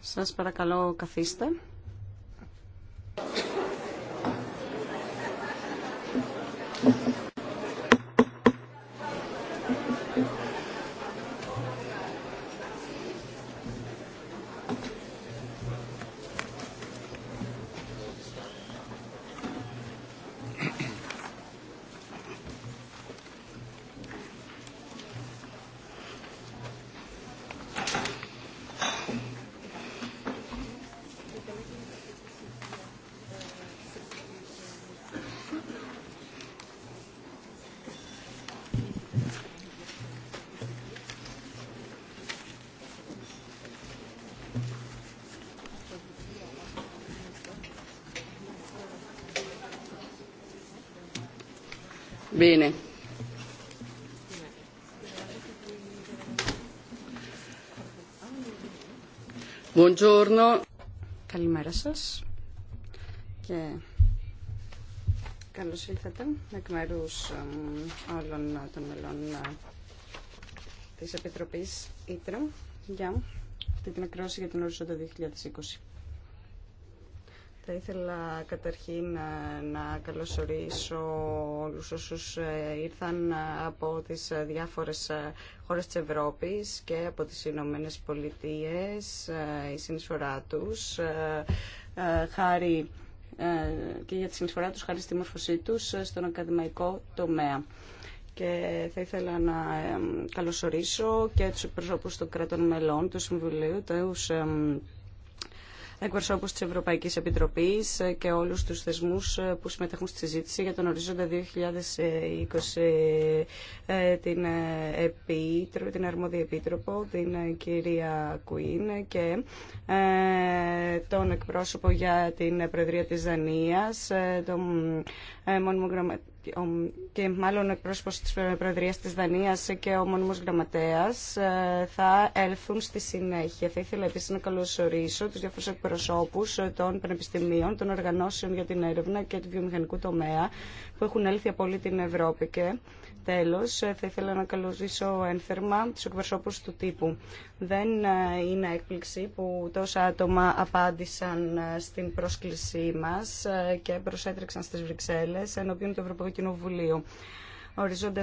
Σας παρακαλώ καθίστε. Καλημέρα σας και καλώς ήρθατε εκ μέρους όλων των μελών ε, της Επιτροπής Ήτρα για αυτή την ακρόαση για την οριζόντα 2020. Θα ήθελα καταρχήν ε, να καλωσορίσω όλους όσους ε, ήρθαν ε, από τις διάφορες χώρες της Ευρώπης και από τις Ηνωμένε Πολιτείες, η συνεισφορά τους, χάρη και για τη συνεισφορά τους χάρη στη μόρφωσή τους στον ακαδημαϊκό τομέα. Και θα ήθελα να καλωσορίσω και τους προσώπους των κρατών μελών του Συμβουλίου, τους εκπροσώπους της Ευρωπαϊκής Επιτροπής και όλους τους θεσμούς που συμμετέχουν στη συζήτηση για τον ορίζοντα 2020 ε, την, ε, επίτρο, την αρμόδια επίτροπο, την ε, κυρία Κουίν και τον εκπρόσωπο για την Προεδρία της Δανίας, τον μόνιμο και μάλλον ο εκπρόσωπος της Προεδρίας της Δανίας και ο μόνιμος γραμματέας ε, θα έλθουν στη συνέχεια. Θα ήθελα επίσης να καλωσορίσω τους διάφορους εκπροσώπους ε, των πανεπιστημίων, των οργανώσεων για την έρευνα και του βιομηχανικού τομέα που έχουν έλθει από όλη την Ευρώπη και Τέλος, θα ήθελα να καλωσορίσω ένθερμα τους εκπροσώπους του τύπου. Δεν ε, είναι έκπληξη που τόσα άτομα απάντησαν ε, στην πρόσκλησή μας ε, και προσέτρεξαν στις Βρυξέλλες ενώπιον του Ευρωπαϊκού Κοινοβουλίου. οριζόντα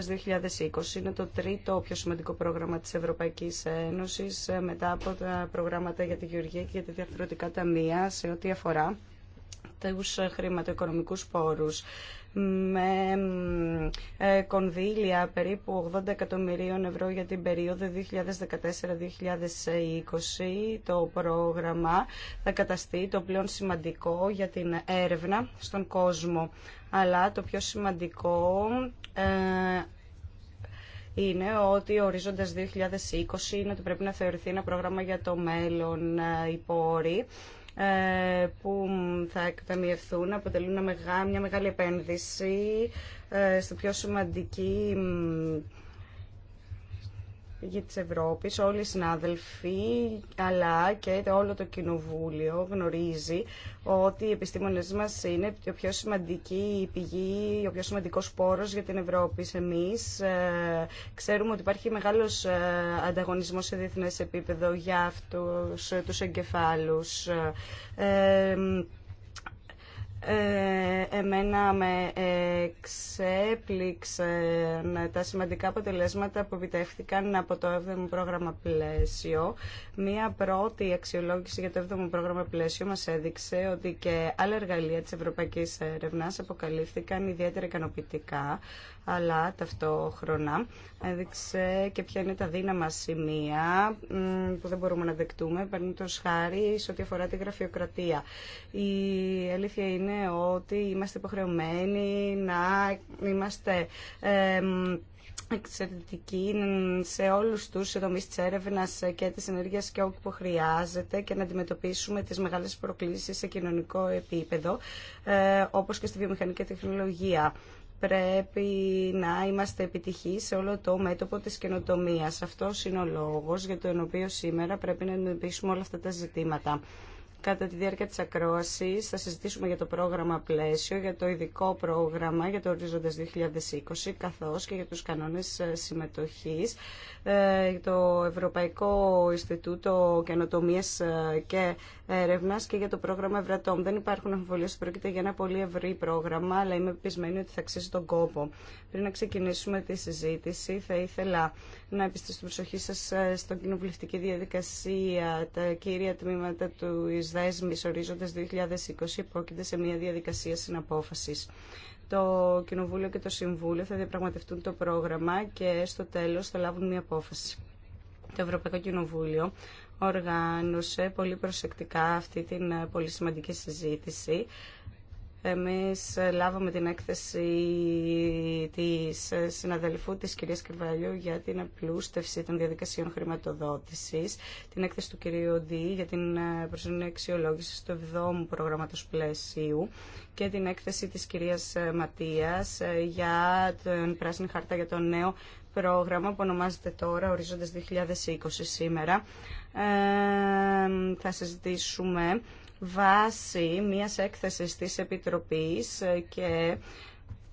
2020 είναι το τρίτο πιο σημαντικό πρόγραμμα τη Ευρωπαϊκή Ένωση, μετά από τα προγράμματα για τη Γεωργία και για τα διαφορετικά ταμεία σε ό,τι αφορά του χρηματοοικονομικού πόρου με ε, κονδύλια περίπου 80 εκατομμυρίων ευρώ για την περίοδο 2014-2020. Το πρόγραμμα θα καταστεί το πλέον σημαντικό για την έρευνα στον κόσμο. Αλλά το πιο σημαντικό ε, είναι ότι ο ορίζοντας 2020 είναι ότι πρέπει να θεωρηθεί ένα πρόγραμμα για το μέλλον. Ε, οι πόροι ε, που θα εκταμιευθούν αποτελούν μια μεγάλη επένδυση ε, στο πιο σημαντική για της Ευρώπης, όλοι οι συνάδελφοι, αλλά και όλο το Κοινοβούλιο γνωρίζει ότι οι επιστήμονες μας είναι πιο σημαντική πηγή, ο πιο σημαντικός πόρος για την Ευρώπη. Εμείς ε, ξέρουμε ότι υπάρχει μεγάλος ε, ανταγωνισμός σε διεθνές επίπεδο για αυτούς ε, τους εγκεφάλους. Ε, εμένα με εξέπληξαν τα σημαντικά αποτελέσματα που επιτεύχθηκαν από το 7ο πρόγραμμα πλαίσιο. Μία πρώτη αξιολόγηση για το 7ο πρόγραμμα πλαίσιο μας έδειξε ότι και άλλα εργαλεία της Ευρωπαϊκής Ερευνάς αποκαλύφθηκαν ιδιαίτερα ικανοποιητικά αλλά ταυτόχρονα έδειξε και ποια είναι τα δύναμα σημεία που δεν μπορούμε να δεκτούμε, το χάρη σε ό,τι αφορά τη γραφειοκρατία. Η αλήθεια είναι ότι είμαστε υποχρεωμένοι να είμαστε εξαιρετική σε όλους τους τομείς της έρευνας και της ενέργειας και όπου χρειάζεται και να αντιμετωπίσουμε τις μεγάλες προκλήσεις σε κοινωνικό επίπεδο ε, όπως και στη βιομηχανική τεχνολογία πρέπει να είμαστε επιτυχείς σε όλο το μέτωπο της καινοτομίας. Αυτό είναι ο λόγος για τον οποίο σήμερα πρέπει να αντιμετωπίσουμε όλα αυτά τα ζητήματα. Κατά τη διάρκεια της ακρόασης θα συζητήσουμε για το πρόγραμμα πλαίσιο, για το ειδικό πρόγραμμα για το ορίζοντας 2020, καθώς και για τους κανόνες ε, συμμετοχής, ε, το Ευρωπαϊκό Ινστιτούτο Καινοτομίας ε, και Έρευνα και για το πρόγραμμα Ευρατόμ. Δεν υπάρχουν αμφιβολίε ότι πρόκειται για ένα πολύ ευρύ πρόγραμμα, αλλά είμαι πεισμένη ότι θα αξίζει τον κόπο. Πριν να ξεκινήσουμε τη συζήτηση, θα ήθελα να επιστρέψω την προσοχή σας ε, στον κοινοβουλευτική διαδικασία. Τα κύρια τμήματα του ΙΣΔΕΣΜΙΣ ορίζοντα 2020 υπόκειται σε μια διαδικασία συναπόφασης. Το Κοινοβούλιο και το Συμβούλιο θα διαπραγματευτούν το πρόγραμμα και στο τέλος θα λάβουν μια απόφαση. Το Ευρωπαϊκό Κοινοβούλιο οργάνωσε πολύ προσεκτικά αυτή την ε, πολύ σημαντική συζήτηση εμείς λάβαμε την έκθεση της συναδελφού της κυρίας Κερβαλίου, για την απλούστευση των διαδικασιών χρηματοδότησης, την έκθεση του κυρίου Δ για την ε, προσωρινή αξιολόγηση του 7ου προγράμματος πλαισίου και την έκθεση της κυρίας ε, Ματίας ε, για την πράσινη χαρτά για το νέο πρόγραμμα που ονομάζεται τώρα Οριζόντες 2020 σήμερα. θα συζητήσουμε βάση μιας έκθεσης της Επιτροπής και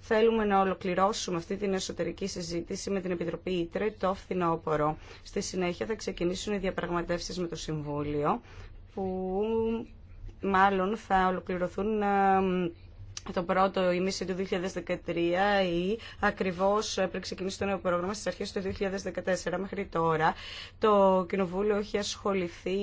θέλουμε να ολοκληρώσουμε αυτή την εσωτερική συζήτηση με την Επιτροπή Ήτρε το φθινόπορο. Στη συνέχεια θα ξεκινήσουν οι διαπραγματεύσεις με το Συμβούλιο που μάλλον θα ολοκληρωθούν ε, το πρώτο μίση του 2013 ή ακριβώς πριν ξεκινήσει το νέο πρόγραμμα στις αρχές του 2014 μέχρι τώρα το Κοινοβούλιο έχει ασχοληθεί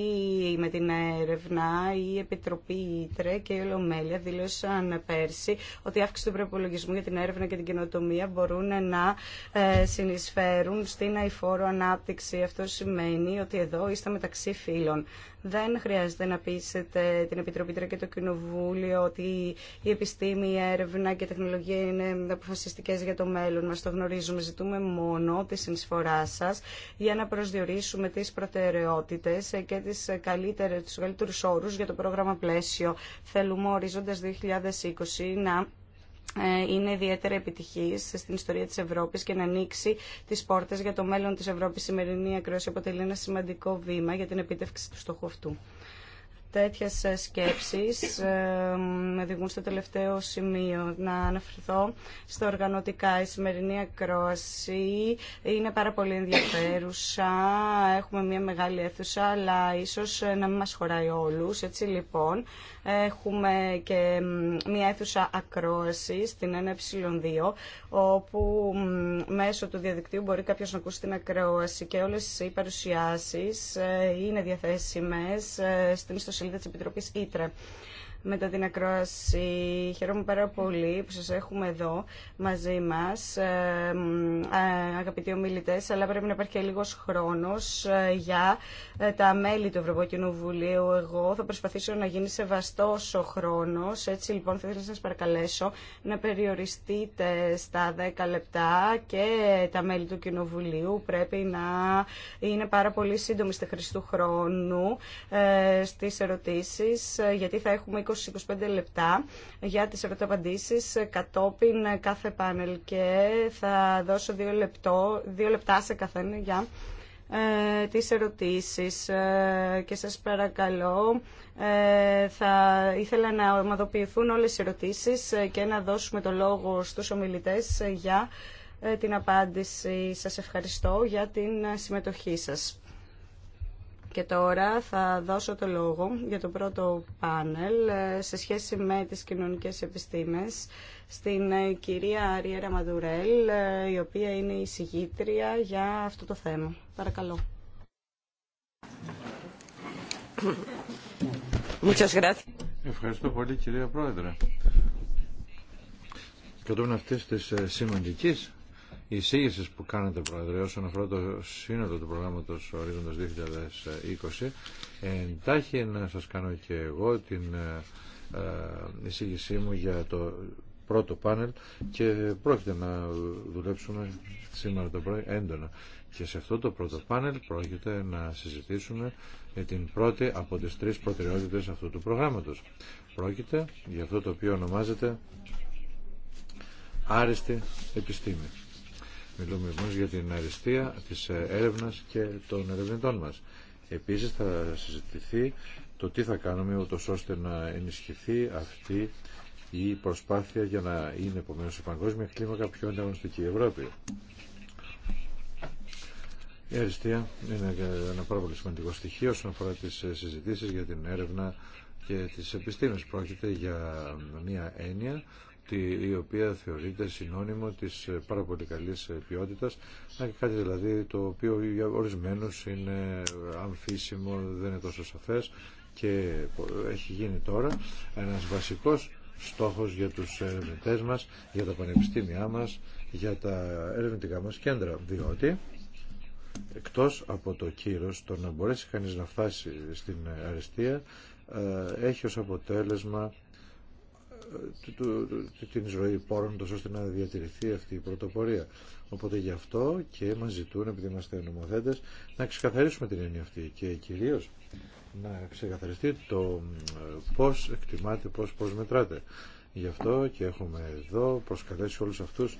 με την έρευνα η Επιτροπή Ήτρε και η Ολομέλεια δήλωσαν πέρσι ότι η αύξηση του προπολογισμού για την έρευνα και την κοινοτομία μπορούν να ε, συνεισφέρουν στην αηφόρο ανάπτυξη αυτό σημαίνει ότι εδώ είστε μεταξύ φίλων δεν χρειάζεται να πείσετε την Επιτροπή και το Κοινοβούλιο ότι η επιστήμη, η έρευνα και η τεχνολογία είναι αποφασιστικέ για το μέλλον μα. Το γνωρίζουμε. Ζητούμε μόνο τη συνεισφορά σα για να προσδιορίσουμε τι προτεραιότητε και τις του καλύτερου όρου για το πρόγραμμα πλαίσιο. Θέλουμε ορίζοντα 2020 να ε, είναι ιδιαίτερα επιτυχή στην ιστορία της Ευρώπης και να ανοίξει τις πόρτες για το μέλλον της Ευρώπης. Η σημερινή ακρόαση αποτελεί ένα σημαντικό βήμα για την επίτευξη του στόχου αυτού τέτοιες ε, σκέψεις με οδηγούν στο τελευταίο σημείο. Να αναφερθώ στο οργανωτικά. Η σημερινή ακρόαση είναι πάρα πολύ ενδιαφέρουσα. Έχουμε μια μεγάλη αίθουσα, αλλά ίσως ε, να μην μα χωράει όλου. Έτσι λοιπόν, έχουμε και μια αίθουσα ακρόαση στην 1Ε2, όπου μέσω του διαδικτύου μπορεί κάποιο να ακούσει την ακρόαση και όλες οι παρουσιάσεις ε, είναι διαθέσιμες στην ιστοσελίδα ιστοσελίδα της Επιτροπής Ήτρε μετά την ακρόαση. Χαίρομαι πάρα πολύ που σας έχουμε εδώ μαζί μας, ε, ε, αγαπητοί ομιλητές, αλλά πρέπει να υπάρχει και λίγος χρόνος ε, για τα μέλη του Ευρωπαϊκού Βουλίου. Εγώ θα προσπαθήσω να γίνει σεβαστός ο χρόνος, έτσι λοιπόν θα ήθελα να σας παρακαλέσω να περιοριστείτε στα 10 λεπτά και τα μέλη του Κοινοβουλίου πρέπει να είναι πάρα πολύ σύντομοι στη χρήση του χρόνου στις ερωτήσεις, γιατί θα έχουμε 25 λεπτά για τις ερωταπαντήσεις κατόπιν κάθε πάνελ και θα δώσω δύο, λεπτό, δύο λεπτά σε καθένα για ε, τις ερωτήσεις ε, και σας παρακαλώ ε, θα ήθελα να ομαδοποιηθούν όλες οι ερωτήσεις ε, και να δώσουμε το λόγο στους ομιλητές ε, για την απάντηση. Σας ευχαριστώ για την συμμετοχή σας. Και τώρα θα δώσω το λόγο για το πρώτο πάνελ ε, σε σχέση με τις κοινωνικές επιστήμες στην ε, κυρία Αριέρα Μαδουρέλ, ε, η οποία είναι η συγγήτρια για αυτό το θέμα. Παρακαλώ. Ευχαριστώ πολύ κυρία Πρόεδρε. Κατόπιν αυτής της σημαντικής η εισήγηση που κάνετε, Πρόεδρε, όσον αφορά το σύνολο του προγράμματο Ορίζοντα 2020, εντάχει να σα κάνω και εγώ την ε, ε, εισήγησή μου για το πρώτο πάνελ και πρόκειται να δουλέψουμε σήμερα το πρωί έντονα. Και σε αυτό το πρώτο πάνελ πρόκειται να συζητήσουμε την πρώτη από τις τρεις προτεραιότητες αυτού του προγράμματος. Πρόκειται για αυτό το οποίο ονομάζεται άριστη επιστήμη. Μιλούμε όμω για την αριστεία της έρευνας και των ερευνητών μας. Επίσης θα συζητηθεί το τι θα κάνουμε ούτω ώστε να ενισχυθεί αυτή η προσπάθεια για να είναι επομένω η παγκόσμια κλίμακα πιο ανταγωνιστική Ευρώπη. Η αριστεία είναι ένα πάρα πολύ σημαντικό στοιχείο όσον αφορά τι συζητήσεις για την έρευνα και τις επιστήμες. Πρόκειται για μια έννοια η οποία θεωρείται συνώνυμο της ε, πάρα πολύ καλής ε, ποιότητας κάτι δηλαδή το οποίο για ορισμένους είναι αμφίσιμο, δεν είναι τόσο σαφές και έχει γίνει τώρα ένας βασικός στόχος για τους ερευνητέ μας, για τα πανεπιστήμια μας, για τα ερευνητικά μας κέντρα, διότι εκτός από το κύρος το να μπορέσει κανείς να φτάσει στην αριστεία ε, έχει ως αποτέλεσμα την ζωή πόρων ώστε να διατηρηθεί αυτή η πρωτοπορία. Οπότε γι' αυτό και μας ζητούν, επειδή είμαστε νομοθέτες, να ξεκαθαρίσουμε την έννοια αυτή και κυρίως να ξεκαθαριστεί το ε, πώς εκτιμάται, πώς, πώς μετράτε. Γι' αυτό και έχουμε εδώ προσκαλέσει όλους αυτούς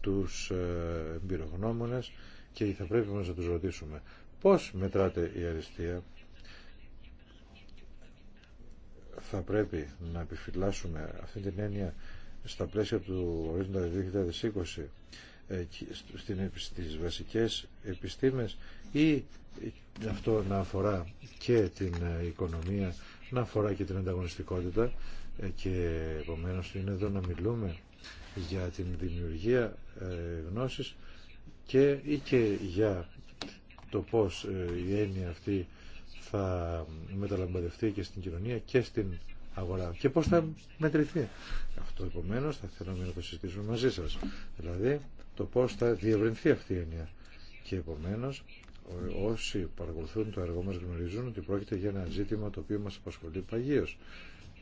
τους ε, εμπειρογνώμονες και θα πρέπει μας να τους ρωτήσουμε πώς μετράτε η αριστεία, θα πρέπει να επιφυλάσσουμε αυτή την έννοια στα πλαίσια του ορίζοντα 2020 ε, στις βασικές επιστήμες ή αυτό να αφορά και την ε, οικονομία, να αφορά και την ανταγωνιστικότητα ε, και επομένως είναι εδώ να μιλούμε για την δημιουργία γνώσης και ή και για το πώς η έννοια αυτή θα μεταλαμπαδευτεί και στην κοινωνία και στην αγορά και πώς θα μετρηθεί. Αυτό επομένως θα θέλαμε να το συζητήσουμε μαζί σας. Δηλαδή το πώς θα διευρυνθεί αυτή η έννοια. Και επομένως όσοι παρακολουθούν το έργο μας γνωρίζουν ότι πρόκειται για ένα ζήτημα το οποίο μας απασχολεί παγίως.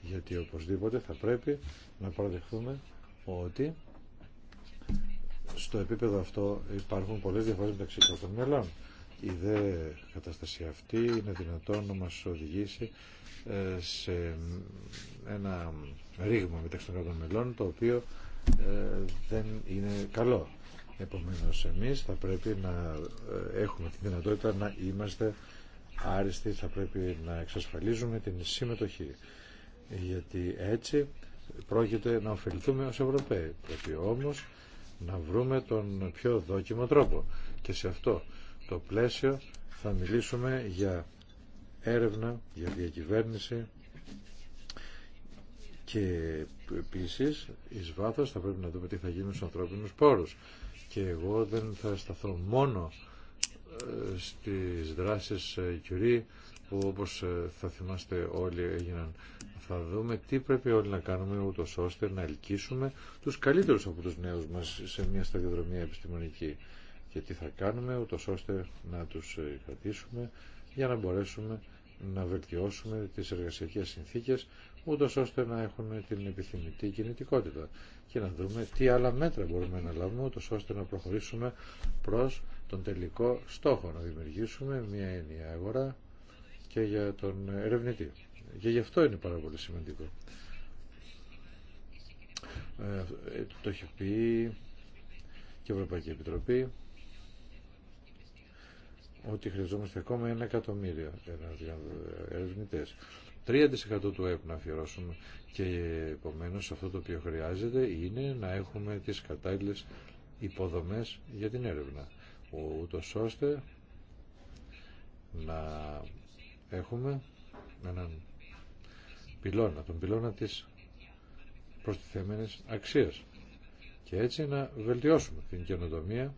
Γιατί οπωσδήποτε θα πρέπει να παραδεχθούμε ότι στο επίπεδο αυτό υπάρχουν πολλές διαφορές μεταξύ των μελών. Η δε κατάσταση αυτή είναι δυνατόν να μας οδηγήσει ε, σε ένα ρήγμα μεταξύ των κρατών μελών το οποίο ε, δεν είναι καλό. Επομένως εμείς θα πρέπει να ε, έχουμε τη δυνατότητα να είμαστε άριστοι, θα πρέπει να εξασφαλίζουμε την συμμετοχή. Γιατί έτσι πρόκειται να ωφεληθούμε ως Ευρωπαίοι. Πρέπει όμως να βρούμε τον πιο δόκιμο τρόπο. Και σε αυτό το πλαίσιο θα μιλήσουμε για έρευνα, για διακυβέρνηση και επίσης εις βάθος θα πρέπει να δούμε τι θα γίνει στους ανθρώπινους πόρους. Και εγώ δεν θα σταθώ μόνο ε, στις δράσεις ε, Κιουρί που όπως ε, θα θυμάστε όλοι έγιναν θα δούμε τι πρέπει όλοι να κάνουμε ούτω ώστε να ελκύσουμε τους καλύτερους από τους νέους μας σε μια σταδιοδρομία επιστημονική και τι θα κάνουμε ούτως ώστε να τους ε, κρατήσουμε για να μπορέσουμε να βελτιώσουμε τις εργασιακές συνθήκες ούτως ώστε να έχουν την επιθυμητή κινητικότητα και να δούμε τι άλλα μέτρα μπορούμε να λάβουμε ούτως ώστε να προχωρήσουμε προς τον τελικό στόχο να δημιουργήσουμε μια ενιαία αγορά και για τον ερευνητή και γι' αυτό είναι πάρα πολύ σημαντικό ε, το έχει πει και η Ευρωπαϊκή Επιτροπή ότι χρειαζόμαστε ακόμα ένα εκατομμύριο ερευνητέ. 3% του ΕΠ να αφιερώσουμε και επομένως αυτό το οποίο χρειάζεται είναι να έχουμε τις κατάλληλες υποδομές για την έρευνα ούτω ώστε να έχουμε έναν πυλώνα, τον πυλώνα της προστιθέμενης αξίας και έτσι να βελτιώσουμε την καινοτομία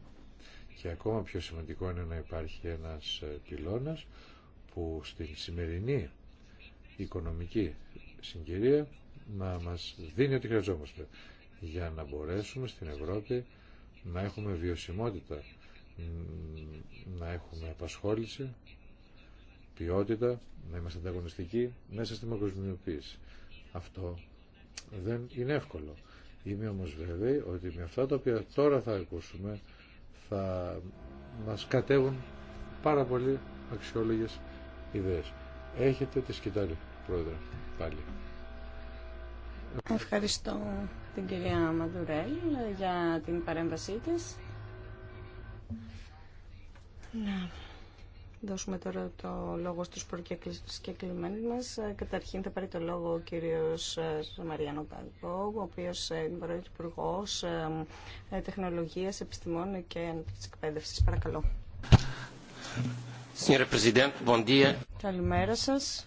και ακόμα πιο σημαντικό είναι να υπάρχει ένας ε, πυλώνας που στην σημερινή οικονομική συγκυρία να μας δίνει ό,τι χρειαζόμαστε για να μπορέσουμε στην Ευρώπη να έχουμε βιωσιμότητα, να έχουμε απασχόληση, ποιότητα, να είμαστε ανταγωνιστικοί μέσα στη μακροσμιοποίηση. Αυτό δεν είναι εύκολο. Είμαι όμως βέβαιη ότι με αυτά τα οποία τώρα θα ακούσουμε θα μας κατέβουν πάρα πολύ αξιόλογες ιδέες. Έχετε τη σκητάλη, Πρόεδρε, πάλι. Ευχαριστώ την κυρία Μαντουρέλ για την παρέμβασή της δώσουμε τώρα το λόγο στους προσκεκλημένους μας. Ε, καταρχήν θα πάρει το λόγο ο κύριος ε, Μαριάνο Καγκό, ο οποίος ε, είναι πρωθυπουργός τεχνολογίας, επιστημών και ανάπτυξης εκπαίδευσης. Παρακαλώ. Καλημέρα σας.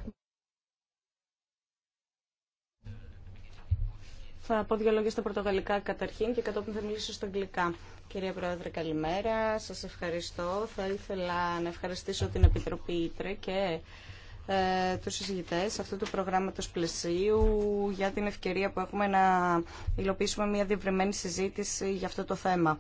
Θα πω δύο λόγια στα πορτογαλικά καταρχήν και κατόπιν θα μιλήσω στα αγγλικά. Κυρία Πρόεδρε, καλημέρα. Σας ευχαριστώ. Θα ήθελα να ευχαριστήσω την Επιτροπή Ήτρε και ε, τους συζητητές αυτού του προγράμματος πλαισίου για την ευκαιρία που έχουμε να υλοποιήσουμε μια διευρυμένη συζήτηση για αυτό το θέμα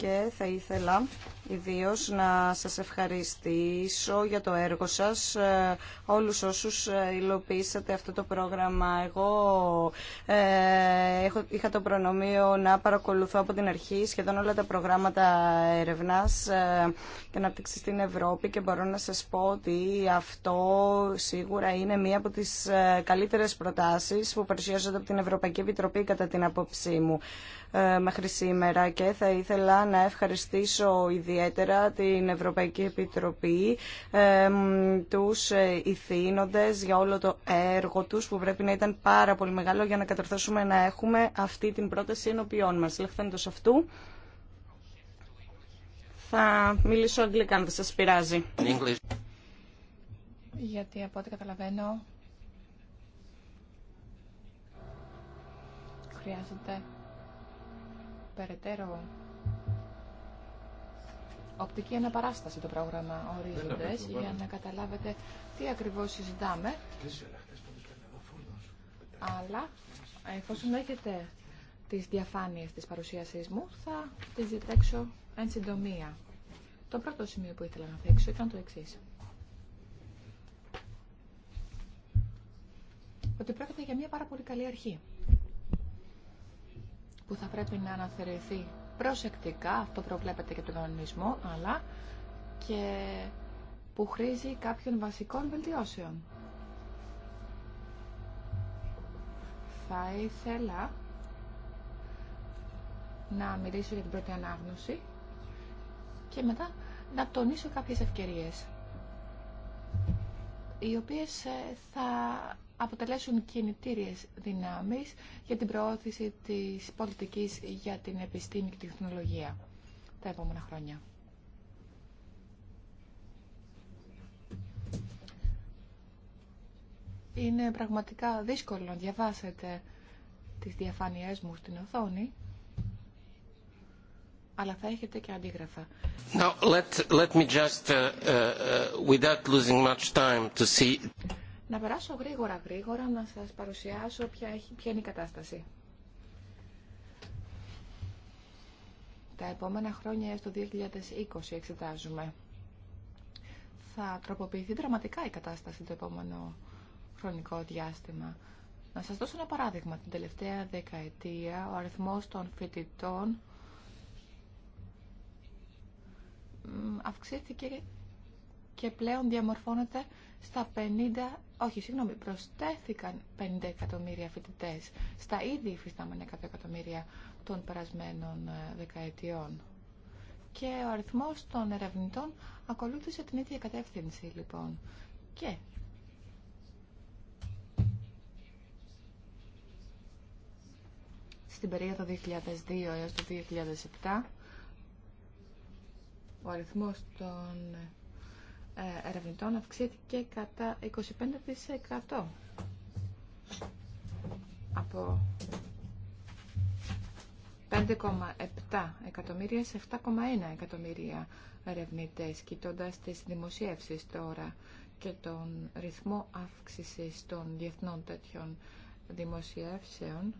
και θα ήθελα ιδίως να σας ευχαριστήσω για το έργο σας, ε, όλους όσους ε, υλοποιήσατε αυτό το πρόγραμμα. Εγώ ε, είχα το προνομίο να παρακολουθώ από την αρχή σχεδόν όλα τα προγράμματα έρευνας και ανάπτυξη στην Ευρώπη και μπορώ να σας πω ότι αυτό σίγουρα είναι μία από τις καλύτερες προτάσεις που παρουσιάζονται από την Ευρωπαϊκή Επιτροπή κατά την απόψή μου. Ε, μέχρι σήμερα και θα ήθελα να ευχαριστήσω ιδιαίτερα την Ευρωπαϊκή Επιτροπή, ε, τους ε, ηθήνοντες για όλο το έργο τους που πρέπει να ήταν πάρα πολύ μεγάλο για να καταρθώσουμε να έχουμε αυτή την πρόταση ενωπιών μας. Λεχθέντος αυτού. Θα μιλήσω αγγλικά αν δεν σας πειράζει. Γιατί από ό,τι καταλαβαίνω χρειάζεται περαιτέρω οπτική αναπαράσταση το πρόγραμμα ορίζοντες για να καταλάβετε τι ακριβώς συζητάμε. Αλλά εφόσον έχετε τις διαφάνειες της παρουσίασής μου θα τις διτρέξω εν συντομία. Το πρώτο σημείο που ήθελα να θέξω ήταν το εξή. Ότι πρόκειται για μια πάρα πολύ καλή αρχή που θα πρέπει να αναθερεθεί προσεκτικά, αυτό προβλέπεται και τον κανονισμό, αλλά και που χρήζει κάποιων βασικών βελτιώσεων. Θα ήθελα να μιλήσω για την πρώτη ανάγνωση και μετά να τονίσω κάποιες ευκαιρίες οι οποίες ε, θα αποτελέσουν κινητήριες δυνάμεις για την προώθηση της πολιτικής για την επιστήμη και τεχνολογία τα επόμενα χρόνια. Είναι πραγματικά δύσκολο να διαβάσετε τις διαφάνειές μου στην οθόνη, αλλά θα έχετε και αντίγραφα. let, let να περάσω γρήγορα γρήγορα να σας παρουσιάσω ποια, έχει, ποια είναι η κατάσταση. Τα επόμενα χρόνια έως το 2020 εξετάζουμε. Θα τροποποιηθεί δραματικά η κατάσταση το επόμενο χρονικό διάστημα. Να σας δώσω ένα παράδειγμα. Την τελευταία δεκαετία ο αριθμός των φοιτητών αυξήθηκε και πλέον διαμορφώνεται στα 50, όχι συγγνώμη, προσθέθηκαν 50 εκατομμύρια φοιτητέ στα ήδη υφιστάμενα 100 εκατομμύρια των περασμένων ε, δεκαετιών. Και ο αριθμός των ερευνητών ακολούθησε την ίδια κατεύθυνση λοιπόν. Και στην περίοδο 2002 έως το 2007 ο αριθμός των ε, ερευνητών αυξήθηκε κατά 25% από 5,7 εκατομμύρια σε 7,1 εκατομμύρια ερευνητές κοιτώντας τις δημοσίευσεις τώρα και τον ρυθμό αύξησης των διεθνών τέτοιων δημοσιεύσεων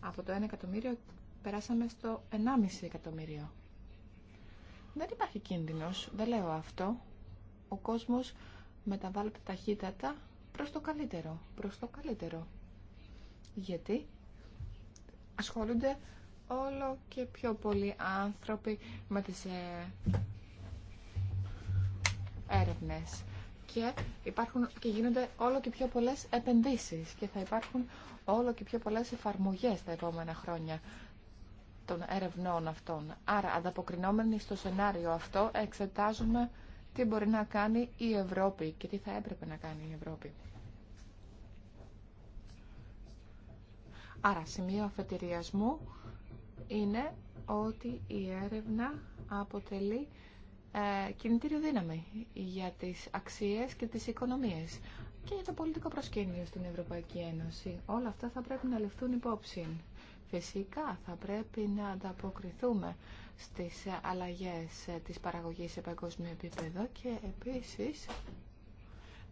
από το 1 εκατομμύριο περάσαμε στο 1,5 εκατομμύριο. Δεν υπάρχει κίνδυνος, δεν λέω αυτό. Ο κόσμος μεταβάλλεται ταχύτατα προς το καλύτερο, προς το καλύτερο. Γιατί ασχολούνται όλο και πιο πολλοί άνθρωποι με τις ε, έρευνες και υπάρχουν και γίνονται όλο και πιο πολλές επενδύσεις και θα υπάρχουν όλο και πιο πολλές εφαρμογές τα επόμενα χρόνια των ερευνών αυτών. Άρα, ανταποκρινόμενοι στο σενάριο αυτό, εξετάζουμε τι μπορεί να κάνει η Ευρώπη και τι θα έπρεπε να κάνει η Ευρώπη. Άρα, σημείο αφετηριασμού είναι ότι η έρευνα αποτελεί ε, κινητήριο δύναμη για τις αξίες και τις οικονομίες και για το πολιτικό προσκήνιο στην Ευρωπαϊκή Ένωση. Όλα αυτά θα πρέπει να ληφθούν υπόψη. Φυσικά θα πρέπει να ανταποκριθούμε στις αλλαγές της παραγωγής σε παγκόσμιο επίπεδο και επίσης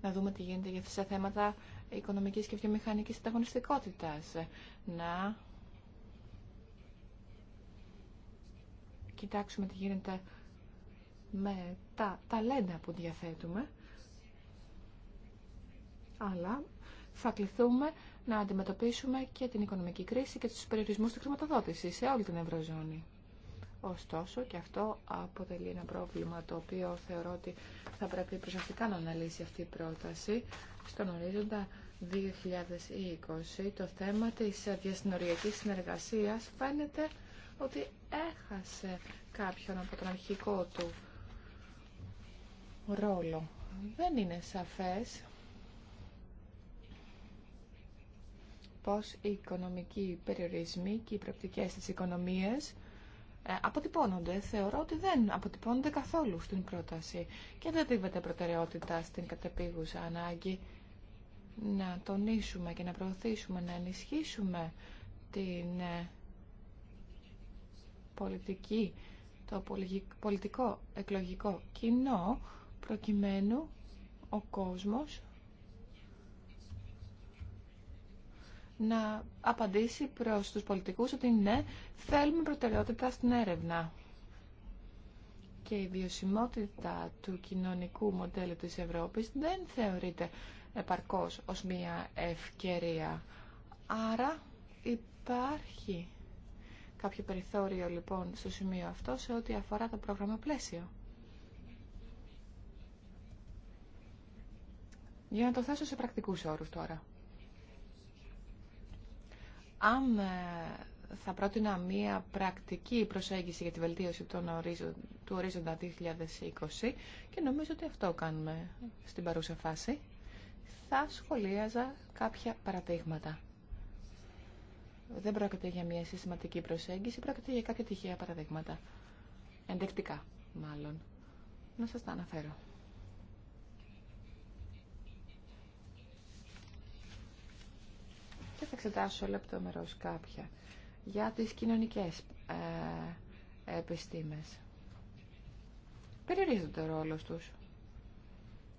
να δούμε τι γίνεται για τα θέματα οικονομικής και βιομηχανικής ανταγωνιστικότητας. Να κοιτάξουμε τι γίνεται με τα ταλέντα που διαθέτουμε αλλά θα κληθούμε να αντιμετωπίσουμε και την οικονομική κρίση και τους περιορισμούς της χρηματοδότησης σε όλη την Ευρωζώνη. Ωστόσο, και αυτό αποτελεί ένα πρόβλημα το οποίο θεωρώ ότι θα πρέπει προσεκτικά να αναλύσει αυτή η πρόταση στον ορίζοντα 2020. Το θέμα της διασυνοριακής συνεργασίας φαίνεται ότι έχασε κάποιον από τον αρχικό του ρόλο. Δεν είναι σαφές πως οι οικονομικοί περιορισμοί και οι πρακτικές της οικονομίας ε, αποτυπώνονται. Θεωρώ ότι δεν αποτυπώνονται καθόλου στην πρόταση και δεν δίδεται προτεραιότητα στην κατεπίγουσα ανάγκη να τονίσουμε και να προωθήσουμε, να ενισχύσουμε την ε, πολιτική, το πολιτικό εκλογικό κοινό προκειμένου ο κόσμος να απαντήσει προς τους πολιτικούς ότι ναι, θέλουμε προτεραιότητα στην έρευνα. Και η βιωσιμότητα του κοινωνικού μοντέλου της Ευρώπης δεν θεωρείται επαρκώς ως μια ευκαιρία. Άρα υπάρχει κάποιο περιθώριο λοιπόν στο σημείο αυτό σε ό,τι αφορά το πρόγραμμα πλαίσιο. Για να το θέσω σε πρακτικούς όρους τώρα. Αν ε, θα πρότεινα μία πρακτική προσέγγιση για τη βελτίωση των ορίζον, του ορίζοντα 2020 και νομίζω ότι αυτό κάνουμε στην παρούσα φάση, θα σχολίαζα κάποια παραδείγματα. Δεν πρόκειται για μία συστηματική προσέγγιση, πρόκειται για κάποια τυχαία παραδείγματα. Ενδεκτικά, μάλλον. Να σας τα αναφέρω. και θα εξετάσω λεπτομερώς κάποια για τις κοινωνικές ε, επιστήμες. Περιορίζεται ο ρόλος τους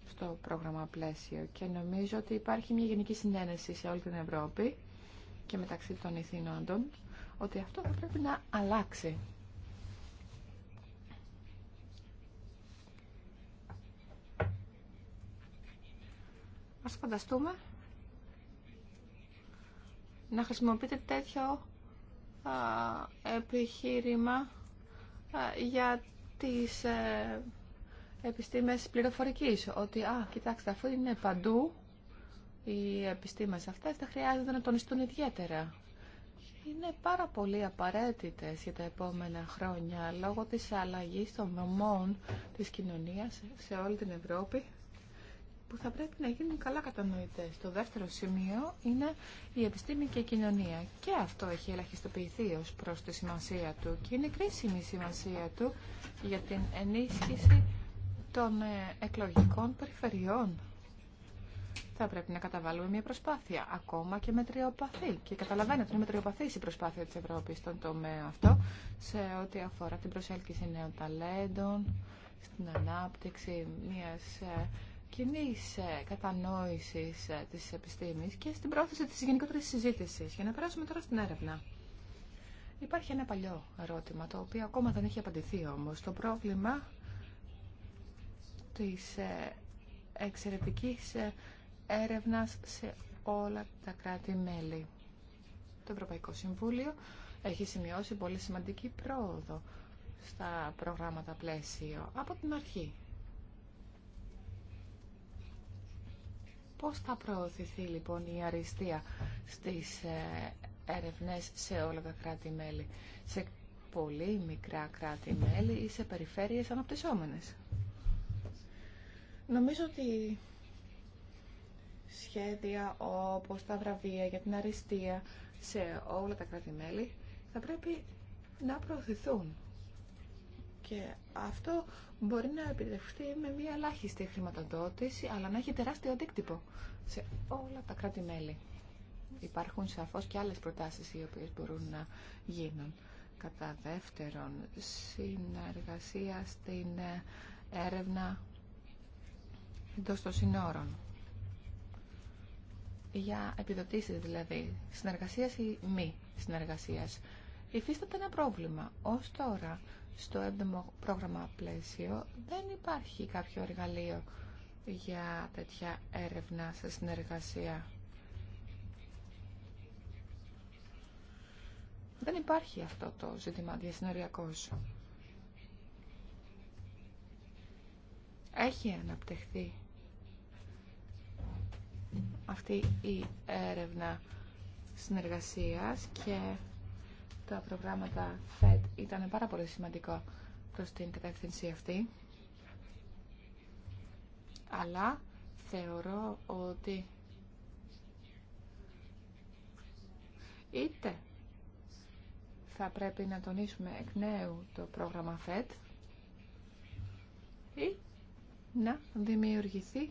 στο πρόγραμμα πλαίσιο και νομίζω ότι υπάρχει μια γενική συνένεση σε όλη την Ευρώπη και μεταξύ των ηθήνων ότι αυτό θα πρέπει να αλλάξει. Ας φανταστούμε να χρησιμοποιείτε τέτοιο επιχείρημα για τις ε, επιστήμες πληροφορικής. Ότι, α, κοιτάξτε, αφού είναι παντού οι επιστήμες αυτές, θα χρειάζεται να τονιστούν ιδιαίτερα. Είναι πάρα πολύ απαραίτητες για τα επόμενα χρόνια λόγω της αλλαγής των νομών της κοινωνίας σε όλη την Ευρώπη που θα πρέπει να γίνουν καλά κατανοητές. Το δεύτερο σημείο είναι η επιστήμη και η κοινωνία. Και αυτό έχει ελαχιστοποιηθεί ω προς τη σημασία του και είναι κρίσιμη η σημασία του για την ενίσχυση των ε, εκλογικών περιφερειών. Θα πρέπει να καταβάλουμε μια προσπάθεια, ακόμα και μετριοπαθή. Και καταλαβαίνετε ότι είναι μετριοπαθή η προσπάθεια τη Ευρώπη στον τομέα αυτό, σε ό,τι αφορά την προσέλκυση νέων ταλέντων, στην ανάπτυξη μιας ε, κοινή ε, κατανόηση ε, τη επιστήμη και στην πρόθεση τη γενικότερη συζήτηση. Για να περάσουμε τώρα στην έρευνα. Υπάρχει ένα παλιό ερώτημα, το οποίο ακόμα δεν έχει απαντηθεί όμω. Το πρόβλημα τη ε, εξαιρετική έρευνα σε όλα τα κράτη-μέλη. Το Ευρωπαϊκό Συμβούλιο έχει σημειώσει πολύ σημαντική πρόοδο στα προγράμματα πλαίσιο από την αρχή Πώς θα προωθηθεί λοιπόν η αριστεία στις ερευνές σε όλα τα κράτη-μέλη, σε πολύ μικρά κράτη-μέλη ή σε περιφέρειες αναπτυσσόμενες. Νομίζω ότι σχέδια όπως τα βραβεία για την αριστεία σε όλα τα κράτη-μέλη θα πρέπει να προωθηθούν. Και αυτό μπορεί να επιτευχθεί με μια ελάχιστη χρηματοδότηση, αλλά να έχει τεράστιο αντίκτυπο σε όλα τα κράτη-μέλη. Υπάρχουν σαφώς και άλλες προτάσεις οι οποίες μπορούν να γίνουν. Κατά δεύτερον, συνεργασία στην έρευνα εντός των συνόρων. Για επιδοτήσεις δηλαδή, συνεργασίας ή μη συνεργασίας. Υφίσταται ένα πρόβλημα. Ως τώρα, στο έντομο πρόγραμμα πλαίσιο δεν υπάρχει κάποιο εργαλείο για τέτοια έρευνα σε συνεργασία. Δεν υπάρχει αυτό το ζήτημα διασυνοριακός. Έχει αναπτυχθεί αυτή η έρευνα συνεργασίας και τα προγράμματα FED ήταν πάρα πολύ σημαντικό προς την κατεύθυνση αυτή. Αλλά θεωρώ ότι είτε θα πρέπει να τονίσουμε εκ νέου το πρόγραμμα FED ή να δημιουργηθεί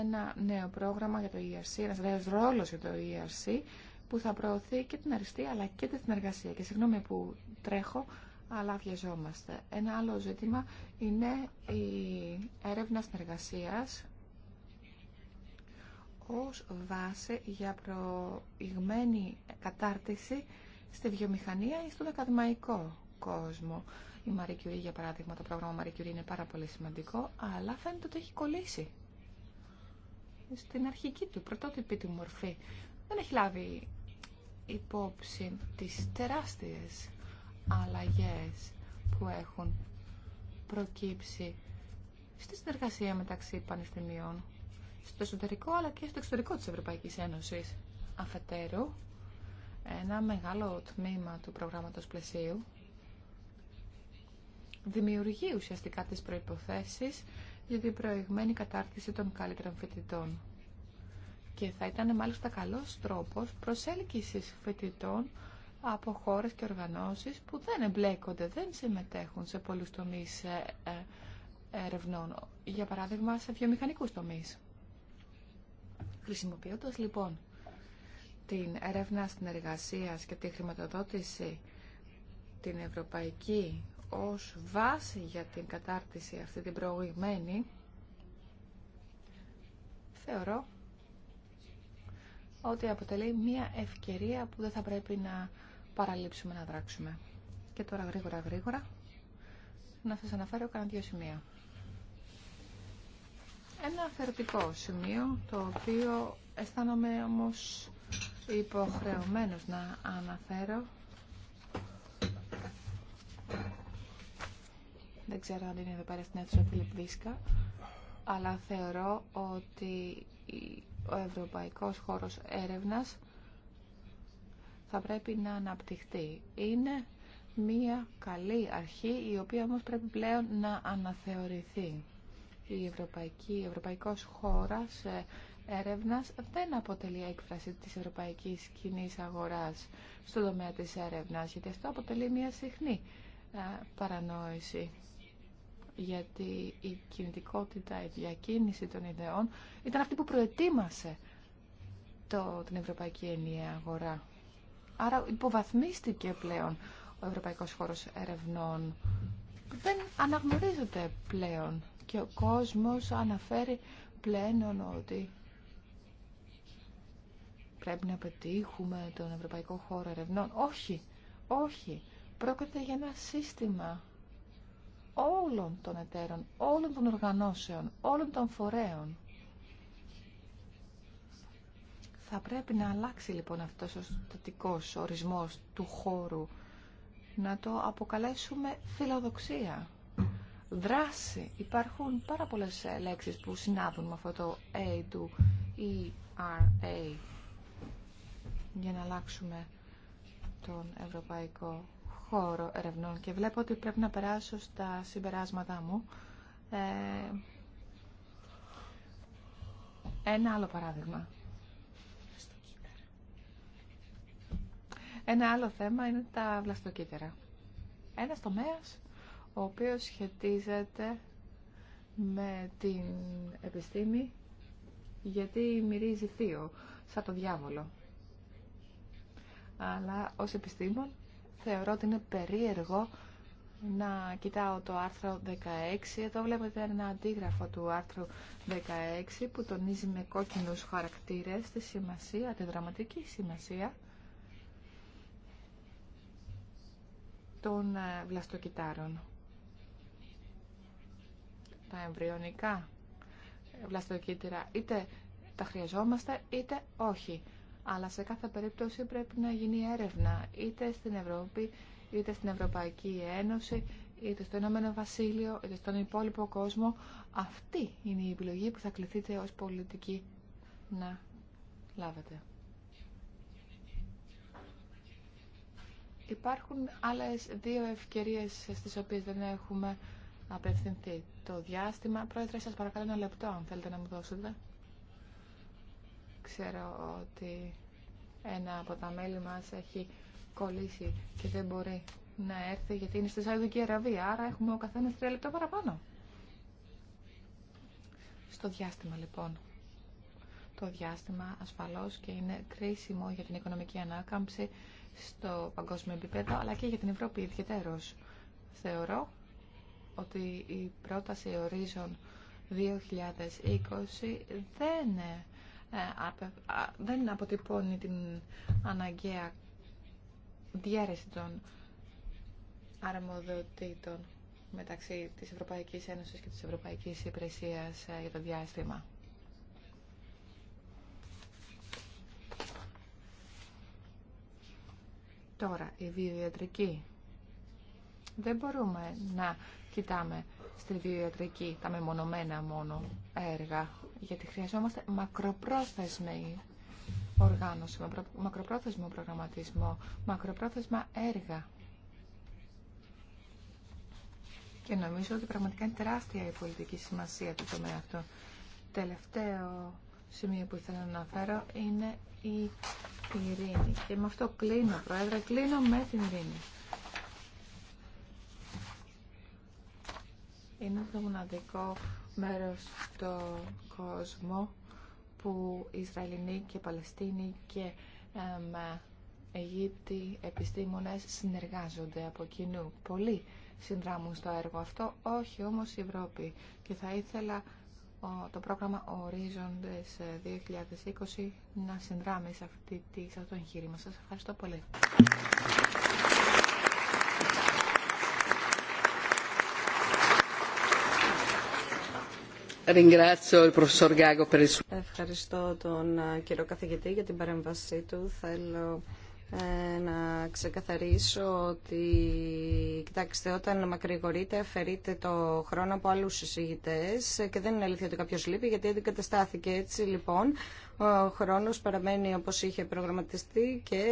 ένα νέο πρόγραμμα για το ERC, ένας νέος ρόλος για το ERC που θα προωθεί και την αριστεία αλλά και την συνεργασία. Και συγγνώμη που τρέχω, αλλά βιαζόμαστε. Ένα άλλο ζήτημα είναι η έρευνα συνεργασίας ως βάση για προηγμένη κατάρτιση στη βιομηχανία ή στον ακαδημαϊκό κόσμο. Η Marie Curie, για παράδειγμα, το πρόγραμμα Marie είναι πάρα πολύ σημαντικό, αλλά φαίνεται ότι έχει κολλήσει στην αρχική του, πρωτότυπη του μορφή. Δεν έχει λάβει υπόψη τις τεράστιες αλλαγές που έχουν προκύψει στη συνεργασία μεταξύ πανεπιστημίων στο εσωτερικό αλλά και στο εξωτερικό της Ευρωπαϊκής Ένωσης. Αφετέρου, ένα μεγάλο τμήμα του προγράμματος πλαισίου δημιουργεί ουσιαστικά τις προϋποθέσεις για την προηγμένη κατάρτιση των καλύτερων φοιτητών και θα ήταν μάλιστα καλός τρόπος προσέλκυσης φοιτητών από χώρες και οργανώσεις που δεν εμπλέκονται, δεν συμμετέχουν σε πολλούς τομείς ε, ε, ερευνών, για παράδειγμα σε βιομηχανικούς τομείς. Χρησιμοποιώντας λοιπόν την έρευνα εργασία και τη χρηματοδότηση την ευρωπαϊκή ως βάση για την κατάρτιση αυτή την προηγουμένη, θεωρώ ότι αποτελεί μια ευκαιρία που δεν θα πρέπει να παραλείψουμε να δράξουμε. Και τώρα γρήγορα γρήγορα να σας αναφέρω κανένα δύο σημεία. Ένα αφαιρετικό σημείο το οποίο αισθάνομαι όμως υποχρεωμένος να αναφέρω. Δεν ξέρω αν είναι εδώ πέρα στην αίθουσα Φιλιπ αλλά θεωρώ ότι ο Ευρωπαϊκός Χώρος Έρευνας θα πρέπει να αναπτυχθεί. Είναι μία καλή αρχή η οποία όμως πρέπει πλέον να αναθεωρηθεί. Η Ευρωπαϊκή, Ευρωπαϊκός Χώρος ε, έρευνας δεν αποτελεί έκφραση της ευρωπαϊκής κοινή αγοράς στον τομέα της έρευνας, γιατί αυτό αποτελεί μία συχνή ε, παρανόηση γιατί η κινητικότητα, η διακίνηση των ιδεών ήταν αυτή που προετοίμασε το, την Ευρωπαϊκή Ενιαία Αγορά. Άρα υποβαθμίστηκε πλέον ο Ευρωπαϊκός Χώρος Ερευνών. Δεν αναγνωρίζεται πλέον και ο κόσμος αναφέρει πλέον ότι πρέπει να πετύχουμε τον Ευρωπαϊκό Χώρο Ερευνών. Όχι, όχι. Πρόκειται για ένα σύστημα όλων των εταίρων, όλων των οργανώσεων, όλων των φορέων. Θα πρέπει να αλλάξει λοιπόν αυτός ο στατικός ορισμός του χώρου, να το αποκαλέσουμε φιλοδοξία, δράση. Υπάρχουν πάρα πολλές λέξεις που συνάδουν με αυτό το A του ERA για να αλλάξουμε τον ευρωπαϊκό χώρο ερευνών και βλέπω ότι πρέπει να περάσω στα συμπεράσματά μου. Ε, ένα άλλο παράδειγμα. Ένα άλλο θέμα είναι τα βλαστοκύτταρα. Ένα τομέα ο οποίος σχετίζεται με την επιστήμη γιατί μυρίζει θείο, σαν το διάβολο. Αλλά ως επιστήμον θεωρώ ότι είναι περίεργο να κοιτάω το άρθρο 16. Εδώ βλέπετε ένα αντίγραφο του άρθρου 16 που τονίζει με κόκκινους χαρακτήρες τη σημασία, τη δραματική σημασία των ε, βλαστοκυτάρων. Τα εμβριονικά βλαστοκύτταρα είτε τα χρειαζόμαστε είτε όχι αλλά σε κάθε περίπτωση πρέπει να γίνει έρευνα είτε στην Ευρώπη, είτε στην Ευρωπαϊκή Ένωση, είτε στο Ηνωμένο Βασίλειο, είτε στον υπόλοιπο κόσμο. Αυτή είναι η επιλογή που θα κληθείτε ως πολιτική να λάβετε. Υπάρχουν άλλες δύο ευκαιρίες στις οποίες δεν έχουμε απευθυνθεί. Το διάστημα, πρόεδρε, σας παρακαλώ ένα λεπτό αν θέλετε να μου δώσετε. Ξέρω ότι ένα από τα μέλη μας έχει κολλήσει και δεν μπορεί να έρθει γιατί είναι στη Σαουδική Αραβία. Άρα έχουμε ο καθένας τρία λεπτά παραπάνω. Στο διάστημα λοιπόν. Το διάστημα ασφαλώς και είναι κρίσιμο για την οικονομική ανάκαμψη στο παγκόσμιο επίπεδο αλλά και για την Ευρώπη ιδιαίτερος. Θεωρώ ότι η πρόταση ορίζων 2020 δεν είναι ε, δεν αποτυπώνει την αναγκαία διαίρεση των αρμοδοτήτων μεταξύ της Ευρωπαϊκής Ένωσης και της Ευρωπαϊκής Υπηρεσίας ε, για το διάστημα. Τώρα, η βιοιατρική. Δεν μπορούμε να κοιτάμε στη βιοιατρική τα μεμονωμένα μόνο έργα γιατί χρειαζόμαστε μακροπρόθεσμη οργάνωση, μακροπρόθεσμο προγραμματισμό, μακροπρόθεσμα έργα. Και νομίζω ότι πραγματικά είναι τεράστια η πολιτική σημασία του τομέα αυτό. Τελευταίο σημείο που ήθελα να αναφέρω είναι η ειρήνη. Και με αυτό κλείνω, Πρόεδρε, κλείνω με την ειρήνη. είναι το μοναδικό μέρος στον κόσμο που Ισραηλινοί και Παλαιστίνοι και Αιγύπτιοι επιστήμονες συνεργάζονται από κοινού. Πολλοί συνδράμουν στο έργο αυτό, όχι όμως η Ευρώπη. Και θα ήθελα το πρόγραμμα Ορίζοντες 2020 ε, να συνδράμει σε, αυτή, σε αυτό το εγχείρημα. Σας ευχαριστώ πολύ. Ευχαριστώ τον ε, κύριο καθηγητή για την παρέμβασή του. Θέλω ε, να ξεκαθαρίσω ότι, κοιτάξτε, όταν μακρηγορείτε, αφαιρείτε το χρόνο από άλλους συζητητές και δεν είναι αλήθεια ότι κάποιος λείπει, γιατί αντικαταστάθηκε έτσι, λοιπόν. Ο χρόνος παραμένει όπως είχε προγραμματιστεί και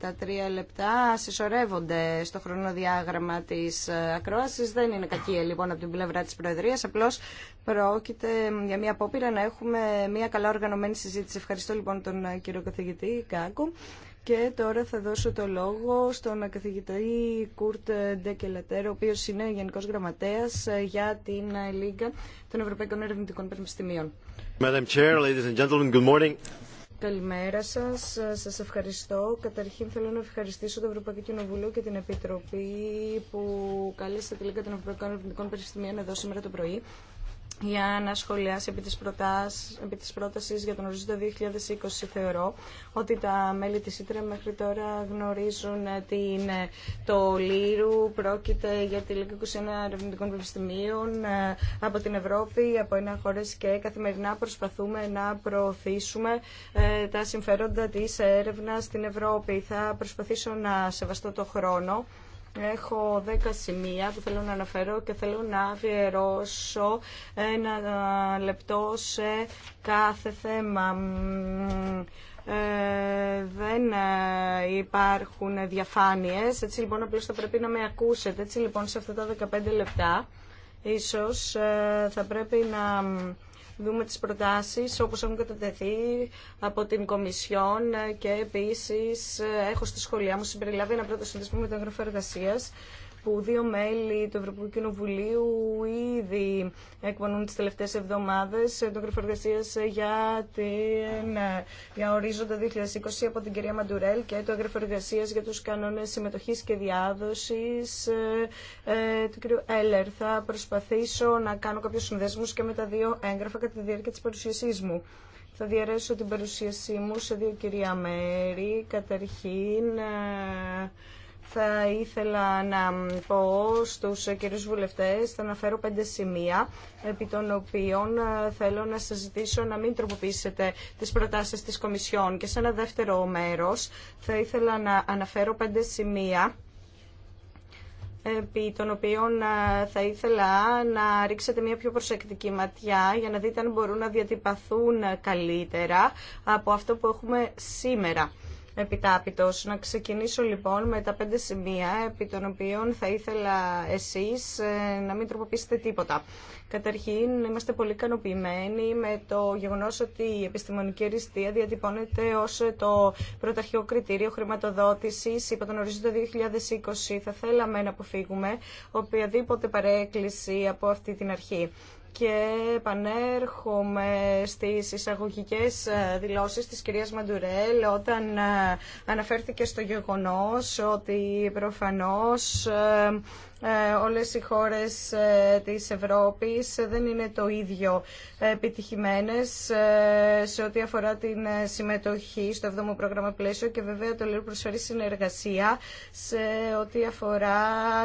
τα τρία λεπτά συσσωρεύονται στο χρονοδιάγραμμα της ακρόασης. Δεν είναι κακία λοιπόν από την πλευρά της Προεδρίας, απλώς πρόκειται για μια απόπειρα να έχουμε μια καλά οργανωμένη συζήτηση. Ευχαριστώ λοιπόν τον κύριο καθηγητή Κάκου. Και τώρα θα δώσω το λόγο στον καθηγητή Κούρτ Ντεκελατέρ, ο οποίος είναι Γενικός Γραμματέας για την Λίγκα των Ευρωπαϊκών Ερευνητικών Πανεπιστημίων. Καλημέρα σας. Σας ευχαριστώ. Καταρχήν θέλω να ευχαριστήσω το Ευρωπαϊκό Κοινοβούλιο και την Επιτροπή που κάλεσε τελικά των Ευρωπαϊκών Ερευνητικών Πανεπιστημίων εδώ σήμερα το πρωί για να σχολιάσει επί της, προτάσ... επί της πρότασης για τον ορίζοντα 2020. Θεωρώ ότι τα μέλη της ΙΤΡΕ μέχρι τώρα γνωρίζουν ε, τι είναι το ΛΥΡΟΥ. Πρόκειται για τη λύκη 21 ερευνητικών πανεπιστημίων ε, από την Ευρώπη, από ένα χώρε και καθημερινά προσπαθούμε να προωθήσουμε ε, τα συμφέροντα της έρευνας στην Ευρώπη. Θα προσπαθήσω να σεβαστώ το χρόνο. Έχω δέκα σημεία που θέλω να αναφέρω και θέλω να αφιερώσω ένα ε, λεπτό σε κάθε θέμα. Ε, δεν ε, υπάρχουν διαφάνειες, έτσι λοιπόν απλώς θα πρέπει να με ακούσετε. Έτσι λοιπόν σε αυτά τα 15 λεπτά ίσως ε, θα πρέπει να δούμε τις προτάσεις όπως έχουν κατατεθεί από την Κομισιόν και επίσης έχω στη σχολιά μου συμπεριλάβει ένα πρώτο συνδεσμό με το έγγραφο εργασίας που δύο μέλη του Ευρωπαϊκού Κοινοβουλίου ήδη εκπονούν τις τελευταίες εβδομάδες ε, το γραφείο ε, για, ε, για ορίζοντα 2020 από την κυρία Μαντουρέλ και το έγγραφο για τους κανόνες συμμετοχής και διάδοσης του κυρίου Έλερ. Θα προσπαθήσω να κάνω κάποιους συνδέσμους και με τα δύο έγγραφα κατά τη διάρκεια της παρουσίασής μου. Θα διαρρέσω την παρουσίασή μου σε δύο κυρία μέρη. Καταρχήν, θα ήθελα να πω στους κυρίους βουλευτές, θα αναφέρω πέντε σημεία, επί των οποίων ε, θέλω να σας ζητήσω να μην τροποποιήσετε τις προτάσεις της Κομισιόν. Και σε ένα δεύτερο μέρος θα ήθελα να αναφέρω πέντε σημεία, επί των οποίων ε, θα ήθελα να ρίξετε μια πιο προσεκτική ματιά για να δείτε αν μπορούν να διατυπαθούν καλύτερα από αυτό που έχουμε σήμερα επιτάπητος. Να ξεκινήσω λοιπόν με τα πέντε σημεία επί των οποίων θα ήθελα εσείς ε, να μην τροποποιήσετε τίποτα. Καταρχήν, είμαστε πολύ ικανοποιημένοι με το γεγονός ότι η επιστημονική αριστεία διατυπώνεται ως ε, το πρωταρχικό κριτήριο χρηματοδότησης υπό τον ορίζοντα 2020. Θα θέλαμε να αποφύγουμε οποιαδήποτε παρέκκληση από αυτή την αρχή και επανέρχομαι στις εισαγωγικές ε, δηλώσεις της κυρίας Μαντουρέλ όταν ε, αναφέρθηκε στο γεγονός ότι προφανώς ε, ε, όλες οι χώρες ε, της Ευρώπης δεν είναι το ίδιο επιτυχημένες ε, σε ό,τι αφορά την συμμετοχή στο 7ο πρόγραμμα πλαίσιο και βέβαια το ΛΕΡ προσφέρει συνεργασία σε ό,τι αφορά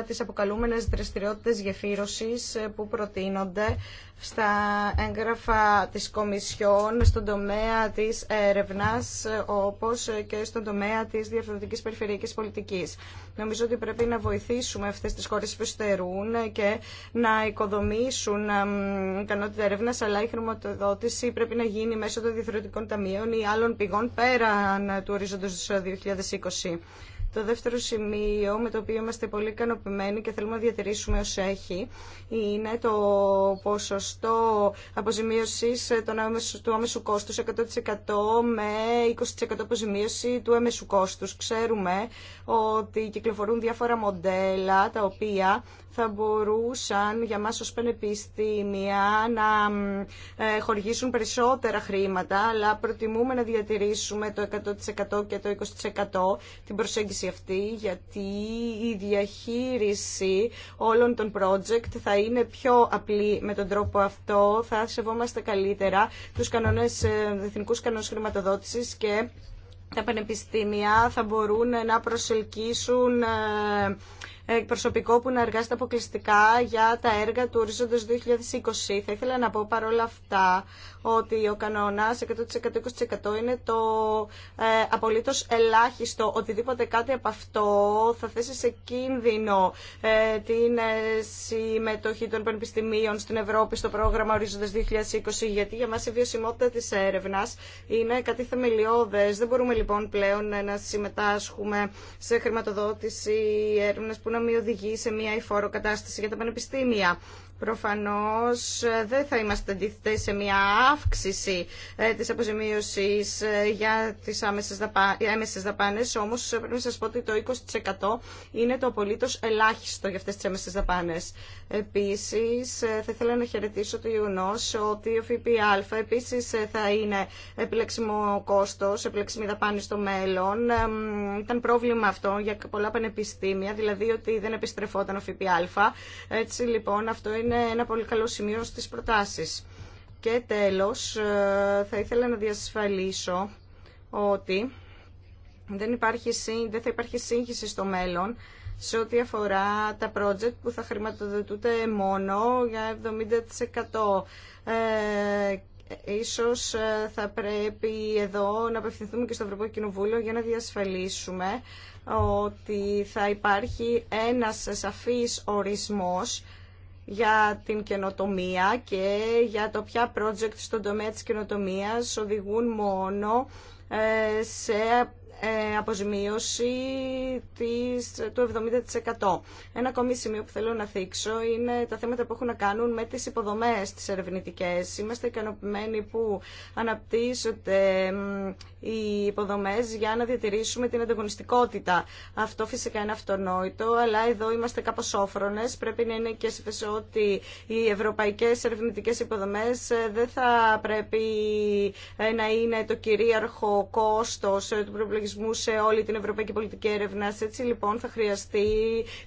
τις αποκαλούμενες δραστηριότητες γεφύρωσης που προτείνονται στα έγγραφα της Κομισιόν στον τομέα της έρευνας όπως και στον τομέα της διαφορετικής περιφερειακής πολιτικής. Νομίζω ότι πρέπει να βοηθήσουμε αυτές τις χώρες που στερούν και να οικοδομήσουν ικανότητα έρευνα, αλλά η χρηματοδότηση πρέπει να γίνει μέσω των διαφορετικών ταμείων ή άλλων πηγών πέραν του ορίζοντος 2020. Ε, το δεύτερο σημείο με το οποίο είμαστε πολύ ικανοποιημένοι και θέλουμε να διατηρήσουμε ως έχει είναι το ποσοστό αποζημίωσης του άμεσου κόστους 100% με 20% αποζημίωση του έμεσου κόστους. Ξέρουμε ότι κυκλοφορούν διάφορα μοντέλα τα οποία θα μπορούσαν για μας ως πανεπιστήμια να ε, χορηγήσουν περισσότερα χρήματα, αλλά προτιμούμε να διατηρήσουμε το 100% και το 20% την προσέγγιση αυτή, γιατί η διαχείριση όλων των project θα είναι πιο απλή με τον τρόπο αυτό, θα σεβόμαστε καλύτερα τους κανόνες, ε, εθνικούς κανόνες χρηματοδότησης και τα πανεπιστήμια θα μπορούν να προσελκύσουν ε, προσωπικό που να εργάζεται αποκλειστικά για τα έργα του ορίζοντος 2020. Θα ήθελα να πω παρόλα αυτά ότι ο κανόνας 100% 20% είναι το ε, απολύτως ελάχιστο. Οτιδήποτε κάτι από αυτό θα θέσει σε κίνδυνο ε, την ε, συμμετοχή των πανεπιστημίων στην Ευρώπη στο πρόγραμμα Ορίζοντα 2020 γιατί για μα η βιωσιμότητα της έρευνα είναι κάτι θεμελιώδε. Δεν μπορούμε λοιπόν πλέον ε, να συμμετάσχουμε σε χρηματοδότηση έρευνα που να μην οδηγεί σε μια υφόρο κατάσταση για τα πανεπιστήμια. Προφανώς ε, δεν θα είμαστε αντίθετες σε μια αύξηση ε, της αποζημίωσης ε, για τις άμεσες, δαπα... άμεσες δαπάνες, όμως πρέπει να σας πω ότι το 20% είναι το απολύτως ελάχιστο για αυτές τις άμεσες δαπάνες. Επίσης, θα ήθελα να χαιρετήσω το γεγονό ότι ο ΦΠΑ επίσης θα είναι επιλέξιμο κόστος, επιλέξιμη δαπάνη στο μέλλον. Ήταν πρόβλημα αυτό για πολλά πανεπιστήμια, δηλαδή ότι δεν επιστρεφόταν ο ΦΠΑ. Έτσι λοιπόν αυτό είναι είναι ένα πολύ καλό σημείο στις προτάσεις. Και τέλος, ε, θα ήθελα να διασφαλίσω ότι δεν, υπάρχει, δεν θα υπάρχει σύγχυση στο μέλλον σε ό,τι αφορά τα project που θα χρηματοδοτούνται μόνο για 70%. Ε, ίσως ε, θα πρέπει εδώ να απευθυνθούμε και στο Ευρωπαϊκό Κοινοβούλιο για να διασφαλίσουμε ότι θα υπάρχει ένας σαφής ορισμός για την καινοτομία και για το ποια project στον τομέα της καινοτομίας οδηγούν μόνο ε, σε ε, αποζημίωση της, του 70%. Ένα ακόμη σημείο που θέλω να θίξω είναι τα θέματα που έχουν να κάνουν με τις υποδομές τις ερευνητικές. Είμαστε ικανοποιημένοι που αναπτύσσονται οι υποδομές για να διατηρήσουμε την ανταγωνιστικότητα. Αυτό φυσικά είναι αυτονόητο, αλλά εδώ είμαστε κάπως όφρονες. Πρέπει να είναι και σε ότι οι ευρωπαϊκές ερευνητικές υποδομές ε, δεν θα πρέπει ε, να είναι το κυρίαρχο κόστος του προπολογισμού σε όλη την Ευρωπαϊκή Πολιτική Έρευνα. Έτσι λοιπόν θα χρειαστεί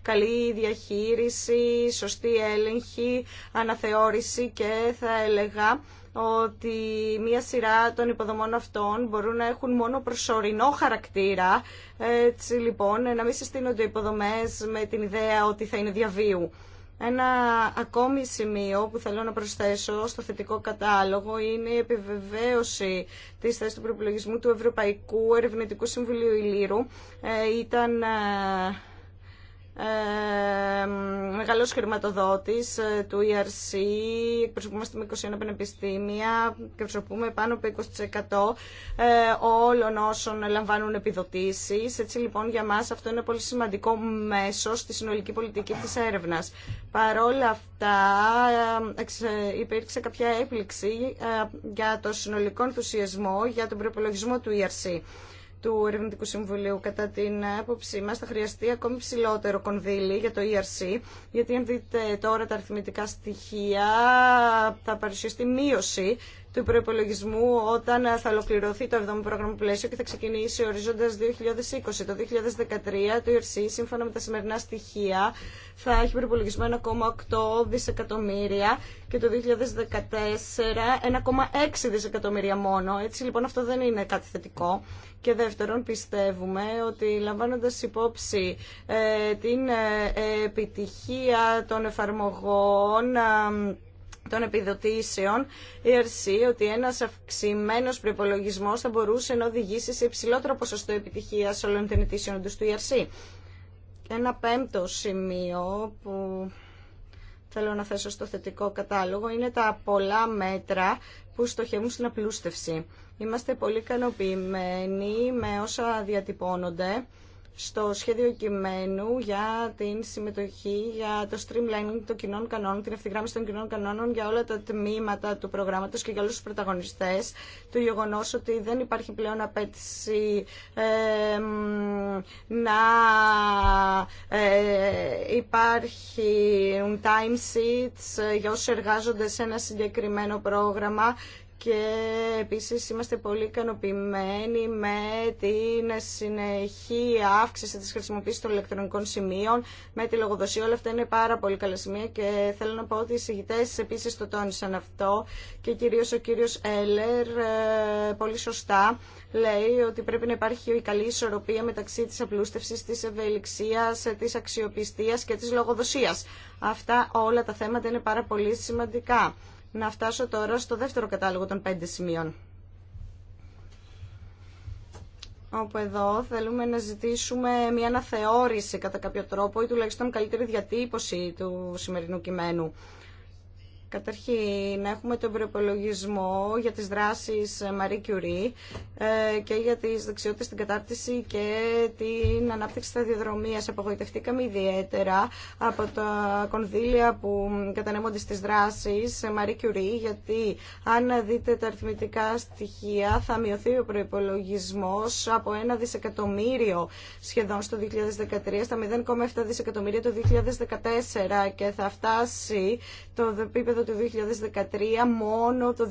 καλή διαχείριση, σωστή έλεγχη, αναθεώρηση και θα έλεγα ότι μία σειρά των υποδομών αυτών μπορούν να έχουν μόνο προσωρινό χαρακτήρα, έτσι λοιπόν να μην συστήνονται υποδομές με την ιδέα ότι θα είναι διαβίου. Ένα ακόμη σημείο που θέλω να προσθέσω στο θετικό κατάλογο είναι η επιβεβαίωση της θέσης του προπολογισμού του Ευρωπαϊκού Ερευνητικού Συμβουλίου Ηλίρου. Ε, ήταν ε, ε, μεγάλος χρηματοδότης ε, του ERC, εκπροσωπούμαστε με 21 πανεπιστήμια, εκπροσωπούμε πάνω από 20% ε, όλων όσων λαμβάνουν επιδοτήσεις. Έτσι λοιπόν για μας αυτό είναι πολύ σημαντικό μέσο στη συνολική πολιτική της έρευνας. Παρόλα αυτά ε, υπήρξε κάποια έπληξη για το συνολικό ενθουσιασμό για τον προπολογισμό του ERC του Ερευνητικού Συμβουλίου. Κατά την άποψή μας θα χρειαστεί ακόμη ψηλότερο κονδύλι για το ERC, γιατί αν δείτε τώρα τα αριθμητικά στοιχεία θα παρουσιαστεί μείωση του προπολογισμού όταν θα ολοκληρωθεί το 7ο πρόγραμμα πλαίσιο και θα ξεκινήσει ορίζοντας 2020. Το 2013 το ERC σύμφωνα με τα σημερινά στοιχεία θα έχει προπολογισμό 1,8 δισεκατομμύρια και το 2014 1,6 δισεκατομμύρια μόνο. Έτσι λοιπόν αυτό δεν είναι κάτι θετικό. Και δεύτερον πιστεύουμε ότι λαμβάνοντα υπόψη ε, την ε, επιτυχία των εφαρμογών ε, των επιδοτήσεων, η ERC ότι ένα αυξημένο προπολογισμό θα μπορούσε να οδηγήσει σε υψηλότερο ποσοστό επιτυχία όλων των αιτήσεων του ERC. Ένα πέμπτο σημείο που θέλω να θέσω στο θετικό κατάλογο είναι τα πολλά μέτρα που στοχεύουν στην απλούστευση. Είμαστε πολύ ικανοποιημένοι με όσα διατυπώνονται στο σχέδιο κειμένου για την συμμετοχή, για το streamlining των κοινών κανόνων, την ευθυγράμμιση των κοινών κανόνων για όλα τα τμήματα του προγράμματος και για όλους τους πρωταγωνιστές, του γεγονό ότι δεν υπάρχει πλέον απέτηση να ε, υπάρχουν time sheets ε, για όσους εργάζονται σε ένα συγκεκριμένο πρόγραμμα και επίσης είμαστε πολύ ικανοποιημένοι με την συνεχή αύξηση της χρησιμοποίησης των ηλεκτρονικών σημείων, με τη λογοδοσία. Όλα αυτά είναι πάρα πολύ καλά σημεία και θέλω να πω ότι οι συγητές επίσης το τόνισαν αυτό και κυρίως ο κύριος Έλερ ε, πολύ σωστά λέει ότι πρέπει να υπάρχει η καλή ισορροπία μεταξύ της απλούστευσης, της ευελιξίας, ε, της αξιοπιστίας και της λογοδοσίας. Αυτά όλα τα θέματα είναι πάρα πολύ σημαντικά να φτάσω τώρα στο δεύτερο κατάλογο των πέντε σημείων. Όπου εδώ θέλουμε να ζητήσουμε μια αναθεώρηση κατά κάποιο τρόπο ή τουλάχιστον καλύτερη διατύπωση του σημερινού κειμένου. Καταρχήν, έχουμε τον προπολογισμό για τις δράσεις Marie Curie ε, και για τις δεξιότητες στην κατάρτιση και την ανάπτυξη σταδιοδρομίας. Απογοητευτήκαμε ιδιαίτερα από τα κονδύλια που κατανέμονται στις δράσεις Marie Curie, γιατί αν δείτε τα αριθμητικά στοιχεία θα μειωθεί ο προπολογισμό από ένα δισεκατομμύριο σχεδόν στο 2013 στα 0,7 δισεκατομμύρια το 2014 και θα φτάσει το επίπεδο το 2013 μόνο το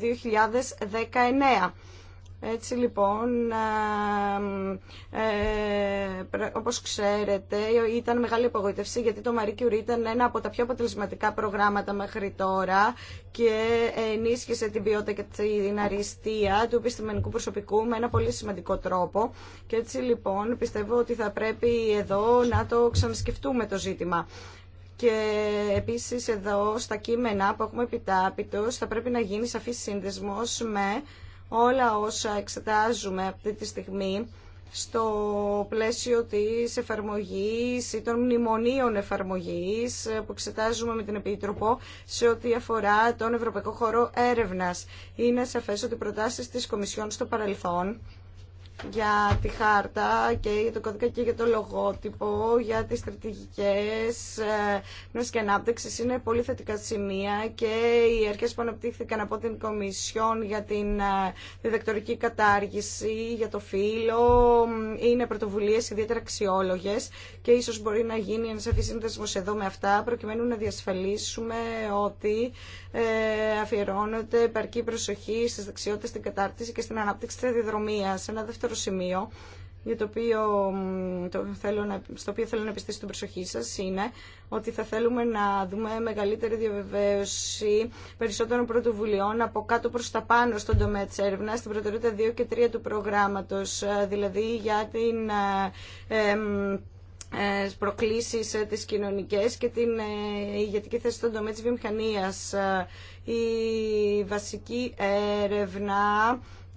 2019. Έτσι λοιπόν, ε, όπως ξέρετε, ήταν μεγάλη απογοήτευση γιατί το Marie Curie ήταν ένα από τα πιο αποτελεσματικά προγράμματα μέχρι τώρα και ενίσχυσε την ποιότητα και την αριστεία του επιστημονικού προσωπικού με ένα πολύ σημαντικό τρόπο. Και έτσι λοιπόν πιστεύω ότι θα πρέπει εδώ να το ξανασκεφτούμε το ζήτημα. Και επίσης εδώ στα κείμενα που έχουμε επιτάπητος θα πρέπει να γίνει σαφή σύνδεσμος με όλα όσα εξετάζουμε αυτή τη στιγμή στο πλαίσιο της εφαρμογής ή των μνημονίων εφαρμογής που εξετάζουμε με την Επίτροπο σε ό,τι αφορά τον Ευρωπαϊκό Χώρο Έρευνας. Είναι σαφές ότι οι προτάσεις της Κομισιόν στο παρελθόν για τη χάρτα και για το κωδικά και για το λογότυπο, για τις στρατηγικές ε, γνώσεις και ανάπτυξη είναι πολύ θετικά σημεία και οι αρχές που αναπτύχθηκαν από την Κομισιόν για την ε, διδακτορική κατάργηση, για το φύλλο, ε, είναι πρωτοβουλίες ιδιαίτερα αξιόλογε και ίσως μπορεί να γίνει ένα σαφή σύνδεσμος εδώ με αυτά προκειμένου να διασφαλίσουμε ότι αφιερώνεται επαρκή προσοχή στις δεξιότητες, στην κατάρτιση και στην ανάπτυξη της διαδρομίας. Ένα δεύτερο σημείο για το οποίο, το θέλω να, στο οποίο θέλω να επιστήσω την προσοχή σας είναι ότι θα θέλουμε να δούμε μεγαλύτερη διαβεβαίωση περισσότερων πρωτοβουλειών από κάτω προς τα πάνω στον τομέα της έρευνας, στην προτεραιότητα 2 και 3 του προγράμματος, ε, δηλαδή για την ε, ε προκλήσεις ε, τις κοινωνικές και την ηγετική θέση στον τομέα της βιομηχανίας. Η βασική έρευνα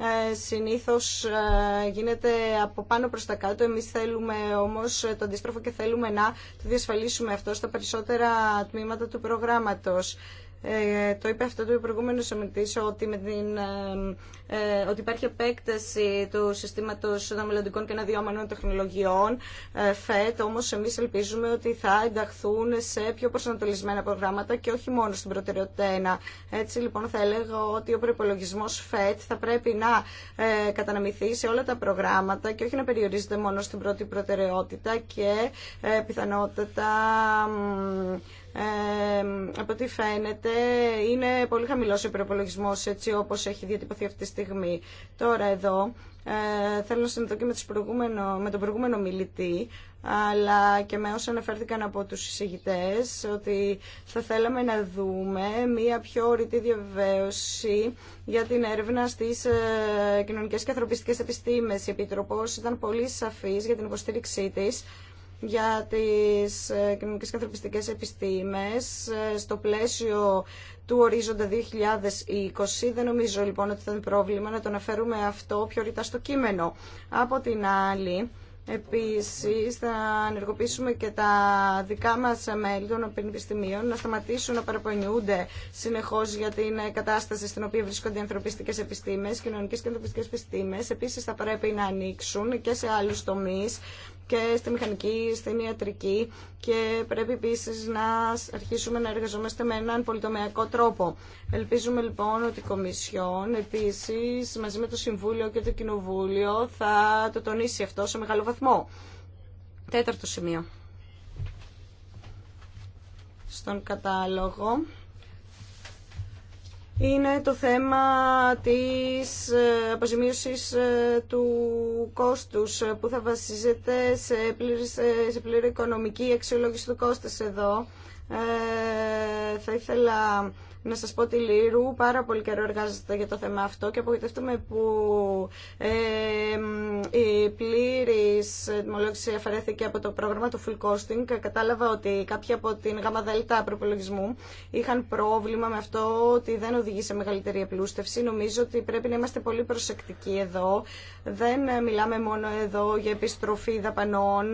ε, συνήθως ε, γίνεται από πάνω προς τα κάτω. Εμείς θέλουμε όμως το αντίστροφο και θέλουμε να το διασφαλίσουμε αυτό στα περισσότερα τμήματα του προγράμματος. Ε, το είπε αυτό το προηγούμενο ομιλητή ότι, με ε, ε, ότι υπάρχει επέκταση του συστήματο των μελλοντικών και αναδυόμενων τεχνολογιών. Ε, ΦΕΤ, όμω, εμεί ελπίζουμε ότι θα ενταχθούν σε πιο προσανατολισμένα προγράμματα και όχι μόνο στην προτεραιότητα 1. Έτσι, λοιπόν, θα έλεγα ότι ο προπολογισμό ΦΕΤ θα πρέπει να ε, καταναμηθεί σε όλα τα προγράμματα και όχι να περιορίζεται μόνο στην πρώτη προτεραιότητα και ε, πιθανότατα. Ε, από ό,τι φαίνεται είναι πολύ χαμηλός ο προπολογισμός έτσι όπως έχει διατυπωθεί αυτή τη στιγμή. Τώρα εδώ ε, θέλω να συνδεθώ και με, προηγούμενο, με τον προηγούμενο μιλητή αλλά και με όσα αναφέρθηκαν από τους εισηγητές ότι θα θέλαμε να δούμε μία πιο ορυτή διαβεβαίωση για την έρευνα στις ε, κοινωνικές και ανθρωπιστικές επιστήμες. Η Επιτροπός ήταν πολύ σαφής για την υποστήριξή της για τις ε, κοινωνικές και ανθρωπιστικές επιστήμες ε, στο πλαίσιο του ορίζοντα 2020. Δεν νομίζω λοιπόν ότι θα είναι πρόβλημα να το αναφέρουμε αυτό πιο ρητά στο κείμενο. Από την άλλη, Επίσης, θα ενεργοποιήσουμε και τα δικά μας μέλη των επιστήμιων να σταματήσουν να παραπονιούνται συνεχώς για την κατάσταση στην οποία βρίσκονται οι ανθρωπιστικές επιστήμες, κοινωνικές και ανθρωπιστικές επιστήμες. Επίσης, θα πρέπει να ανοίξουν και σε άλλους τομείς και στη μηχανική, στην ιατρική και πρέπει επίση να αρχίσουμε να εργαζόμαστε με έναν πολυτομιακό τρόπο. Ελπίζουμε λοιπόν ότι η Κομισιόν επίσης μαζί με το Συμβούλιο και το Κοινοβούλιο θα το τονίσει αυτό σε μεγάλο βαθμό. Τέταρτο σημείο. Στον κατάλογο είναι το θέμα της ε, αποζημίωσης ε, του κόστους ε, που θα βασίζεται σε πλήρη, σε πλήρη οικονομική αξιολόγηση του κόστους εδώ. θα ήθελα να σας πω τη Λύρου, πάρα πολύ καιρό εργάζεται για το θέμα αυτό και απογοητεύτομαι που ε, η πλήρης ετοιμολόγηση αφαιρέθηκε από το πρόγραμμα του full costing. Κατάλαβα ότι κάποιοι από την δελτά προπολογισμού είχαν πρόβλημα με αυτό ότι δεν οδηγεί σε μεγαλύτερη επλούστευση. Νομίζω ότι πρέπει να είμαστε πολύ προσεκτικοί εδώ. Δεν μιλάμε μόνο εδώ για επιστροφή δαπανών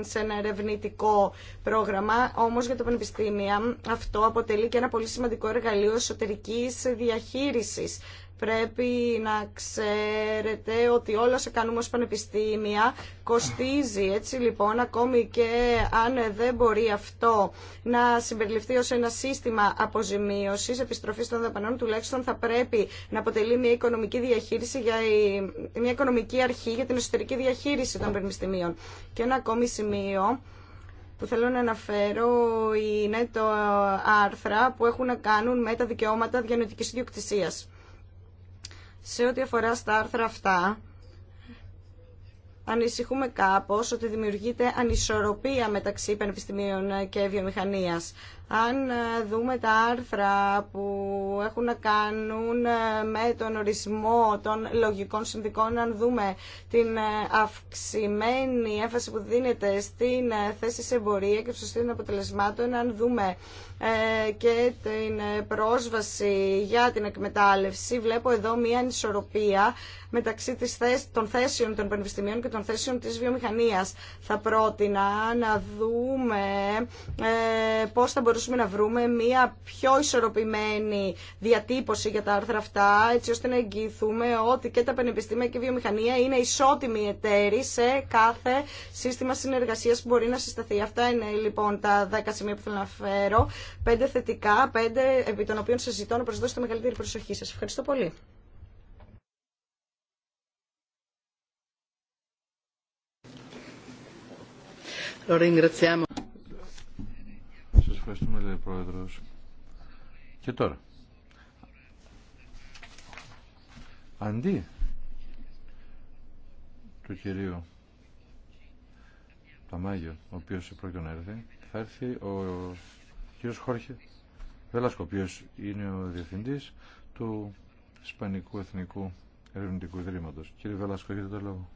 σε ένα ερευνητικό πρόγραμμα, όμως για το πανεπιστήμια αυτό αποτελεί και ένα πολύ σημαντικό εργαλείο εργαλείο εσωτερικής διαχείρισης. Πρέπει να ξέρετε ότι όλα σε κάνουμε ως πανεπιστήμια κοστίζει. Έτσι λοιπόν, ακόμη και αν δεν μπορεί αυτό να συμπεριληφθεί ως ένα σύστημα αποζημίωσης, επιστροφής των δαπανών, τουλάχιστον θα πρέπει να αποτελεί μια οικονομική διαχείριση, για μια οικονομική αρχή για την εσωτερική διαχείριση των πανεπιστημίων. Και ένα ακόμη σημείο που θέλω να αναφέρω είναι το άρθρα που έχουν να κάνουν με τα δικαιώματα διανοητικής ιδιοκτησίας. Σε ό,τι αφορά στα άρθρα αυτά, ανησυχούμε κάπως ότι δημιουργείται ανισορροπία μεταξύ πανεπιστημίων και βιομηχανίας. Αν ε, δούμε τα άρθρα που έχουν να κάνουν ε, με τον ορισμό των λογικών συνδικών, αν δούμε την ε, αυξημένη έμφαση που δίνεται στην θέση σε εμπορία και στους των αποτελεσμάτων, αν δούμε και την πρόσβαση για την εκμετάλλευση, βλέπω εδώ μία ανισορροπία μεταξύ της των θέσεων των πανεπιστημίων και των θέσεων της βιομηχανίας. Θα πρότεινα να δούμε πώς θα μπορούσαμε να βρούμε μια πιο ισορροπημένη διατύπωση για τα άρθρα αυτά, έτσι ώστε να εγγυηθούμε ότι και τα πανεπιστήμια και η βιομηχανία είναι ισότιμοι εταίροι σε κάθε σύστημα συνεργασία. που μπορεί να συσταθεί. Αυτά είναι λοιπόν τα 10 σημεία που θέλω να φέρω. Πέντε θετικά, πέντε επί των οποίων σα ζητώ να προσδώσετε μεγαλύτερη προσοχή σα. Ευχαριστώ πολύ ευχαριστούμε, λέει Πρόεδρος. Και τώρα. Αντί του κυρίου Ταμάγιο, ο οποίος πρόκειται να έρθει, θα έρθει ο κύριος Χόρχε Βελάσκο, ο οποίος είναι ο διευθυντής του Ισπανικού Εθνικού Ερευνητικού Ιδρύματος. Κύριε Βελάσκο, έχετε το λόγο.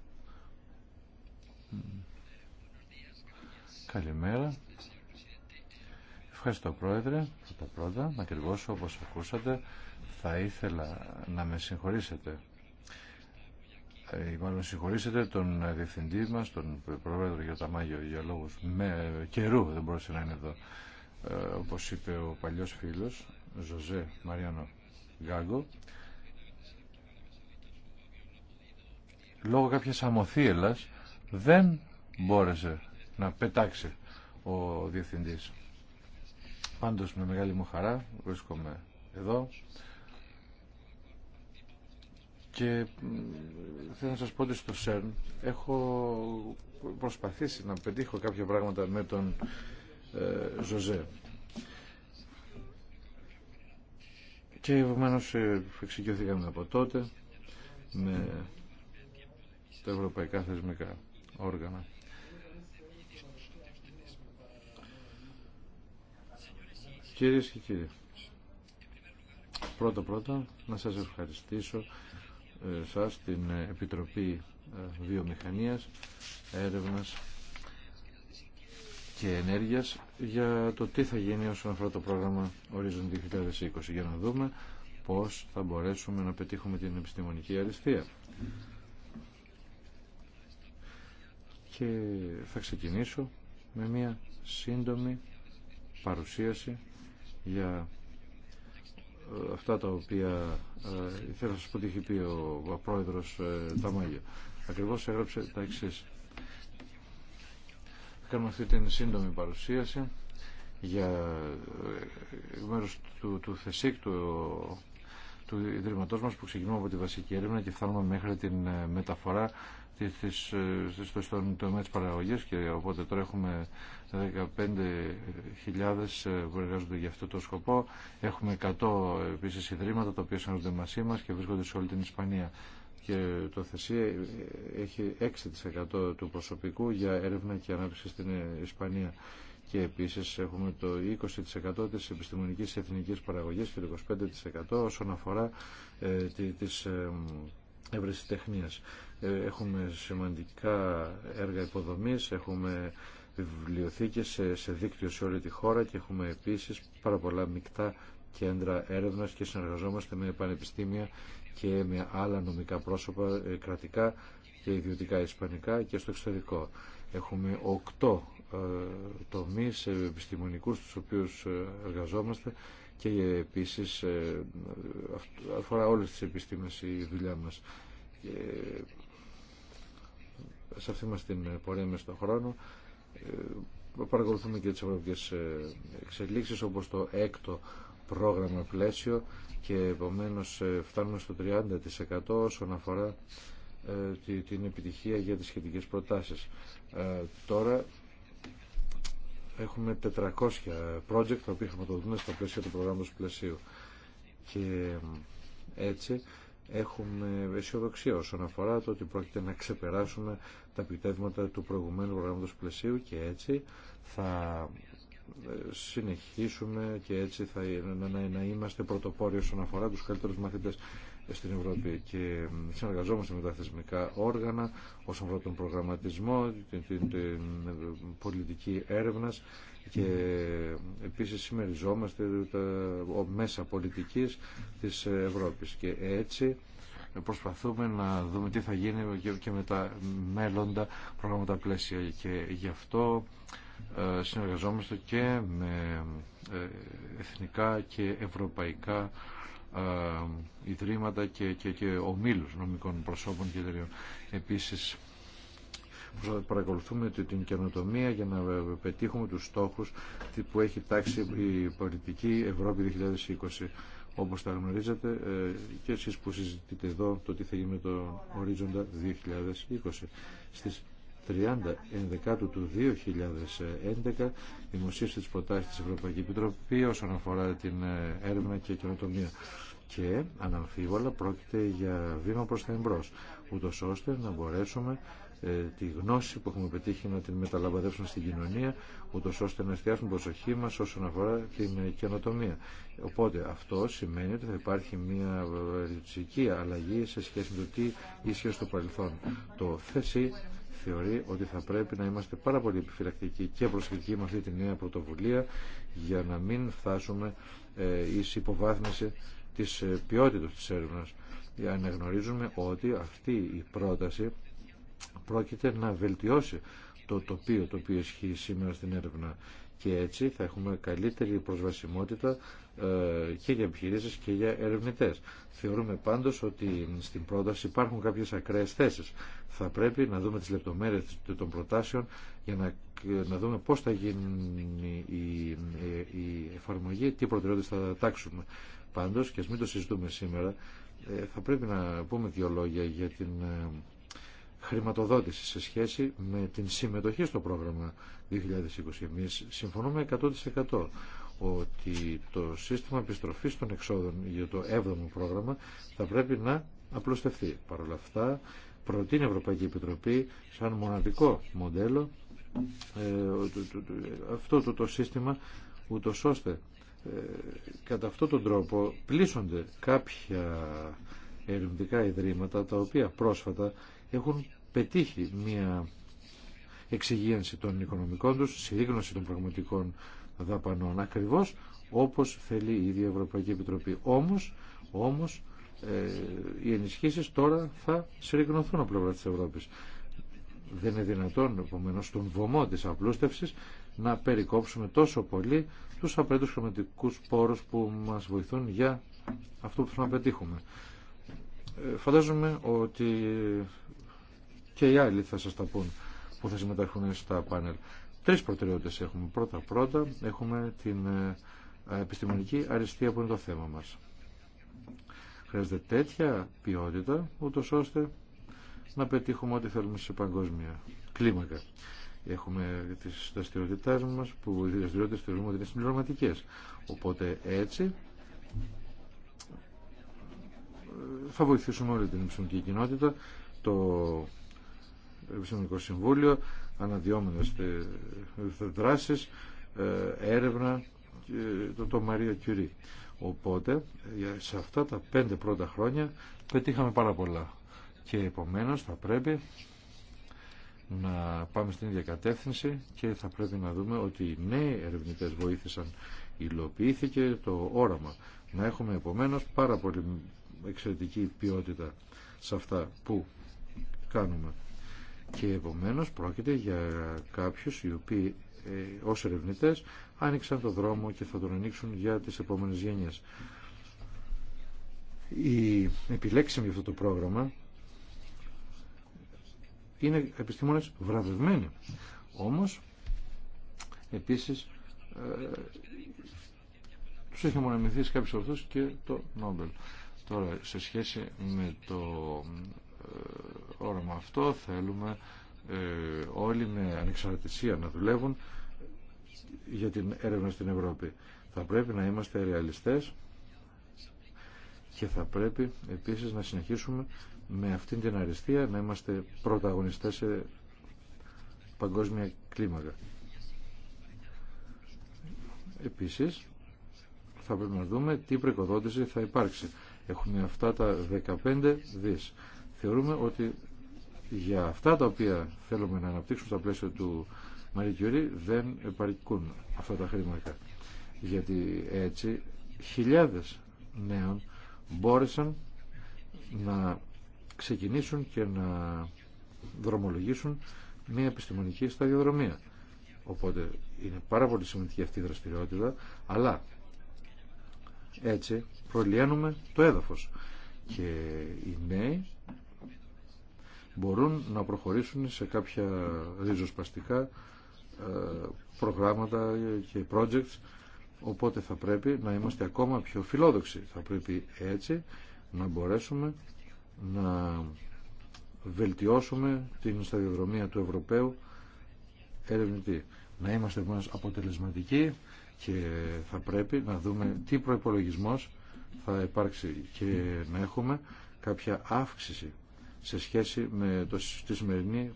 Καλημέρα. Ευχαριστώ Πρόεδρε. Πρώτα πρώτα, ακριβώς όπως ακούσατε, θα ήθελα να με συγχωρήσετε. Ε, μάλλον συγχωρήσετε τον διευθυντή μας, τον Πρόεδρο τα Μάγιο, για λόγους με καιρού δεν μπορούσε να είναι εδώ. Ε, όπως είπε ο παλιός φίλος, Ζωζέ Μαριάνο Γκάγκο, λόγω κάποιας αμοθίελας δεν μπόρεσε να πετάξει ο διευθυντής. Πάντως με μεγάλη μου χαρά βρίσκομαι εδώ και θέλω να σας πω ότι στο ΣΕΡΝ έχω προσπαθήσει να πετύχω κάποια πράγματα με τον ε, Ζωζέ. Και επομένω ε, εξοικειωθήκαμε από τότε με τα ευρωπαϊκά θεσμικά όργανα. Κυρίες και κύριοι, πρώτα πρώτα να σας ευχαριστήσω ε, σας την ε, Επιτροπή ε, Βιομηχανίας, Έρευνας και Ενέργειας για το τι θα γίνει όσον αφορά το πρόγραμμα Horizon 2020 για να δούμε πώς θα μπορέσουμε να πετύχουμε την επιστημονική αριστεία. Και θα ξεκινήσω με μια σύντομη παρουσίαση για ε, αυτά τα οποία ε, θέλω να σας πω τι έχει πει ο πρόεδρος ε, Ταμαγιο. Ακριβώς έγραψε τα εξή. Θα κάνουμε αυτή την σύντομη παρουσίαση για μέρος του, του του Ιδρύματός μας που ξεκινούμε από τη βασική έρευνα και φτάνουμε μέχρι την ε, μεταφορά της, ε, στο, στον τομέα της παραγωγής και οπότε τώρα έχουμε 15.000 ε, που εργάζονται για αυτό το σκοπό. Έχουμε 100 επίσης ιδρύματα τα οποία συνεργάζονται μαζί μας και βρίσκονται σε όλη την Ισπανία και το Θεσία έχει 6% του προσωπικού για έρευνα και ανάπτυξη στην Ισπανία και επίσης έχουμε το 20% της επιστημονικής εθνικής παραγωγής και το 25% όσον αφορά ε, της ε, ευρεσιτεχνίας. Ε, έχουμε σημαντικά έργα υποδομής, έχουμε βιβλιοθήκες σε, σε δίκτυο σε όλη τη χώρα και έχουμε επίσης πάρα πολλά μεικτά κέντρα έρευνας και συνεργαζόμαστε με πανεπιστήμια και με άλλα νομικά πρόσωπα κρατικά και ιδιωτικά ισπανικά και στο εξωτερικό. Έχουμε οκτώ ε, τομείς ε, επιστημονικούς στους οποίους ε, εργαζόμαστε και επίσης αφορά όλες τις επιστήμες η δουλειά μας. Σε αυτή μας την πορεία με στον χρόνο παρακολουθούμε και τις ευρωπαϊκές εξελίξεις όπως το έκτο πρόγραμμα πλαίσιο και επομένως φτάνουμε στο 30% όσον αφορά την επιτυχία για τις σχετικές προτάσεις. Τώρα έχουμε 400 project τα οποία χρηματοδοτούν στα πλαίσια του προγράμματος πλαισίου και έτσι έχουμε αισιοδοξία όσον αφορά το ότι πρόκειται να ξεπεράσουμε τα επιτεύγματα του προηγουμένου προγράμματος πλαισίου και έτσι θα ε, συνεχίσουμε και έτσι θα, να, να, να είμαστε πρωτοπόροι όσον αφορά τους καλύτερους μαθητές στην Ευρώπη και συνεργαζόμαστε με τα θεσμικά όργανα όσον αφορά τον προγραμματισμό, την, πολιτική έρευνα και επίσης συμμεριζόμαστε τα μέσα πολιτικής της Ευρώπης και έτσι προσπαθούμε να δούμε τι θα γίνει και με τα μέλλοντα προγράμματα πλαίσια και γι' αυτό ε, συνεργαζόμαστε και με ε, εθνικά και ευρωπαϊκά ε, ιδρύματα και, και, και ομίλους νομικών προσώπων και εταιρείων. Επίσης, παρακολουθούμε την καινοτομία για να πετύχουμε τους στόχους που έχει τάξει η πολιτική Ευρώπη 2020. Όπως τα γνωρίζετε ε, και εσείς που συζητείτε εδώ το τι θα γίνει με το ορίζοντα 2020. Στις 30 Ενδεκάτου του 2011 δημοσίευσε τις προτάσεις της Ευρωπαϊκής Επιτροπή όσον αφορά την ε, έρευνα και καινοτομία και αναμφίβολα πρόκειται για βήμα προς τα εμπρός, ούτως ώστε να μπορέσουμε ε, τη γνώση που έχουμε πετύχει να την μεταλαμβαδεύσουμε στην κοινωνία, ούτω ώστε να εστιάσουμε προσοχή μα όσον αφορά την καινοτομία. Οπότε αυτό σημαίνει ότι θα υπάρχει μια ρητσική αλλαγή σε σχέση με το τι ίσχυε στο παρελθόν. Το θέση θεωρεί ότι θα πρέπει να είμαστε πάρα πολύ επιφυλακτικοί και προσεκτικοί με αυτή τη νέα πρωτοβουλία για να μην φτάσουμε ε, υποβάθμιση της ε, ποιότητας της έρευνας. γνωρίζουμε ότι αυτή η πρόταση πρόκειται να βελτιώσει το τοπίο το οποίο ισχύει σήμερα στην έρευνα και έτσι θα έχουμε καλύτερη προσβασιμότητα ε, και για επιχειρήσει και για ερευνητέ. Θεωρούμε πάντω ότι στην πρόταση υπάρχουν κάποιε ακραίε θέσει. Θα πρέπει να δούμε τι λεπτομέρειε των προτάσεων για να, να δούμε πώ θα γίνει η, ε, η εφαρμογή, τι προτεραιότητε θα τάξουμε. Πάντως, και ας μην το συζητούμε σήμερα, ε, θα πρέπει να πούμε δύο λόγια για την ε, χρηματοδότηση σε σχέση με την συμμετοχή στο πρόγραμμα 2020. Εμείς συμφωνούμε 100% ότι το σύστημα επιστροφής των εξόδων για το 7ο πρόγραμμα θα πρέπει να απλωστευτεί. Παρ' όλα αυτά, προτείνει η Ευρωπαϊκή Επιτροπή σαν μοναδικό μοντέλο ε, αυτό το, το σύστημα ούτως ώστε ε, κατά αυτόν τον τρόπο πλήσονται κάποια ερευνητικά ιδρύματα τα οποία πρόσφατα έχουν πετύχει μια εξυγίανση των οικονομικών τους, συρρήγνωση των πραγματικών δαπανών ακριβώς όπως θέλει η ίδια Ευρωπαϊκή Επιτροπή. Όμως, όμως ε, οι ενισχύσεις τώρα θα συρρήγνωθούν από πλευρά της Ευρώπης. Δεν είναι δυνατόν, επομένως στον βωμό της απλούστευσης να περικόψουμε τόσο πολύ τους απαραίτητους χρηματικούς πόρους που μας βοηθούν για αυτό που θέλουμε να πετύχουμε. Ε, φαντάζομαι ότι και οι άλλοι θα σας τα πούν που θα συμμετέχουν στα πάνελ. Τρεις προτεραιότητες έχουμε. Πρώτα-πρώτα έχουμε την ε, επιστημονική αριστεία που είναι το θέμα μας. Χρειάζεται τέτοια ποιότητα, ούτω ώστε να πετύχουμε ό,τι θέλουμε σε παγκόσμια κλίμακα. Έχουμε τις δραστηριότητε μας που οι δραστηριότητες θεωρούμε ότι είναι συμπληρωματικές. Οπότε έτσι θα βοηθήσουμε όλη την επιστημονική κοινότητα, το Επιστημονικό Συμβούλιο, αναδιόμενες ε, δράσεις, ε, έρευνα, το, το Μαρία Κιουρί. Οπότε, σε αυτά τα πέντε πρώτα χρόνια πετύχαμε πάρα πολλά. Και επομένως θα πρέπει να πάμε στην ίδια και θα πρέπει να δούμε ότι οι νέοι ερευνητές βοήθησαν, υλοποιήθηκε το όραμα. Να έχουμε επομένως πάρα πολύ εξαιρετική ποιότητα σε αυτά που κάνουμε. Και επομένως πρόκειται για κάποιους οι οποίοι ε, ως ερευνητές άνοιξαν το δρόμο και θα τον ανοίξουν για τις επόμενες γενιές. Η επιλέξιμη αυτό το πρόγραμμα είναι επιστήμονες βραβευμένοι. Όμως, επίσης, ε, τους έχει μοναμηθεί σε κάποιους και το Νόμπελ. Τώρα, σε σχέση με το ε, όραμα αυτό, θέλουμε ε, όλοι με ανεξαρτησία να δουλεύουν για την έρευνα στην Ευρώπη. Θα πρέπει να είμαστε ρεαλιστές και θα πρέπει επίσης να συνεχίσουμε με αυτήν την αριστεία να είμαστε πρωταγωνιστές σε παγκόσμια κλίμακα. Επίσης, θα πρέπει να δούμε τι προεκοδότηση θα υπάρξει. Έχουμε αυτά τα 15 δις. Θεωρούμε ότι για αυτά τα οποία θέλουμε να αναπτύξουμε στα πλαίσια του Μαρικιουρί δεν επαρκούν αυτά τα χρήματα. Γιατί έτσι χιλιάδες νέων μπόρεσαν να ξεκινήσουν και να δρομολογήσουν μια επιστημονική σταδιοδρομία. Οπότε είναι πάρα πολύ σημαντική αυτή η δραστηριότητα, αλλά έτσι προλιάνουμε το έδαφος και οι νέοι μπορούν να προχωρήσουν σε κάποια ριζοσπαστικά ε, προγράμματα και projects Οπότε θα πρέπει να είμαστε ακόμα πιο φιλόδοξοι. Θα πρέπει έτσι να μπορέσουμε να βελτιώσουμε την σταδιοδρομία του Ευρωπαίου ερευνητή. Να είμαστε μας αποτελεσματικοί και θα πρέπει να δούμε τι προϋπολογισμός θα υπάρξει και να έχουμε κάποια αύξηση σε σχέση με το, τη σημερινή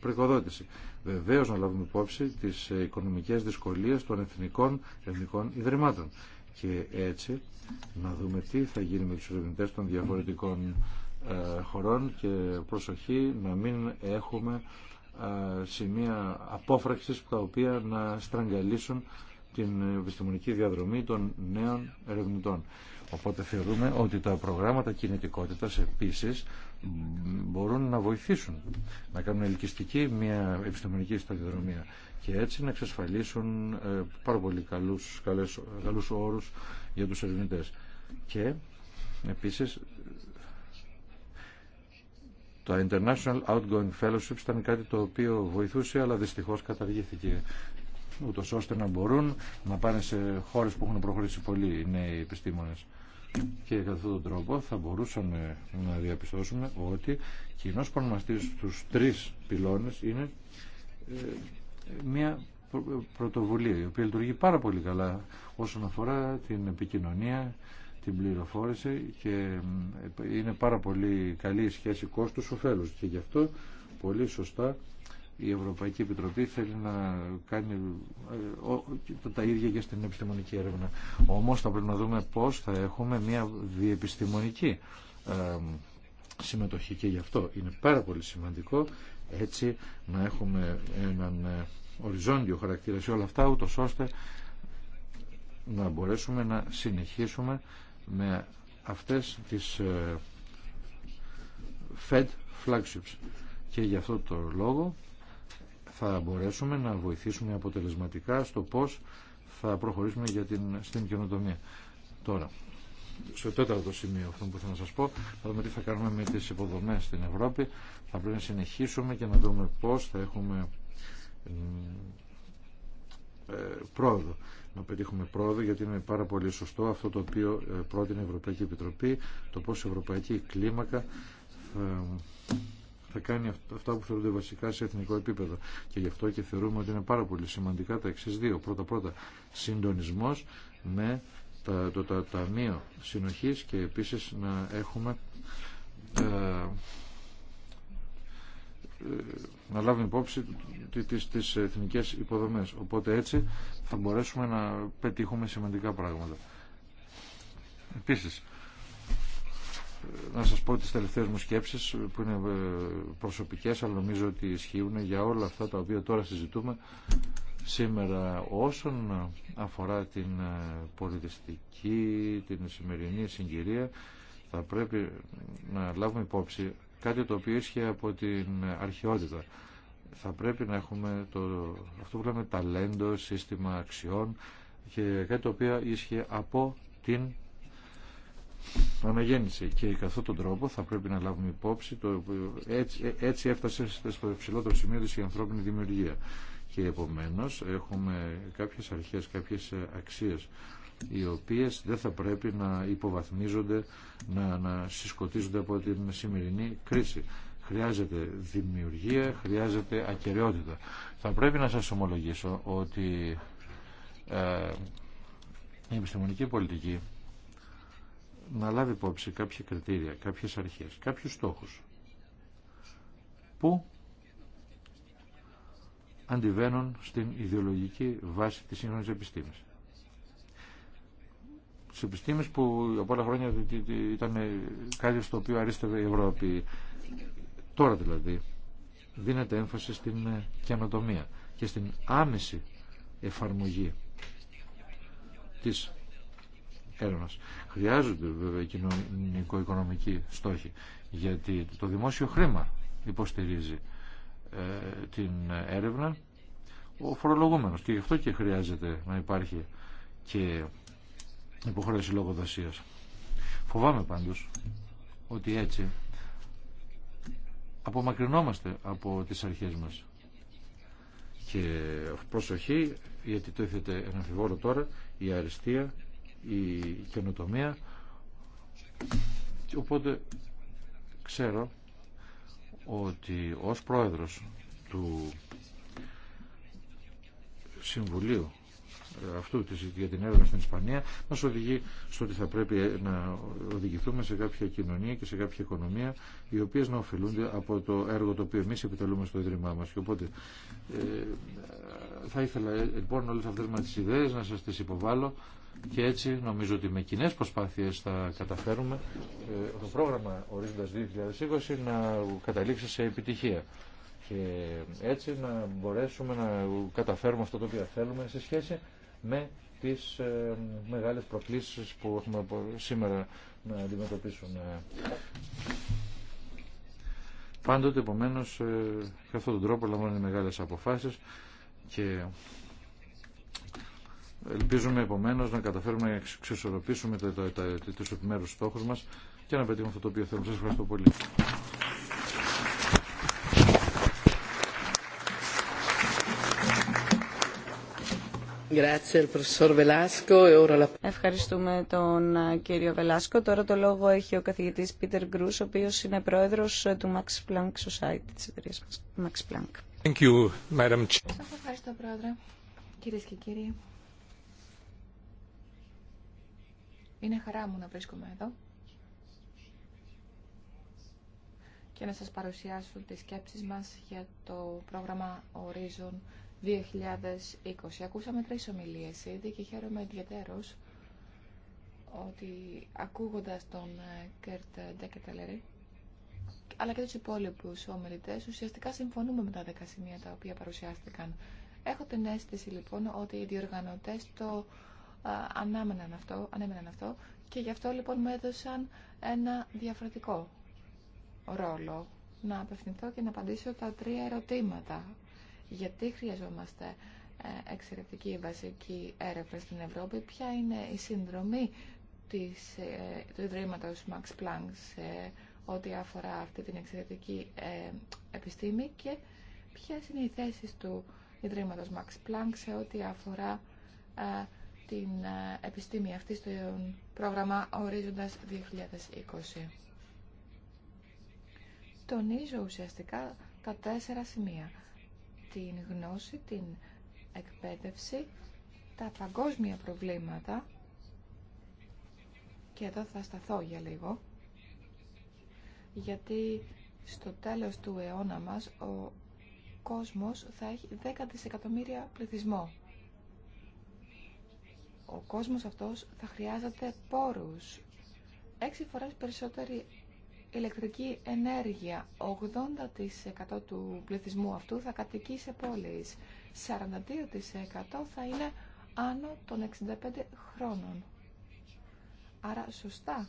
προοικοδότηση. Βεβαίω να λάβουμε υπόψη τι οικονομικέ δυσκολίε των εθνικών ελληνικών ιδρυμάτων και έτσι να δούμε τι θα γίνει με τους ερευνητέ των διαφορετικών ε, χωρών και προσοχή να μην έχουμε ε, σημεία απόφραξης τα οποία να στραγγαλίσουν την επιστημονική διαδρομή των νέων ερευνητών. Οπότε θεωρούμε ότι τα προγράμματα κινητικότητας επίσης μπορούν να βοηθήσουν να κάνουν ελκυστική μια επιστημονική σταδιοδρομία και έτσι να εξασφαλίσουν ε, πάρα πολύ καλούς, καλές, καλούς όρους για τους ερευνητές. Και επίσης το International Outgoing Fellowships ήταν κάτι το οποίο βοηθούσε αλλά δυστυχώς καταργήθηκε ούτως ώστε να μπορούν να πάνε σε χώρες που έχουν προχωρήσει πολύ οι νέοι επιστήμονες και κατά αυτόν τον τρόπο θα μπορούσαμε να διαπιστώσουμε ότι κοινό πανομαστή στου τρεις πυλώνε είναι ε, μια πρωτοβουλία η οποία λειτουργεί πάρα πολύ καλά όσον αφορά την επικοινωνία την πληροφόρηση και ε, είναι πάρα πολύ καλή η σχέση κόστους-οφέλους και γι' αυτό πολύ σωστά η Ευρωπαϊκή Επιτροπή θέλει να κάνει ε, τα ίδια και στην επιστημονική έρευνα. Όμως θα πρέπει να δούμε πώς θα έχουμε μια διεπιστημονική ε, συμμετοχή και γι' αυτό είναι πάρα πολύ σημαντικό έτσι να έχουμε έναν ε, οριζόντιο χαρακτήρα σε όλα αυτά ούτως ώστε να μπορέσουμε να συνεχίσουμε με αυτές τις Fed flagships και γι' αυτό το λόγο θα μπορέσουμε να βοηθήσουμε αποτελεσματικά στο πώς θα προχωρήσουμε για την, στην καινοτομία. Τώρα, στο τέταρτο σημείο αυτό που θέλω να σας πω, θα δούμε τι θα κάνουμε με τις υποδομές στην Ευρώπη. Θα πρέπει να συνεχίσουμε και να δούμε πώς θα έχουμε ε, πρόοδο. Να πετύχουμε πρόοδο γιατί είναι πάρα πολύ σωστό αυτό το οποίο ε, πρότεινε η Ευρωπαϊκή Επιτροπή, το πώς η Ευρωπαϊκή Κλίμακα θα θα κάνει αυτά που θεωρούνται βασικά σε εθνικό επίπεδο. Και γι' αυτό και θεωρούμε ότι είναι πάρα πολύ σημαντικά τα εξή δύο. Πρώτα-πρώτα, συντονισμό με το, τα, Ταμείο Συνοχή και επίση να έχουμε. Ε, ε, να λάβουμε υπόψη τις, τις εθνικές υποδομές. Οπότε έτσι θα μπορέσουμε να πετύχουμε σημαντικά πράγματα. Επίσης, να σας πω τις τελευταίες μου σκέψεις ε, που είναι ε, προσωπικές αλλά νομίζω ότι ισχύουν για όλα αυτά τα οποία τώρα συζητούμε σήμερα όσον αφορά την ε, πολιτιστική, την σημερινή συγκυρία θα πρέπει να λάβουμε υπόψη κάτι το οποίο ίσχυε από την αρχαιότητα. Θα πρέπει να έχουμε το, αυτό που λέμε ταλέντο, σύστημα αξιών και κάτι το οποίο ίσχυε από την αναγέννηση και κατά τον τρόπο θα πρέπει να λάβουμε υπόψη το, έτσι, ε- έτσι έφτασε στο υψηλότερο σημείο της η ανθρώπινη δημιουργία και επομένως έχουμε κάποιες αρχές, κάποιες ε, αξίες οι οποίες δεν θα πρέπει να υποβαθμίζονται, να, να συσκοτίζονται από την σημερινή κρίση. Χρειάζεται δημιουργία, χρειάζεται ακαιρεότητα. Θα πρέπει να σας ομολογήσω ότι ε, η επιστημονική πολιτική να λάβει υπόψη κάποια κριτήρια, κάποιες αρχές, κάποιους στόχους που αντιβαίνουν στην ιδεολογική βάση της σύγχρονης επιστήμης. στις επιστήμες που από όλα χρόνια ήταν κάτι στο οποίο αρίστευε η Ευρώπη. Τώρα δηλαδή δίνεται έμφαση στην καινοτομία και στην άμεση εφαρμογή της έρευνας. Χρειάζονται βέβαια κοινωνικο-οικονομικοί στόχοι, γιατί το δημόσιο χρήμα υποστηρίζει ε, την έρευνα ο φορολογούμενος και γι' αυτό και χρειάζεται να υπάρχει και υποχρέωση λογοδοσίας. Φοβάμαι πάντως ότι έτσι απομακρυνόμαστε από τις αρχές μας. Και προσοχή, γιατί το ήθετε ένα τώρα, η αριστεία η καινοτομία. Οπότε ξέρω ότι ως πρόεδρος του Συμβουλίου ε, αυτού για την έρευνα στην Ισπανία μας οδηγεί στο ότι θα πρέπει ε, να οδηγηθούμε σε κάποια κοινωνία και σε κάποια οικονομία οι οποίες να ωφελούνται από το έργο το οποίο εμείς επιτελούμε στο Ίδρυμά μας οπότε ε, θα ήθελα ε, λοιπόν όλες αυτές μας τις ιδέες να σας τις υποβάλω και έτσι νομίζω ότι με κοινέ προσπάθειες θα καταφέρουμε ε, το πρόγραμμα ορίζοντας 2020 να καταλήξει σε επιτυχία και έτσι να μπορέσουμε να καταφέρουμε αυτό το οποίο θέλουμε σε σχέση με τις ε, μεγάλες προκλήσεις που έχουμε σήμερα να αντιμετωπίσουμε. Πάντοτε, επομένω, ε, και αυτόν τον τρόπο λαμβάνουν μεγάλε αποφάσει και ελπίζουμε επομένω να καταφέρουμε να εξισορροπήσουμε του επιμέρου στόχου μα και να πετύχουμε αυτό το οποίο θέλουμε. Σα ευχαριστώ πολύ. E Ευχαριστούμε τον κύριο Βελάσκο. Τώρα το λόγο έχει ο καθηγητής Πίτερ Γκρούς, ο οποίος είναι πρόεδρος ε, του Max Planck Society της εταιρείας Max Planck ευχαριστώ, Πρόεδρε. Κυρίες και κύριοι, είναι χαρά μου να βρίσκομαι εδώ και να σας παρουσιάσω τις σκέψεις μας για το πρόγραμμα Horizon 2020. Ακούσαμε τρεις ομιλίες ήδη και χαίρομαι ιδιαίτερος ότι ακούγοντας τον Κέρτ Ντεκετελερή αλλά και του υπόλοιπου ομιλητέ, ουσιαστικά συμφωνούμε με τα δεκα σημεία τα οποία παρουσιάστηκαν. Έχω την αίσθηση λοιπόν ότι οι διοργανωτέ το α, αυτό, ανέμεναν αυτό και γι' αυτό λοιπόν μου έδωσαν ένα διαφορετικό ρόλο να απευθυνθώ και να απαντήσω τα τρία ερωτήματα. Γιατί χρειαζόμαστε ε, εξαιρετική βασική έρευνα στην Ευρώπη, ποια είναι η συνδρομή της, ε, του Ιδρύματος Max Planck σε ό,τι αφορά αυτή την εξαιρετική ε, επιστήμη και ποιε είναι οι θέσεις του Ιδρύματος Max Planck σε ό,τι αφορά ε, την ε, επιστήμη αυτή στο πρόγραμμα Ορίζοντας 2020. Τονίζω ουσιαστικά τα τέσσερα σημεία. Την γνώση, την εκπαίδευση, τα παγκόσμια προβλήματα και εδώ θα σταθώ για λίγο γιατί στο τέλος του αιώνα μας ο κόσμος θα έχει 10 δισεκατομμύρια πληθυσμό. Ο κόσμος αυτός θα χρειάζεται πόρους. Έξι φορές περισσότερη ηλεκτρική ενέργεια. 80% του πληθυσμού αυτού θα κατοικεί σε πόλεις. 42% θα είναι άνω των 65 χρόνων. Άρα σωστά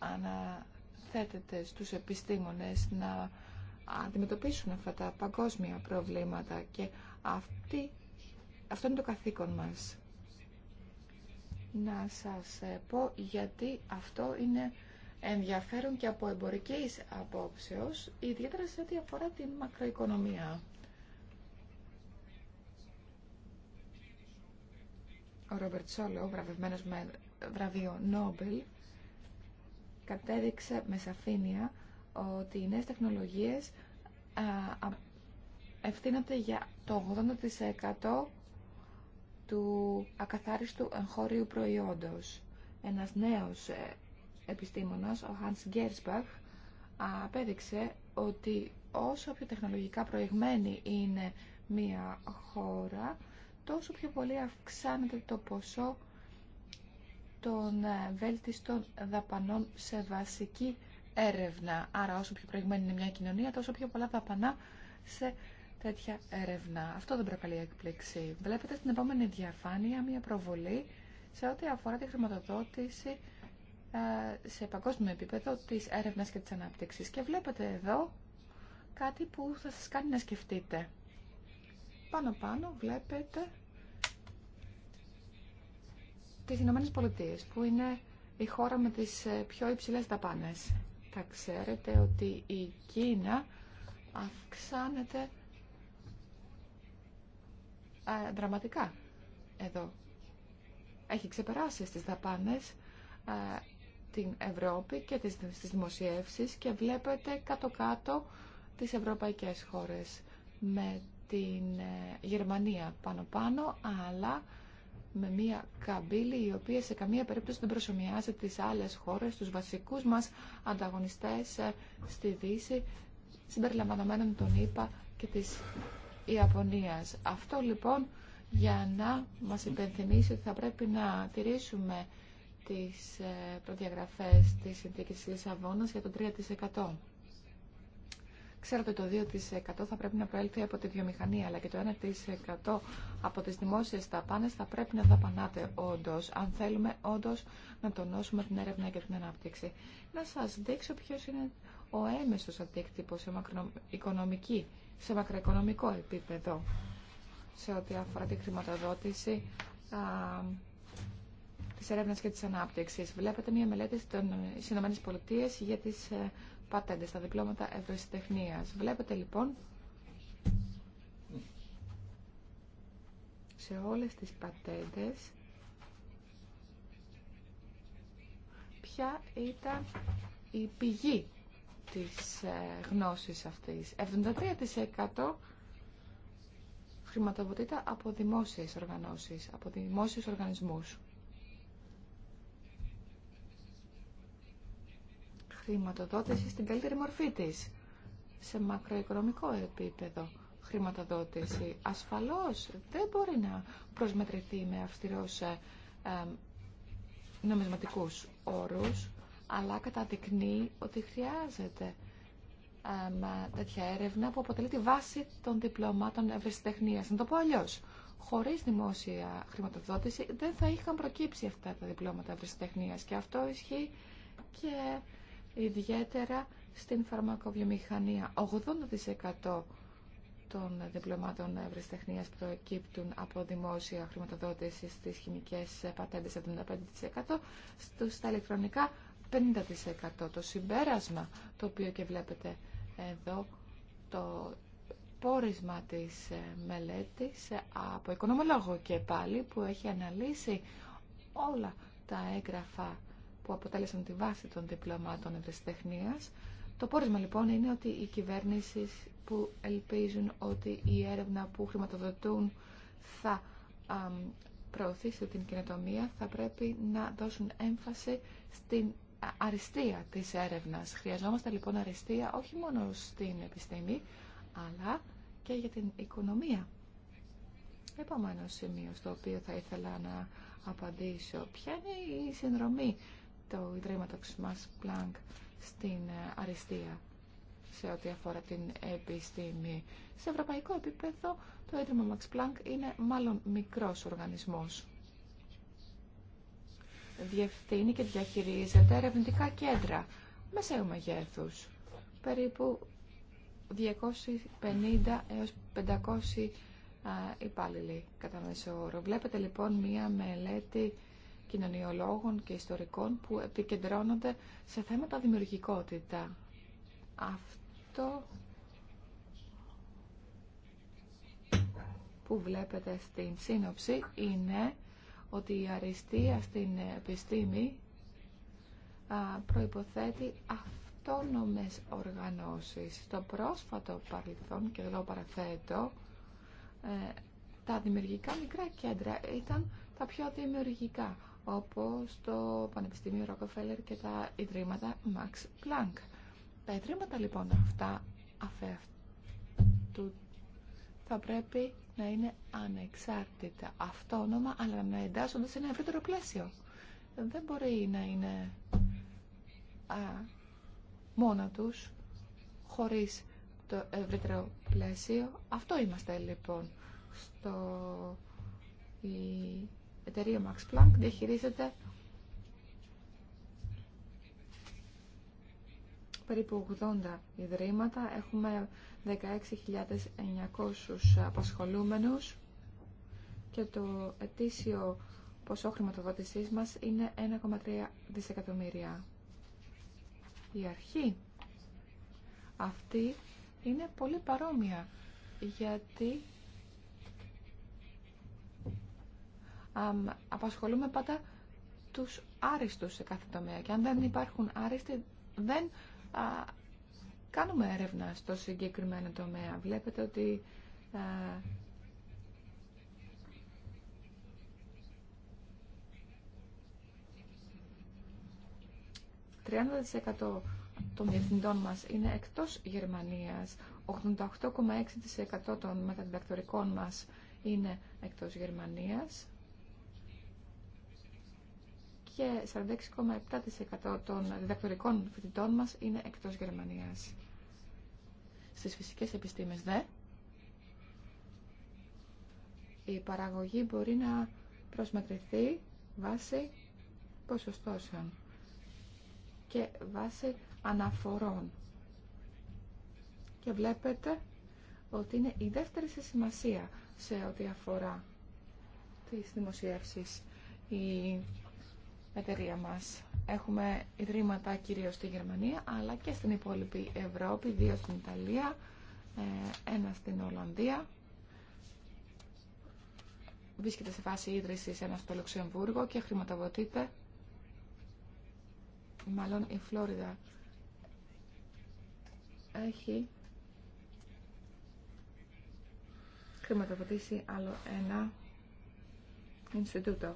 αναθέτεται στους επιστήμονες να αντιμετωπίσουν αυτά τα παγκόσμια προβλήματα και αυτή, αυτό είναι το καθήκον μας. Να σας ε, πω γιατί αυτό είναι ενδιαφέρον και από εμπορικής απόψεως, ιδιαίτερα σε ό,τι αφορά την μακροοικονομία. Ο Ρόμπερτ Σόλο, βραβευμένος με βραβείο Νόμπελ, κατέδειξε με σαφήνεια ότι οι νέες τεχνολογίες ευθύνονται για το 80% του ακαθάριστου εγχώριου προϊόντος. Ένας νέος ε, επιστήμονας, ο Hans Gersbach, απέδειξε ότι όσο πιο τεχνολογικά προηγμένη είναι μία χώρα, τόσο πιο πολύ αυξάνεται το ποσό των ε, βέλτιστων δαπανών σε βασική έρευνα. Άρα όσο πιο προηγμένη είναι μια κοινωνία, τόσο πιο πολλά δαπανά σε τέτοια έρευνα. Αυτό δεν προκαλεί έκπληξη. Βλέπετε στην επόμενη διαφάνεια μια προβολή σε ό,τι αφορά τη χρηματοδότηση ε, σε παγκόσμιο επίπεδο της έρευνας και της ανάπτυξης. Και βλέπετε εδώ κάτι που θα σας κάνει να σκεφτείτε. Πάνω-πάνω βλέπετε τις Ηνωμένε Πολιτείε, που είναι η χώρα με τι ε, πιο υψηλές δαπάνε. Θα ξέρετε ότι η Κίνα αυξάνεται ε, δραματικά εδώ. Έχει ξεπεράσει στις δαπάνε ε, την Ευρώπη και τις, δημοσιεύσει και βλέπετε κάτω-κάτω τις ευρωπαϊκές χώρες με την Γερμανία πάνω-πάνω αλλά με μια καμπύλη η οποία σε καμία περίπτωση δεν προσωμιάζει τις άλλες χώρες, τους βασικούς μας ανταγωνιστές ε, στη Δύση, συμπεριλαμβανομένων των ΗΠΑ και της Ιαπωνίας. Αυτό λοιπόν για να μας υπενθυμίσει ότι θα πρέπει να τηρήσουμε τις ε, προδιαγραφές της συνθήκης της Λισαβόνας για το 3%. Ξέρετε το 2% θα πρέπει να προέλθει από τη βιομηχανία, αλλά και το 1% από τις δημόσιες ταπάνες θα πρέπει να δαπανάτε όντως, αν θέλουμε όντως να τονώσουμε την έρευνα και την ανάπτυξη. Να σας δείξω ποιος είναι ο έμεσος αντίκτυπος σε, σε μακροοικονομικό επίπεδο σε ό,τι αφορά τη χρηματοδότηση α, της έρευνας και της ανάπτυξης. Βλέπετε μια μελέτη στις ΗΠΑ για τις ε, πατέντες, στα διπλώματα ευρεσιτεχνίας. Βλέπετε λοιπόν σε όλες τις πατέντες ποια ήταν η πηγή της ε, γνώσης αυτής. 73% χρηματοδοτείται από δημόσιες οργανώσεις, από δημόσιους οργανισμούς. χρηματοδότηση στην καλύτερη μορφή της, σε μακροοικονομικό επίπεδο χρηματοδότηση. Ασφαλώς δεν μπορεί να προσμετρηθεί με αυστηρούς ε, ε νομισματικούς όρους, αλλά καταδεικνύει ότι χρειάζεται ε, τέτοια έρευνα που αποτελεί τη βάση των διπλωμάτων ευρεσιτεχνίας. Να το πω αλλιώ, χωρίς δημόσια χρηματοδότηση δεν θα είχαν προκύψει αυτά τα διπλώματα ευρεσιτεχνίας και αυτό ισχύει και ιδιαίτερα στην φαρμακοβιομηχανία. 80% των διπλωμάτων ευρεσιτεχνίας προκύπτουν από δημόσια χρηματοδότηση στις χημικές πατέντες 75%, στους, στα ηλεκτρονικά 50%. Το συμπέρασμα το οποίο και βλέπετε εδώ, το πόρισμα της ε, μελέτης ε, από οικονομολόγο και πάλι που έχει αναλύσει όλα τα έγγραφα που αποτέλεσαν τη βάση των διπλωμάτων ευρεσιτεχνίας. Το πόρισμα λοιπόν είναι ότι οι κυβέρνησεις που ελπίζουν ότι η έρευνα που χρηματοδοτούν θα προωθήσει την κοινοτομία θα πρέπει να δώσουν έμφαση στην αριστεία της έρευνας. Χρειαζόμαστε λοιπόν αριστεία όχι μόνο στην επιστήμη, αλλά και για την οικονομία. Επόμενο σημείο στο οποίο θα ήθελα να απαντήσω. Ποια είναι η συνδρομή το Ιδρύματο μας Πλάνκ στην ε, αριστεία σε ό,τι αφορά την επιστήμη. Σε ευρωπαϊκό επίπεδο το Ιδρύμα Μαξ Πλάνκ είναι μάλλον μικρός οργανισμός. Διευθύνει και διαχειρίζεται ερευνητικά κέντρα μεσαίου μεγέθους, περίπου 250 έως 500 υπάλληλοι κατά μέσο όρο. Βλέπετε λοιπόν μία μελέτη κοινωνιολόγων και ιστορικών που επικεντρώνονται σε θέματα δημιουργικότητα. Αυτό που βλέπετε στην σύνοψη είναι ότι η αριστεία στην επιστήμη προϋποθέτει αυτόνομες οργανώσεις. Στο πρόσφατο παρελθόν, και εδώ παραθέτω, ε, τα δημιουργικά μικρά κέντρα ήταν τα πιο δημιουργικά όπως το Πανεπιστήμιο Rockefeller και τα Ιδρύματα Max Planck. Τα Ιδρύματα λοιπόν αυτά του θα πρέπει να είναι ανεξάρτητα, αυτόνομα, αλλά να εντάσσονται σε ένα ευρύτερο πλαίσιο. Δεν μπορεί να είναι α, μόνα τους, χωρίς το ευρύτερο πλαίσιο. Αυτό είμαστε λοιπόν στο εταιρεία Max Planck διαχειρίζεται περίπου 80 ιδρύματα. Έχουμε 16.900 απασχολούμενους και το ετήσιο ποσό χρηματοδότησής μας είναι 1,3 δισεκατομμύρια. Η αρχή αυτή είναι πολύ παρόμοια γιατί απασχολούμε πάντα τους άριστους σε κάθε τομέα και αν δεν υπάρχουν άριστοι δεν κάνουμε έρευνα στο συγκεκριμένο τομέα. Βλέπετε ότι α, ...30% των διευθυντών μας είναι εκτός Γερμανίας, 88,6% των μεταδιδακτορικών μας είναι εκτός Γερμανίας και 46,7% των διδακτορικών φοιτητών μας είναι εκτός Γερμανίας. Στις φυσικές επιστήμες δε, η παραγωγή μπορεί να προσμετρηθεί βάσει ποσοστώσεων και βάσει αναφορών. Και βλέπετε ότι είναι η δεύτερη σε σημασία σε ό,τι αφορά τις δημοσιεύσεις εταιρεία μας. Έχουμε ιδρύματα κυρίως στη Γερμανία, αλλά και στην υπόλοιπη Ευρώπη, δύο στην Ιταλία, ε, ένα στην Ολλανδία. Βρίσκεται σε φάση ίδρυσης ένα στο Λουξεμβούργο και χρηματοδοτείται, μάλλον η Φλόριδα έχει χρηματοδοτήσει άλλο ένα Ινστιτούτο.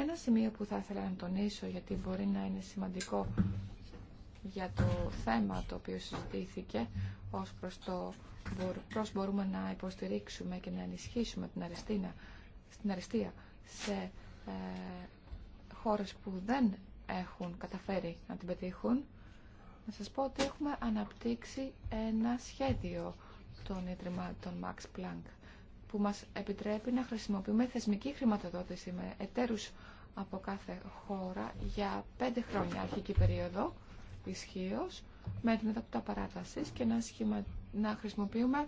Ένα σημείο που θα ήθελα να τονίσω, γιατί μπορεί να είναι σημαντικό για το θέμα το οποίο συζητήθηκε, ως προς το πώς μπορούμε να υποστηρίξουμε και να ενισχύσουμε την αριστεία, στην αριστεία σε ε, χώρες που δεν έχουν καταφέρει να την πετύχουν. Να σας πω ότι έχουμε αναπτύξει ένα σχέδιο των Ιδρυμάτων Max Planck που μας επιτρέπει να χρησιμοποιούμε θεσμική χρηματοδότηση με εταίρους από κάθε χώρα για πέντε χρόνια αρχική περίοδο ισχύω με την τα παράταση και να, σχημα... να χρησιμοποιούμε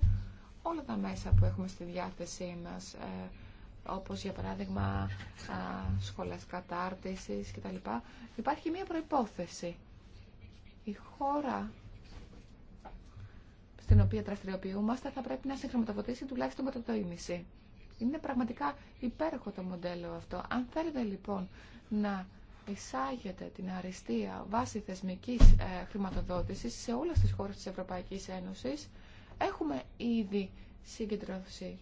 όλα τα μέσα που έχουμε στη διάθεσή μας ε, όπως για παράδειγμα ε, σχολές κατάρτισης κτλ. Υπάρχει μία προϋπόθεση. Η χώρα στην οποία δραστηριοποιούμαστε θα πρέπει να συγχρηματοδοτήσει τουλάχιστον κατά το ίμιση. Είναι πραγματικά υπέροχο το μοντέλο αυτό. Αν θέλετε λοιπόν να εισάγετε την αριστεία βάσει θεσμικής ε, χρηματοδότησης σε όλες τις χώρες της Ευρωπαϊκής Ένωσης, έχουμε ήδη συγκεντρωθεί.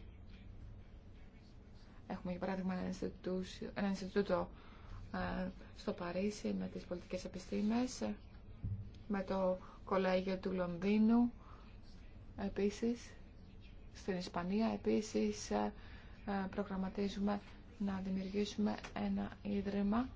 Έχουμε για παράδειγμα ένα Ινστιτούτο, ένα Ινστιτούτο ε, στο Παρίσι με τις πολιτικές επιστήμες, ε, με το Κολέγιο του Λονδίνου, Επίσης, στην Ισπανία, επίσης ε, ε, προγραμματίζουμε να δημιουργήσουμε ένα ίδρυμα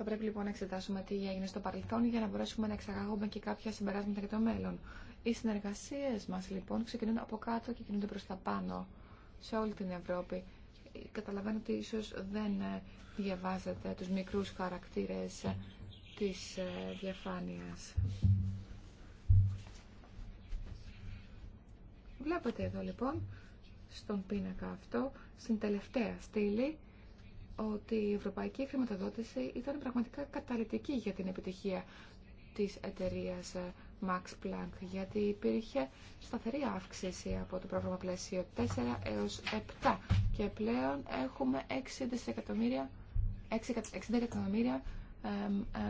Θα πρέπει λοιπόν να εξετάσουμε τι έγινε στο παρελθόν για να μπορέσουμε να εξαγάγουμε και κάποια συμπεράσματα για το μέλλον. Οι συνεργασίες μας λοιπόν ξεκινούν από κάτω και κινούνται προς τα πάνω σε όλη την Ευρώπη. Καταλαβαίνω ότι ίσως δεν ε, διαβάζετε τους μικρούς χαρακτήρες ε, της ε, διαφάνειας. Βλέπετε εδώ λοιπόν στον πίνακα αυτό, στην τελευταία στήλη, ότι η ευρωπαϊκή χρηματοδότηση ήταν πραγματικά καταλητική για την επιτυχία της εταιρείας Max Planck, γιατί υπήρχε σταθερή αύξηση από το πρόγραμμα πλαίσιο 4 έως 7 και πλέον έχουμε 6 δισεκατομμύρια, 60 εκατομμύρια ε,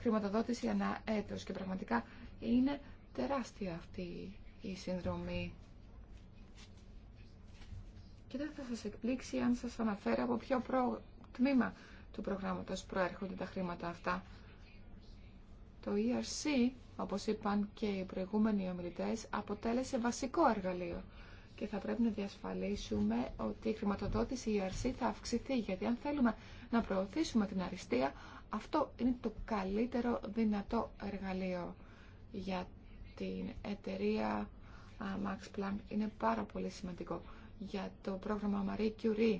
χρηματοδότηση ανά έτος και πραγματικά είναι τεράστια αυτή η συνδρομή. Και δεν θα σας εκπλήξει αν σας αναφέρω από ποιο τμήμα του προγράμματος προέρχονται τα χρήματα αυτά. Το ERC όπως είπαν και οι προηγούμενοι ομιλητές, αποτέλεσε βασικό εργαλείο και θα πρέπει να διασφαλίσουμε ότι η χρηματοδότηση η ERC θα αυξηθεί, γιατί αν θέλουμε να προωθήσουμε την αριστεία, αυτό είναι το καλύτερο δυνατό εργαλείο για την εταιρεία Max Planck. Είναι πάρα πολύ σημαντικό για το πρόγραμμα Marie Curie.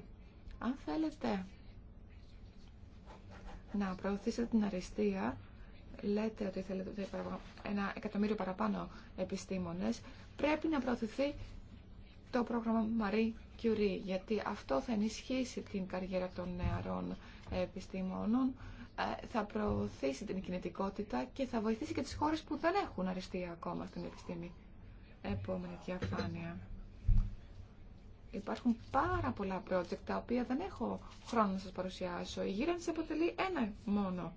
Αν θέλετε να προωθήσετε την αριστεία, λέτε ότι θέλετε ένα εκατομμύριο παραπάνω επιστήμονες, πρέπει να προωθηθεί το πρόγραμμα Marie Curie, γιατί αυτό θα ενισχύσει την καριέρα των νεαρών επιστήμονων, ε, θα προωθήσει την κινητικότητα και θα βοηθήσει και τις χώρες που δεν έχουν αριστεί ακόμα στην επιστήμη. Επόμενη διαφάνεια. Υπάρχουν πάρα πολλά project τα οποία δεν έχω χρόνο να σας παρουσιάσω. Η γύρανση αποτελεί ένα μόνο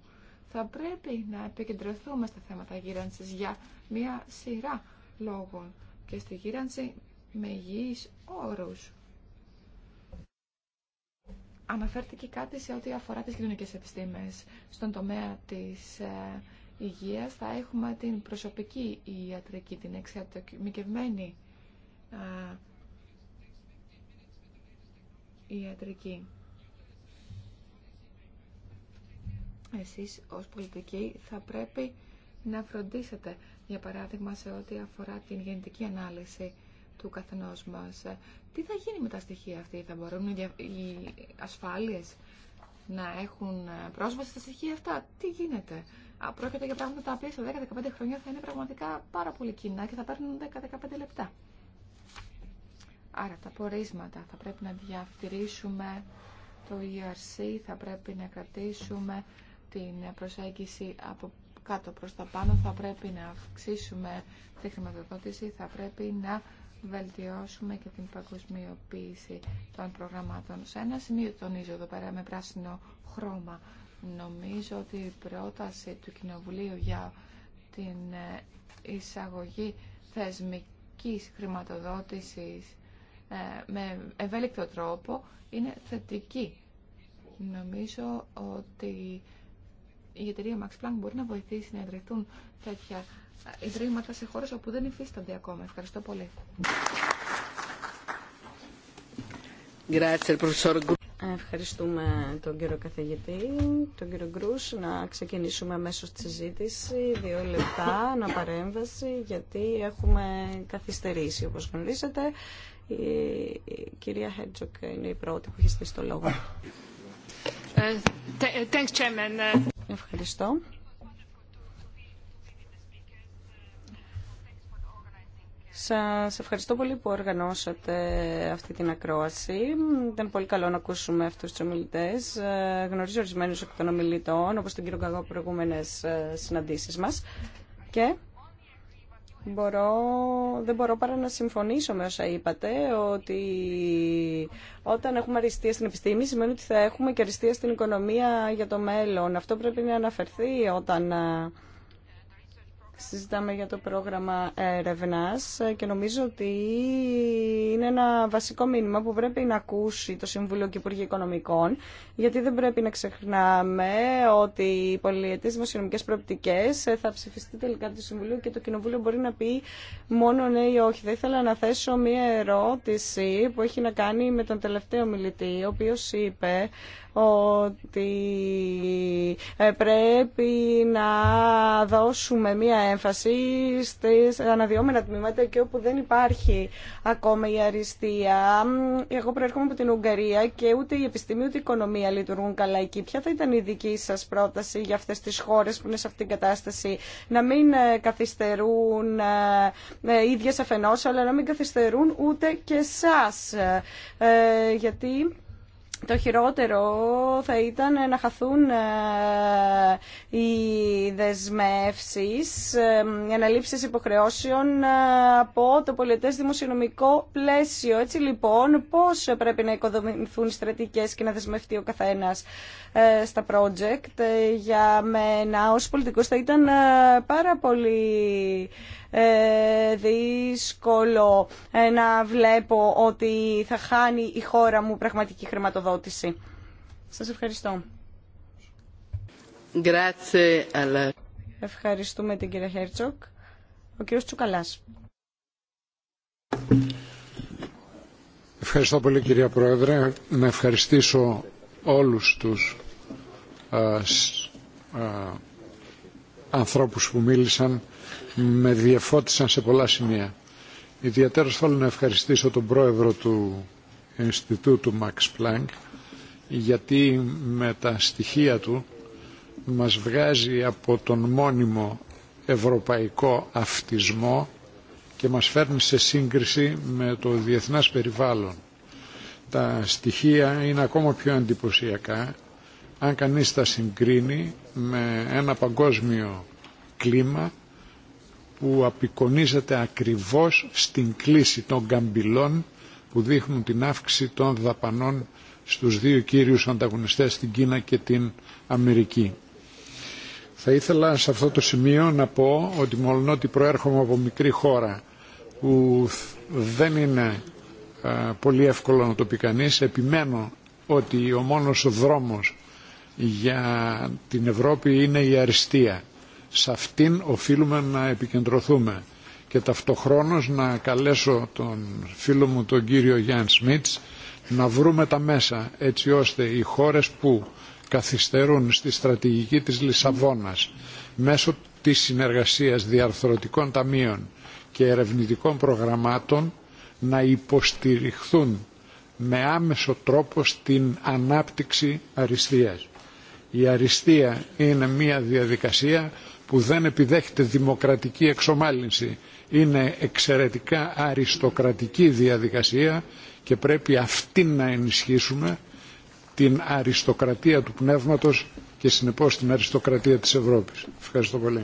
θα πρέπει να επικεντρωθούμε στα θέματα γύρανσης για μία σειρά λόγων και στη γύρανση με υγιείς όρους. Αναφέρθηκε κάτι σε ό,τι αφορά τις κοινωνικές επιστήμες. Στον τομέα της ε, υγείας θα έχουμε την προσωπική ιατρική, την εξατομικευμένη ε, ιατρική. εσείς ως πολιτικοί θα πρέπει να φροντίσετε, για παράδειγμα, σε ό,τι αφορά την γενετική ανάλυση του καθενός μας. Τι θα γίνει με τα στοιχεία αυτή, θα μπορούν οι ασφάλειες να έχουν ε, πρόσβαση στα στοιχεία αυτά. Τι γίνεται. Πρόκειται για πράγματα τα οποία σε 10-15 χρόνια θα είναι πραγματικά πάρα πολύ κοινά και θα παίρνουν 10-15 λεπτά. Άρα τα πορίσματα θα πρέπει να διαφτηρίσουμε το ERC, θα πρέπει να κρατήσουμε την προσέγγιση από κάτω προς τα πάνω, θα πρέπει να αυξήσουμε τη χρηματοδότηση, θα πρέπει να βελτιώσουμε και την παγκοσμιοποίηση των προγραμμάτων. Σε ένα σημείο τονίζω εδώ πέρα με πράσινο χρώμα. Νομίζω ότι η πρόταση του Κοινοβουλίου για την ε, εισαγωγή θεσμικής χρηματοδότησης ε, με ευέλικτο τρόπο είναι θετική. Νομίζω ότι η εταιρεία Max Planck μπορεί να βοηθήσει να ιδρυθούν τέτοια ε, ιδρύματα σε χώρες όπου δεν υφίστανται ακόμα. Ευχαριστώ πολύ. Ευχαριστούμε τον κύριο καθηγητή, τον κύριο Γκρούς. Να ξεκινήσουμε αμέσω τη συζήτηση. Δύο λεπτά, να παρέμβαση, γιατί έχουμε καθυστερήσει, όπως γνωρίζετε. Η κυρία Χέντζοκ είναι η πρώτη που έχει στήσει το λόγο. Ε, ε, thanks, Chairman. Ευχαριστώ. Σας ευχαριστώ πολύ που οργανώσατε αυτή την ακρόαση. Ήταν πολύ καλό να ακούσουμε αυτούς τους ομιλητές. Γνωρίζω ορισμένους εκ των ομιλητών, όπως τον κύριο Καγό, προηγούμενες ε, συναντήσεις μας. Και Μπορώ, δεν μπορώ παρά να συμφωνήσω με όσα είπατε ότι όταν έχουμε αριστεία στην επιστήμη σημαίνει ότι θα έχουμε και αριστεία στην οικονομία για το μέλλον. Αυτό πρέπει να αναφερθεί όταν ε, συζητάμε για το πρόγραμμα έρευνα και νομίζω ότι είναι ένα βασικό μήνυμα που πρέπει να ακούσει το Συμβούλιο και Υπουργείο Οικονομικών, γιατί δεν πρέπει να ξεχνάμε ότι οι πολιετές δημοσιονομικές προοπτικές θα ψηφιστεί τελικά το Συμβουλίο και το Κοινοβούλιο μπορεί να πει μόνο ναι ή όχι. Θα ήθελα να θέσω μία ερώτηση που έχει να κάνει με τον τελευταίο μιλητή, ο οποίος είπε ότι ε, πρέπει να δώσουμε μία έμφαση στις αναδυόμενα τμήματα και όπου δεν υπάρχει ακόμα η αριστεία. Εγώ προέρχομαι από την Ουγγαρία και ούτε η επιστήμη ούτε η οικονομία λειτουργούν καλά εκεί. Ποια θα ήταν η δική σας πρόταση για αυτές τις χώρες που είναι σε αυτήν την κατάσταση να μην ε, καθυστερούν ε, ίδιες αφενός αλλά να μην καθυστερούν ούτε και εσάς. γιατί το χειρότερο θα ήταν να χαθούν ε, οι δεσμεύσεις, ε, οι αναλήψεις υποχρεώσεων ε, από το πολιτές δημοσιονομικό πλαίσιο. Έτσι λοιπόν, πώς πρέπει να οικοδομηθούν στρατικές και να δεσμευτεί ο καθένας στα project. Για μένα ως πολιτικός θα ήταν πάρα πολύ ε, δύσκολο ε, να βλέπω ότι θα χάνει η χώρα μου πραγματική χρηματοδότηση. Σας ευχαριστώ. Ευχαριστούμε την κυρία Χέρτσοκ. Ο κύριος Τσουκαλάς. Ευχαριστώ πολύ κυρία Πρόεδρε. Να ευχαριστήσω όλους τους α, ε, α, ανθρώπους που μίλησαν με διαφώτισαν σε πολλά σημεία. Ιδιαίτερα θέλω να ευχαριστήσω τον πρόεδρο του Ινστιτούτου Μαξ Planck γιατί με τα στοιχεία του μας βγάζει από τον μόνιμο ευρωπαϊκό αυτισμό και μας φέρνει σε σύγκριση με το διεθνές περιβάλλον. Τα στοιχεία είναι ακόμα πιο εντυπωσιακά αν κανείς τα συγκρίνει με ένα παγκόσμιο κλίμα που απεικονίζεται ακριβώς στην κλίση των καμπυλών που δείχνουν την αύξηση των δαπανών στους δύο κύριους ανταγωνιστές στην Κίνα και την Αμερική. Θα ήθελα σε αυτό το σημείο να πω ότι μόλον ότι προέρχομαι από μικρή χώρα που δεν είναι πολύ εύκολο να το πει κανείς, επιμένω ότι ο μόνος δρόμος για την Ευρώπη είναι η αριστεία σε αυτήν οφείλουμε να επικεντρωθούμε. Και ταυτοχρόνως να καλέσω τον φίλο μου τον κύριο Γιάνν Σμίτς να βρούμε τα μέσα έτσι ώστε οι χώρες που καθυστερούν στη στρατηγική της Λισαβόνας μέσω της συνεργασίας διαρθρωτικών ταμείων και ερευνητικών προγραμμάτων να υποστηριχθούν με άμεσο τρόπο στην ανάπτυξη αριστείας. Η αριστεία είναι μια διαδικασία που δεν επιδέχεται δημοκρατική εξομάλυνση είναι εξαιρετικά αριστοκρατική διαδικασία και πρέπει αυτή να ενισχύσουμε την αριστοκρατία του πνεύματος και συνεπώς την αριστοκρατία της Ευρώπης. Ευχαριστώ πολύ.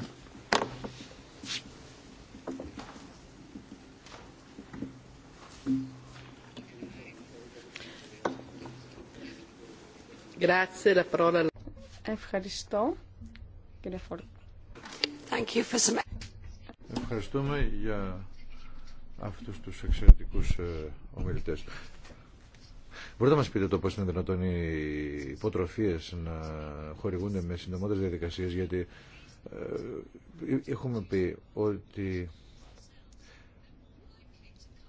Ευχαριστώ κύριε Ευχαριστούμε για αυτούς τους εξαιρετικούς ε, ομιλητές. Μπορείτε να μας πείτε το πώς είναι δυνατόν οι υποτροφίες να χορηγούνται με συντομότερες διαδικασίες, γιατί ε, έχουμε πει ότι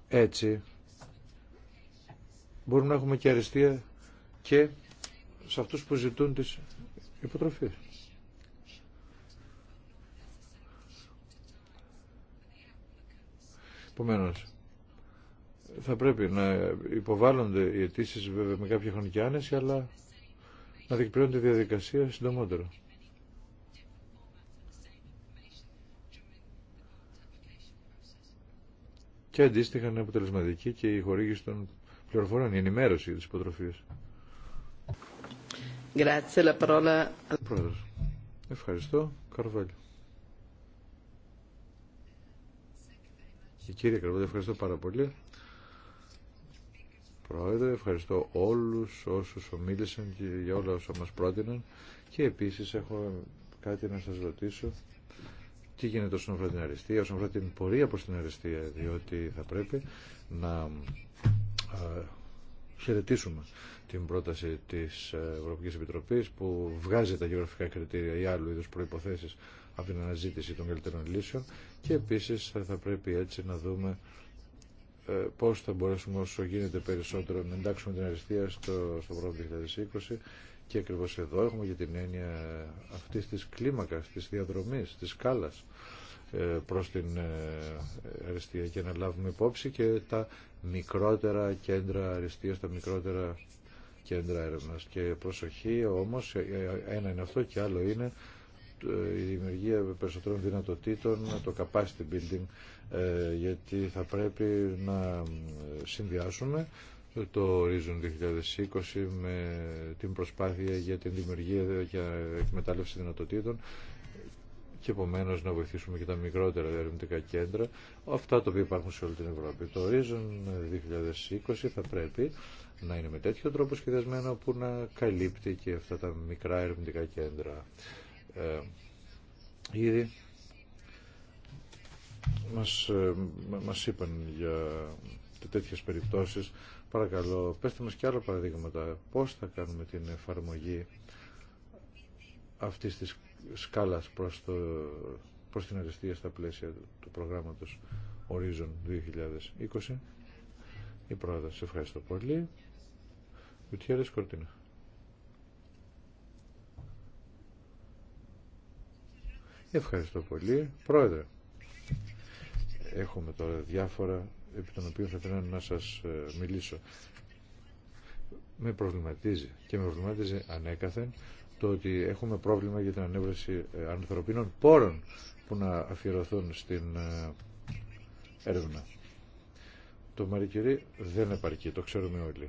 έτσι μπορούμε να έχουμε και αριστεία και σε αυτούς που ζητούν τις υποτροφίες. Επομένω, θα πρέπει να υποβάλλονται οι αιτήσει βέβαια με κάποια χρονική άνεση, αλλά να διεκπληρώνεται η διαδικασία συντομότερο. Και αντίστοιχα είναι αποτελεσματική και η χορήγηση των πληροφοριών, η ενημέρωση της υποτροφίας. Ευχαριστώ. Καρβάλιο. κύριε Καρβούδη, ευχαριστώ πάρα πολύ. Πρόεδρε, ευχαριστώ όλους όσους ομίλησαν και για όλα όσα μας πρότειναν και επίσης έχω κάτι να σας ρωτήσω τι γίνεται όσον αφορά την αριστεία, όσον αφορά την πορεία προς την αριστεία, διότι θα πρέπει να χαιρετήσουμε την πρόταση της Ευρωπαϊκής Επιτροπής που βγάζει τα γεωγραφικά κριτήρια ή άλλου είδους προϋποθέσεις από την αναζήτηση των καλύτερων λύσεων και επίσης θα πρέπει έτσι να δούμε ε, πώς θα μπορέσουμε όσο γίνεται περισσότερο να εντάξουμε την αριστεία στο, στο πρόγραμμα 2020 και ακριβώς εδώ έχουμε για την έννοια αυτής της κλίμακας, της διαδρομής, της σκάλας ε, προς την ε, αριστεία και να λάβουμε υπόψη και τα μικρότερα κέντρα αριστείας, τα μικρότερα κέντρα έρευνας. Και προσοχή όμως, ένα είναι αυτό και άλλο είναι ε, η δημιουργία περισσότερων δυνατοτήτων, το capacity building, ε, γιατί θα πρέπει να ε, συνδυάσουμε το Horizon 2020 με την προσπάθεια για την δημιουργία και εκμετάλλευση δυνατοτήτων και επομένω να βοηθήσουμε και τα μικρότερα ερευνητικά κέντρα, αυτά τα οποία υπάρχουν σε όλη την Ευρώπη. Το Horizon 2020 θα πρέπει να είναι με τέτοιο τρόπο σχεδιασμένο που να καλύπτει και αυτά τα μικρά ερευνητικά κέντρα ε, ήδη μας, ε, μας είπαν για τέτοιες περιπτώσεις. Παρακαλώ, πέστε μας και άλλα παραδείγματα. Πώς θα κάνουμε την εφαρμογή αυτής της σκάλας προς, το, προς την αριστεία στα πλαίσια του προγράμματος Horizon 2020. Η πρόεδρος, ευχαριστώ πολύ. Κουτιέρες Κορτίνα. Ευχαριστώ πολύ. Πρόεδρε, έχουμε τώρα διάφορα επί των οποίων θα ήθελα να σας ε, μιλήσω. Με προβληματίζει και με προβληματίζει ανέκαθεν το ότι έχουμε πρόβλημα για την ανέβρεση ε, ανθρωπίνων πόρων που να αφιερωθούν στην ε, έρευνα. Το Μαρικυρί δεν επαρκεί, το ξέρουμε όλοι.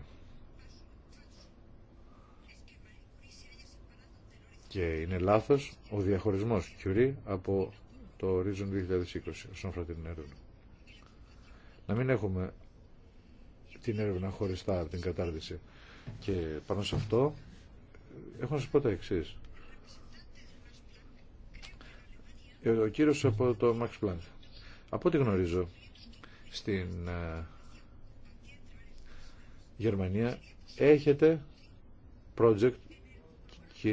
και είναι λάθος ο διαχωρισμός Κιουρί από το Horizon 2020 όσον αφορά την έρευνα. Να μην έχουμε την έρευνα χωριστά από την κατάρτιση. Και πάνω σε αυτό έχω να σας πω τα εξή. Ε, ο κύριος από το Max Planck. Από ό,τι γνωρίζω στην ε, Γερμανία έχετε project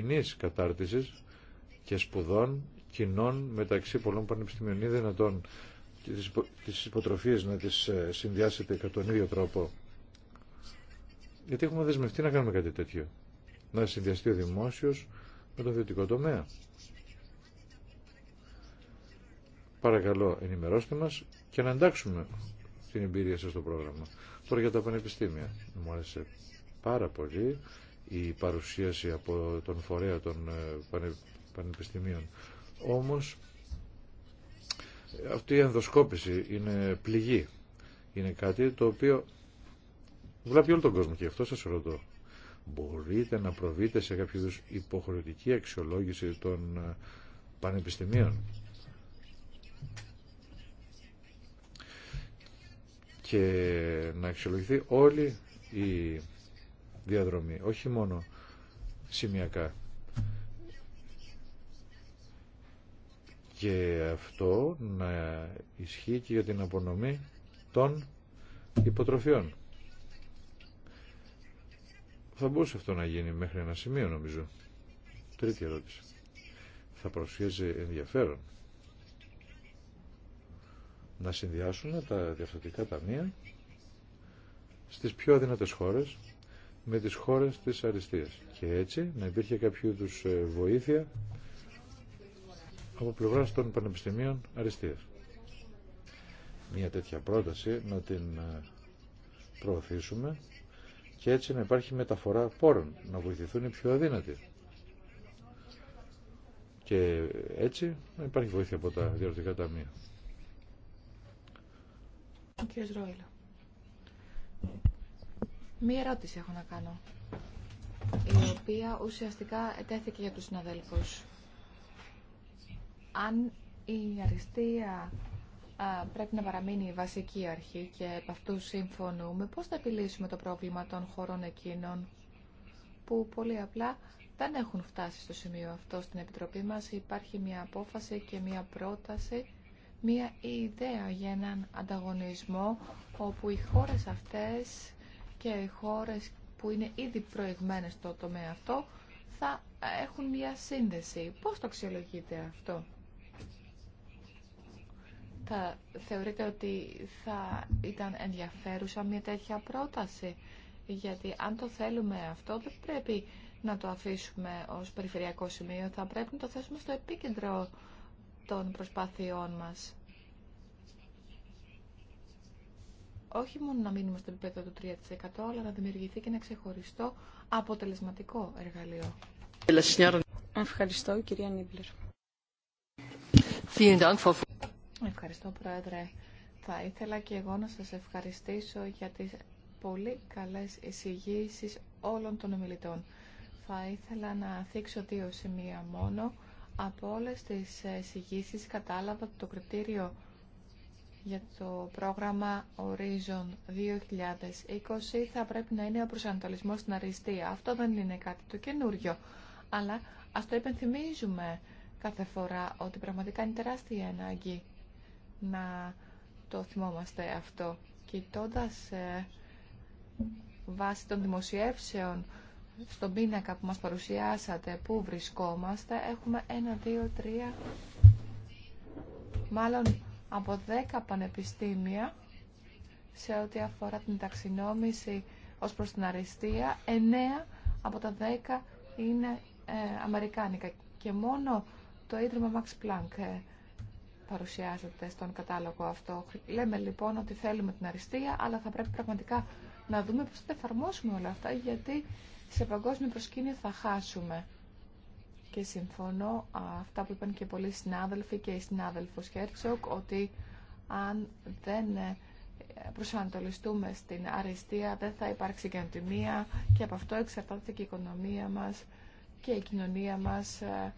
κοινή κατάρτισης και σπουδών κοινών μεταξύ πολλών πανεπιστημίων. Είναι δυνατόν τις υποτροφίες να τις ε, συνδυάσετε κατά τον ίδιο τρόπο. Γιατί έχουμε δεσμευτεί να κάνουμε κάτι τέτοιο. Να συνδυαστεί ο δημόσιος με το ιδιωτικό τομέα. Παρακαλώ ενημερώστε μας και να εντάξουμε την εμπειρία σας στο πρόγραμμα. Τώρα για τα πανεπιστήμια. Μου άρεσε πάρα πολύ η παρουσίαση από τον φορέα των ε, πανεπιστημίων. Όμως αυτή η ενδοσκόπηση είναι πληγή. Είναι κάτι το οποίο βλάπτει όλο τον κόσμο και αυτό σας ρωτώ. Μπορείτε να προβείτε σε κάποιο είδους υποχρεωτική αξιολόγηση των ε, πανεπιστημίων. Και να αξιολογηθεί όλη η διαδρομή, όχι μόνο σημειακά. Και αυτό να ισχύει και για την απονομή των υποτροφιών. Θα μπορούσε αυτό να γίνει μέχρι ένα σημείο νομίζω. Τρίτη ερώτηση. Θα προσφύγει ενδιαφέρον να συνδυάσουν τα διαφορετικά ταμεία στις πιο αδυνατές χώρες με τις χώρες της αριστείας. Και έτσι να υπήρχε κάποιο είδου ε, βοήθεια από πλευράς των πανεπιστημίων αριστείας. Μια τέτοια πρόταση να την ε, προωθήσουμε και έτσι να υπάρχει μεταφορά πόρων, να βοηθηθούν οι πιο αδύνατοι. Και έτσι να υπάρχει βοήθεια από τα διορτικά ταμεία. Ο Μία ερώτηση έχω να κάνω, η οποία ουσιαστικά ετέθηκε για τους συναδέλφους. Αν η αριστεία πρέπει να παραμείνει η βασική αρχή και από αυτού συμφωνούμε, πώς θα επιλύσουμε το πρόβλημα των χωρών εκείνων που πολύ απλά δεν έχουν φτάσει στο σημείο αυτό στην Επιτροπή μας. Υπάρχει μια απόφαση και μια πρόταση, μια ιδέα για έναν ανταγωνισμό όπου οι χώρες αυτές και οι χώρες που είναι ήδη προηγμένες στο τομέα αυτό θα έχουν μια σύνδεση. Πώς το αξιολογείτε αυτό? Θα θεωρείτε ότι θα ήταν ενδιαφέρουσα μια τέτοια πρόταση γιατί αν το θέλουμε αυτό δεν πρέπει να το αφήσουμε ως περιφερειακό σημείο θα πρέπει να το θέσουμε στο επίκεντρο των προσπάθειών μας όχι μόνο να μείνουμε στο επίπεδο του 3% αλλά να δημιουργηθεί και ένα ξεχωριστό αποτελεσματικό εργαλείο. Ευχαριστώ, κυρία Νίμπλερ. Ευχαριστώ, Πρόεδρε. Θα ήθελα και εγώ να σας ευχαριστήσω για τις πολύ καλές εισηγήσει όλων των ομιλητών. Θα ήθελα να θίξω δύο σημεία μόνο. Από όλες τις εισηγήσει κατάλαβα το κριτήριο για το πρόγραμμα Horizon 2020 θα πρέπει να είναι ο προσανατολισμός στην αριστεία. Αυτό δεν είναι κάτι το καινούριο, αλλά ας το υπενθυμίζουμε κάθε φορά ότι πραγματικά είναι τεράστια ανάγκη να το θυμόμαστε αυτό. κοιτώντα ε, βάσει των δημοσιεύσεων στον πίνακα που μας παρουσιάσατε, πού βρισκόμαστε, έχουμε ένα, δύο, τρία, μάλλον από 10 πανεπιστήμια σε ό,τι αφορά την ταξινόμηση ως προς την αριστεία. 9 από τα 10 είναι ε, αμερικάνικα και μόνο το Ίδρυμα Max Planck ε, παρουσιάζεται στον κατάλογο αυτό. Λέμε λοιπόν ότι θέλουμε την αριστεία, αλλά θα πρέπει πραγματικά να δούμε πώς θα εφαρμόσουμε όλα αυτά, γιατί σε παγκόσμιο προσκήνιο θα χάσουμε και συμφωνώ αυτά που είπαν και πολλοί συνάδελφοι και η συνάδελφος Χέρτσοκ ότι αν δεν ε, προσανατολιστούμε στην αριστεία δεν θα υπάρξει αντιμία και από αυτό εξαρτάται και η οικονομία μας και η κοινωνία μας. Ε.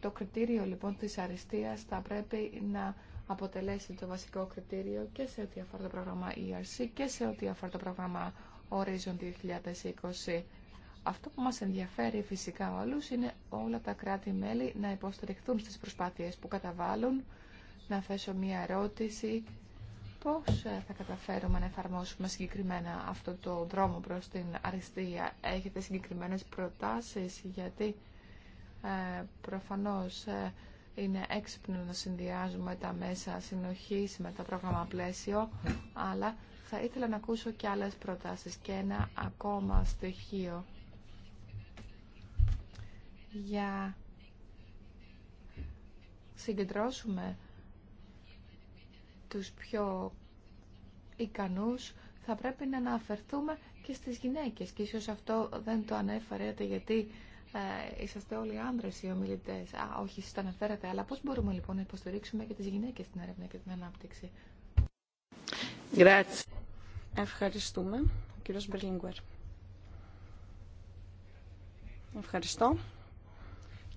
Το κριτήριο λοιπόν της αριστείας θα πρέπει να αποτελέσει το βασικό κριτήριο και σε ό,τι αφορά το πρόγραμμα ERC και σε ό,τι αφορά το πρόγραμμα Horizon 2020. Αυτό που μας ενδιαφέρει φυσικά όλους είναι όλα τα κράτη-μέλη να υποστηριχθούν στις προσπάθειες που καταβάλουν. Να θέσω μία ερώτηση. Πώς ε, θα καταφέρουμε να εφαρμόσουμε συγκεκριμένα αυτό το δρόμο προς την αριστεία. Έχετε συγκεκριμένες προτάσεις γιατί ε, προφανώς ε, είναι έξυπνο να συνδυάζουμε τα μέσα συνοχής με το πρόγραμμα πλαίσιο, αλλά θα ήθελα να ακούσω και άλλες προτάσεις και ένα ακόμα στοιχείο για συγκεντρώσουμε τους πιο ικανούς θα πρέπει να αναφερθούμε και στις γυναίκες και ίσως αυτό δεν το ανέφερετε γιατί ε, είσαστε όλοι άνδρες οι ομιλητές όχι, σας το αναφέρετε αλλά πώς μπορούμε λοιπόν να υποστηρίξουμε και τις γυναίκες στην έρευνα και την ανάπτυξη Ευχαριστούμε κύριος Μπερλίνγκουερ Ευχαριστώ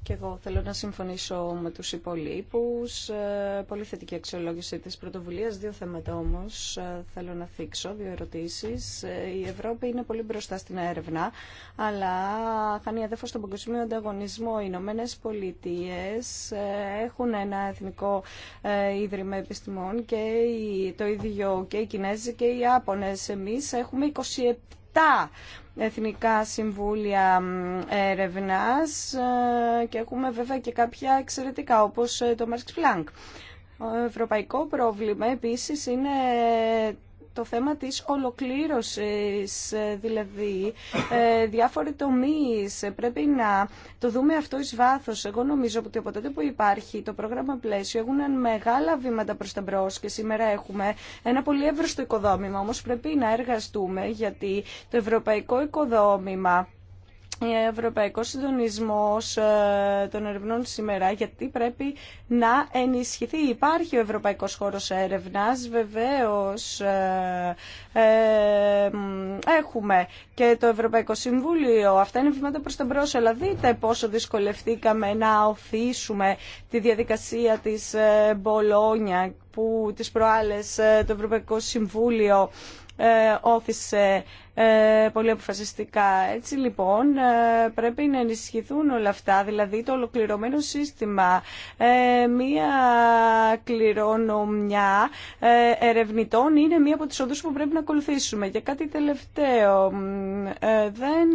και εγώ θέλω να συμφωνήσω με τους υπολείπους. Ε, πολύ θετική αξιολόγηση της πρωτοβουλίας. Δύο θέματα όμως ε, θέλω να θίξω, δύο ερωτήσεις. Ε, η Ευρώπη είναι πολύ μπροστά στην έρευνα, αλλά χάνει αδέφος στον παγκοσμίο ανταγωνισμό. Οι Ηνωμένε Πολιτείε έχουν ένα εθνικό ίδρυμα επιστημών και το ίδιο και οι Κινέζοι και οι Άπωνες. Εμείς έχουμε 27 Εθνικά Συμβούλια Ερευνάς ε, και έχουμε βέβαια και κάποια εξαιρετικά όπως ε, το Max Planck. Ο ευρωπαϊκό πρόβλημα επίσης είναι το θέμα της ολοκλήρωσης, δηλαδή ε, διάφοροι τομείς. Πρέπει να το δούμε αυτό εις βάθος. Εγώ νομίζω ότι από τότε που υπάρχει το πρόγραμμα πλαίσιο έχουν μεγάλα βήματα προς τα μπρος και σήμερα έχουμε ένα πολύ εύρωστο οικοδόμημα. Όμως πρέπει να εργαστούμε γιατί το ευρωπαϊκό οικοδόμημα ε, ευρωπαϊκό συντονισμό ε, των ερευνών σήμερα, γιατί πρέπει να ενισχυθεί. Υπάρχει ο ευρωπαϊκός χώρος έρευνας, βεβαίω ε, έχουμε και το Ευρωπαϊκό Συμβούλιο. Αυτά είναι βήματα προ τα μπρος, αλλά δείτε πόσο δυσκολευτήκαμε να οθήσουμε τη διαδικασία της Μπολόνια, που τις προάλλες το Ευρωπαϊκό Συμβούλιο όθησε ε, πολύ αποφασιστικά. Έτσι λοιπόν ε, πρέπει να ενισχυθούν όλα αυτά, δηλαδή το ολοκληρωμένο σύστημα, ε, μία κληρονομιά ερευνητών είναι μία από τις οδούς που πρέπει να ακολουθήσουμε. Και κάτι τελευταίο, δεν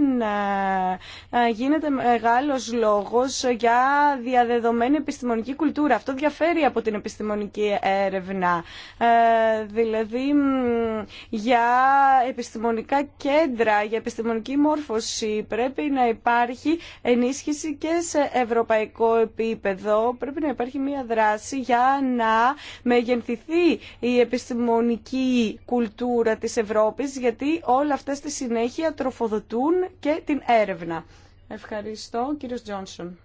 γίνεται μεγάλος λόγος για διαδεδομένη επιστημονική κουλτούρα. Αυτό διαφέρει από την επιστημονική έρευνα. Δηλαδή για επιστημονικά κέντρα για επιστημονική μόρφωση. Πρέπει να υπάρχει ενίσχυση και σε ευρωπαϊκό επίπεδο. Πρέπει να υπάρχει μια δράση για να μεγενθηθεί η επιστημονική κουλτούρα της Ευρώπης, γιατί όλα αυτά στη συνέχεια τροφοδοτούν και την έρευνα. Ευχαριστώ, κύριος Τζόνσον.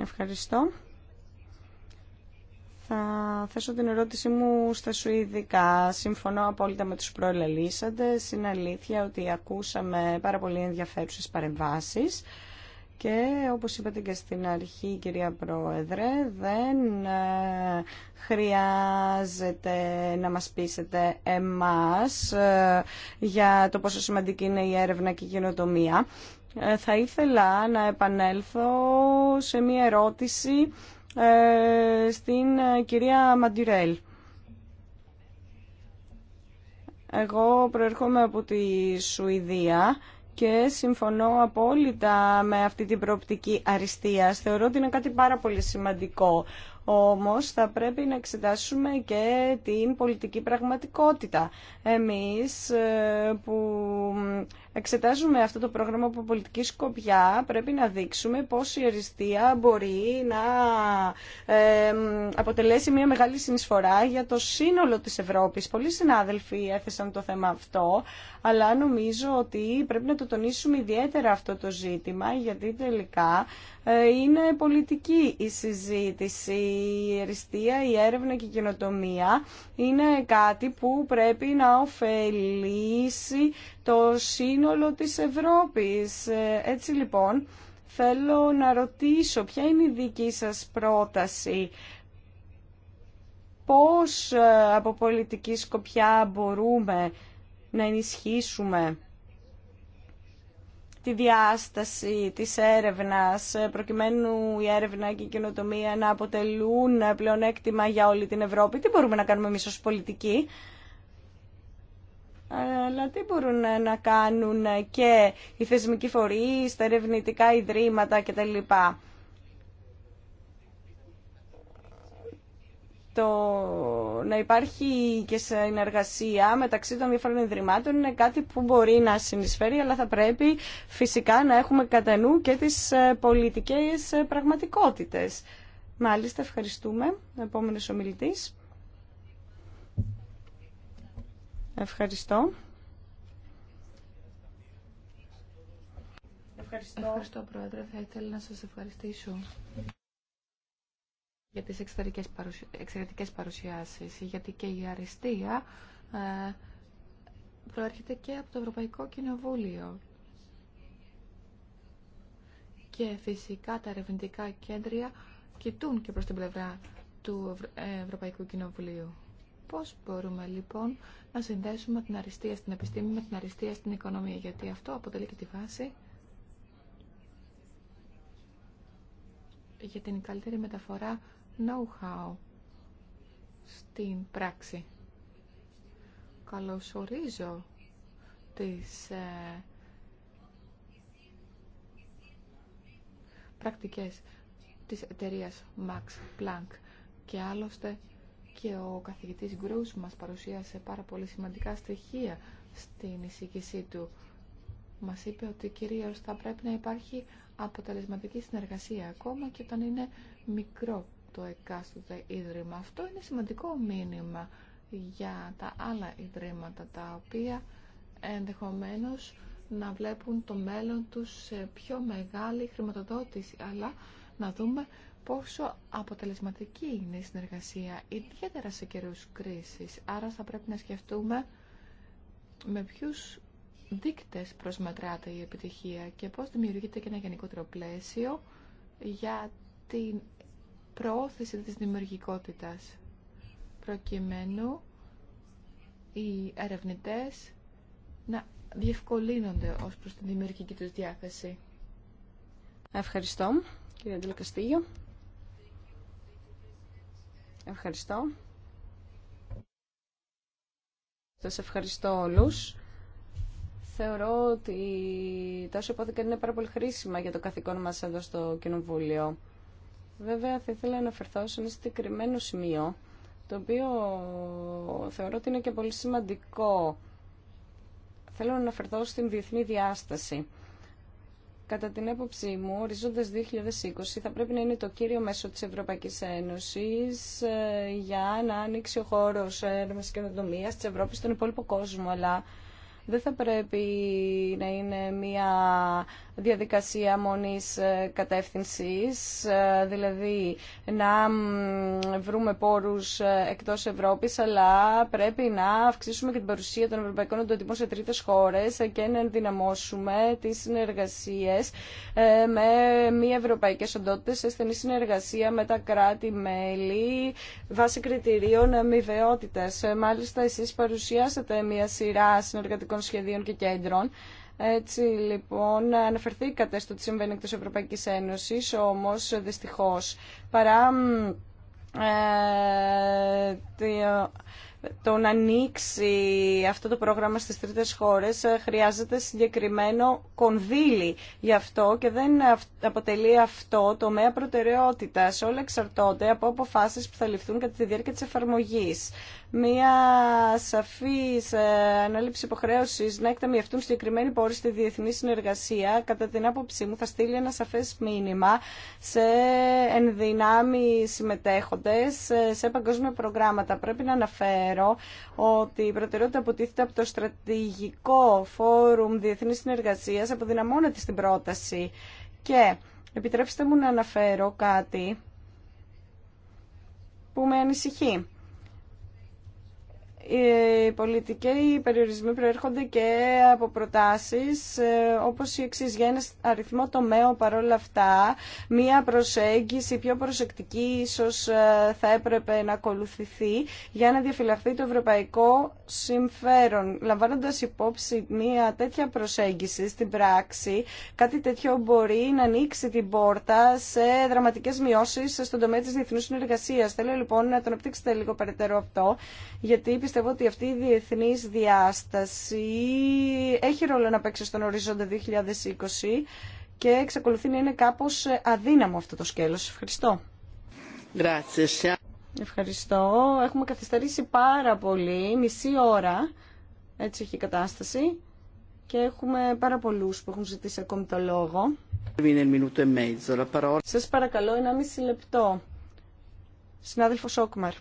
Ευχαριστώ. Θα θέσω την ερώτησή μου στα Σουηδικά. Συμφωνώ απόλυτα με τους προελελήσαντες. Είναι αλήθεια ότι ακούσαμε πάρα πολύ ενδιαφέρουσες παρεμβάσεις. Και όπως είπατε και στην αρχή κυρία Πρόεδρε, δεν ε, χρειάζεται να μας πείσετε εμάς ε, για το πόσο σημαντική είναι η έρευνα και η γενοτομία. Ε, θα ήθελα να επανέλθω σε μία ερώτηση ε, στην ε, κυρία Μαντιρέλ. Εγώ προερχόμαι από τη Σουηδία και συμφωνώ απόλυτα με αυτή την προοπτική αριστείας. Θεωρώ ότι είναι κάτι πάρα πολύ σημαντικό. Όμως θα πρέπει να εξετάσουμε και την πολιτική πραγματικότητα. Εμείς ε, που εξετάζουμε αυτό το πρόγραμμα από πολιτική σκοπιά, πρέπει να δείξουμε πώς η αριστεία μπορεί να αποτελέσει μια μεγάλη συνεισφορά για το σύνολο της Ευρώπης. Πολλοί συνάδελφοι έθεσαν το θέμα αυτό, αλλά νομίζω ότι πρέπει να το τονίσουμε ιδιαίτερα αυτό το ζήτημα, γιατί τελικά ε, είναι πολιτική η συζήτηση, η αριστεία, η έρευνα και η καινοτομία. Είναι κάτι που πρέπει να ωφελήσει το σύνολο της Ευρώπης. Ε, έτσι λοιπόν, θέλω να ρωτήσω ποια είναι η δική σας πρόταση πώς ε, από πολιτική σκοπιά μπορούμε να ενισχύσουμε τη διάσταση της έρευνας, ε, προκειμένου η έρευνα και η καινοτομία να αποτελούν πλεονέκτημα για όλη την Ευρώπη. Τι μπορούμε να κάνουμε εμείς ως πολιτικοί αλλά τι μπορούν να κάνουν και οι θεσμικοί φορείς, τα ερευνητικά ιδρύματα κτλ. Το να υπάρχει και συνεργασία μεταξύ των διαφορών ιδρυμάτων είναι κάτι που μπορεί να συνεισφέρει, αλλά θα πρέπει φυσικά να έχουμε κατά νου και τις ε, πολιτικές ε, πραγματικότητες. Μάλιστα, ευχαριστούμε. Επόμενος ομιλητής. Ευχαριστώ. Ευχαριστώ. Πρόεδρε. Θα ήθελα να σας ευχαριστήσω για τις εξαιρετικές παρουσιάσεις, γιατί και η αριστεία ε, προέρχεται και από το Ευρωπαϊκό Κοινοβούλιο. Και φυσικά τα ερευνητικά κέντρια κοιτούν και προς την πλευρά του Ευρωπαϊκού Κοινοβουλίου. Πώς μπορούμε λοιπόν να συνδέσουμε την αριστεία στην επιστήμη με την αριστεία στην οικονομία, γιατί αυτό αποτελεί και τη βάση για την καλύτερη μεταφορά know-how στην πράξη. Καλωσορίζω τις ε, πρακτικές της εταιρείας Max Planck και άλλωστε και ο καθηγητής Γκρούς μας παρουσίασε πάρα πολύ σημαντικά στοιχεία στην εισήγησή του. Μας είπε ότι κυρίως θα πρέπει να υπάρχει αποτελεσματική συνεργασία ακόμα και όταν είναι μικρό το εκάστοτε ίδρυμα. Αυτό είναι σημαντικό μήνυμα για τα άλλα ιδρύματα τα οποία ενδεχομένως να βλέπουν το μέλλον τους σε πιο μεγάλη χρηματοδότηση αλλά να δούμε πόσο αποτελεσματική είναι η συνεργασία, ιδιαίτερα σε καιρούς κρίσης. Άρα θα πρέπει να σκεφτούμε με ποιους δείκτες προσμετράται η επιτυχία και πώς δημιουργείται και ένα γενικότερο πλαίσιο για την προώθηση της δημιουργικότητας προκειμένου οι ερευνητές να διευκολύνονται ως προς τη δημιουργική τους διάθεση. Ευχαριστώ, κύριε Αντελκαστήγιο. Ευχαριστώ. Σας ευχαριστώ όλους. Θεωρώ ότι τόσο υπόθηκαν είναι πάρα πολύ χρήσιμα για το καθήκον μας εδώ στο Κοινοβούλιο. Βέβαια, θα ήθελα να αναφερθώ σε ένα συγκεκριμένο σημείο, το οποίο θεωρώ ότι είναι και πολύ σημαντικό. Θέλω να αναφερθώ στην διεθνή διάσταση. Κατά την έποψή μου, ορίζοντα 2020 θα πρέπει να είναι το κύριο μέσο της Ευρωπαϊκής Ένωσης ε, για να ανοίξει ο χώρος έρευνα και ενδομίας τη Ευρώπη στον υπόλοιπο κόσμο. Αλλά δεν θα πρέπει να είναι μια διαδικασία μονής ε, κατεύθυνσης, ε, δηλαδή να βρούμε πόρους ε, εκτός Ευρώπης, αλλά πρέπει να αυξήσουμε και την παρουσία των ευρωπαϊκών οντοτυπών σε τρίτες χώρες και να ενδυναμώσουμε τις συνεργασίες με μη ευρωπαϊκές οντότητες σε στενή συνεργασία με τα κράτη-μέλη βάσει κριτηρίων αμοιβαιότητας. Μάλιστα, εσείς παρουσιάσατε μια σειρά συνεργατικών σχεδίων και κέντρων. Έτσι λοιπόν αναφερθήκατε στο τι συμβαίνει εκτός Ευρωπαϊκής Ένωσης, όμως δυστυχώς παρά ε, το να ανοίξει αυτό το πρόγραμμα στις τρίτες χώρες ε, χρειάζεται συγκεκριμένο κονδύλι γι' αυτό και δεν αποτελεί αυτό τομέα προτεραιότητα. Όλα εξαρτώνται από αποφάσεις που θα ληφθούν κατά τη διάρκεια της εφαρμογής. Μία σαφή ε, ανάληψη υποχρέωσης να εκταμιευτούν συγκεκριμένοι πόροι στη διεθνή συνεργασία κατά την άποψή μου θα στείλει ένα σαφές μήνυμα σε ενδυνάμει συμμετέχοντες σε παγκόσμια προγράμματα. Πρέπει να αναφέρω ότι η προτεραιότητα αποτίθεται από το Στρατηγικό Φόρουμ Διεθνή Συνεργασία, αποδυναμώνεται στην πρόταση. Και επιτρέψτε μου να αναφέρω κάτι που με ανησυχεί οι πολιτικοί περιορισμοί προέρχονται και από προτάσεις ε, όπως η εξής για ένα αριθμό τομέων παρόλα αυτά μία προσέγγιση πιο προσεκτική ίσως ε, θα έπρεπε να ακολουθηθεί για να διαφυλαχθεί το ευρωπαϊκό συμφέρον. Λαμβάνοντας υπόψη μία τέτοια προσέγγιση στην πράξη κάτι τέτοιο μπορεί να ανοίξει την πόρτα σε δραματικές μειώσεις στον τομέα της διεθνούς συνεργασίας. Θέλω λοιπόν να τον απτύξετε λίγο περαιτέρω αυτό γιατί πιστεύω ότι αυτή η διεθνής διάσταση έχει ρόλο να παίξει στον ορίζοντα 2020 και εξακολουθεί να είναι κάπως αδύναμο αυτό το σκέλος. Ευχαριστώ. Ευχαριστώ. Έχουμε καθυστερήσει πάρα πολύ, μισή ώρα, έτσι έχει η κατάσταση και έχουμε πάρα πολλού που έχουν ζητήσει ακόμη το λόγο. E Σας παρακαλώ, ένα μισή λεπτό. Συνάδελφος Όκμαρ.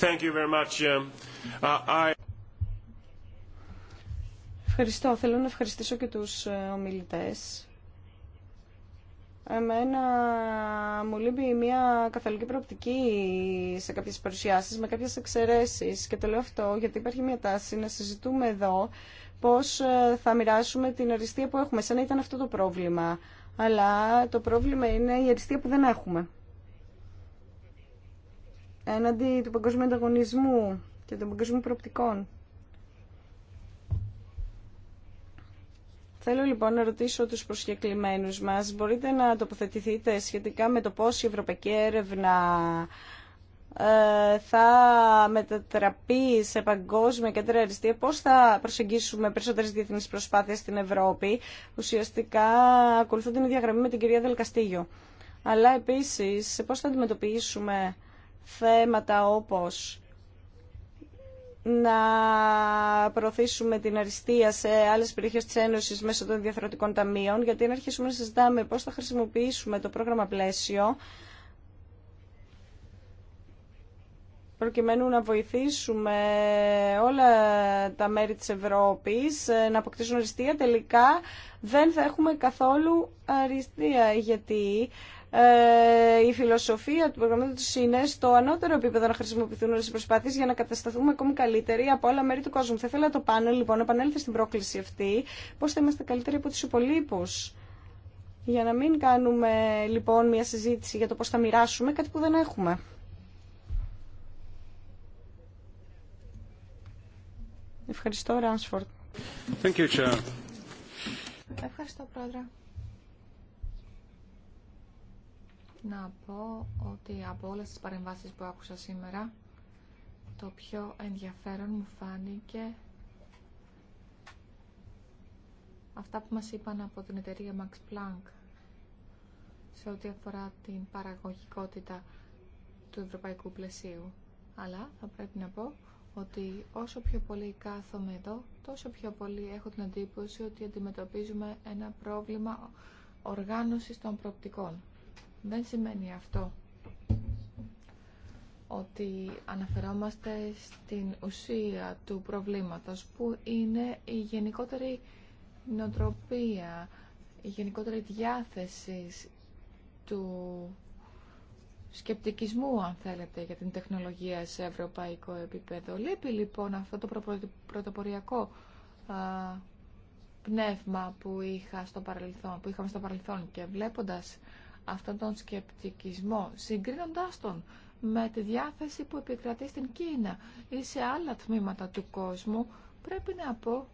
Um, uh, Ευχαριστώ. Θέλω να ευχαριστήσω και τους ε, ομιλητές. Εμένα μου λείπει μια καθαλική προοπτική σε κάποιες παρουσιάσεις με κάποιες εξαιρέσεις και το λέω αυτό γιατί υπάρχει μια τάση να συζητούμε εδώ πώς ε, θα μοιράσουμε την αριστεία που έχουμε σαν να ήταν αυτό το πρόβλημα αλλά το πρόβλημα είναι η αριστεία που δεν έχουμε έναντι του παγκόσμιου ανταγωνισμού και των παγκόσμιων προοπτικών. Θέλω λοιπόν να ρωτήσω τους προσκεκλημένους μας, μπορείτε να τοποθετηθείτε σχετικά με το πώς η ευρωπαϊκή έρευνα ε, θα μετατραπεί σε παγκόσμια κέντρα αριστεία, πώς θα προσεγγίσουμε περισσότερες διεθνείς προσπάθειες στην Ευρώπη. Ουσιαστικά ακολουθώ την ίδια γραμμή με την κυρία Δελκαστήγιο. Αλλά επίσης πώς θα αντιμετωπίσουμε θέματα όπως να προωθήσουμε την αριστεία σε άλλες περιοχές της Ένωσης μέσω των διαφορετικών ταμείων, γιατί να αρχίσουμε να συζητάμε πώς θα χρησιμοποιήσουμε το πρόγραμμα πλαίσιο, προκειμένου να βοηθήσουμε όλα τα μέρη της Ευρώπης να αποκτήσουν αριστεία, τελικά δεν θα έχουμε καθόλου αριστεία, γιατί ε, η φιλοσοφία του προγραμμάτου είναι στο ανώτερο επίπεδο να χρησιμοποιηθούν όλε οι προσπάθειε για να κατασταθούμε ακόμη καλύτεροι από όλα μέρη του κόσμου. Θα ήθελα το πάνελ λοιπόν να επανέλθει στην πρόκληση αυτή, πώ θα είμαστε καλύτεροι από του υπολείπου. Για να μην κάνουμε λοιπόν μια συζήτηση για το πώ θα μοιράσουμε κάτι που δεν έχουμε. Ευχαριστώ, Ράνσφορντ. Ευχαριστώ, Πρόεδρε. να πω ότι από όλες τις παρεμβάσεις που άκουσα σήμερα το πιο ενδιαφέρον μου φάνηκε αυτά που μας είπαν από την εταιρεία Max Planck σε ό,τι αφορά την παραγωγικότητα του ευρωπαϊκού πλαισίου. Αλλά θα πρέπει να πω ότι όσο πιο πολύ κάθομαι εδώ, τόσο πιο πολύ έχω την εντύπωση ότι αντιμετωπίζουμε ένα πρόβλημα οργάνωσης των προοπτικών. Δεν σημαίνει αυτό ότι αναφερόμαστε στην ουσία του προβλήματος που είναι η γενικότερη νοτροπία, η γενικότερη διάθεση του σκεπτικισμού, αν θέλετε, για την τεχνολογία σε ευρωπαϊκό επίπεδο. Λείπει λοιπόν αυτό το πρωτοποριακό πνεύμα που, είχα στο παρελθόν, που είχαμε στο παρελθόν και βλέποντας αυτόν τον σκεπτικισμό, συγκρίνοντάς τον με τη διάθεση που επικρατεί στην Κίνα ή σε άλλα τμήματα του κόσμου, πρέπει να πω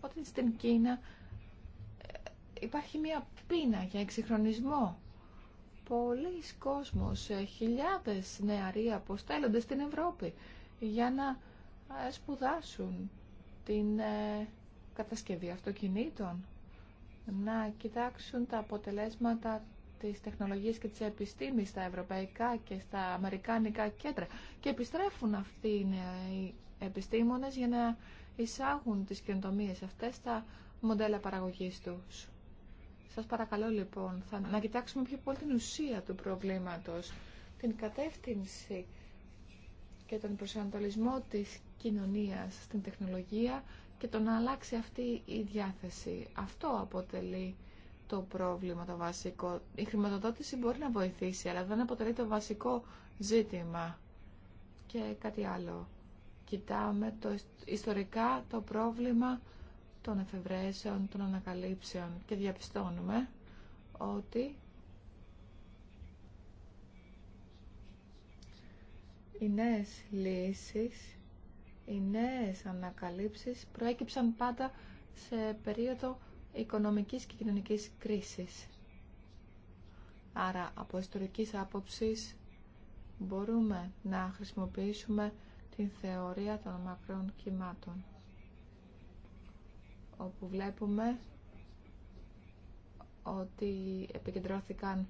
ότι στην Κίνα ε, υπάρχει μια πείνα για εξυγχρονισμό. Πολλοί κόσμος, ε, χιλιάδες νεαροί αποστέλλονται στην Ευρώπη για να ε, σπουδάσουν την κατασκευή αυτοκινήτων να κοιτάξουν τα αποτελέσματα της τεχνολογίας και της επιστήμης στα ευρωπαϊκά και στα αμερικάνικα κέντρα και επιστρέφουν αυτοί οι νέοι επιστήμονες για να εισάγουν τις κοινωνίες αυτές στα μοντέλα παραγωγής τους. Σας παρακαλώ λοιπόν θα... να κοιτάξουμε πιο πολύ την ουσία του προβλήματος, την κατεύθυνση και τον προσανατολισμό της κοινωνίας στην τεχνολογία και το να αλλάξει αυτή η διάθεση. Αυτό αποτελεί το πρόβλημα το βασικό. Η χρηματοδότηση μπορεί να βοηθήσει, αλλά δεν αποτελεί το βασικό ζήτημα. Και κάτι άλλο. Κοιτάμε το, ιστορικά το πρόβλημα των εφευρέσεων, των ανακαλύψεων και διαπιστώνουμε ότι οι νέες λύσεις οι νέες ανακαλύψεις προέκυψαν πάντα σε περίοδο οικονομικής και κοινωνικής κρίσης. Άρα, από ιστορικής άποψης, μπορούμε να χρησιμοποιήσουμε την θεωρία των μακρών κυμάτων, όπου βλέπουμε ότι επικεντρώθηκαν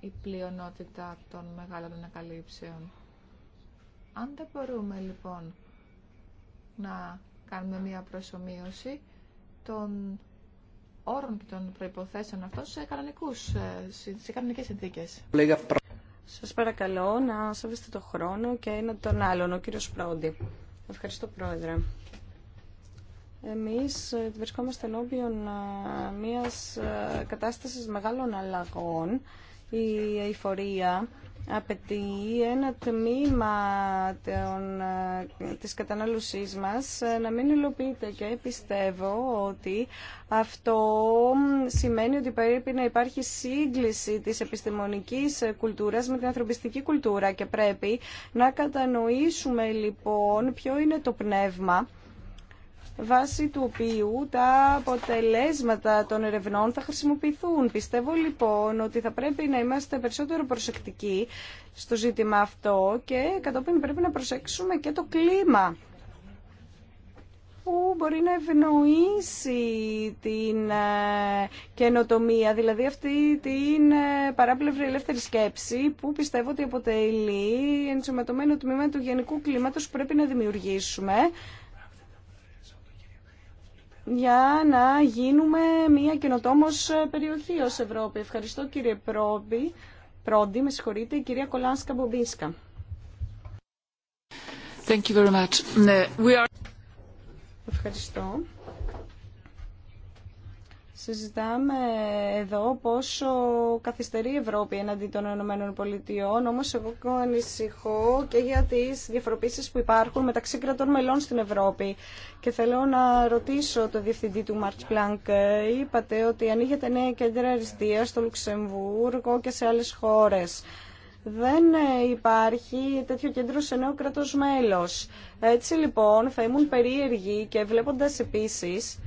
η πλειονότητα των μεγάλων ανακαλύψεων. Αν δεν μπορούμε λοιπόν να κάνουμε μια προσωμείωση των όρων και των προϋποθέσεων αυτών σε, κανονικούς, ε, σε κανονικές συνθήκες. Σας παρακαλώ να σέβεστε το χρόνο και ένα τον άλλον, ο κύριος Πρόντι. Ευχαριστώ Πρόεδρε. Εμείς ε, βρισκόμαστε ενώπιον ε, μιας κατάστασης μεγάλων αλλαγών. Η εφορία απαιτεί ένα τμήμα των, ε, της κατανάλωσής μας ε, να μην υλοποιείται και πιστεύω ότι αυτό σημαίνει ότι πρέπει να υπάρχει σύγκληση της επιστημονικής ε, κουλτούρας με την ανθρωπιστική κουλτούρα και πρέπει να κατανοήσουμε λοιπόν ποιο είναι το πνεύμα βάσει του οποίου τα αποτελέσματα των ερευνών θα χρησιμοποιηθούν. Πιστεύω λοιπόν ότι θα πρέπει να είμαστε περισσότερο προσεκτικοί στο ζήτημα αυτό και κατόπιν πρέπει να προσέξουμε και το κλίμα που μπορεί να ευνοήσει την ε, καινοτομία, δηλαδή αυτή την ε, παράπλευρη ελεύθερη σκέψη που πιστεύω ότι αποτελεί ενσωματωμένο τμήμα του γενικού κλίματος που πρέπει να δημιουργήσουμε για να γίνουμε μια καινοτόμος περιοχή ως Ευρώπη. Ευχαριστώ κύριε Πρόμπη. Πρόντι, με συγχωρείτε, η κυρία Κολάνσκα Μπομπίσκα. Thank ναι, Ευχαριστώ. Συζητάμε εδώ πόσο καθυστερεί η Ευρώπη εναντί των Ηνωμένων Πολιτειών, όμως εγώ ανησυχώ και για τις διαφοροποίησεις που υπάρχουν μεταξύ κρατών μελών στην Ευρώπη. Και θέλω να ρωτήσω το διευθυντή του Μαρτς Πλάνκ. Είπατε ότι ανοίγεται νέα κέντρα αριστεία στο Λουξεμβούργο και σε άλλες χώρες. Δεν υπάρχει τέτοιο κέντρο σε νέο κράτος μέλος. Έτσι λοιπόν θα ήμουν περίεργη και βλέποντας επίσης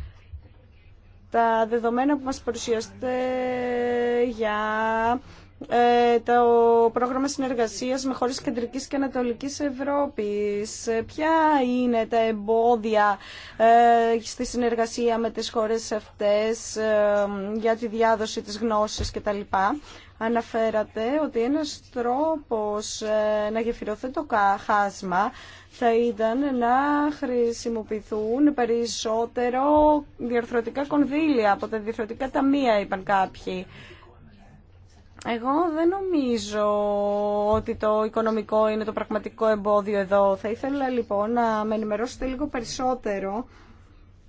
τα δεδομένα που μας παρουσιάσετε για ε, το πρόγραμμα συνεργασίας με χώρες κεντρικής και ανατολικής Ευρώπης. Ε, ποια είναι τα εμπόδια ε, στη συνεργασία με τις χώρες αυτές για τη διάδοση της γνώσης κτλ. Αναφέρατε ότι ένας τρόπος ε, να γεφυρωθεί το χάσμα θα ήταν να χρησιμοποιηθούν περισσότερο διαρθρωτικά κονδύλια από τα διαρθρωτικά ταμεία, είπαν κάποιοι. Εγώ δεν νομίζω ότι το οικονομικό είναι το πραγματικό εμπόδιο εδώ. Θα ήθελα λοιπόν να με ενημερώσετε λίγο περισσότερο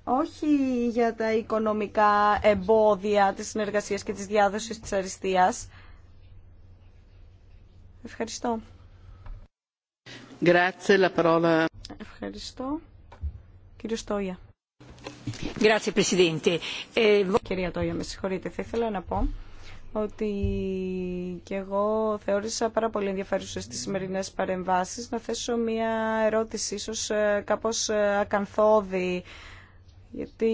όχι για τα οικονομικά εμπόδια της συνεργασίας και της διάδοσης της αριστείας, Ευχαριστώ. Ευχαριστώ. Κύριο Στόια. Ε, Κυρία Τόια, με συγχωρείτε. Θα ήθελα να πω ότι και εγώ θεώρησα πάρα πολύ ενδιαφέρουσε τις σημερινές παρεμβάσεις. Να θέσω μια ερώτηση, ίσως ε, κάπως ε, ακαθόδη γιατί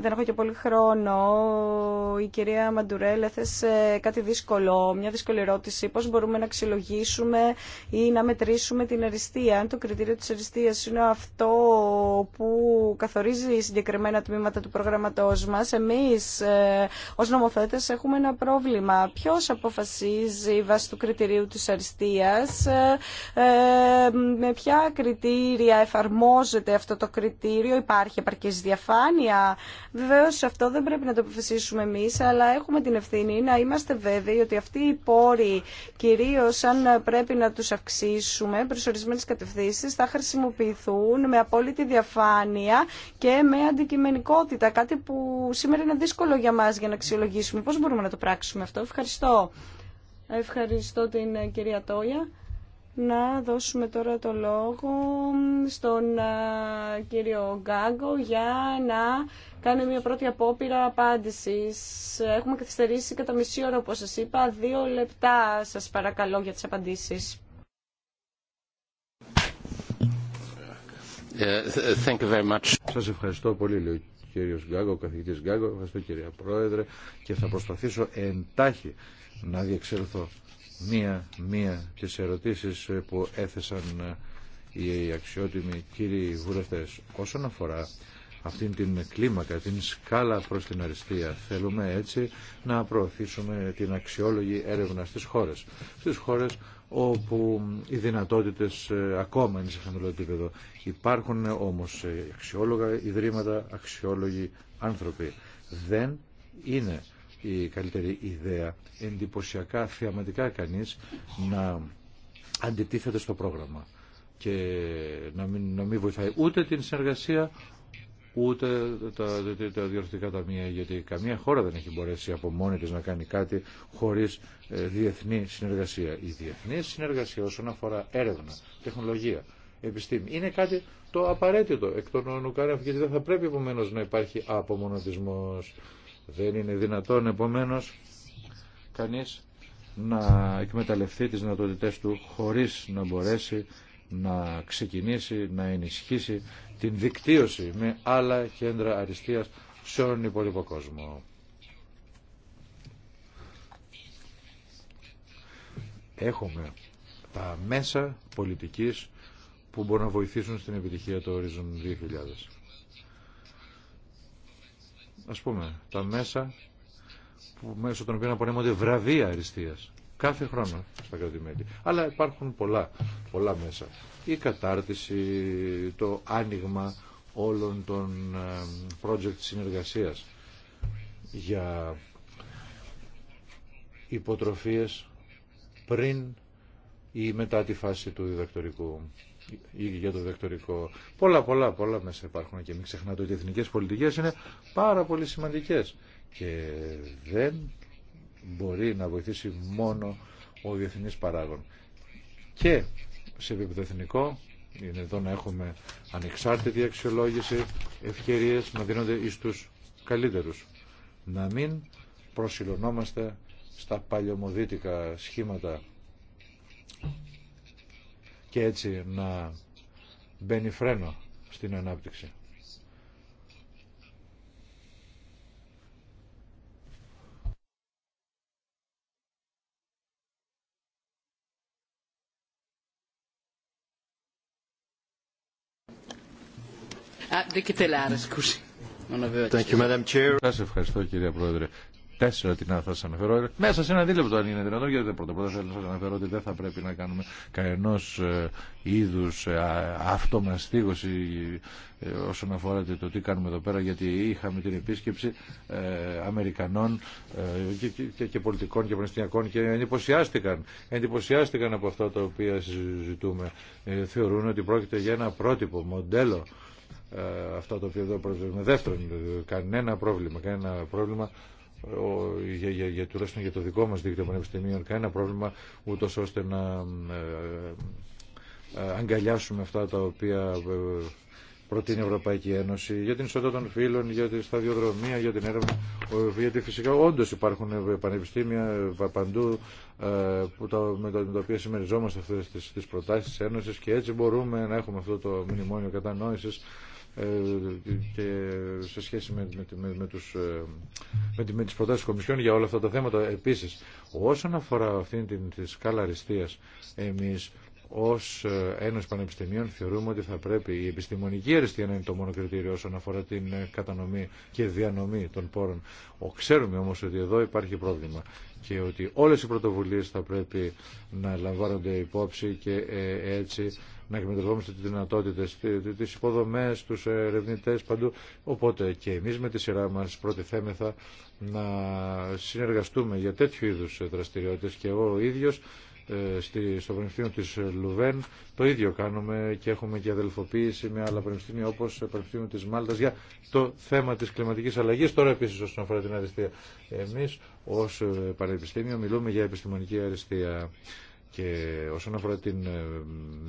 δεν έχω και πολύ χρόνο. Η κυρία Μαντουρέλ έθεσε κάτι δύσκολο, μια δύσκολη ερώτηση. Πώς μπορούμε να αξιολογήσουμε ή να μετρήσουμε την αριστεία. Αν το κριτήριο της αριστείας είναι αυτό που καθορίζει συγκεκριμένα τμήματα του προγραμματός μας, εμείς ε, ως νομοθέτες έχουμε ένα πρόβλημα. Ποιος αποφασίζει βάσει του κριτηρίου της αριστείας, ε, ε, με ποια κριτήρια εφαρμόζεται αυτό το κριτήριο, υπάρχει στη διαφάνεια. βεβαίω αυτό δεν πρέπει να το αποφασίσουμε εμείς, αλλά έχουμε την ευθύνη να είμαστε βέβαιοι ότι αυτοί οι πόροι, κυρίως αν πρέπει να τους αυξήσουμε προ ορισμένε κατευθύνσει, θα χρησιμοποιηθούν με απόλυτη διαφάνεια και με αντικειμενικότητα. Κάτι που σήμερα είναι δύσκολο για μα για να αξιολογήσουμε. Πώ μπορούμε να το πράξουμε αυτό. Ευχαριστώ. Ευχαριστώ την κυρία Τόια να δώσουμε τώρα το λόγο στον κύριο Γκάγκο για να κάνει μια πρώτη απόπειρα απάντηση. Έχουμε καθυστερήσει κατά μισή ώρα, όπως σας είπα. Δύο λεπτά σας παρακαλώ για τις απαντήσεις. Ε, thank Σας ευχαριστώ πολύ, λέει ο κύριος Γκάγκο, ο καθηγητής Γκάγκο. Ευχαριστώ, κύριε Πρόεδρε, και θα προσπαθήσω εντάχει να διεξέλθω μία-μία τις ερωτήσεις που έθεσαν ε, οι αξιότιμοι κύριοι βουλευτές. Όσον αφορά αυτήν την κλίμακα, την σκάλα προς την αριστεία, θέλουμε έτσι να προωθήσουμε την αξιόλογη έρευνα στις χώρες. Στις χώρες όπου οι δυνατότητες ε, ακόμα είναι σε χαμηλό επίπεδο. Υπάρχουν όμως ε, αξιόλογα ιδρύματα, αξιόλογοι άνθρωποι. Δεν είναι η καλύτερη ιδέα εντυπωσιακά, θεαματικά κανείς να αντιτίθεται στο πρόγραμμα και να μην, να μην βοηθάει ούτε την συνεργασία ούτε τα, τα διορθωτικά ταμεία γιατί καμία χώρα δεν έχει μπορέσει από μόνη της να κάνει κάτι χωρίς ε, διεθνή συνεργασία. Η διεθνή συνεργασία όσον αφορά έρευνα, τεχνολογία, επιστήμη είναι κάτι το απαραίτητο εκ των νουκάρευ γιατί δεν θα πρέπει επομένω να υπάρχει απομονωτισμός. Δεν είναι δυνατόν επομένως κανείς να εκμεταλλευτεί τις δυνατότητές του χωρίς να μπορέσει να ξεκινήσει, να ενισχύσει την δικτύωση με άλλα κέντρα αριστείας σε όλον τον υπόλοιπο κόσμο. Έχουμε τα μέσα πολιτικής που μπορούν να βοηθήσουν στην επιτυχία του Horizon 2000 ας πούμε, τα μέσα που, μέσω των οποίων απονέμονται βραβεία αριστείας κάθε χρόνο στα κρατημέλη. Αλλά υπάρχουν πολλά, πολλά μέσα. Η κατάρτιση, το άνοιγμα όλων των ε, project συνεργασίας για υποτροφίες πριν ή μετά τη φάση του διδακτορικού ή για το δεκτορικό. Πολλά, πολλά, πολλά μέσα υπάρχουν και μην ξεχνάτε ότι οι εθνικές πολιτικές είναι πάρα πολύ σημαντικές και δεν μπορεί να βοηθήσει μόνο ο διεθνής παράγων. Και σε επίπεδο εθνικό είναι εδώ να έχουμε ανεξάρτητη αξιολόγηση, ευκαιρίες να δίνονται εις τους καλύτερους. Να μην προσιλωνόμαστε στα παλιωμοδίτικα σχήματα και έτσι να μπαίνει φρένο στην ανάπτυξη. Σας ευχαριστώ κύριε Πρόεδρε τέσσερα τι να θα σα αναφέρω. Μέσα σε ένα δίλεπτο, αν είναι δυνατόν, γιατί πρώτα πρώτα θέλω να σα αναφέρω ότι δεν θα πρέπει να κάνουμε κανένα ε, είδου ε, αυτομαστίγωση ε, όσον αφορά το τι κάνουμε εδώ πέρα, γιατί είχαμε την επίσκεψη Αμερικανών και πολιτικών και πανεπιστημιακών και εντυπωσιάστηκαν. Εντυπωσιάστηκαν από αυτά τα οποία συζητούμε. Θεωρούν ότι πρόκειται για ένα πρότυπο, μοντέλο αυτά το οποίο εδώ προσέχουμε. Δεύτερον, κανένα πρόβλημα, κανένα πρόβλημα για, για, για, τουλάχιστον για το δικό μας δίκτυο πανεπιστημίων κανένα πρόβλημα ούτως ώστε να ε, ε, αγκαλιάσουμε αυτά τα οποία ε, προτείνει η Ευρωπαϊκή Ένωση για την ισότητα των φύλων, για τη σταδιοδρομία, για την έρευνα. Γιατί φυσικά όντω υπάρχουν πανεπιστήμια παντού που τα, με, τα, με τα οποία συμμεριζόμαστε τις τι προτάσει τη Ένωση και έτσι μπορούμε να έχουμε αυτό το μνημόνιο κατανόησης και σε σχέση με, με, με, τους, ε, με, με τις προτάσεις Κομισιόν για όλα αυτά τα θέματα. Επίσης, όσον αφορά αυτήν την τη σκάλα αριστείας, εμείς ως ε, Ένωση Πανεπιστημίων θεωρούμε ότι θα πρέπει η επιστημονική αριστεία να είναι το μόνο κριτήριο όσον αφορά την ε, κατανομή και διανομή των πόρων. ξέρουμε όμως ότι εδώ υπάρχει πρόβλημα και ότι όλες οι πρωτοβουλίες θα πρέπει να λαμβάνονται υπόψη και έτσι να εκμεταλλευόμαστε τι δυνατότητε, τι υποδομέ, του ερευνητέ παντού. Οπότε και εμεί με τη σειρά μα προτιθέμεθα να συνεργαστούμε για τέτοιου είδου δραστηριότητε και εγώ ο ίδιο ε, στο Πανεπιστήμιο της Λουβέν. Το ίδιο κάνουμε και έχουμε και αδελφοποίηση με άλλα πανεπιστήμια όπως το Πανεπιστήμιο της Μάλτας για το θέμα της κλιματικής αλλαγής. Τώρα επίσης όσον αφορά την αριστεία. Εμείς ως Πανεπιστήμιο μιλούμε για επιστημονική αριστεία και όσον αφορά την ε,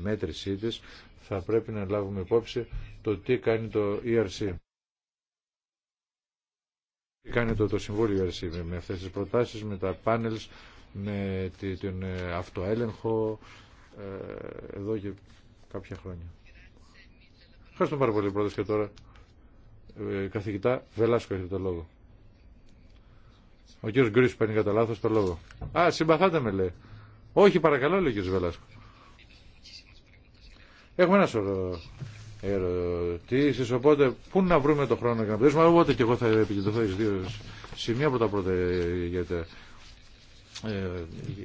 μέτρησή της θα πρέπει να λάβουμε υπόψη το τι κάνει το ERC. Τι κάνει το, το Συμβούλιο ERC με, με αυτές τις προτάσεις, με τα πάνελς, με τη, τον ε, αυτοέλεγχο ε, εδώ και κάποια χρόνια. Ευχαριστώ πάρα πολύ πρώτα και τώρα. Ε, καθηγητά Βελάσκο έχετε το λόγο. Ο κύριος Γκρίσου παίρνει κατά λάθος το λόγο. Α, συμπαθάτε με λέει. Όχι, παρακαλώ, λέει ο κ. Βελάσκο. Έχουμε ένα σωρό ερωτήσει, οπότε πού να βρούμε το χρόνο για να πιέσουμε. Οπότε και εγώ θα επικεντρωθώ εις δύο σημεία τα πρώτα για, τα, ε,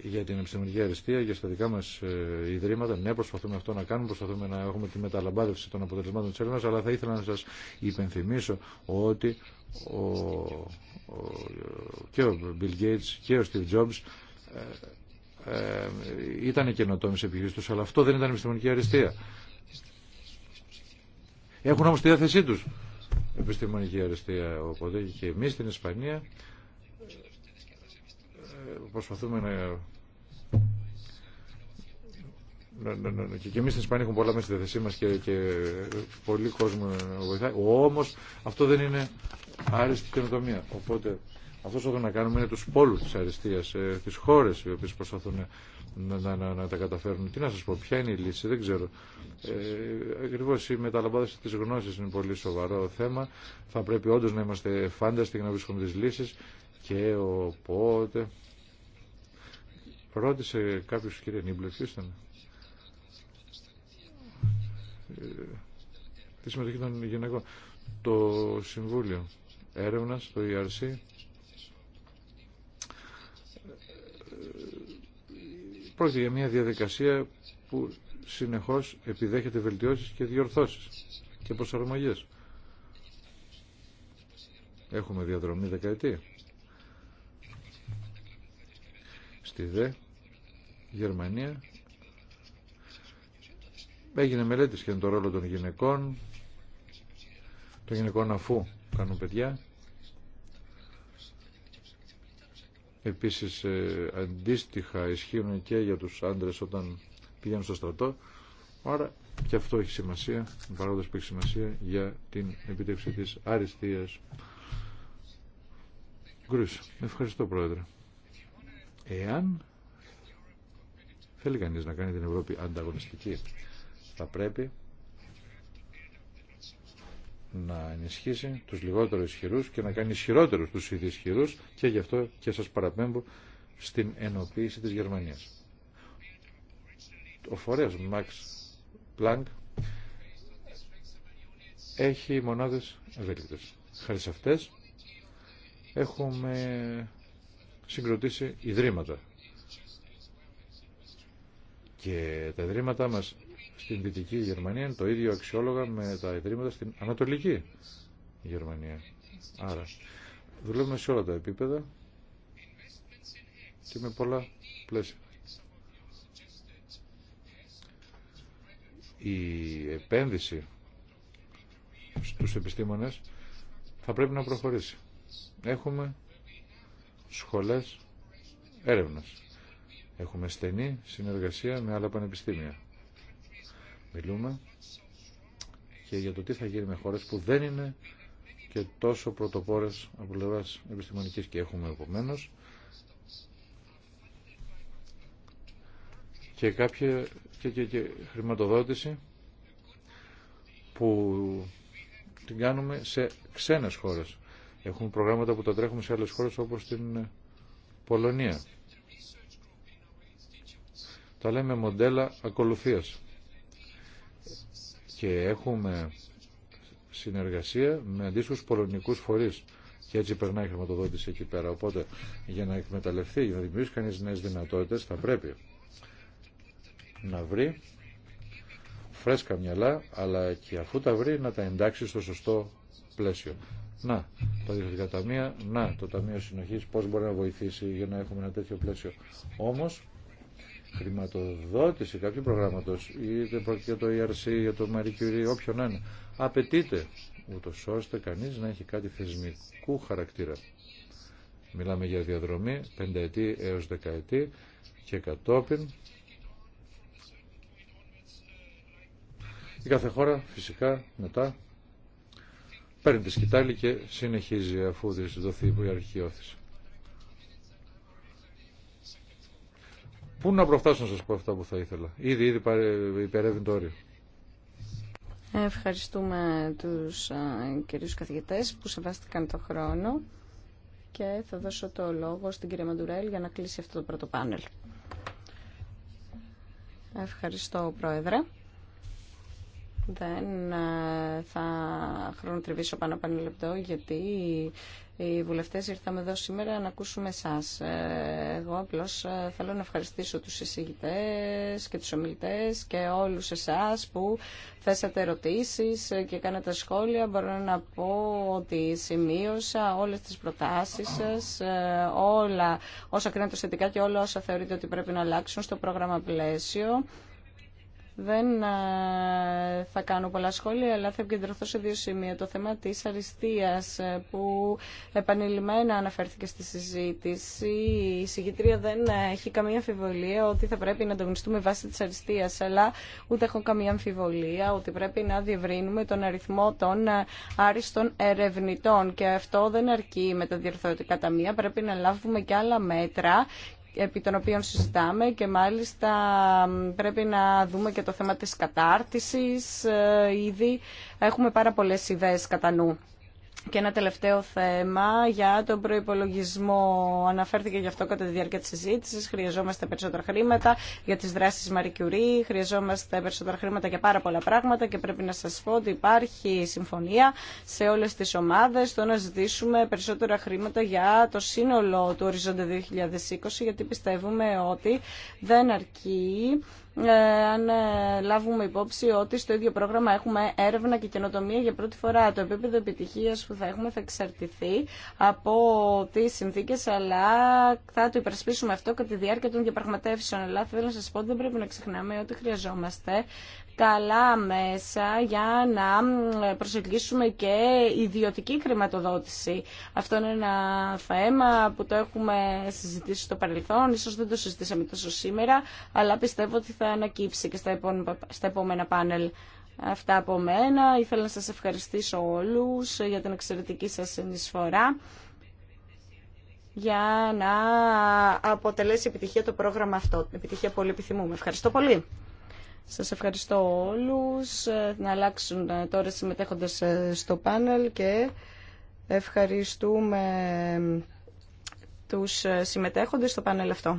για την επιστημονική αριστεία και στα δικά μα ε, ιδρύματα. Ναι, προσπαθούμε αυτό να κάνουμε, προσπαθούμε να έχουμε τη μεταλαμπάδευση των αποτελεσμάτων τη έρευνα, αλλά θα ήθελα να σα υπενθυμίσω ότι ο, ο, και ο Bill Gates και ο Steve Jobs ε, ε, ήταν καινοτόμε επιχειρήσει του, αλλά αυτό δεν ήταν επιστημονική αριστεία. Έχουν όμω τη διάθεσή του επιστημονική αριστεία. Οπότε και εμεί στην Ισπανία ε, προσπαθούμε να. Και, και εμεί στην Ισπανία έχουμε πολλά μέσα στη διάθεσή μα και, και πολύ κόσμο βοηθάει. Όμω αυτό δεν είναι άριστη καινοτομία. Οπότε αυτό που θέλουμε να κάνουμε είναι του πόλου τη αριστεία, ε, τι χώρε οι οποίε προσπαθούν να, να, να, τα καταφέρουν. Τι να σα πω, ποια είναι η λύση, δεν ξέρω. Ε, Ακριβώ η μεταλαμπάδευση τη γνώση είναι πολύ σοβαρό θέμα. Θα πρέπει όντω να είμαστε φάνταστοι και να βρίσκουμε τι λύσει. Και οπότε. Ρώτησε κάποιο, κύριε Νίμπλε, ποιο ήταν. Ε, τη συμμετοχή των γυναικών. Το Συμβούλιο Έρευνα, το ERC, Πρόκειται για μια διαδικασία που συνεχώς επιδέχεται βελτιώσεις και διορθώσεις και προσαρμογές. Έχουμε διαδρομή δεκαετία. Στη ΔΕ, Γερμανία, έγινε μελέτη σχεδόν το ρόλο των γυναικών, των γυναικών αφού κάνουν παιδιά Επίσης ε, αντίστοιχα ισχύουν και για τους άντρες όταν πηγαίνουν στο στρατό. Άρα και αυτό έχει σημασία, παράγοντας που έχει σημασία για την επιτεύξη της αριστείας. Γκρούς, ευχαριστώ Πρόεδρε. Εάν θέλει κανείς να κάνει την Ευρώπη ανταγωνιστική, θα πρέπει να ενισχύσει τους λιγότερο ισχυρούς και να κάνει ισχυρότερους τους ήδη και γι' αυτό και σας παραπέμπω στην ενοποίηση της Γερμανίας. Ο φορέας Max Planck έχει μονάδες ευέλικτες. Χάρη σε αυτές έχουμε συγκροτήσει ιδρύματα. Και τα ιδρύματά μας στην Δυτική Γερμανία είναι το ίδιο αξιόλογα με τα ιδρύματα στην Ανατολική Γερμανία. Άρα δουλεύουμε σε όλα τα επίπεδα και με πολλά πλαίσια. Η επένδυση στους επιστήμονες θα πρέπει να προχωρήσει. Έχουμε σχολές έρευνας. Έχουμε στενή συνεργασία με άλλα πανεπιστήμια. Μιλούμε και για το τι θα γίνει με χώρες που δεν είναι και τόσο πρωτοπόρες από πλευρά επιστημονικής και έχουμε επομένω. και κάποια και, και, χρηματοδότηση που την κάνουμε σε ξένες χώρες. Έχουμε προγράμματα που τα τρέχουμε σε άλλες χώρες όπως την Πολωνία. Τα λέμε μοντέλα ακολουθίας και έχουμε συνεργασία με αντίστοιχου πολωνικούς φορείς και έτσι περνάει η χρηματοδότηση εκεί πέρα. Οπότε για να εκμεταλλευτεί, για να δημιουργήσει κανεί νέε δυνατότητες θα πρέπει να βρει φρέσκα μυαλά αλλά και αφού τα βρει να τα εντάξει στο σωστό πλαίσιο. Να, τα διευθυντικά ταμεία, να, το Ταμείο Συνοχής πώς μπορεί να βοηθήσει για να έχουμε ένα τέτοιο πλαίσιο. Όμως χρηματοδότηση κάποιου προγράμματο, είτε πρόκειται για το ERC, για το Marie Curie, όποιον είναι απαιτείται ούτω ώστε κανείς να έχει κάτι θεσμικού χαρακτήρα μιλάμε για διαδρομή πενταετή έως δεκαετή και κατόπιν η κάθε χώρα φυσικά μετά παίρνει τη σκητάλη και συνεχίζει αφού δεν δοθεί η αρχή όθηση. Πού να προφτάσω να σας πω αυτά που θα ήθελα. Ήδη, ήδη υπερεύει το όριο. Ευχαριστούμε τους κυρίους καθηγητές που σεβάστηκαν το χρόνο και θα δώσω το λόγο στην κυρία Μαντουρέλ για να κλείσει αυτό το πρώτο πάνελ. Ευχαριστώ, Πρόεδρε. Δεν ε, θα χρονοτριβήσω πάνω από ένα λεπτό γιατί οι βουλευτές ήρθαμε εδώ σήμερα να ακούσουμε εσά. Ε, εγώ απλώς ε, θέλω να ευχαριστήσω τους εισηγητές και τους ομιλητές και όλους εσάς που θέσατε ερωτήσεις και κάνατε σχόλια. Μπορώ να πω ότι σημείωσα όλες τις προτάσεις σας, όλα όσα κρίνετε θετικά και όλα όσα θεωρείτε ότι πρέπει να αλλάξουν στο πρόγραμμα πλαίσιο. Δεν ε, θα κάνω πολλά σχόλια, αλλά θα επικεντρωθώ σε δύο σημεία. Το θέμα της αριστείας ε, που επανειλημμένα αναφέρθηκε στη συζήτηση. Η συγκητρία δεν έχει καμία αμφιβολία ότι θα πρέπει να ανταγωνιστούμε βάσει της αριστείας, αλλά ούτε έχω καμία αμφιβολία ότι πρέπει να διευρύνουμε τον αριθμό των ε, άριστων ερευνητών. Και αυτό δεν αρκεί με τα διορθωτικά ταμεία. Πρέπει να λάβουμε και άλλα μέτρα επί των οποίων συζητάμε και μάλιστα πρέπει να δούμε και το θέμα της κατάρτισης. Ε, ήδη έχουμε πάρα πολλές ιδέες κατά νου. Και ένα τελευταίο θέμα για τον προπολογισμό. Αναφέρθηκε γι' αυτό κατά τη διάρκεια τη συζήτηση. Χρειαζόμαστε περισσότερα χρήματα για τι δράσει Marie χρειαζόμαστε περισσότερα χρήματα για πάρα πολλά πράγματα και πρέπει να σα πω ότι υπάρχει συμφωνία σε όλε τι ομάδε στο να ζητήσουμε περισσότερα χρήματα για το σύνολο του Οριζόντα 2020, γιατί πιστεύουμε ότι δεν αρκεί ε, αν ε, λάβουμε υπόψη ότι στο ίδιο πρόγραμμα έχουμε έρευνα και καινοτομία για πρώτη φορά. Το επίπεδο επιτυχίας που θα έχουμε θα εξαρτηθεί από τις συνθήκες, αλλά θα το υπερασπίσουμε αυτό κατά τη διάρκεια των διαπραγματεύσεων. Αλλά θέλω να σας πω ότι δεν πρέπει να ξεχνάμε ότι χρειαζόμαστε καλά μέσα για να προσεγγίσουμε και ιδιωτική χρηματοδότηση. Αυτό είναι ένα θέμα που το έχουμε συζητήσει στο παρελθόν, ίσως δεν το συζητήσαμε τόσο σήμερα, αλλά πιστεύω ότι θα ανακύψει και στα επόμενα πάνελ. Αυτά από μένα. Ήθελα να σας ευχαριστήσω όλους για την εξαιρετική σας συνεισφορά για να αποτελέσει επιτυχία το πρόγραμμα αυτό. Επιτυχία πολύ επιθυμούμε. Ευχαριστώ πολύ. Σας ευχαριστώ όλους. Ε, να αλλάξουν ε, τώρα συμμετέχοντες ε, στο πάνελ και ευχαριστούμε τους συμμετέχοντες στο πάνελ αυτό.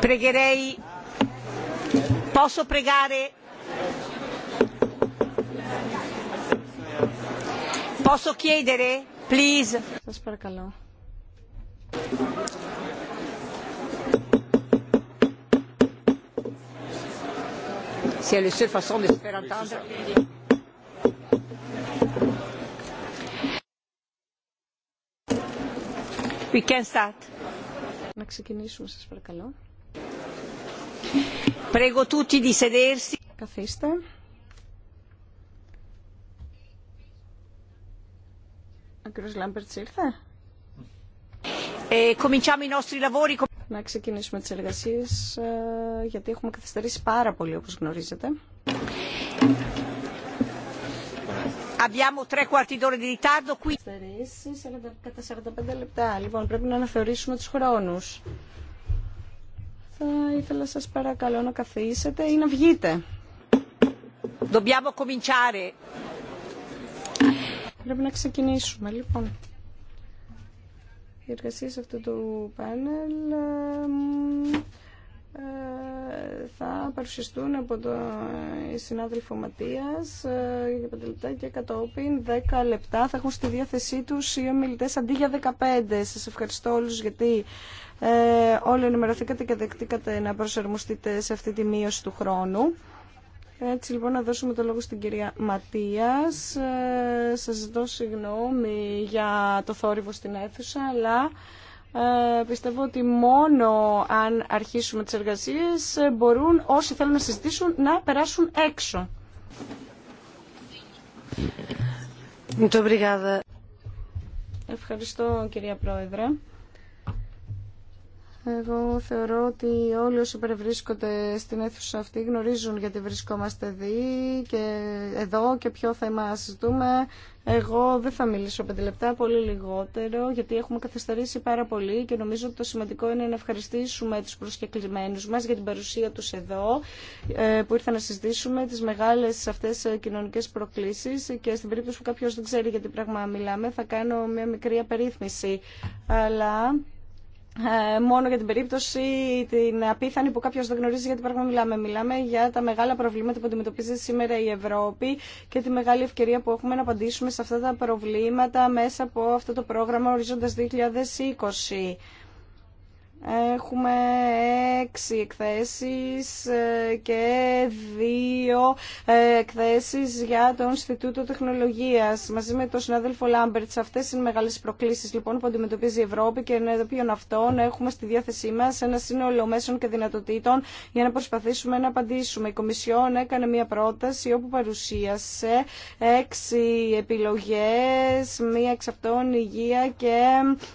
Pregherei. Posso pregare? Posso chiedere, please? Σας παρακαλώ. C'est la seule façon de se faire entendre. Να ξεκινήσουμε, σας παρακαλώ. Καθίστε. Ο κύριος Λάμπερτς ήρθε. Ε, Να ξεκινήσουμε τις εργασίες, ε, γιατί έχουμε καθυστερήσει πάρα πολύ, όπως γνωρίζετε. Abbiamo tre quarti d'ora di ritardo qui. Κατά 45 λεπτά. Λοιπόν, πρέπει να αναθεωρήσουμε τους χρόνους. Θα ήθελα σας παρακαλώ να καθίσετε ή να βγείτε. Dobbiamo cominciare. Πρέπει να ξεκινήσουμε, λοιπόν. Οι εργασίες αυτού του πάνελ ε, θα παρουσιαστούν από τον συνάδελφο Ματίας ε, για 5 λεπτά και κατόπιν 10 λεπτά θα έχουν στη διάθεσή τους οι ομιλητές αντί για 15. Σας ευχαριστώ όλους γιατί ε, όλοι ενημερωθήκατε και δεκτήκατε να προσαρμοστείτε σε αυτή τη μείωση του χρόνου. Έτσι λοιπόν να δώσουμε το λόγο στην κυρία Ματίας. Ε, σας ζητώ συγγνώμη για το θόρυβο στην αίθουσα, αλλά ε, πιστεύω ότι μόνο αν αρχίσουμε τις εργασίες ε, μπορούν όσοι θέλουν να συζητήσουν να περάσουν έξω. Ευχαριστώ κυρία Πρόεδρε. Εγώ θεωρώ ότι όλοι όσοι περιβρίσκονται στην αίθουσα αυτή γνωρίζουν γιατί βρισκόμαστε δει και εδώ και ποιο θέμα συζητούμε. Εγώ δεν θα μιλήσω πέντε λεπτά, πολύ λιγότερο, γιατί έχουμε καθυστερήσει πάρα πολύ και νομίζω ότι το σημαντικό είναι να ευχαριστήσουμε τους προσκεκλημένους μας για την παρουσία τους εδώ, ε, που ήρθαν να συζητήσουμε τις μεγάλες αυτές ε, κοινωνικές προκλήσεις και στην περίπτωση που κάποιος δεν ξέρει για τι πράγμα μιλάμε, θα κάνω μια μικρή απερίθμηση. Αλλά ε, μόνο για την περίπτωση την απίθανη που κάποιο δεν γνωρίζει γιατί πράγμα μιλάμε. Μιλάμε για τα μεγάλα προβλήματα που αντιμετωπίζει σήμερα η Ευρώπη και τη μεγάλη ευκαιρία που έχουμε να απαντήσουμε σε αυτά τα προβλήματα μέσα από αυτό το πρόγραμμα ορίζοντα 2020. Έχουμε έξι εκθέσεις ε, και δύο ε, εκθέσεις για το Ινστιτούτο Τεχνολογίας μαζί με τον συνάδελφο Λάμπερτ. Αυτές είναι μεγάλες προκλήσεις λοιπόν που αντιμετωπίζει η Ευρώπη και ενώπιον αυτών έχουμε στη διάθεσή μας ένα σύνολο μέσων και δυνατοτήτων για να προσπαθήσουμε να απαντήσουμε. Η Κομισιόν έκανε μια πρόταση όπου παρουσίασε έξι επιλογές, μία εξ αυτών υγεία και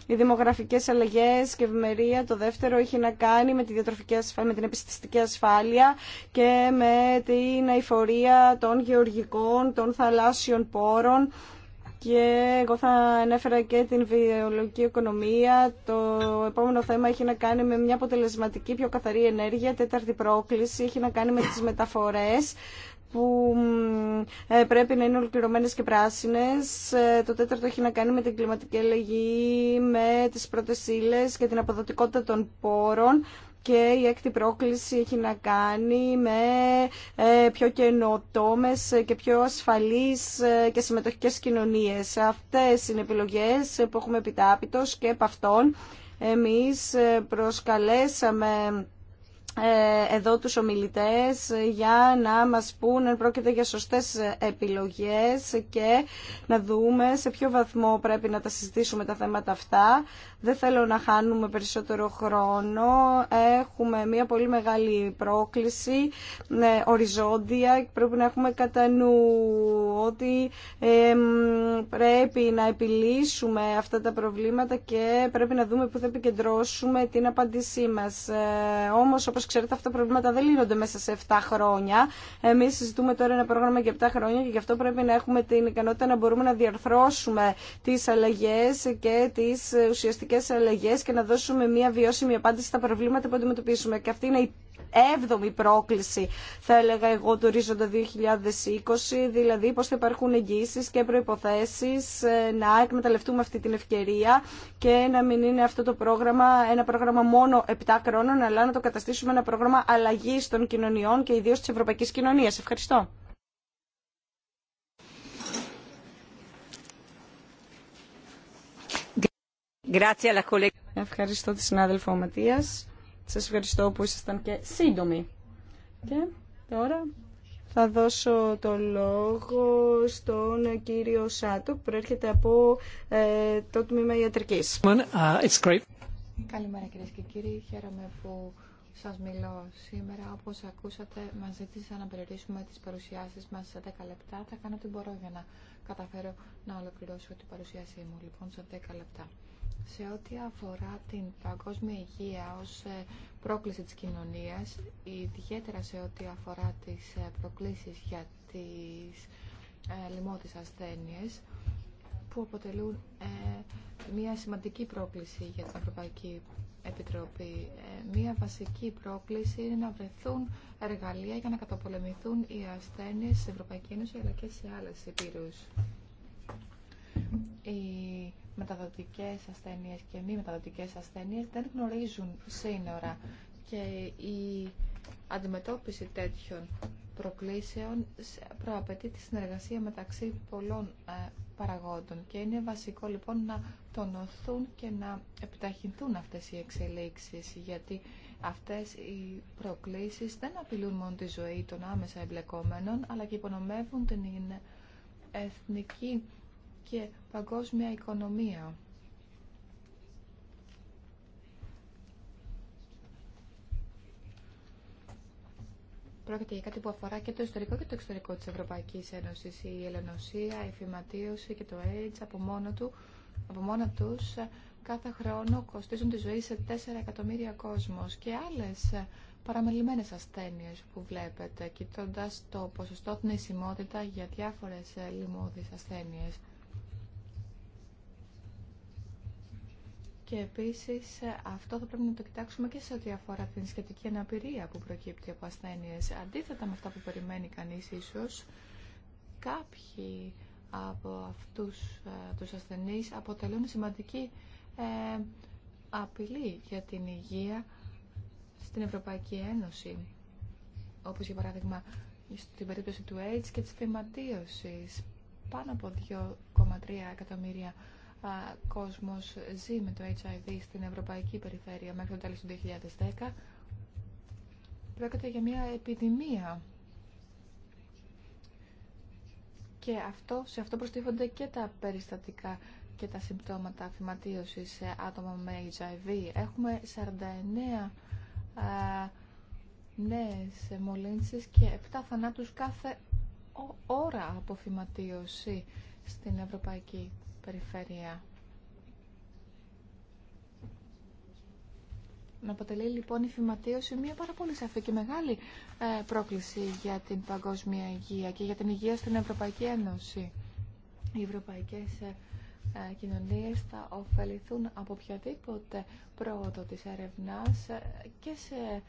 οι δημογραφικές αλλαγές και ευημερία, το το δεύτερο είχε να κάνει με, τη διατροφική ασφάλεια, με την επιστηστική ασφάλεια και με την αηφορία των γεωργικών, των θαλάσσιων πόρων και εγώ θα ανέφερα και την βιολογική οικονομία. Το επόμενο θέμα έχει να κάνει με μια αποτελεσματική, πιο καθαρή ενέργεια. Τέταρτη πρόκληση έχει να κάνει με τις μεταφορές που ε, πρέπει να είναι ολοκληρωμένες και πράσινες. Ε, το τέταρτο έχει να κάνει με την κλιματική αλλαγή, με τις πρώτες ύλε και την αποδοτικότητα των πόρων και η έκτη πρόκληση έχει να κάνει με ε, πιο καινοτόμε και πιο ασφαλείς και συμμετοχικές κοινωνίες. Αυτές είναι επιλογές που έχουμε επιτάπητος και επ' αυτών εμείς προσκαλέσαμε ε, εδώ τους ομιλητές για να μας πούν αν πρόκειται για σωστές επιλογές και να δούμε σε ποιο βαθμό πρέπει να τα συζητήσουμε τα θέματα αυτά δεν θέλω να χάνουμε περισσότερο χρόνο. Έχουμε μια πολύ μεγάλη πρόκληση, ναι, οριζόντια. Πρέπει να έχουμε κατά νου ότι ε, πρέπει να επιλύσουμε αυτά τα προβλήματα και πρέπει να δούμε πού θα επικεντρώσουμε την απάντησή μας. Ε, όμως, όπως ξέρετε, αυτά τα προβλήματα δεν λύνονται μέσα σε 7 χρόνια. Εμείς συζητούμε τώρα ένα πρόγραμμα για 7 χρόνια και γι' αυτό πρέπει να έχουμε την ικανότητα να μπορούμε να διαρθρώσουμε τις αλλαγές και τις ε, ουσιαστικές και να δώσουμε μια βιώσιμη απάντηση στα προβλήματα που αντιμετωπίσουμε. Και αυτή είναι η έβδομη πρόκληση, θα έλεγα εγώ, του ορίζοντα 2020, δηλαδή πώ θα υπάρχουν εγγύσει και προϋποθέσεις ε, να εκμεταλλευτούμε αυτή την ευκαιρία και να μην είναι αυτό το πρόγραμμα ένα πρόγραμμα μόνο 7 χρόνων, αλλά να το καταστήσουμε ένα πρόγραμμα αλλαγή των κοινωνιών και ιδίω τη Ευρωπαϊκή κοινωνία. Ευχαριστώ. Ευχαριστώ τη συνάδελφο Ματίας. σα ευχαριστώ που ήσασταν και σύντομοι. Και τώρα θα δώσω το λόγο στον κύριο Σάτου, που προέρχεται από ε, το Τμήμα ιατρική. Uh, Καλημέρα κυρίε και κύριοι. Χαίρομαι που σα μιλώ σήμερα. Όπω ακούσατε, μα ζήτησα να περιορίσουμε τι παρουσιάσει μα σε 10 λεπτά. Θα κάνω ό,τι μπορώ για να καταφέρω να ολοκληρώσω την παρουσίασή μου, λοιπόν, σε 10 λεπτά σε ό,τι αφορά την παγκόσμια υγεία ως ε, πρόκληση της κοινωνίας, ιδιαίτερα σε ό,τι αφορά τις ε, προκλήσεις για τις ε, λοιμώτες ασθένειες, που αποτελούν μια σημαντική πρόκληση για την Ευρωπαϊκή Επιτροπή. Μια βασική πρόκληση είναι να βρεθούν εργαλεία για να καταπολεμηθούν οι ασθένειες στην Ευρωπαϊκή Ένωση αλλά και σε άλλες υπήρους οι μεταδοτικές ασθένειες και μη μεταδοτικές ασθένειες δεν γνωρίζουν σύνορα και η αντιμετώπιση τέτοιων προκλήσεων προαπαιτεί τη συνεργασία μεταξύ πολλών ε, παραγόντων και είναι βασικό λοιπόν να τονωθούν και να επιταχυνθούν αυτές οι εξελίξεις γιατί αυτές οι προκλήσεις δεν απειλούν μόνο τη ζωή των άμεσα εμπλεκόμενων αλλά και υπονομεύουν την εθνική και παγκόσμια οικονομία. Πρόκειται για κάτι που αφορά και το ιστορικό και το εξωτερικό της Ευρωπαϊκής Ένωσης. Η ελενοσία, η φυματίωση και το AIDS από, μόνο του, από μόνα τους κάθε χρόνο κοστίζουν τη ζωή σε 4 εκατομμύρια κόσμος και άλλες παραμελημένες ασθένειες που βλέπετε, κοιτώντας το ποσοστό θνησιμότητα για διάφορες λοιμώδεις ασθένειες. Και επίση ε, αυτό θα πρέπει να το κοιτάξουμε και σε ό,τι αφορά την σχετική αναπηρία που προκύπτει από ασθένειε. Αντίθετα με αυτά που περιμένει κανεί, ίσω κάποιοι από αυτού ε, του ασθενεί αποτελούν σημαντική ε, απειλή για την υγεία στην Ευρωπαϊκή Ένωση. Όπω για παράδειγμα στην περίπτωση του AIDS και τη φυματίωση. Πάνω από 2,3 εκατομμύρια κόσμος ζει με το HIV στην ευρωπαϊκή περιφέρεια μέχρι το τέλος του 2010. Πρόκειται για μια επιδημία. Και αυτό, σε αυτό προστίθονται και τα περιστατικά και τα συμπτώματα θυματίωσης σε άτομα με HIV. Έχουμε 49 α, νέες μολύνσεις και 7 θανάτους κάθε ώρα από φυματίωση στην Ευρωπαϊκή περιφέρεια. Να αποτελεί λοιπόν η φυματίωση μια πάρα πολύ σαφή και μεγάλη ε, πρόκληση για την παγκόσμια υγεία και για την υγεία στην Ευρωπαϊκή Ένωση. Οι ευρωπαϊκές ε, ε, κοινωνίες θα ωφεληθούν από οποιαδήποτε πρόοδο της έρευνας και σε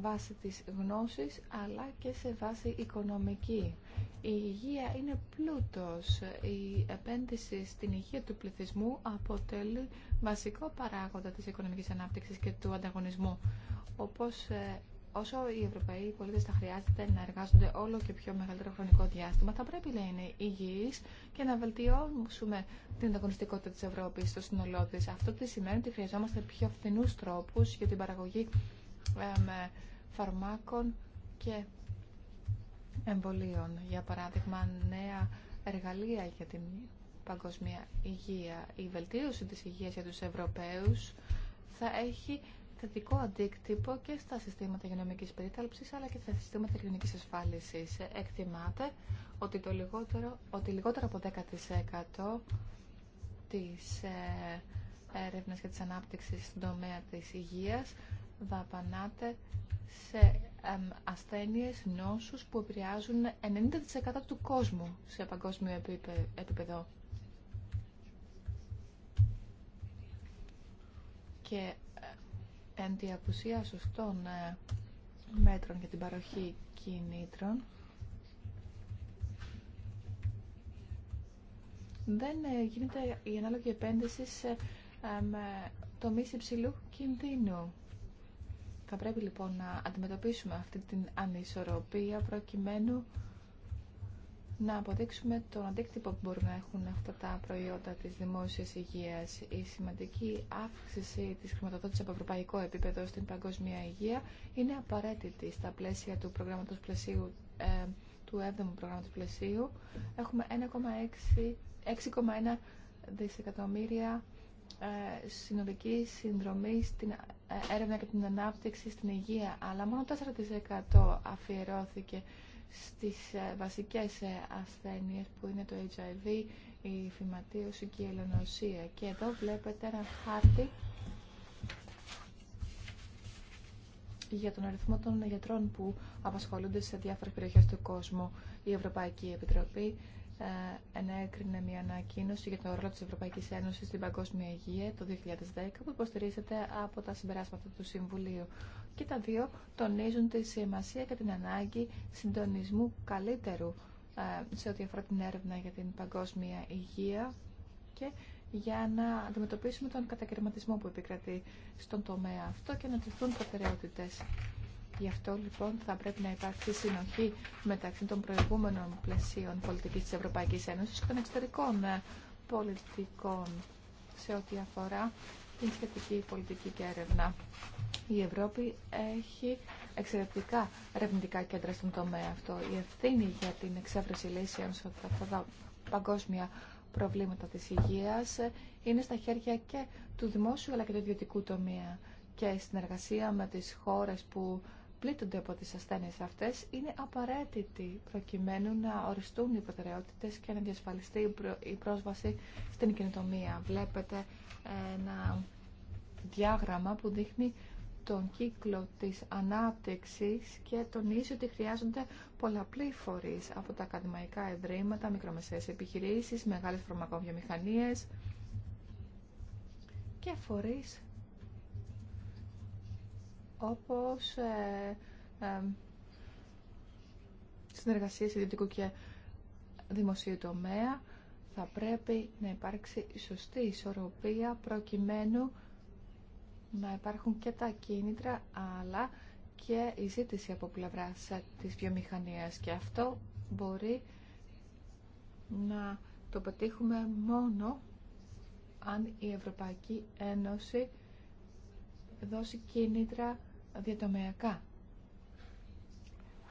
βάση της γνώσης αλλά και σε βάση οικονομική. Η υγεία είναι πλούτος. Η επένδυση στην υγεία του πληθυσμού αποτελεί βασικό παράγοντα της οικονομικής ανάπτυξης και του ανταγωνισμού. Όπως ε, όσο οι Ευρωπαίοι πολίτες θα χρειάζεται να εργάζονται όλο και πιο μεγαλύτερο χρονικό διάστημα, θα πρέπει να είναι υγιείς και να βελτιώσουμε την ανταγωνιστικότητα της Ευρώπης στο σύνολό της. Αυτό τι σημαίνει ότι χρειαζόμαστε πιο φθηνούς τρόπους για την παραγωγή ε, με φαρμάκων και εμβολίων. Για παράδειγμα, νέα εργαλεία για την παγκοσμία υγεία. Η βελτίωση της υγείας για τους Ευρωπαίους θα έχει θετικό αντίκτυπο και στα συστήματα υγειονομικής περίθαλψης αλλά και στα συστήματα κλινικής ασφάλισης. Εκτιμάται ότι, το λιγότερο, ότι λιγότερο από 10% της ε, έρευνας και της ανάπτυξης στον τομέα της υγείας δαπανάτε σε ασθένειες, νόσους που επηρεάζουν 90% του κόσμου σε παγκόσμιο επίπεδο. Και ε, εν τη σωστών ε, μέτρων για την παροχή κινήτρων, δεν ε, γίνεται η ανάλογη επένδυση σε τομείς υψηλού κινδύνου. Θα πρέπει λοιπόν να αντιμετωπίσουμε αυτή την ανισορροπία προκειμένου να αποδείξουμε τον αντίκτυπο που μπορούν να έχουν αυτά τα προϊόντα της δημόσιας υγείας. Η σημαντική αύξηση της χρηματοδότησης από ευρωπαϊκό επίπεδο στην παγκόσμια υγεία είναι απαραίτητη στα πλαίσια του προγράμματος πλαισίου, ε, του 7ου προγράμματος πλαισίου. Έχουμε 6,1 δισεκατομμύρια ε, συνολική συνδρομή στην ε, έρευνα και την ανάπτυξη στην υγεία, αλλά μόνο 4% αφιερώθηκε στις ε, βασικές ασθένειες που είναι το HIV, η φυματίωση και η ελονοσία. Και εδώ βλέπετε ένα χάρτη για τον αριθμό των γιατρών που απασχολούνται σε διάφορες περιοχές του κόσμου. Η Ευρωπαϊκή Επιτροπή ε, ενέκρινε μια ανακοίνωση για το ρόλο της Ευρωπαϊκής Ένωσης στην Παγκόσμια Υγεία το 2010 που υποστηρίζεται από τα συμπεράσματα του Συμβουλίου και τα δύο τονίζουν τη σημασία και την ανάγκη συντονισμού καλύτερου ε, σε ό,τι αφορά την έρευνα για την παγκόσμια υγεία και για να αντιμετωπίσουμε τον κατακαιρματισμό που επικρατεί στον τομέα αυτό και να τεθούν προτεραιότητες. Γι' αυτό λοιπόν θα πρέπει να υπάρξει συνοχή μεταξύ των προηγούμενων πλαισίων πολιτικής της Ευρωπαϊκής Ένωσης και των εξωτερικών ε, πολιτικών σε ό,τι αφορά την σχετική πολιτική και έρευνα. Η Ευρώπη έχει εξαιρετικά ερευνητικά κέντρα στον τομέα αυτό. Η ευθύνη για την εξέβρεση λύσεων σε αυτά τα παγκόσμια προβλήματα της υγείας ε, είναι στα χέρια και του δημόσιου αλλά και του ιδιωτικού τομέα και συνεργασία με τις χώρες που πλήττονται από τις ασθένειες αυτές είναι απαραίτητη προκειμένου να οριστούν οι προτεραιότητες και να διασφαλιστεί η πρόσβαση στην κοινοτομία. Βλέπετε ένα διάγραμμα που δείχνει τον κύκλο της ανάπτυξης και τονίζει ότι χρειάζονται πολλαπλή φορείς από τα ακαδημαϊκά ιδρύματα, μικρομεσαίες επιχειρήσεις, μεγάλες φαρμακοβιομηχανίες και φορείς όπως ε, ε, συνεργασίες ιδιωτικού και δημοσίου τομέα, θα πρέπει να υπάρξει σωστή ισορροπία προκειμένου να υπάρχουν και τα κίνητρα αλλά και η ζήτηση από πλευρά της βιομηχανίας και αυτό μπορεί να το πετύχουμε μόνο αν η Ευρωπαϊκή Ένωση δώσει κίνητρα διατομεακά.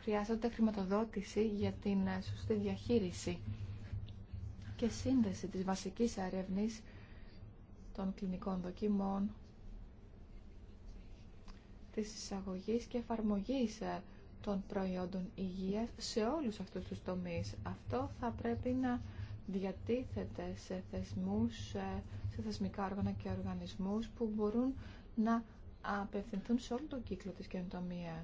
Χρειάζονται χρηματοδότηση για την σωστή διαχείριση και σύνδεση της βασικής έρευνη των κλινικών δοκιμών, της εισαγωγής και εφαρμογής των προϊόντων υγείας σε όλους αυτούς τους τομείς. Αυτό θα πρέπει να διατίθεται σε θεσμούς, σε θεσμικά όργανα και οργανισμούς που μπορούν να απευθυνθούν σε όλο τον κύκλο της καινοτομία.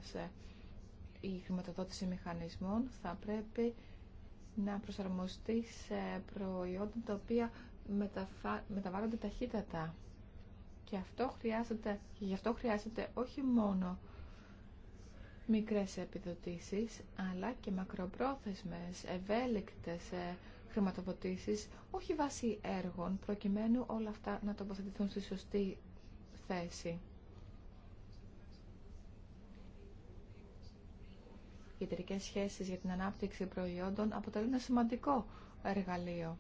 Η χρηματοδότηση μηχανισμών θα πρέπει να προσαρμοστεί σε προϊόντα τα οποία μεταβάλλονται ταχύτατα. Και αυτό χρειάζεται, γι' αυτό χρειάζεται όχι μόνο μικρές επιδοτήσεις, αλλά και μακροπρόθεσμες, ευέλικτες ε, χρηματοδοτήσεις, όχι βάσει έργων, προκειμένου όλα αυτά να τοποθετηθούν στη σωστή θέση. Οι εταιρικέ σχέσεις για την ανάπτυξη προϊόντων αποτελούν ένα σημαντικό εργαλείο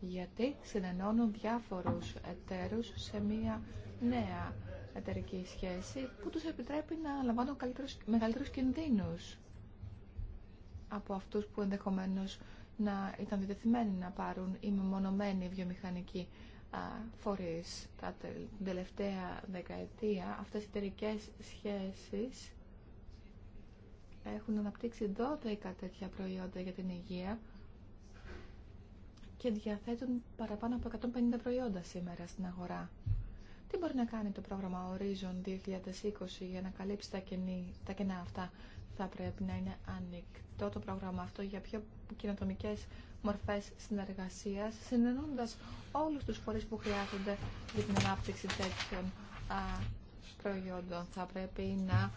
γιατί συνενώνουν διάφορους εταίρους σε μια νέα εταιρική σχέση που τους επιτρέπει να λαμβάνουν καλύτερους, μεγαλύτερους κινδύνους από αυτούς που ενδεχομένως να ήταν διδεθειμένοι να πάρουν ή μεμονωμένοι βιομηχανικοί φορείς. Τα τελευταία δεκαετία αυτές οι εταιρικέ σχέσεις έχουν αναπτύξει 12 τέτοια προϊόντα για την υγεία και διαθέτουν παραπάνω από 150 προϊόντα σήμερα στην αγορά. Τι μπορεί να κάνει το πρόγραμμα Horizon 2020 για να καλύψει τα, κενή, τα κενά αυτά. Θα πρέπει να είναι ανοιχτό το πρόγραμμα αυτό για πιο κοινοτομικές μορφές συνεργασίας συνενώντας όλους τους φορείς που χρειάζονται για την ανάπτυξη τέτοιων προϊόντων. Θα πρέπει να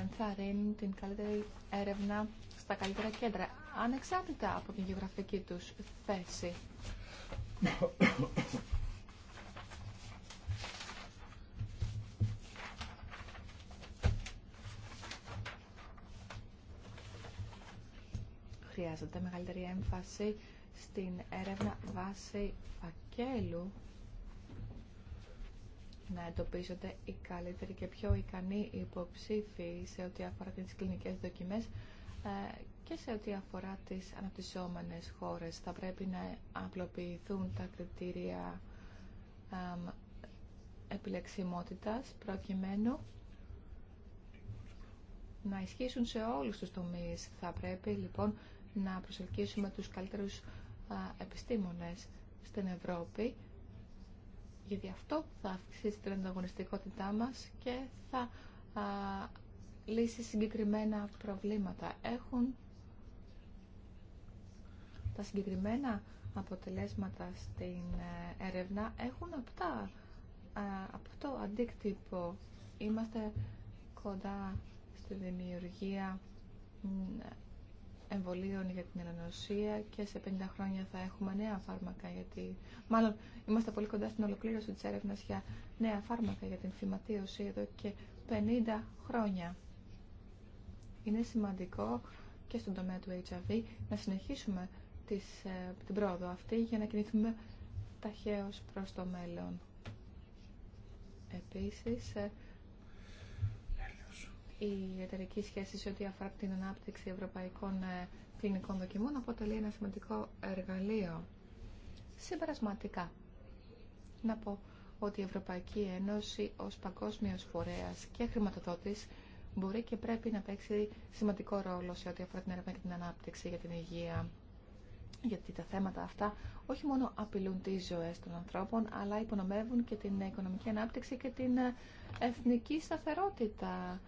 ενθαρρύνουν την καλύτερη έρευνα στα καλύτερα κέντρα, ανεξάρτητα από την γεωγραφική τους θέση. Χρειάζεται μεγαλύτερη έμφαση στην έρευνα βάση φακέλου να εντοπίζονται οι καλύτεροι και πιο ικανοί υποψήφοι σε ό,τι αφορά τις κλινικές δοκιμές ε, και σε ό,τι αφορά τις αναπτυσσόμενες χώρες. Θα πρέπει να απλοποιηθούν τα κριτήρια επιλεξιμότητας προκειμένου να ισχύσουν σε όλους τους τομείς. Θα πρέπει λοιπόν να προσελκύσουμε τους καλύτερους επιστήμονες στην Ευρώπη γιατί αυτό θα αυξήσει την ανταγωνιστικότητά μας και θα α, λύσει συγκεκριμένα προβλήματα. Έχουν τα συγκεκριμένα αποτελέσματα στην ε, έρευνα έχουν από το αντίκτυπο. Είμαστε κοντά στη δημιουργία εμβολίων για την ενανοσία και σε 50 χρόνια θα έχουμε νέα φάρμακα γιατί μάλλον είμαστε πολύ κοντά στην ολοκλήρωση της έρευνας για νέα φάρμακα για την θυματίωση εδώ και 50 χρόνια. Είναι σημαντικό και στον τομέα του HIV να συνεχίσουμε τις, ε, την πρόοδο αυτή για να κινηθούμε ταχαίως προς το μέλλον. Επίσης, ε, η εταιρική σχέση σε ό,τι αφορά την ανάπτυξη ευρωπαϊκών ε, κλινικών δοκιμών αποτελεί ένα σημαντικό εργαλείο. Συμπερασματικά, να πω ότι η Ευρωπαϊκή Ένωση ως παγκόσμιος φορέας και χρηματοδότης μπορεί και πρέπει να παίξει σημαντικό ρόλο σε ό,τι αφορά την έρευνα και την ανάπτυξη για την υγεία. Γιατί τα θέματα αυτά όχι μόνο απειλούν τις ζωές των ανθρώπων, αλλά υπονομεύουν και την οικονομική ανάπτυξη και την ε, εθνική σταθερότητα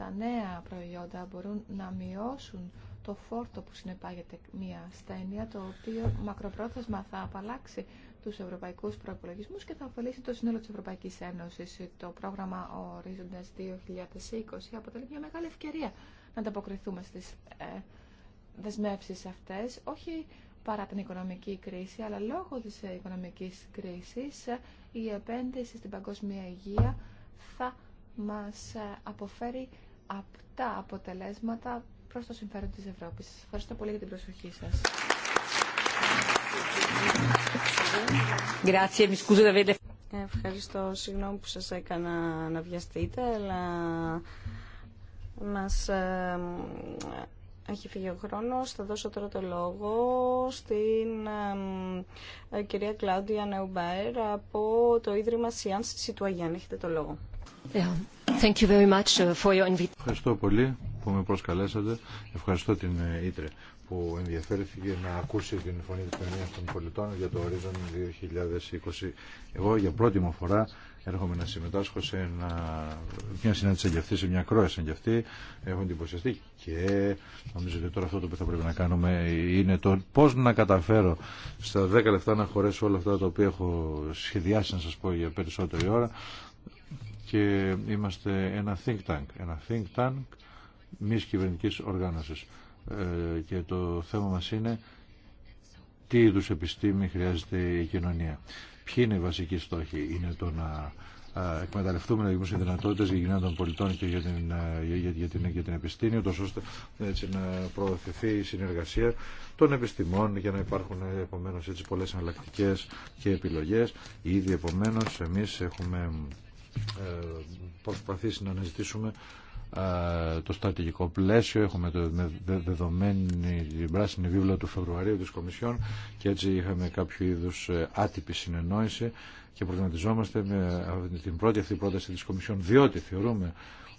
τα νέα προϊόντα μπορούν να μειώσουν το φόρτο που συνεπάγεται μια ασθένεια, το οποίο μακροπρόθεσμα θα απαλλάξει τους ευρωπαϊκούς προϋπολογισμούς και θα ωφελήσει το σύνολο της Ευρωπαϊκής Ένωσης. Το πρόγραμμα Ορίζοντας 2020 αποτελεί μια μεγάλη ευκαιρία να ανταποκριθούμε στις ε, δεσμεύσεις αυτές, όχι παρά την οικονομική κρίση, αλλά λόγω της οικονομικής κρίσης η επένδυση στην παγκόσμια υγεία θα μας ε, αποφέρει απτά αποτελέσματα προς το συμφέρον της Ευρώπης. Σας ευχαριστώ πολύ για την προσοχή σας. Ευχαριστώ. Συγγνώμη που σας έκανα να βιαστείτε, αλλά μας ε, έχει φύγει ο χρόνος. Θα δώσω τώρα το λόγο στην ε, ε, κυρία Κλάουντια Νεουμπάερ από το Ίδρυμα Σιάνς Σιτουαγιάν. Έχετε το λόγο. Uh, Ευχαριστώ πολύ που με προσκαλέσατε. Ευχαριστώ την ε, Ήτρε που ενδιαφέρθηκε να ακούσει την φωνή της κοινωνίας των πολιτών για το ορίζον 2020. Εγώ για πρώτη μου φορά έρχομαι να συμμετάσχω σε μια συνάντηση για σε μια κρόαση για αυτή. Έχω εντυπωσιαστεί και νομίζω ότι τώρα αυτό το που θα πρέπει να κάνουμε είναι το πώς να καταφέρω στα 10 λεπτά να χωρέσω όλα αυτά τα οποία έχω σχεδιάσει να σας πω για περισσότερη ώρα και είμαστε ένα think tank, ένα think tank μη κυβερνητική οργάνωση. Ε, και το θέμα μας είναι τι είδου επιστήμη χρειάζεται η κοινωνία. Ποιοι είναι οι βασικοί στόχοι. Είναι το να εκμεταλλευτούμε να δημιουργήσουμε δυνατότητε για κοινωνία των πολιτών και για την, για, για την, για την επιστήμη, ούτως ώστε έτσι, να προωθηθεί η συνεργασία των επιστημών για να υπάρχουν επομένω πολλέ εναλλακτικέ και επιλογέ. Ήδη επομένω εμεί έχουμε ε, προσπαθήσει να αναζητήσουμε ε, το στρατηγικό πλαίσιο. Έχουμε το δεδομένη την πράσινη βίβλα του Φεβρουαρίου της Κομισιόν και έτσι είχαμε κάποιο είδους ε, άτυπη συνεννόηση και προγραμματιζόμαστε με την πρώτη αυτή πρόταση της Κομισιόν διότι θεωρούμε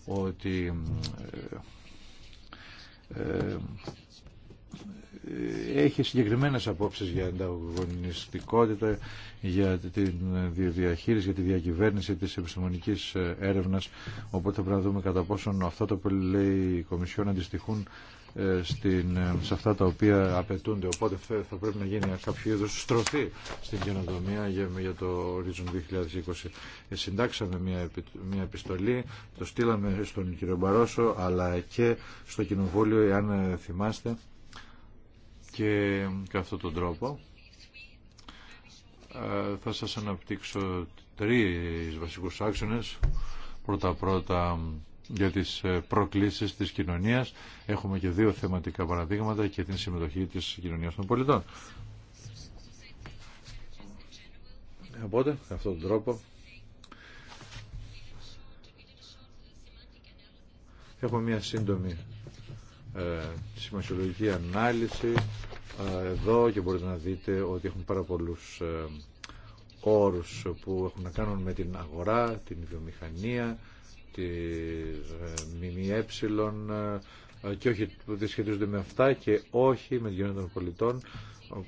ότι έχει συγκεκριμένες απόψεις για ανταγωνιστικότητα, για τη διαχείριση, για τη διακυβέρνηση της επιστημονικής έρευνας. Οπότε θα πρέπει να δούμε κατά πόσον αυτά τα που λέει η Κομισιόν αντιστοιχούν ε, ε, σε αυτά τα οποία απαιτούνται. Οπότε θα πρέπει να γίνει κάποιο είδου στροφή στην καινοτομία για, το Horizon 2020. Ε, συντάξαμε μια, μια επιστολή, το στείλαμε στον κύριο Μπαρόσο, αλλά και στο Κοινοβούλιο, εάν θυμάστε, και κατά αυτόν τον τρόπο ε, θα σας αναπτύξω τρεις βασικούς άξονες. Πρώτα-πρώτα για τις ε, προκλήσεις της κοινωνίας. Έχουμε και δύο θεματικά παραδείγματα και την συμμετοχή της κοινωνίας των πολιτών. Οπότε, με αυτόν τον τρόπο έχουμε μια σύντομη ε, σημασιολογική ανάλυση εδώ και μπορείτε να δείτε ότι έχουν πάρα πολλούς ε, όρους που έχουν να κάνουν με την αγορά, την βιομηχανία, τη ε, ΜΜΕ και όχι που σχετίζονται με αυτά και όχι με την κοινωνία των πολιτών.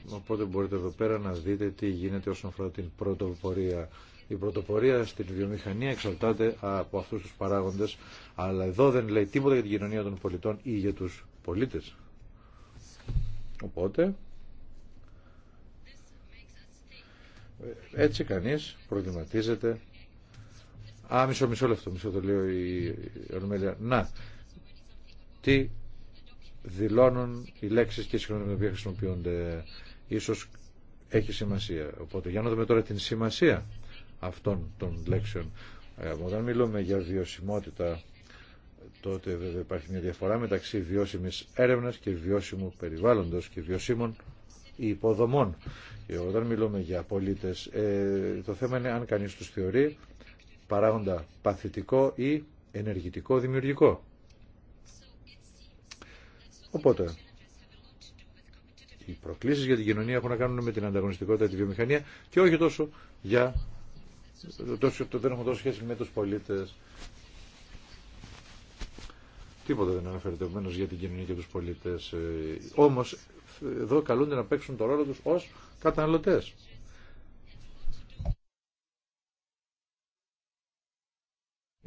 Οπότε μπορείτε εδώ πέρα να δείτε τι γίνεται όσον αφορά την πρωτοπορία η πρωτοπορία στην βιομηχανία εξαρτάται από αυτούς τους παράγοντες, αλλά εδώ δεν λέει τίποτα για την κοινωνία των πολιτών ή για τους πολίτες. Οπότε, έτσι κανείς προβληματίζεται. Α, μισό, μισό λεπτό, μισό το λέω η Ορμέλια. Να, τι δηλώνουν οι λέξεις και οι συγχρονίες που χρησιμοποιούνται. Ίσως έχει σημασία. Οπότε, για να δούμε τώρα την σημασία αυτών των λέξεων. Ε, όταν μιλούμε για βιωσιμότητα, τότε βέβαια υπάρχει μια διαφορά μεταξύ βιώσιμης έρευνας και βιώσιμου περιβάλλοντος και βιώσιμων υποδομών. Και όταν μιλούμε για πολίτες, ε, το θέμα είναι αν κανείς τους θεωρεί παράγοντα παθητικό ή ενεργητικό δημιουργικό. Οπότε, οι προκλήσεις για την κοινωνία έχουν να κάνουν με την ανταγωνιστικότητα τη βιομηχανία και όχι τόσο για το δεν έχουμε τόσο σχέση με τους πολίτες. Τίποτα δεν αναφέρεται επομένω για την κοινωνία και τους πολίτες. Ε, όμως εδώ καλούνται να παίξουν το ρόλο τους ως καταναλωτές.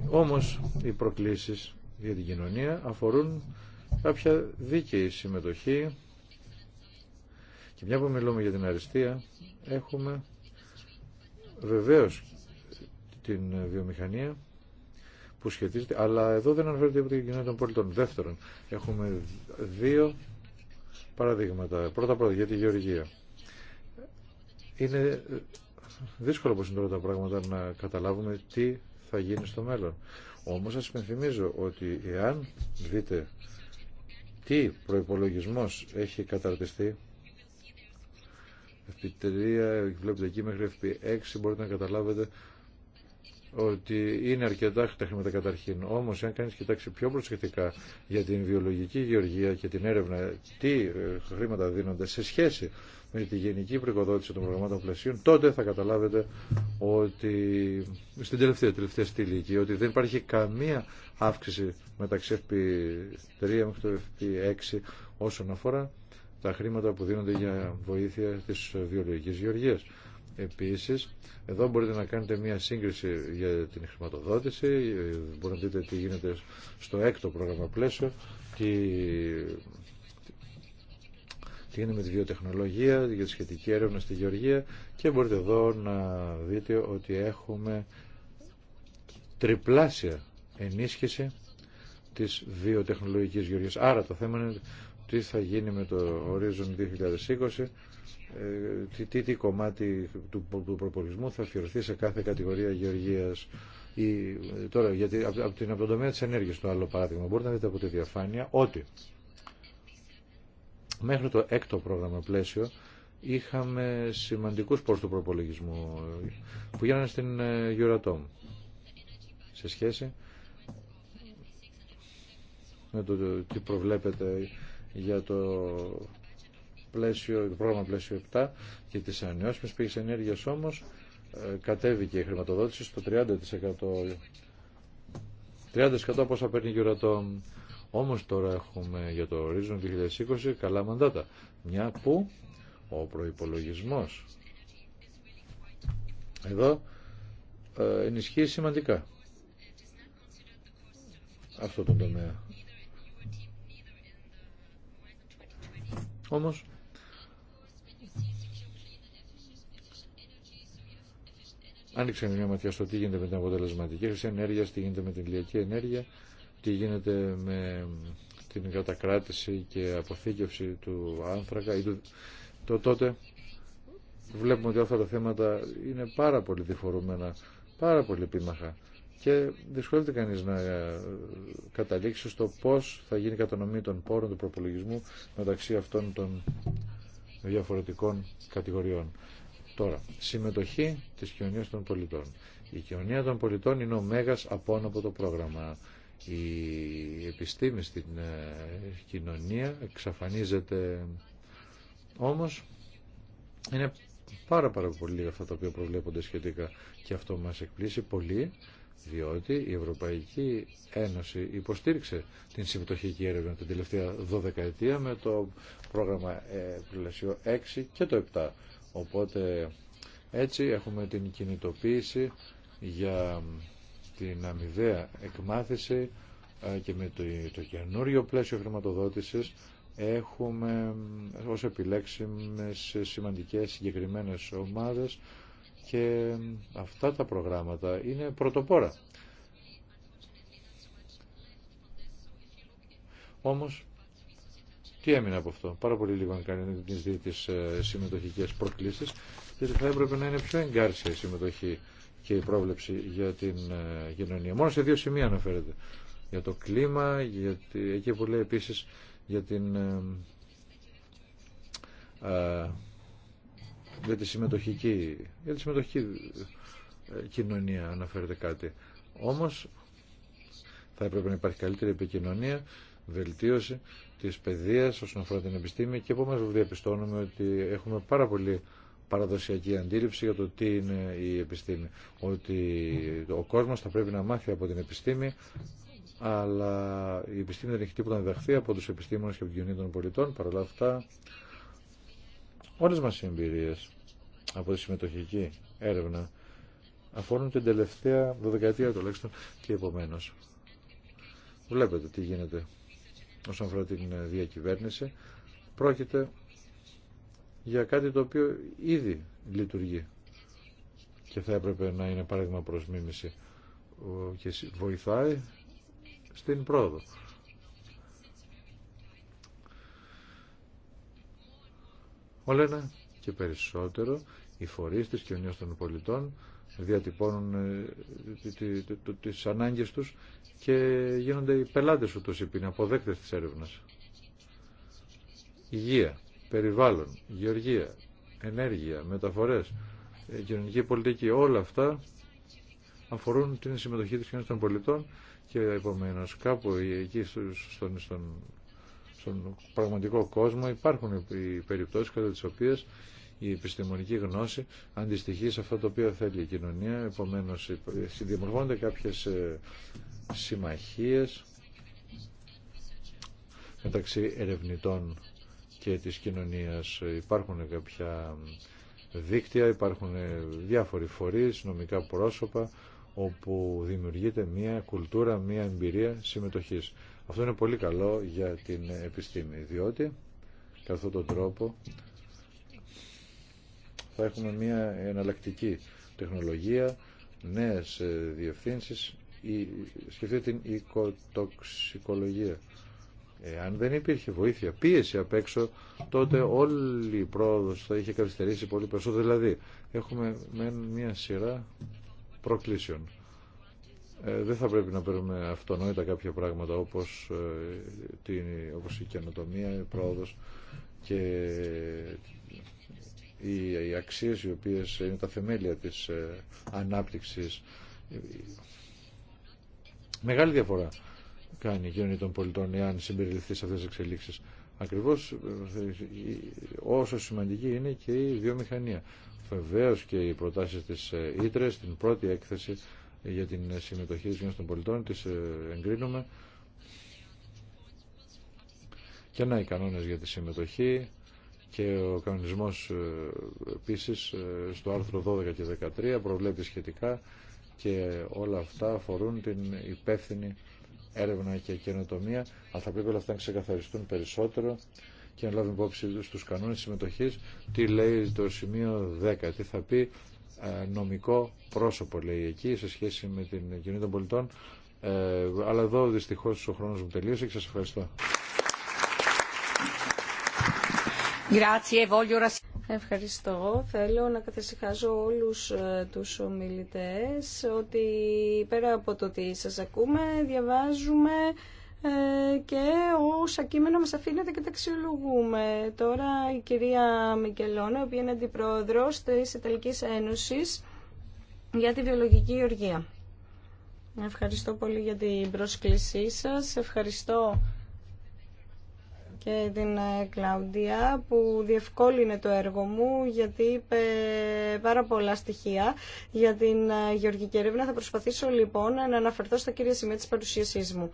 Όμως οι προκλήσεις για την κοινωνία αφορούν κάποια δίκαιη συμμετοχή και μια που μιλούμε για την αριστεία έχουμε βεβαίως την βιομηχανία που σχετίζεται, αλλά εδώ δεν αναφέρεται από την κοινότητα των πολιτών. Δεύτερον, έχουμε δύο παραδείγματα. Πρώτα πρώτα για τη γεωργία. Είναι δύσκολο όπως είναι τώρα τα πράγματα να καταλάβουμε τι θα γίνει στο μέλλον. Όμως σας υπενθυμίζω ότι εάν δείτε τι προϋπολογισμός έχει καταρτιστεί FP3, βλέπετε εκεί μέχρι FP6 μπορείτε να καταλάβετε ότι είναι αρκετά τα χρήματα καταρχήν. Όμω, αν κανεί κοιτάξει πιο προσεκτικά για την βιολογική γεωργία και την έρευνα, τι ε, χρήματα δίνονται σε σχέση με τη γενική προκοδότηση των προγραμμάτων πλασίων, τότε θα καταλάβετε ότι στην τελευταία, τελευταία στήλη εκεί, ότι δεν υπάρχει καμία αύξηση μεταξύ FP3 μέχρι το FP6 όσον αφορά τα χρήματα που δίνονται για βοήθεια της βιολογικής γεωργίας. Επίσης, εδώ μπορείτε να κάνετε μια σύγκριση για την χρηματοδότηση, μπορείτε να δείτε τι γίνεται στο έκτο πρόγραμμα πλαίσιο, τι, γίνεται με τη βιοτεχνολογία, για τη σχετική έρευνα στη Γεωργία και μπορείτε εδώ να δείτε ότι έχουμε τριπλάσια ενίσχυση της βιοτεχνολογικής γεωργίας. Άρα το θέμα είναι τι θα γίνει με το Horizon 2020 ε, τι, τι κομμάτι του, του προπολισμού θα αφιερωθεί σε κάθε κατηγορία γεωργίας ή, ε, τώρα γιατί από, την, από τον τομέα της ενέργειας το άλλο παράδειγμα μπορείτε να δείτε από τη διαφάνεια ότι μέχρι το έκτο πρόγραμμα πλαίσιο είχαμε σημαντικούς πόρους του προπολογισμού που γίνανε στην ε, Euratom σε σχέση με το τι προβλέπετε για το πλαίσιο, το πρόγραμμα πλαίσιο 7 και τις ανανεώσιμες πηγές ενέργειας όμως ε, κατέβηκε η χρηματοδότηση στο 30%. 30% από όσα παίρνει η Euratom. Όμως τώρα έχουμε για το Horizon 2020 καλά μαντάτα. Μια που ο προϋπολογισμός εδώ ε, ενισχύει σημαντικά αυτό το τομέα. Όμως Άνοιξε μια ματιά στο τι γίνεται με την αποτελεσματική χρήση ενέργεια, τι γίνεται με την ηλιακή ενέργεια, τι γίνεται με την κατακράτηση και αποθήκευση του άνθρακα το τότε βλέπουμε ότι αυτά τα θέματα είναι πάρα πολύ διφορούμενα, πάρα πολύ πίμαχα και δυσκολεύεται κανείς να ε, καταλήξει στο πώς θα γίνει η κατανομή των πόρων του προπολογισμού μεταξύ αυτών των διαφορετικών κατηγοριών. Τώρα, συμμετοχή τη κοινωνία των πολιτών. Η κοινωνία των πολιτών είναι ο μέγας απόν από το πρόγραμμα. Η επιστήμη στην ε, κοινωνία εξαφανίζεται όμως είναι πάρα πάρα πολύ αυτά τα οποία προβλέπονται σχετικά και αυτό μας εκπλήσει πολύ διότι η Ευρωπαϊκή Ένωση υποστήριξε την συμμετοχική έρευνα την τελευταία 12 ετία με το πρόγραμμα ε, πλαισίο 6 και το 7 Οπότε έτσι έχουμε την κινητοποίηση για την αμοιβαία εκμάθηση ε, και με το, καινούριο πλαίσιο χρηματοδότησης έχουμε ε, ως επιλέξιμες σημαντικές συγκεκριμένες ομάδες και αυτά τα προγράμματα είναι πρωτοπόρα. Όμως τι έμεινε από αυτό. Πάρα πολύ λίγο αν κάνει δει τι ε, συμμετοχικέ προκλήσεις, γιατί θα έπρεπε να είναι πιο εγκάρσια η συμμετοχή και η πρόβλεψη για την ε, κοινωνία. Μόνο σε δύο σημεία αναφέρεται. Για το κλίμα, για τη, εκεί που λέει επίση για την. Ε, για τη συμμετοχική, για τη συμμετοχική κοινωνία αναφέρεται κάτι. Όμως θα έπρεπε να υπάρχει καλύτερη επικοινωνία, βελτίωση Τη παιδεία όσον αφορά την επιστήμη και επομένως διαπιστώνουμε ότι έχουμε πάρα πολύ παραδοσιακή αντίληψη για το τι είναι η επιστήμη. Ότι ο κόσμος θα πρέπει να μάθει από την επιστήμη αλλά η επιστήμη δεν έχει τίποτα να διδαχθεί από τους επιστήμονες και από την κοινωνία των πολιτών. Παρ' όλα αυτά, όλες μας οι εμπειρίες από τη συμμετοχική έρευνα αφορούν την τελευταία δεκαετία τουλάχιστον και επομένω. Βλέπετε τι γίνεται όσον αφορά την ε, διακυβέρνηση πρόκειται για κάτι το οποίο ήδη λειτουργεί και θα έπρεπε να είναι παράδειγμα προς και βοηθάει στην πρόοδο. Όλα ένα και περισσότερο οι φορείς της κοινωνίας των πολιτών διατυπώνουν ε, τις ανάγκες τους και γίνονται οι πελάτες ούτως είπε, είναι αποδέκτες της έρευνας. Υγεία, περιβάλλον, γεωργία, ενέργεια, μεταφορές, ε, κοινωνική πολιτική, όλα αυτά αφορούν την συμμετοχή της κοινωνίας των πολιτών και επομένως κάπου ε, εκεί στον, στον, πραγματικό κόσμο υπάρχουν οι περιπτώσεις κατά τις οποίες η επιστημονική γνώση αντιστοιχεί σε αυτό το οποίο θέλει η κοινωνία. Επομένως, δημιουργούνται κάποιες ε, συμμαχίες μεταξύ ερευνητών και της κοινωνίας. Υπάρχουν κάποια δίκτυα, υπάρχουν ε, διάφοροι φορείς, νομικά πρόσωπα, όπου δημιουργείται μια κουλτούρα, μια εμπειρία συμμετοχής. Αυτό είναι πολύ καλό για την επιστήμη, διότι καθ' τον τρόπο θα έχουμε μια εναλλακτική τεχνολογία, νέες ε, διευθύνσεις, η, σκεφτείτε την οικοτοξικολογία. Ε, αν δεν υπήρχε βοήθεια, πίεση απ' έξω, τότε όλη η πρόοδος θα είχε καθυστερήσει πολύ περισσότερο. Δηλαδή, έχουμε μια σειρά προκλήσεων. Ε, δεν θα πρέπει να παίρνουμε αυτονόητα κάποια πράγματα όπως, την, όπως η καινοτομία, η πρόοδος και οι αξίες οι οποίες είναι τα θεμέλια της ε, ανάπτυξης. Μεγάλη διαφορά κάνει η κοινωνία των πολιτών εάν συμπεριληφθεί σε αυτές τις εξελίξεις. Ακριβώς ε, όσο σημαντική είναι και η βιομηχανία. Βεβαίω και οι προτάσεις της ε, Ήτρες, την πρώτη έκθεση για την συμμετοχή της των πολιτών τις εγκρίνουμε και να οι κανόνες για τη συμμετοχή και ο κανονισμός ε, επίσης ε, στο άρθρο 12 και 13 προβλέπει σχετικά και όλα αυτά αφορούν την υπεύθυνη έρευνα και καινοτομία, αλλά θα πρέπει όλα αυτά να ξεκαθαριστούν περισσότερο και να λάβουν υπόψη στους κανόνες συμμετοχής τι λέει το σημείο 10, τι θα πει ε, νομικό πρόσωπο λέει εκεί σε σχέση με την κοινή των πολιτών αλλά εδώ δυστυχώς ο χρόνος μου τελείωσε και σας ευχαριστώ. Ευχαριστώ. Θέλω να καθησυχάζω όλους ε, τους ομιλητές ότι πέρα από το ότι σας ακούμε, διαβάζουμε ε, και όσα κείμενα μας αφήνεται και τα Τώρα η κυρία Μικελώνα, η οποία είναι αντιπρόεδρος της Ιταλικής Ένωσης για τη Βιολογική Οργία. Ευχαριστώ πολύ για την πρόσκλησή σας. Ευχαριστώ και την ε, Κλάουντια που διευκόλυνε το έργο μου γιατί είπε πάρα πολλά στοιχεία για την ε, γεωργική έρευνα. Θα προσπαθήσω λοιπόν να αναφερθώ στα κύρια σημεία της παρουσίασής μου.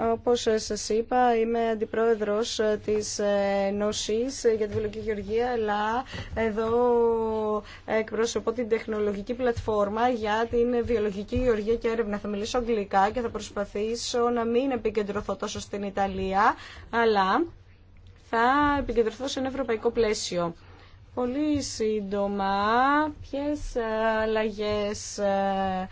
Όπως σας είπα, είμαι αντιπρόεδρος της Νόσης για τη Βιολογική Γεωργία, αλλά εδώ εκπροσωπώ την τεχνολογική πλατφόρμα για την βιολογική γεωργία και έρευνα. Θα μιλήσω αγγλικά και θα προσπαθήσω να μην επικεντρωθώ τόσο στην Ιταλία, αλλά θα επικεντρωθώ σε ένα ευρωπαϊκό πλαίσιο. Πολύ σύντομα, ποιες αλλαγές ε,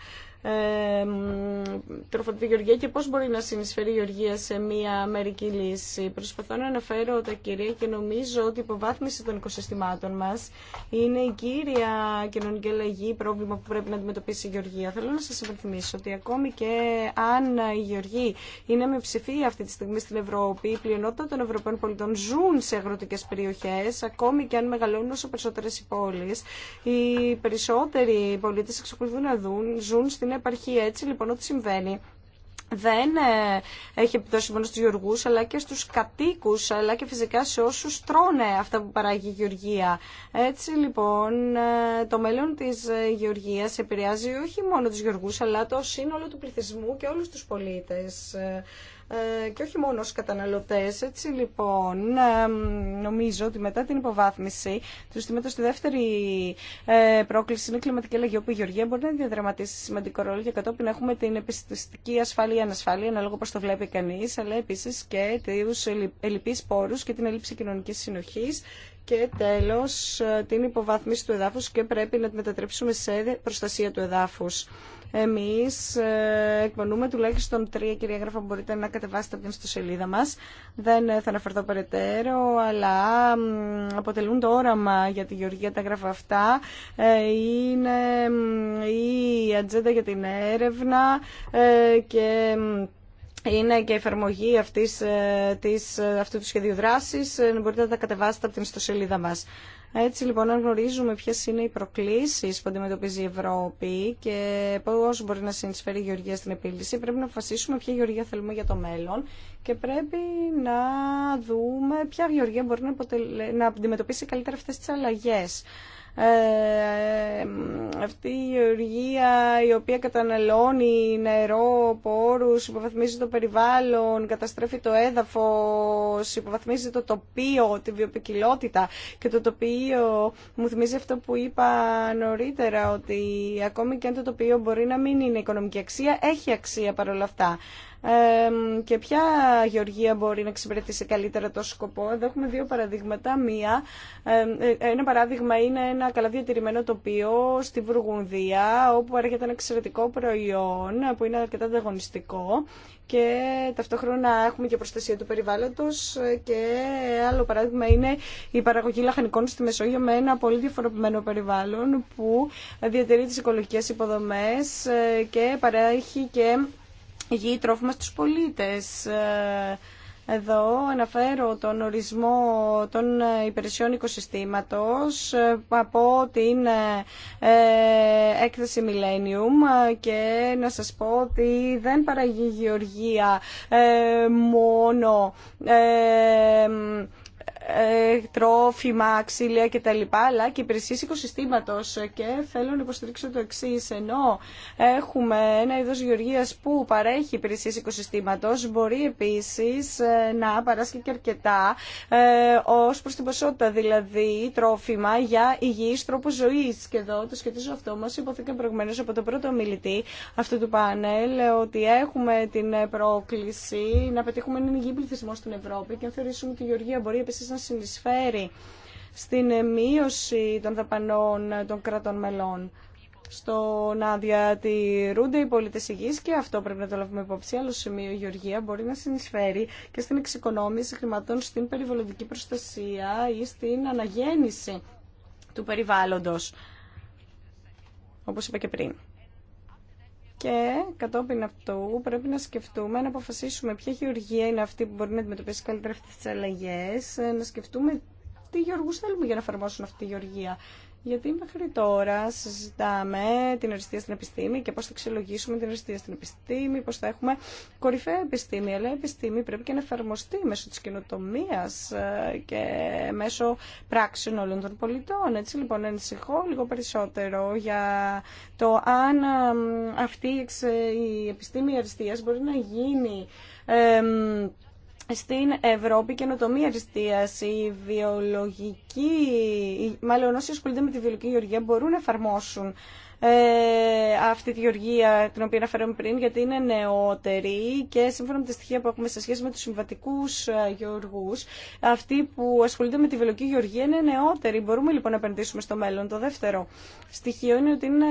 τροφοδοτική γεωργία και πώς μπορεί να συνεισφέρει η γεωργία σε μια μερική λύση. Προσπαθώ να αναφέρω τα κυρία και νομίζω ότι η υποβάθμιση των οικοσυστημάτων μας είναι η κύρια κοινωνική αλλαγή πρόβλημα που πρέπει να αντιμετωπίσει η γεωργία. Θέλω να σας υπενθυμίσω ότι ακόμη και αν η γεωργία είναι με ψηφία αυτή τη στιγμή στην Ευρώπη, η πλειονότητα των Ευρωπαίων πολιτών ζουν σε αγροτικές περιοχές, ακόμη και αν μεγαλώνουν όσο περισσότερες οι πόλεις. Οι περισσότεροι πολίτες εξακολουθούν να δουν, ζουν στην επαρχία. Έτσι λοιπόν ό,τι συμβαίνει δεν ε, έχει επιπτώσει μόνο στους γεωργούς αλλά και στους κατοίκους αλλά και φυσικά σε όσους τρώνε αυτά που παράγει η γεωργία. Έτσι λοιπόν ε, το μέλλον της ε, γεωργίας επηρεάζει όχι μόνο τους γεωργούς αλλά το σύνολο του πληθυσμού και όλους τους πολίτες. Ε, και όχι μόνο στους καταναλωτές. Έτσι λοιπόν ε, νομίζω ότι μετά την υποβάθμιση του συστήματος στη δεύτερη ε, πρόκληση είναι η κλιματική αλλαγή όπου η Γεωργία μπορεί να διαδραματίσει σημαντικό ρόλο και κατόπιν έχουμε την επιστημιστική ασφάλεια ανασφάλεια ανάλογα πώς το βλέπει κανείς αλλά επίσης και τους ελλειπείς πόρους και την έλλειψη κοινωνικής συνοχής και τέλος την υποβάθμιση του εδάφους και πρέπει να τη μετατρέψουμε σε προστασία του εδάφους. Εμείς ε, εκπονούμε τουλάχιστον τρία κυρία γράφα που μπορείτε να κατεβάσετε από την ιστοσελίδα μας. Δεν ε, θα αναφερθώ περαιτέρω, αλλά αποτελούν το όραμα για τη Γεωργία τα γράφα αυτά. Ε, είναι η ατζέντα για την έρευνα και είναι και η εφαρμογή αυτής, ε, της, ε, αυτού του σχεδίου δράσης. Ε, μπορείτε να τα κατεβάσετε από την ιστοσελίδα μα. Έτσι λοιπόν, αν γνωρίζουμε ποιε είναι οι προκλήσει που αντιμετωπίζει η Ευρώπη και πώ μπορεί να συνεισφέρει η Γεωργία στην επίλυση, πρέπει να αποφασίσουμε ποια Γεωργία θέλουμε για το μέλλον και πρέπει να δούμε ποια Γεωργία μπορεί να, να αντιμετωπίσει καλύτερα αυτέ τι αλλαγέ. Ε, ε, αυτή η οργία η οποία καταναλώνει νερό, πόρους, υποβαθμίζει το περιβάλλον, καταστρέφει το έδαφος, υποβαθμίζει το τοπίο, τη βιοποικιλότητα και το τοπίο μου θυμίζει αυτό που είπα νωρίτερα ότι ακόμη και αν το τοπίο μπορεί να μην είναι οικονομική αξία, έχει αξία παρόλα αυτά και ποια γεωργία μπορεί να εξυπηρετήσει καλύτερα το σκοπό. Εδώ έχουμε δύο παραδείγματα. Μία, ε, ένα παράδειγμα είναι ένα καλά διατηρημένο τοπίο στη Βουργουνδία, όπου έρχεται ένα εξαιρετικό προϊόν που είναι αρκετά ανταγωνιστικό και ταυτόχρονα έχουμε και προστασία του περιβάλλοντος και άλλο παράδειγμα είναι η παραγωγή λαχανικών στη Μεσόγειο με ένα πολύ διαφοροποιημένο περιβάλλον που διατηρεί τις οικολογικές υποδομές ε, και παρέχει και Γη τρόφιμα στους πολίτες. Ε, εδώ αναφέρω τον ορισμό των ε, υπηρεσιών οικοσυστήματος ε, από την έκθεση Millennium και να σας πω ότι δεν παραγεί γεωργία μόνο ε, τρόφιμα, ξύλια κτλ. Αλλά και υπηρεσίε οικοσυστήματο. Και θέλω να υποστηρίξω το εξή. Ενώ έχουμε ένα είδο γεωργία που παρέχει υπηρεσίε οικοσυστήματο, μπορεί επίση ε, να παράσχει και αρκετά ε, ω προ την ποσότητα, δηλαδή τρόφιμα για υγιή τρόπο ζωή. Και εδώ το σχετίζω αυτό μα υποθήκα προηγουμένω από τον πρώτο μιλητή αυτού του πάνελ ότι έχουμε την πρόκληση να πετύχουμε έναν υγιή πληθυσμό στην Ευρώπη και αν θεωρήσουμε ότι η γεωργία μπορεί επίση να συνεισφέρει στην μείωση των δαπανών των κρατών μελών στο να διατηρούνται οι πολίτε υγιεί και αυτό πρέπει να το λάβουμε υπόψη. Άλλο σημείο, η Γεωργία μπορεί να συνεισφέρει και στην εξοικονόμηση χρηματών στην περιβαλλοντική προστασία ή στην αναγέννηση του περιβάλλοντος, όπως είπα και πριν. Και κατόπιν αυτού πρέπει να σκεφτούμε, να αποφασίσουμε ποια χειρουργία είναι αυτή που μπορεί να αντιμετωπίσει καλύτερα αυτέ τι αλλαγέ, να σκεφτούμε τι γεωργού θέλουμε για να εφαρμόσουν αυτή τη γεωργία. Γιατί μέχρι τώρα συζητάμε την αριστεία στην επιστήμη και πώ θα αξιολογήσουμε την αριστεία στην επιστήμη, πώ θα έχουμε κορυφαία επιστήμη. Αλλά η επιστήμη πρέπει και να εφαρμοστεί μέσω τη καινοτομία ε, και μέσω πράξεων όλων των πολιτών. Έτσι λοιπόν ανησυχώ λίγο περισσότερο για το αν ε, αυτή η επιστήμη αριστεία μπορεί να γίνει ε, στην Ευρώπη καινοτομία αριστεία, η βιολογική, μάλλον όσοι ασχολούνται με τη βιολογική γεωργία μπορούν να εφαρμόσουν ε, αυτή τη γεωργία την οποία αναφέραμε πριν, γιατί είναι νεότερη και σύμφωνα με τα στοιχεία που έχουμε σε σχέση με τους συμβατικούς ε, γεωργούς, αυτοί που ασχολούνται με τη βελοκή γεωργία είναι νεότεροι. Μπορούμε λοιπόν να επενδύσουμε στο μέλλον. Το δεύτερο στοιχείο είναι ότι είναι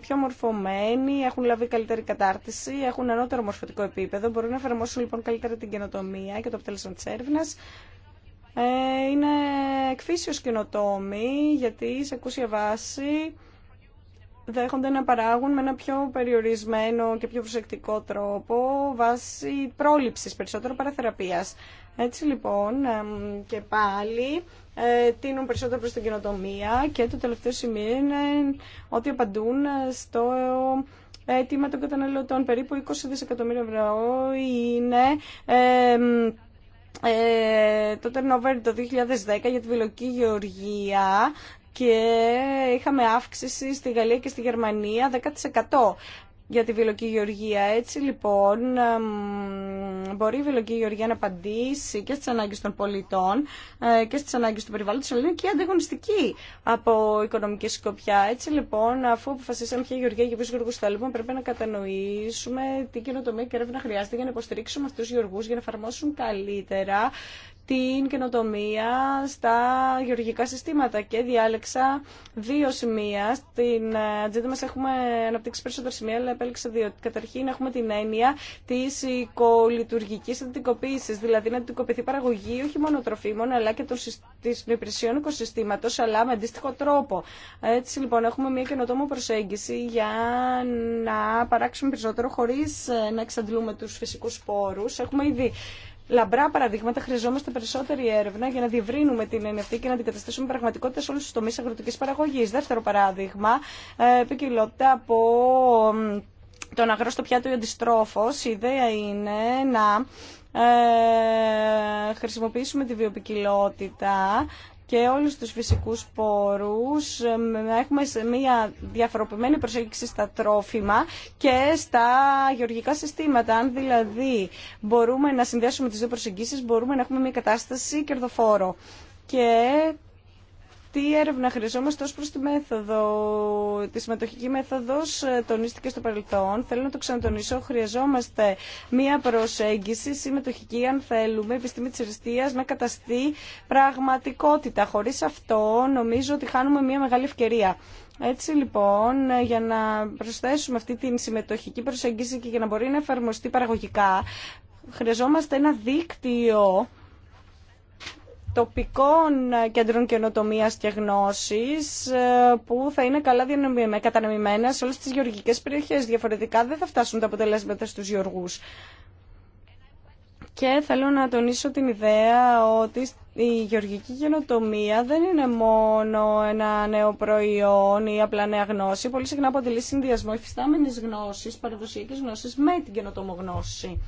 πιο μορφωμένοι, έχουν λάβει καλύτερη κατάρτιση, έχουν ανώτερο μορφωτικό επίπεδο, μπορούν να εφαρμόσουν λοιπόν καλύτερα την καινοτομία και το αποτέλεσμα τη έρευνα. Ε, είναι εκφύσιος καινοτόμοι γιατί σε ακούσια βάση δέχονται να παράγουν με ένα πιο περιορισμένο και πιο προσεκτικό τρόπο βάσει πρόληψης περισσότερο παραθεραπείας. Έτσι λοιπόν και πάλι ε, τίνουν περισσότερο προς την κοινοτομία και το τελευταίο σημείο είναι ότι απαντούν στο αίτημα των καταναλωτών. Περίπου 20 δισεκατομμύρια ευρώ είναι ε, το turnover το 2010 για τη βιολογική γεωργία και είχαμε αύξηση στη Γαλλία και στη Γερμανία 10% για τη βιολογική γεωργία. Έτσι λοιπόν μπορεί η βιολογική γεωργία να απαντήσει και στις ανάγκες των πολιτών ε, και στις ανάγκες του περιβάλλοντος, αλλά είναι και ανταγωνιστική από οικονομική σκοπιά. Έτσι λοιπόν αφού αποφασίσαμε ποια γεωργία και ποιους γεωργούς θέλουμε πρέπει να κατανοήσουμε τι καινοτομία και έρευνα χρειάζεται για να υποστηρίξουμε αυτούς τους γεωργούς για να εφαρμόσουν καλύτερα την καινοτομία στα γεωργικά συστήματα και διάλεξα δύο σημεία. Στην ε, ατζέντα μας έχουμε αναπτύξει περισσότερα σημεία, αλλά επέλεξα δύο. Καταρχήν έχουμε την έννοια της οικολειτουργικής αντικοποίησης, δηλαδή να αντικοποιηθεί παραγωγή όχι μόνο τροφίμων, αλλά και των υπηρεσιών οικοσυστήματος, αλλά με αντίστοιχο τρόπο. Έτσι λοιπόν έχουμε μια καινοτόμο προσέγγιση για να παράξουμε περισσότερο χωρίς ε, να εξαντλούμε τους φυσικούς πόρους. Έχουμε ήδη λαμπρά παραδείγματα χρειαζόμαστε περισσότερη έρευνα για να διευρύνουμε την έννοια και να αντικαταστήσουμε πραγματικότητα σε όλου του τομεί αγροτική παραγωγή. Δεύτερο παράδειγμα, ε, ποικιλότητα από τον αγρό στο πιάτο ή αντιστρόφο. Η ιδέα είναι να ε, χρησιμοποιήσουμε τη βιοπικιλότητα και όλους τους φυσικούς πόρους έχουμε μια διαφοροποιημένη προσέγγιση στα τρόφιμα και στα γεωργικά συστήματα. Αν δηλαδή μπορούμε να συνδέσουμε τις δύο προσεγγίσεις μπορούμε να έχουμε μια κατάσταση κερδοφόρο. Και τι έρευνα χρειαζόμαστε ως προς τη μέθοδο. Τη συμμετοχική μέθοδος ε, τονίστηκε στο παρελθόν. Θέλω να το ξανατονίσω. Χρειαζόμαστε μία προσέγγιση συμμετοχική, αν θέλουμε, επιστήμη της αριστείας να καταστεί πραγματικότητα. Χωρίς αυτό νομίζω ότι χάνουμε μία μεγάλη ευκαιρία. Έτσι λοιπόν, ε, για να προσθέσουμε αυτή την συμμετοχική προσέγγιση και για να μπορεί να εφαρμοστεί παραγωγικά, χρειαζόμαστε ένα δίκτυο τοπικών ε, κέντρων καινοτομία και γνώσης ε, που θα είναι καλά κατανεμημένα σε όλες τις γεωργικές περιοχές. Διαφορετικά δεν θα φτάσουν τα αποτελέσματα στους γεωργού. Και θέλω να τονίσω την ιδέα ότι η γεωργική καινοτομία δεν είναι μόνο ένα νέο προϊόν ή απλά νέα γνώση. Πολύ συχνά αποτελεί συνδυασμό υφιστάμενη γνώσης, παραδοσιακής γνώσης με την καινοτομογνώση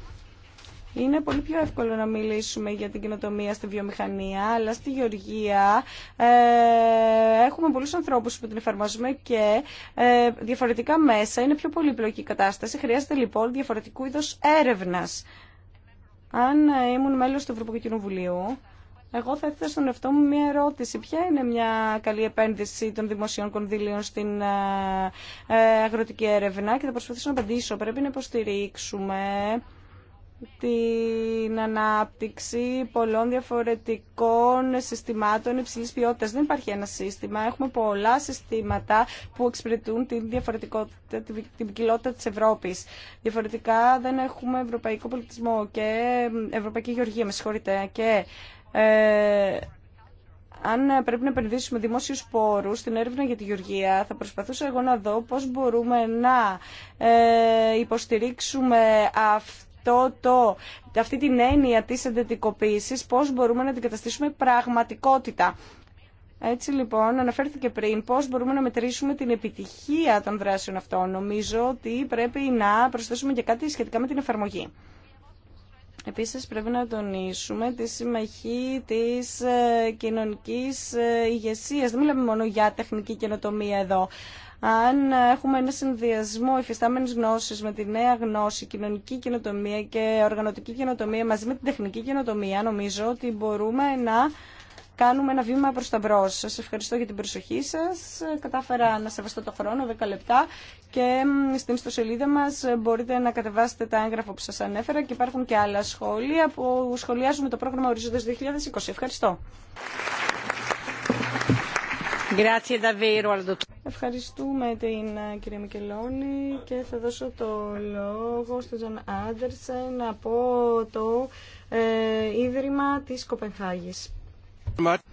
είναι πολύ πιο εύκολο να μιλήσουμε για την κοινοτομία στη βιομηχανία, αλλά στη γεωργία ε, έχουμε πολλούς ανθρώπους που την εφαρμόζουμε και ε, διαφορετικά μέσα. Είναι πιο πολύπλοκη η κατάσταση. Χρειάζεται λοιπόν διαφορετικού είδους έρευνας. Αν ήμουν μέλος του Ευρωπαϊκού Κοινοβουλίου, εγώ θα έθεσα στον εαυτό μου μια ερώτηση. Ποια είναι μια καλή επένδυση των δημοσίων κονδύλιων στην ε, ε, αγροτική έρευνα και θα προσπαθήσω να απαντήσω. Πρέπει να υποστηρίξουμε την ανάπτυξη πολλών διαφορετικών συστημάτων υψηλής ποιότητα. Δεν υπάρχει ένα σύστημα. Έχουμε πολλά συστήματα που εξυπηρετούν την διαφορετικότητα, την ποικιλότητα της Ευρώπης. Διαφορετικά δεν έχουμε ευρωπαϊκό πολιτισμό και ευρωπαϊκή γεωργία, με συγχωρείτε, και ε, αν πρέπει να επενδύσουμε δημόσιου πόρου στην έρευνα για τη γεωργία, θα προσπαθούσα εγώ να δω πώ μπορούμε να ε, υποστηρίξουμε αυτό το, αυτή την έννοια της εντετικοποίησης, πώς μπορούμε να την καταστήσουμε πραγματικότητα. Έτσι λοιπόν, αναφέρθηκε πριν πώς μπορούμε να μετρήσουμε την επιτυχία των δράσεων αυτών. Νομίζω ότι πρέπει να προσθέσουμε και κάτι σχετικά με την εφαρμογή. Επίσης πρέπει να τονίσουμε τη συμμαχή της ε, κοινωνικής ε, ηγεσίας. Δεν μιλάμε μόνο για τεχνική καινοτομία εδώ, αν έχουμε ένα συνδυασμό υφιστάμενη γνώση με τη νέα γνώση, κοινωνική καινοτομία και οργανωτική καινοτομία μαζί με την τεχνική καινοτομία, νομίζω ότι μπορούμε να κάνουμε ένα βήμα προς τα μπρος. Σας ευχαριστώ για την προσοχή σας. Κατάφερα να σεβαστώ το χρόνο, 10 λεπτά και στην ιστοσελίδα μας μπορείτε να κατεβάσετε τα έγγραφα που σας ανέφερα και υπάρχουν και άλλα σχόλια που σχολιάζουν το πρόγραμμα Ορίζοντας 2020. Ευχαριστώ. Ευχαριστούμε την ε, κυρία Μικελόνη και θα δώσω το λόγο στον Τζον Άντερσεν από το ε, Ίδρυμα της Κοπενχάγης.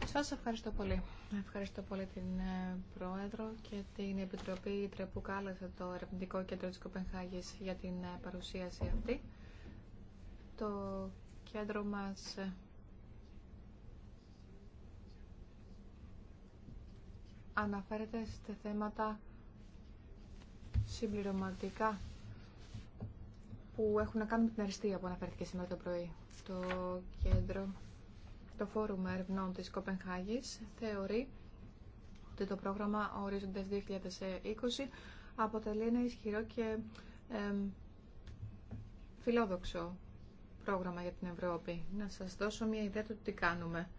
Σας ευχαριστώ πολύ. Ευχαριστώ πολύ την ε, Πρόεδρο και την Επιτροπή που κάλεσε το Ερευνητικό Κέντρο της Κοπενχάγης για την ε, παρουσίαση αυτή. Το κέντρο μας αναφέρεται σε θέματα συμπληρωματικά που έχουν να κάνουν με την αριστεία που αναφέρθηκε σήμερα το πρωί. Το κέντρο, το φόρουμ ερευνών της Κοπενχάγης θεωρεί ότι το πρόγραμμα Ορίζοντες 2020 αποτελεί ένα ισχυρό και φιλόδοξο πρόγραμμα για την Ευρώπη. Να σας δώσω μια ιδέα του τι κάνουμε.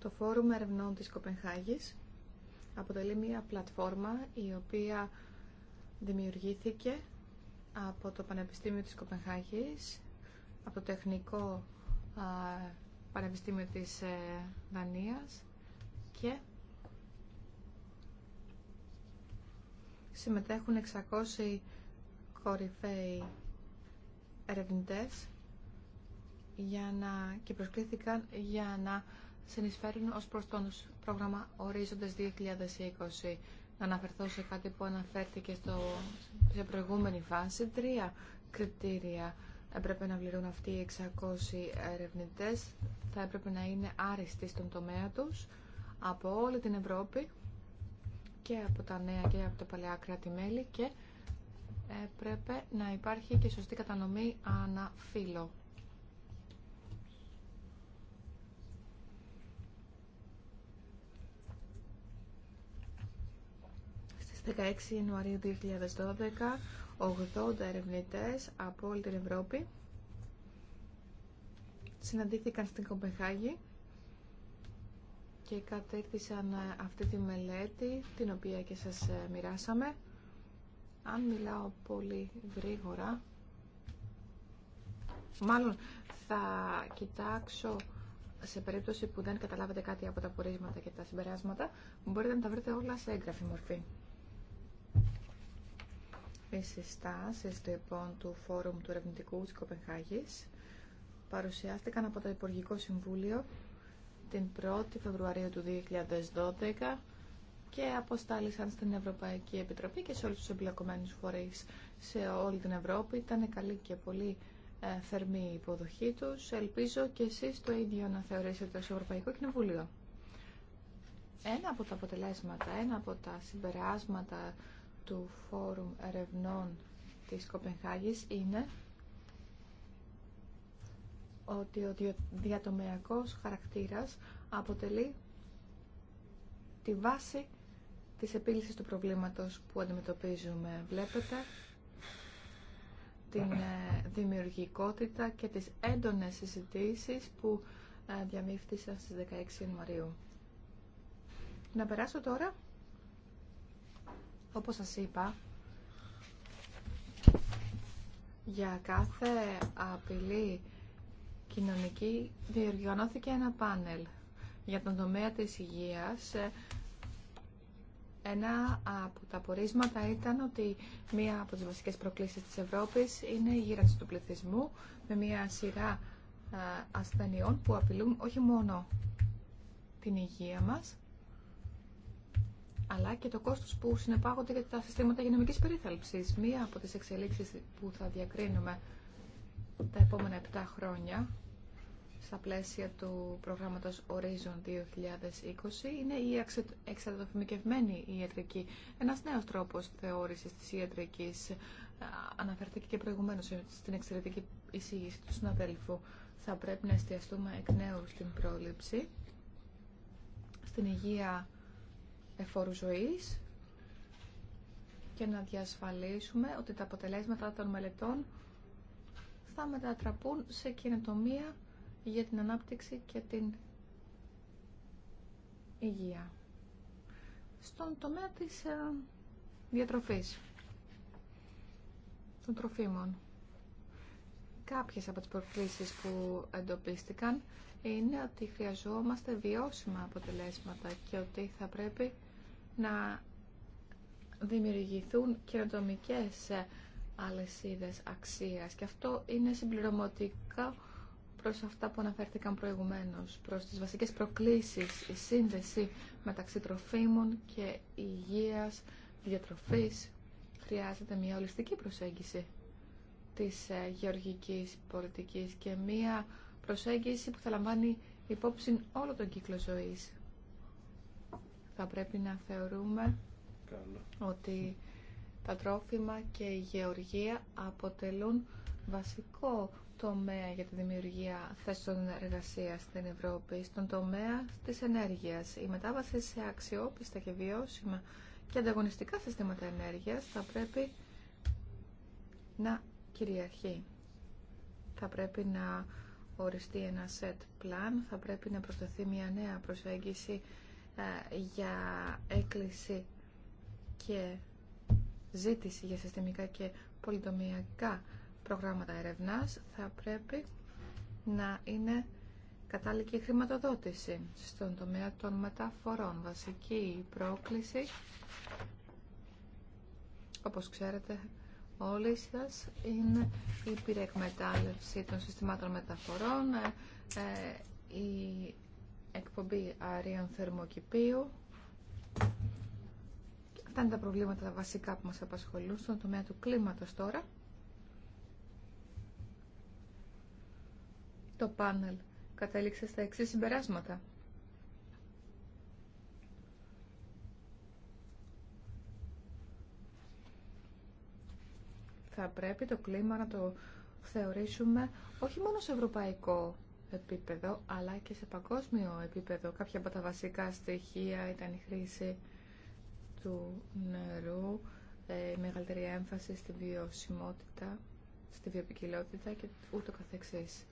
Το Φόρουμ Ερευνών της Κοπενχάγης αποτελεί μια πλατφόρμα η οποία δημιουργήθηκε από το Πανεπιστήμιο της Κοπενχάγης, από το Τεχνικό Πανεπιστήμιο της ε, Δανίας και συμμετέχουν 600 κορυφαίοι ερευνητές για να, και προσκλήθηκαν για να συνεισφέρουν ως προς πρόγραμμα Ορίζοντες 2020. Να αναφερθώ σε κάτι που αναφέρθηκε στο, σε προηγούμενη φάση. Τρία κριτήρια έπρεπε να πληρούν αυτοί οι 600 ερευνητές. Θα έπρεπε να είναι άριστοι στον τομέα τους από όλη την Ευρώπη και από τα νέα και από τα παλαιά κράτη-μέλη και έπρεπε να υπάρχει και σωστή κατανομή αναφύλο. 16 Ιανουαρίου 2012, 80 ερευνητές από όλη την Ευρώπη συναντήθηκαν στην Κομπεχάγη και κατέκτησαν ε, αυτή τη μελέτη, την οποία και σας ε, μοιράσαμε. Αν μιλάω πολύ γρήγορα, μάλλον θα κοιτάξω σε περίπτωση που δεν καταλάβετε κάτι από τα πορίσματα και τα συμπεράσματα, μπορείτε να τα βρείτε όλα σε έγγραφη μορφή. Οι του λοιπόν του Φόρουμ του Ερευνητικού της Κοπενχάγης παρουσιάστηκαν από το Υπουργικό Συμβούλιο την 1η Φεβρουαρίου του 2012 και αποστάλησαν στην Ευρωπαϊκή Επιτροπή και σε όλους τους εμπλεκομένους φορείς σε όλη την Ευρώπη. Ήταν καλή και πολύ ε, θερμή η υποδοχή τους. Ελπίζω και εσείς το ίδιο να θεωρήσετε ως Ευρωπαϊκό Κοινοβούλιο. Ένα από τα αποτελέσματα, ένα από τα συμπεράσματα του Φόρουμ Ερευνών της Κοπενχάγης είναι ότι ο διατομεακός χαρακτήρας αποτελεί τη βάση της επίλυσης του προβλήματος που αντιμετωπίζουμε. Βλέπετε την ε, δημιουργικότητα και τις έντονες συζητήσει που ε, διαμήφθησαν στις 16 Ιανουαρίου. Να περάσω τώρα όπως σας είπα, για κάθε απειλή κοινωνική διοργανώθηκε ένα πάνελ για τον τομέα της υγείας. Ένα από τα πορίσματα ήταν ότι μία από τις βασικές προκλήσεις της Ευρώπης είναι η γύρανση του πληθυσμού με μία σειρά ε, ασθενειών που απειλούν όχι μόνο την υγεία μας, αλλά και το κόστος που συνεπάγονται για τα συστήματα υγειονομικής περίθαλψης. Μία από τις εξελίξεις που θα διακρίνουμε τα επόμενα 7 χρόνια στα πλαίσια του προγράμματος Horizon 2020 είναι η εξαρτοφημικευμένη ιατρική. Ένας νέος τρόπος θεώρησης της ιατρικής ε, αναφέρθηκε και προηγουμένως στην εξαιρετική εισήγηση του συναδέλφου. Θα πρέπει να εστιαστούμε εκ νέου στην πρόληψη, στην υγεία εφόρου ζωής και να διασφαλίσουμε ότι τα αποτελέσματα των μελετών θα μετατραπούν σε καινοτομία για την ανάπτυξη και την υγεία. Στον τομέα της ε, διατροφής των τροφίμων. Κάποιες από τις προκλήσεις που εντοπίστηκαν είναι ότι χρειαζόμαστε βιώσιμα αποτελέσματα και ότι θα πρέπει να δημιουργηθούν καινοτομικέ ε, αλυσίδε αξία. Και αυτό είναι συμπληρωματικά προ αυτά που αναφέρθηκαν προηγουμένω, προ τι βασικέ προκλήσει, η σύνδεση μεταξύ τροφίμων και υγεία, διατροφή. Χρειάζεται μια ολιστική προσέγγιση της ε, γεωργικής πολιτικής και μία προσέγγιση που θα λαμβάνει υπόψη όλο τον κύκλο ζωής θα πρέπει να θεωρούμε ότι τα τρόφιμα και η γεωργία αποτελούν βασικό τομέα για τη δημιουργία θέσεων εργασία στην Ευρώπη, στον τομέα της ενέργειας. Η μετάβαση σε αξιόπιστα και βιώσιμα και ανταγωνιστικά συστήματα ενέργειας θα πρέπει να κυριαρχεί. Θα πρέπει να οριστεί ένα set plan, θα πρέπει να προσταθεί μια νέα προσέγγιση ε, για έκκληση και ζήτηση για συστημικά και πολυτομιακά προγράμματα ερευνάς θα πρέπει να είναι κατάλληλη χρηματοδότηση στον τομέα των μεταφορών. Βασική πρόκληση, όπως ξέρετε όλοι σας, είναι η πυρεκμετάλλευση των συστημάτων μεταφορών, ε, ε, η εκπομπή αερίων θερμοκηπίου. Αυτά είναι τα προβλήματα τα βασικά που μας απασχολούν στον τομέα του κλίματος τώρα. Το πάνελ κατέληξε στα εξής συμπεράσματα. Θα πρέπει το κλίμα να το θεωρήσουμε όχι μόνο σε ευρωπαϊκό επίπεδο αλλά και σε παγκόσμιο επίπεδο. Κάποια από τα βασικά στοιχεία ήταν η χρήση του νερού, ε, η μεγαλύτερη έμφαση στη βιωσιμότητα, στη βιοπικιλότητα και ούτω καθεξής.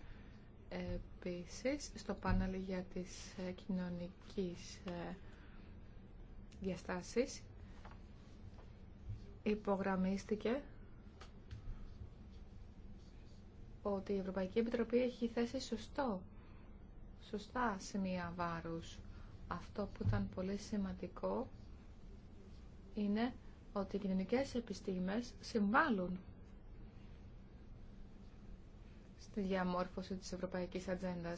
Επίσης, στο πάνελ για τις ε, κοινωνικής ε, διαστάσεις υπογραμμίστηκε ότι η Ευρωπαϊκή Επιτροπή έχει θέσει σωστό, σωστά σημεία βάρους. Αυτό που ήταν πολύ σημαντικό είναι ότι οι κοινωνικές επιστήμες συμβάλλουν στη διαμόρφωση της Ευρωπαϊκής Ατζέντα.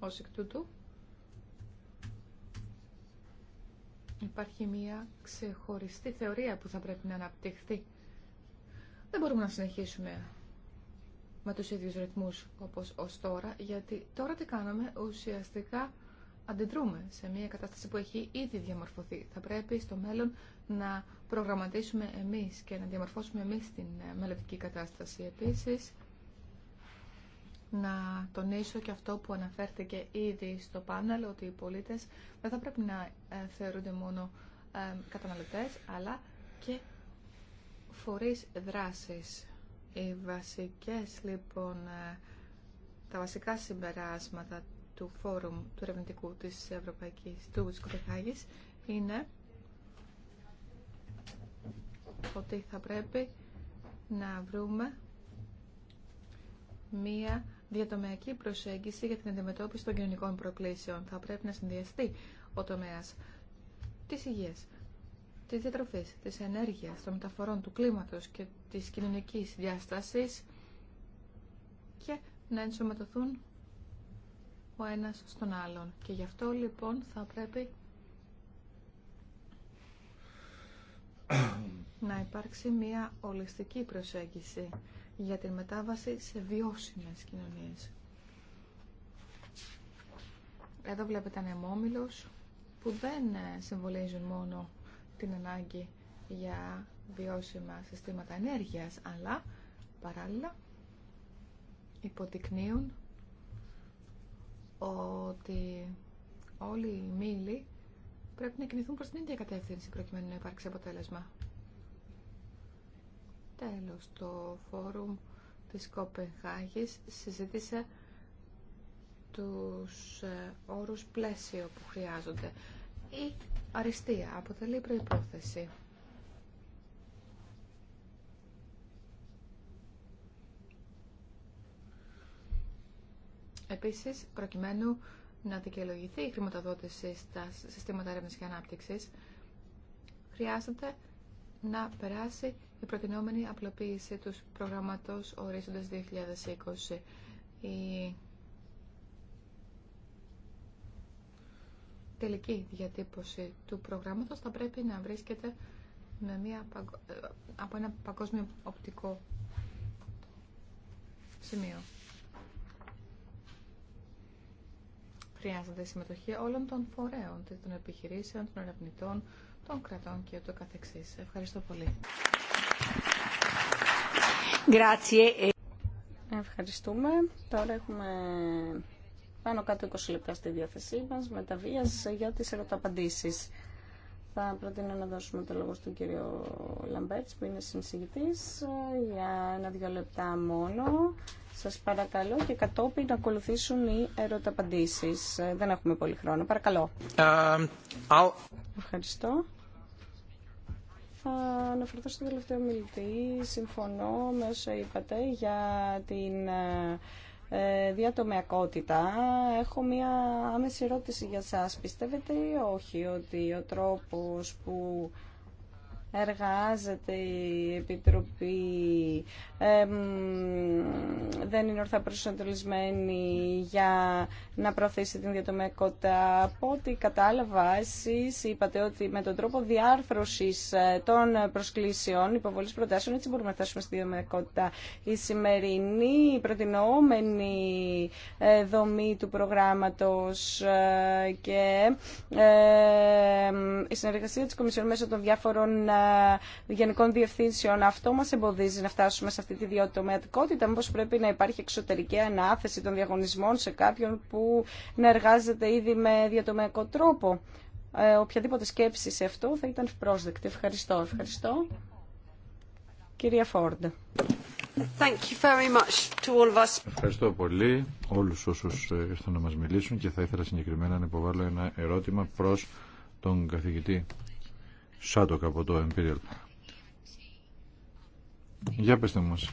Ως εκ τούτου, Υπάρχει μια ξεχωριστή θεωρία που θα πρέπει να αναπτυχθεί. Δεν μπορούμε να συνεχίσουμε με τους ίδιους ρυθμούς όπως ως τώρα, γιατί τώρα τι κάνουμε ουσιαστικά αντιδρούμε σε μια κατάσταση που έχει ήδη διαμορφωθεί. Θα πρέπει στο μέλλον να προγραμματίσουμε εμείς και να διαμορφώσουμε εμείς την μελλοντική κατάσταση. Επίσης, να τονίσω και αυτό που αναφέρθηκε ήδη στο πάνελ, ότι οι πολίτες δεν θα πρέπει να ε, θεωρούνται μόνο ε, καταναλωτές, αλλά και φορείς δράσης. Οι βασικές, λοιπόν, ε, τα βασικά συμπεράσματα του Φόρουμ του Ερευνητικού της Ευρωπαϊκής του είναι ότι θα πρέπει να βρούμε μία διατομεακή προσέγγιση για την αντιμετώπιση των κοινωνικών προκλήσεων. Θα πρέπει να συνδυαστεί ο τομέα τη υγεία, τη διατροφή, τη ενέργεια, των μεταφορών, του κλίματο και τη κοινωνική διάσταση και να ενσωματωθούν ο ένας στον άλλον. Και γι' αυτό λοιπόν θα πρέπει να υπάρξει μια ολιστική προσέγγιση για την μετάβαση σε βιώσιμες κοινωνίες. Εδώ βλέπετε ανεμόμυλους που δεν ε, συμβολίζουν μόνο την ανάγκη για βιώσιμα συστήματα ενέργειας, αλλά παράλληλα υποδεικνύουν ότι όλοι οι μήλοι πρέπει να κινηθούν προς την ίδια κατεύθυνση προκειμένου να υπάρξει αποτέλεσμα. Τέλος, το φόρουμ της Κοπενχάγης συζήτησε τους ε, όρους πλαίσιο που χρειάζονται. Η αριστεία αποτελεί προϋπόθεση. Επίσης, προκειμένου να δικαιολογηθεί η χρηματοδότηση στα συστήματα έρευνας και ανάπτυξης, χρειάζεται να περάσει η προτινόμενη απλοποίηση του προγράμματος ορίζοντας 2020. Η τελική διατύπωση του προγράμματος θα πρέπει να βρίσκεται με μια, από ένα παγκόσμιο οπτικό σημείο. Χρειάζεται η συμμετοχή όλων των φορέων, των επιχειρήσεων, των ερευνητών, των κρατών και ούτω καθεξής. Ευχαριστώ πολύ. Ευχαριστούμε. Τώρα έχουμε πάνω κάτω 20 λεπτά στη διάθεσή μας με τα βίας για τις ερωταπαντήσεις. Θα προτείνω να δώσουμε το λόγο στον κύριο Λαμπέτ, που είναι συνσηγητής για ένα-δυο λεπτά μόνο. Σας παρακαλώ και κατόπιν να ακολουθήσουν οι ερωταπαντήσεις. Δεν έχουμε πολύ χρόνο. Παρακαλώ. Ε, Ευχαριστώ. Θα αναφερθώ στο τελευταίο μιλητή. Συμφωνώ με όσα είπατε για την ε, διατομιακότητα. Έχω μία άμεση ερώτηση για σας. Πιστεύετε ή όχι ότι ο τρόπος που εργάζεται η Επιτροπή, δεν είναι ορθά προσανατολισμένη για να προωθήσει την διατομιακότητα. Από ό,τι κατάλαβα, εσείς είπατε ότι με τον τρόπο διάρθρωσης ε, των προσκλήσεων, υποβολής προτάσεων, έτσι μπορούμε να φτάσουμε στη διατομιακότητα. Η σημερινή προτινόμενη ε, δομή του προγράμματος ε, και η συνεργασία της Κομισιόν μέσω των διάφορων γενικών διευθύνσεων. Αυτό μας εμποδίζει να φτάσουμε σε αυτή τη διατομεατικότητα. Μήπω πρέπει να υπάρχει εξωτερική ανάθεση των διαγωνισμών σε κάποιον που να εργάζεται ήδη με διατομεακό τρόπο. Ε, οποιαδήποτε σκέψη σε αυτό θα ήταν πρόσδεκτη. Ευχαριστώ. Ευχαριστώ. Κυρία Φόρντ. Ευχαριστώ πολύ όλους όσους ε, ήρθαν να μας μιλήσουν και θα ήθελα συγκεκριμένα να υποβάλω ένα ερώτημα προς τον καθηγητή Σάτοκ από το Imperial. Για πετε μας.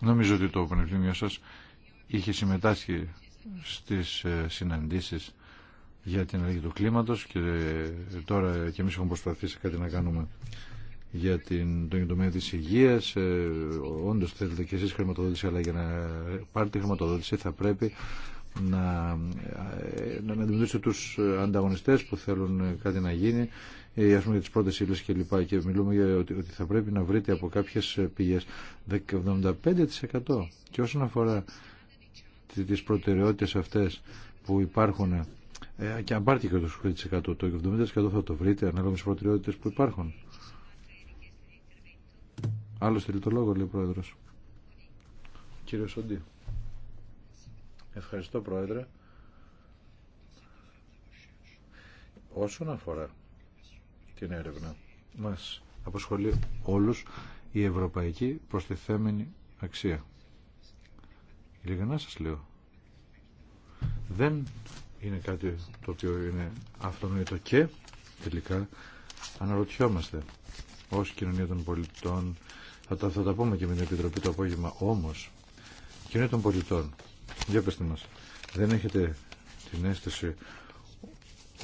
Νομίζω ότι το Πανεπιστήμιο σας είχε συμμετάσχει στις ε, συναντήσεις για την αλλαγή του κλίματος και ε, τώρα και εμείς έχουμε προσπαθήσει κάτι να κάνουμε για την, τον τομέα της υγείας. Ε, όντως θέλετε και εσείς χρηματοδότηση, αλλά για να πάρετε χρηματοδότηση θα πρέπει να, ε, να του τους ανταγωνιστές που θέλουν κάτι να γίνει ε, ας πούμε για τις πρώτες ύλες και λοιπά και μιλούμε για ότι, θα πρέπει να βρείτε από κάποιες πηγές 75% και όσον αφορά τις προτεραιότητες αυτές που υπάρχουν ε, και αν πάρτε και το 20% το 70% θα το βρείτε ανάλογα με τις προτεραιότητες που υπάρχουν Άλλο θέλει το λόγο λέει ο Πρόεδρος Κύριε Ευχαριστώ Πρόεδρε. Όσον αφορά την έρευνα, μας αποσχολεί όλους η ευρωπαϊκή προστιθέμενη αξία. να σας λέω. Δεν είναι κάτι το οποίο είναι αυτονοητό και τελικά αναρωτιόμαστε ως κοινωνία των πολιτών θα τα, θα τα πούμε και με την Επιτροπή το απόγευμα όμως και κοινωνία των πολιτών για μας, δεν έχετε την αίσθηση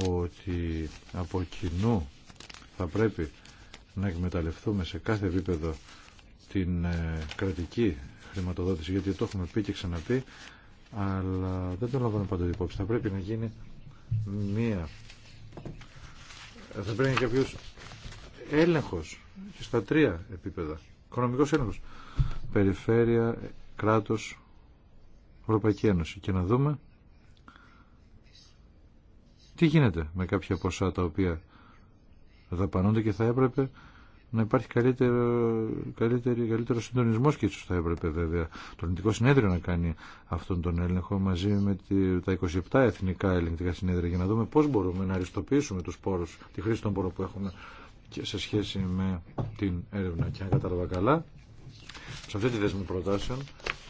ότι από κοινού θα πρέπει να εκμεταλλευτούμε σε κάθε επίπεδο την ε, κρατική χρηματοδότηση, γιατί το έχουμε πει και ξαναπεί, αλλά δεν το λαμβάνω πάντα υπόψη. Θα πρέπει να γίνει μία. Θα πρέπει να γίνει κάποιο και στα τρία επίπεδα. οικονομικός έλεγχο. Περιφέρεια, κράτος Ευρωπαϊκή Ένωση και να δούμε τι γίνεται με κάποια ποσά τα οποία δαπανούνται και θα έπρεπε να υπάρχει καλύτερο, καλύτερο, καλύτερο συντονισμός και ίσως θα έπρεπε βέβαια το ελληνικό συνέδριο να κάνει αυτόν τον έλεγχο μαζί με τα 27 εθνικά ελληνικά συνέδρια για να δούμε πώς μπορούμε να αριστοποιήσουμε τους πόρους, τη χρήση των πόρων που έχουμε και σε σχέση με την έρευνα και αν κατάλαβα καλά σε αυτή τη δέσμη προτάσεων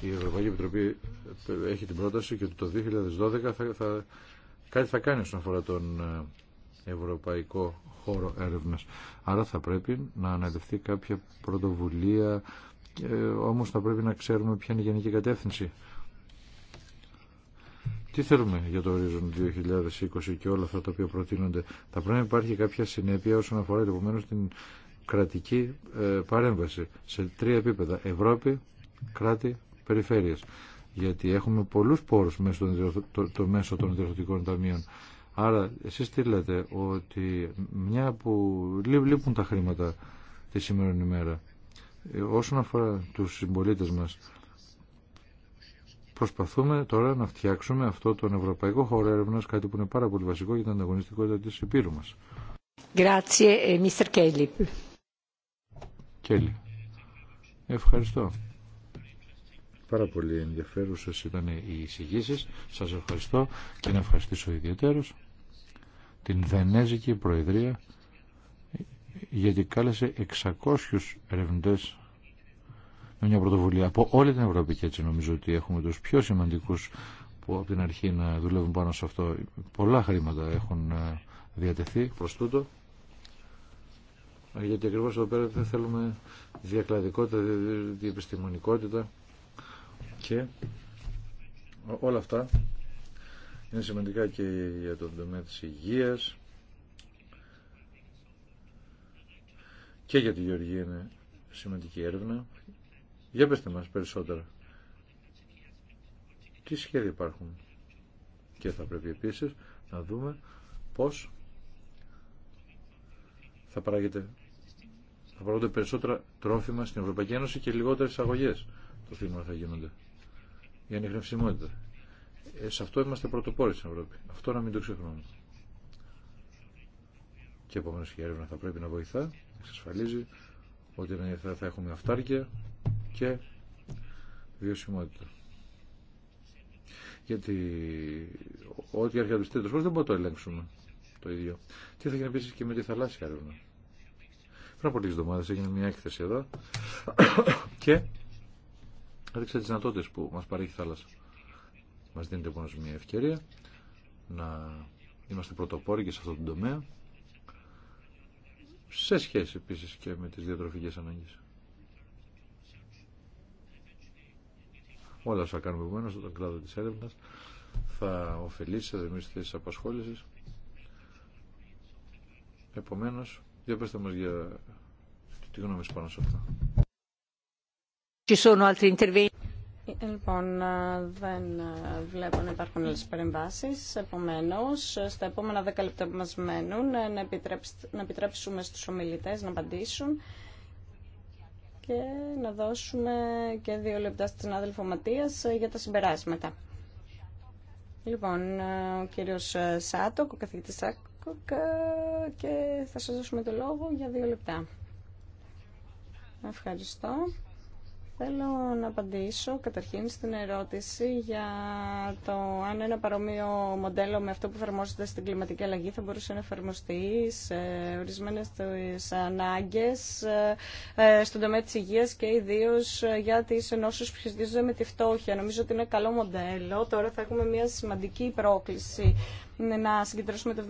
η Ευρωπαϊκή Επιτροπή έχει την πρόταση και το 2012 θα, κάτι θα κάνει όσον αφορά τον ε, ευρωπαϊκό χώρο έρευνας. Άρα θα πρέπει να αναδευτεί κάποια πρωτοβουλία, ε, όμως θα πρέπει να ξέρουμε ποια είναι η γενική κατεύθυνση. Τι θέλουμε για το ορίζον 2020 και όλα αυτά τα οποία προτείνονται. Θα πρέπει να υπάρχει κάποια συνέπεια όσον αφορά επομένω την κρατική ε, παρέμβαση σε τρία επίπεδα. Ευρώπη, κράτη, περιφέρειες γιατί έχουμε πολλούς πόρους μέσω των, το, μέσο των ιδιωτικών ταμείων. Άρα εσείς τι λέτε, ότι μια που λείπουν τα χρήματα τη σήμερα ημέρα, ε, όσον αφορά τους συμπολίτε μας, προσπαθούμε τώρα να φτιάξουμε αυτό τον ευρωπαϊκό χώρο έρευνα, κάτι που είναι πάρα πολύ βασικό για την ανταγωνιστικότητα της Επίρου μας. Ε, Ευχαριστώ. Πάρα πολύ ενδιαφέρουσε ήταν οι εισηγήσει. Σα ευχαριστώ και να ευχαριστήσω ιδιαίτερω την Βενέζικη Προεδρία γιατί κάλεσε 600 ερευνητέ με μια πρωτοβουλία από όλη την Ευρώπη και έτσι νομίζω ότι έχουμε τους πιο σημαντικούς που από την αρχή να δουλεύουν πάνω σε αυτό. Πολλά χρήματα έχουν ε, διατεθεί προς τούτο γιατί ακριβώς εδώ πέρα δεν θέλουμε διακλαδικότητα, διεπιστημονικότητα και όλα αυτά είναι σημαντικά και για τον τομέα της υγείας και για τη γεωργία είναι σημαντική έρευνα. Για πέστε μας περισσότερα. Τι σχέδια υπάρχουν. Και θα πρέπει επίσης να δούμε πώς θα παράγεται θα παράγονται περισσότερα τρόφιμα στην Ευρωπαϊκή Ένωση και λιγότερες αγωγές. Το θύμα θα γίνονται η ανιχνευσιμότητα. Ε, σε αυτό είμαστε πρωτοπόροι στην Ευρώπη. Αυτό να μην το ξεχνούμε. Και επομένω η έρευνα θα πρέπει να βοηθά, εξασφαλίζει ότι θα έχουμε αυτάρκεια και βιωσιμότητα. Γιατί ό,τι έρχεται από δεν μπορούμε να το ελέγξουμε το ίδιο. Τι θα γίνει επίση και με τη θαλάσσια έρευνα. Πριν από λίγε εβδομάδε έγινε μια έκθεση εδώ και έδειξε τι δυνατότητε που μας παρέχει η θάλασσα. Μας δίνεται λοιπόν μια ευκαιρία να είμαστε πρωτοπόροι και σε αυτόν τον τομέα σε σχέση επίσης και με τις διατροφικές ανάγκες. Όλα όσα κάνουμε επομένως στον κλάδο της έρευνα θα ωφελήσει, σε δημιουργήσει θέσεις απασχόλησης. Επομένως, διαπέστε για τη γνώμη πάνω σε αυτά. Λοιπόν, δεν βλέπω να υπάρχουν άλλε παρεμβάσει. Επομένω, στα επόμενα δέκα λεπτά που μα μένουν, να επιτρέψουμε στου ομιλητέ να απαντήσουν και να δώσουμε και δύο λεπτά στην συνάδελφο για τα συμπεράσματα. Λοιπόν, ο κύριο Σάτοκ, ο καθηγητή Σάτοκ και θα σα δώσουμε το λόγο για δύο λεπτά. Ευχαριστώ. Θέλω να απαντήσω καταρχήν στην ερώτηση για το αν ένα παρόμοιο μοντέλο με αυτό που εφαρμόζεται στην κλιματική αλλαγή θα μπορούσε να εφαρμοστεί σε ορισμένες ανάγκες ε, στον τομέα τη υγεία και ιδίω για τι ενώσει που σχετίζονται με τη φτώχεια. Νομίζω ότι είναι καλό μοντέλο. Τώρα θα έχουμε μια σημαντική πρόκληση να συγκεντρώσουμε το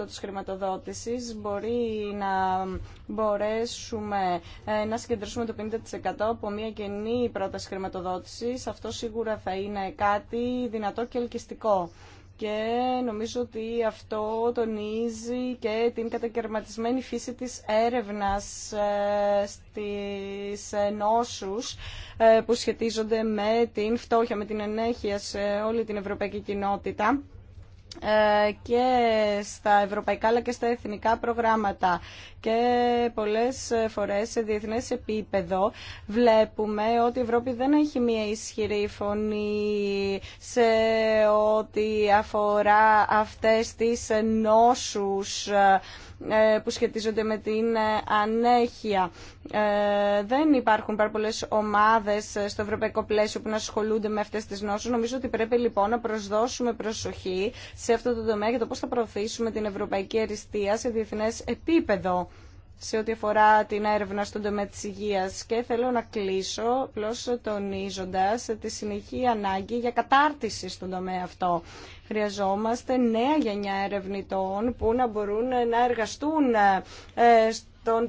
75% της χρηματοδότησης, μπορεί να μπορέσουμε ε, να συγκεντρώσουμε το 50% από μια καινή πρόταση χρηματοδότησης. Αυτό σίγουρα θα είναι κάτι δυνατό και ελκυστικό και νομίζω ότι αυτό τονίζει και την κατακαιρματισμένη φύση της έρευνας ε, στις ε, νόσους που σχετίζονται με την φτώχεια, με την ενέχεια σε όλη την ευρωπαϊκή κοινότητα. Ε, και στα ευρωπαϊκά αλλά και στα εθνικά προγράμματα και πολλές φορές σε διεθνές επίπεδο βλέπουμε ότι η Ευρώπη δεν έχει μια ισχυρή φωνή σε ό,τι αφορά αυτές τις νόσους ε, που σχετίζονται με την ανέχεια. Ε, δεν υπάρχουν πάρα πολλέ ομάδε στο ευρωπαϊκό πλαίσιο που να ασχολούνται με αυτέ τι νόσου. Νομίζω ότι πρέπει λοιπόν να προσδώσουμε προσοχή σε αυτό το τομέα για το πώ θα προωθήσουμε την ευρωπαϊκή αριστεία σε διεθνέ επίπεδο σε ό,τι αφορά την έρευνα στον τομέα της υγείας και θέλω να κλείσω απλώ τονίζοντας τη συνεχή ανάγκη για κατάρτιση στον τομέα αυτό. Χρειαζόμαστε νέα γενιά ερευνητών που να μπορούν να εργαστούν ε,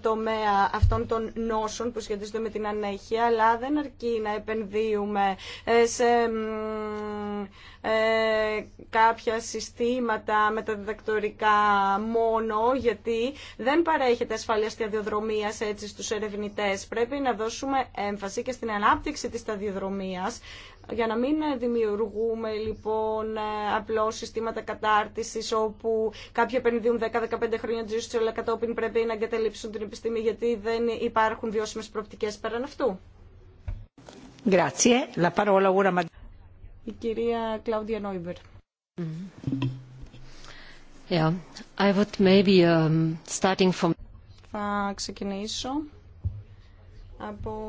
τομέα αυτών των νόσων που σχετίζονται με την ανέχεια, αλλά δεν αρκεί να επενδύουμε ε, σε ε, κάποια συστήματα μεταδιδακτορικά μόνο, γιατί δεν παρέχεται ασφαλεία σταδιοδρομίας έτσι στους ερευνητές. Πρέπει να δώσουμε έμφαση και στην ανάπτυξη της σταδιοδρομίας, για να μην δημιουργούμε λοιπόν απλώ συστήματα κατάρτιση όπου κάποιοι επενδύουν 10-15 χρόνια τη ζωή του, αλλά κατόπιν πρέπει να εγκαταλείψουν την επιστήμη γιατί δεν υπάρχουν βιώσιμε προοπτικέ πέραν αυτού. Η κυρία Κλάουδια Νόιμπερ. Mm-hmm. I would maybe, um, starting from... Θα ξεκινήσω από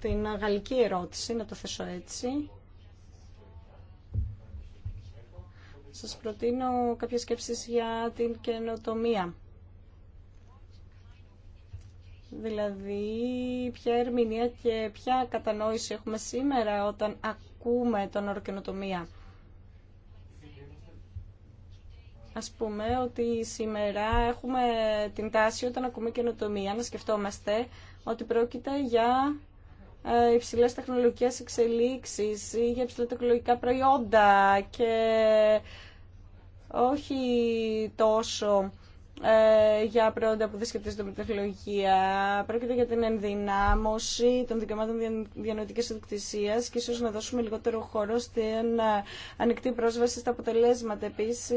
την γαλλική ερώτηση, να το θέσω έτσι. σας προτείνω κάποιες σκέψεις για την καινοτομία. Δηλαδή, ποια ερμηνεία και ποια κατανόηση έχουμε σήμερα όταν ακούμε τον όρο καινοτομία. Ας πούμε ότι σήμερα έχουμε την τάση όταν ακούμε καινοτομία να σκεφτόμαστε ότι πρόκειται για ε, υψηλές τεχνολογικές εξελίξεις ή για υψηλά τεχνολογικά προϊόντα και όχι τόσο ε, για προϊόντα που δεν σχετίζονται με τεχνολογία. Πρόκειται για την ενδυνάμωση των δικαιωμάτων διανοητική ιδιοκτησία και ίσω να δώσουμε λιγότερο χώρο στην ε, ανοιχτή πρόσβαση στα αποτελέσματα. Επίση,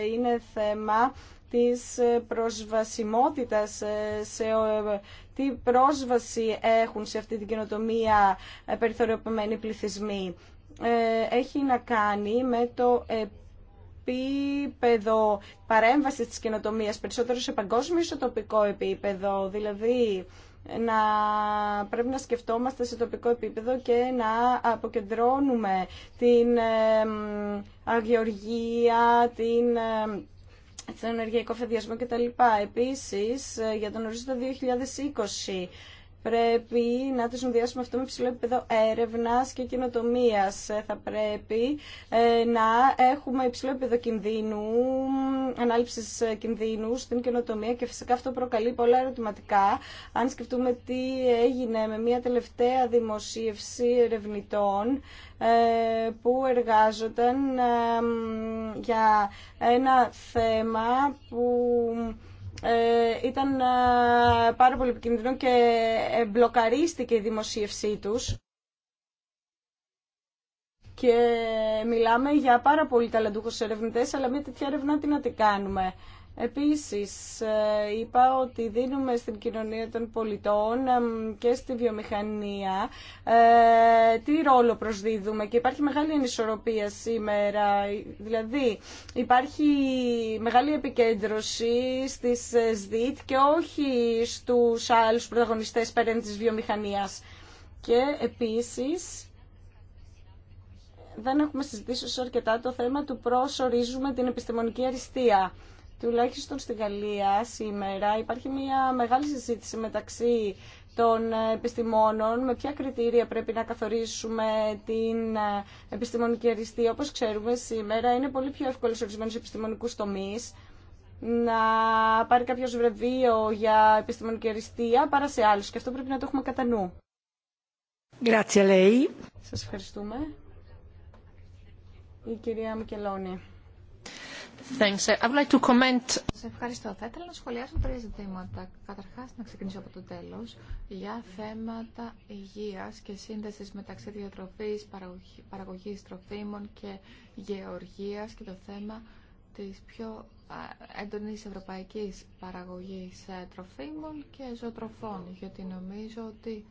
ε, είναι θέμα της ε, προσβασιμότητας σε τι πρόσβαση έχουν σε αυτή την καινοτομία περιθωριοποιημένοι πληθυσμοί. Έχει να κάνει με το επίπεδο παρέμβαση της καινοτομία περισσότερο σε παγκόσμιο ή τοπικό επίπεδο. Δηλαδή, να πρέπει να σκεφτόμαστε σε τοπικό επίπεδο και να αποκεντρώνουμε την αγιοργία, την ενεργειακό φεδιασμό κτλ. Επίσης, ε, για τον ορίζοντα 2020 πρέπει να το συνδυάσουμε αυτό με υψηλό επίπεδο έρευνα και καινοτομία. Ε, θα πρέπει ε, να έχουμε υψηλό επίπεδο κινδύνου, ανάληψη ε, κινδύνου στην καινοτομία και φυσικά αυτό προκαλεί πολλά ερωτηματικά. Αν σκεφτούμε τι έγινε με μια τελευταία δημοσίευση ερευνητών που εργάζονταν για ένα θέμα που ε, ήταν ε, πάρα πολύ επικίνδυνο και μπλοκαρίστηκε η δημοσίευσή τους. Και μιλάμε για πάρα πολύ ταλαντούχους ερευνητές, αλλά μια τέτοια έρευνα τι να τη κάνουμε. Επίσης, ε, είπα ότι δίνουμε στην κοινωνία των πολιτών ε, και στη βιομηχανία ε, τι ρόλο προσδίδουμε και υπάρχει μεγάλη ανισορροπία σήμερα. Δηλαδή, υπάρχει μεγάλη επικέντρωση στις ΣΔΙΤ και όχι στους άλλους πρωταγωνιστές πέραν της βιομηχανίας. Και επίσης, δεν έχουμε συζητήσει αρκετά το θέμα του προσωρίζουμε την επιστημονική αριστεία τουλάχιστον στην Γαλλία σήμερα υπάρχει μια μεγάλη συζήτηση μεταξύ των επιστημόνων, με ποια κριτήρια πρέπει να καθορίσουμε την επιστημονική αριστεία. Όπως ξέρουμε σήμερα είναι πολύ πιο εύκολο σε ορισμένους επιστημονικούς τομείς να πάρει κάποιο βρεβείο για επιστημονική αριστεία παρά σε άλλους και αυτό πρέπει να το έχουμε κατά νου. Σας ευχαριστούμε. Η κυρία Μικελώνη. Thanks. ευχαριστώ. Θα ήθελα να σχολιάσω τρία ζητήματα. Καταρχάς, να ξεκινήσω από το τέλος, για θέματα υγείας και σύνδεσης μεταξύ διατροφής, παραγωγής τροφίμων και γεωργίας και το θέμα της πιο έντονης ευρωπαϊκής παραγωγής ε, τροφίμων και ζωοτροφών, γιατί νομίζω ότι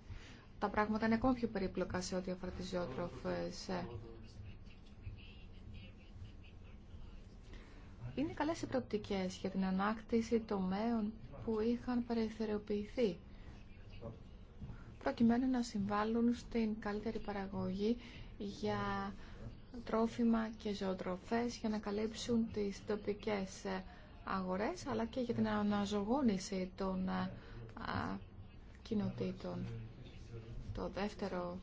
τα πράγματα είναι ακόμα πιο περίπλοκα σε ό,τι αφορά τις ζωοτροφές ε. Είναι καλέ οι προοπτικέ για την ανάκτηση τομέων που είχαν περιθωριοποιηθεί προκειμένου να συμβάλλουν στην καλύτερη παραγωγή για τρόφιμα και ζωοτροφές για να καλύψουν τις τοπικές αγορές αλλά και για την αναζωγόνηση των κοινοτήτων. Το δεύτερο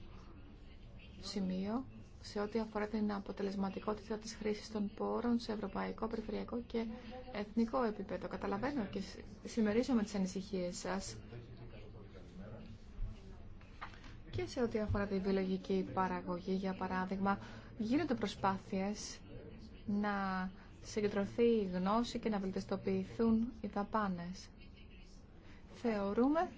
σημείο σε ό,τι αφορά την αποτελεσματικότητα της χρήσης των πόρων σε ευρωπαϊκό, περιφερειακό και εθνικό επίπεδο. Καταλαβαίνω και συμμερίζομαι τις ανησυχίες σας και σε ό,τι αφορά τη βιολογική παραγωγή, για παράδειγμα, γίνονται προσπάθειες να συγκεντρωθεί η γνώση και να βελτιστοποιηθούν οι δαπάνες. Θεωρούμε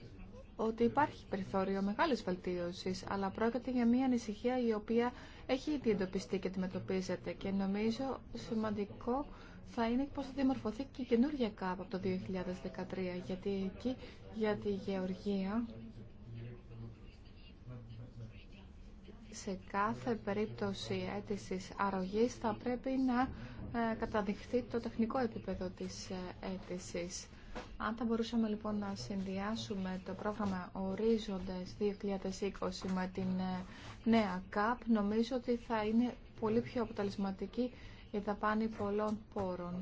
ότι υπάρχει περιθώριο μεγάλης βελτίωσης, αλλά πρόκειται για μια ανησυχία η οποία έχει ήδη εντοπιστεί και αντιμετωπίζεται και νομίζω σημαντικό θα είναι πώς θα δημορφωθεί και η καινούργια ΚΑΠ από το 2013, γιατί εκεί για τη γεωργία σε κάθε περίπτωση αίτησης αρρωγής θα πρέπει να ε, καταδειχθεί το τεχνικό επίπεδο της ε, αίτησης. Αν θα μπορούσαμε λοιπόν να συνδυάσουμε το πρόγραμμα Ορίζοντες 2020 με την ε, νέα ΚΑΠ, νομίζω ότι θα είναι πολύ πιο αποτελεσματική η δαπάνη πολλών πόρων.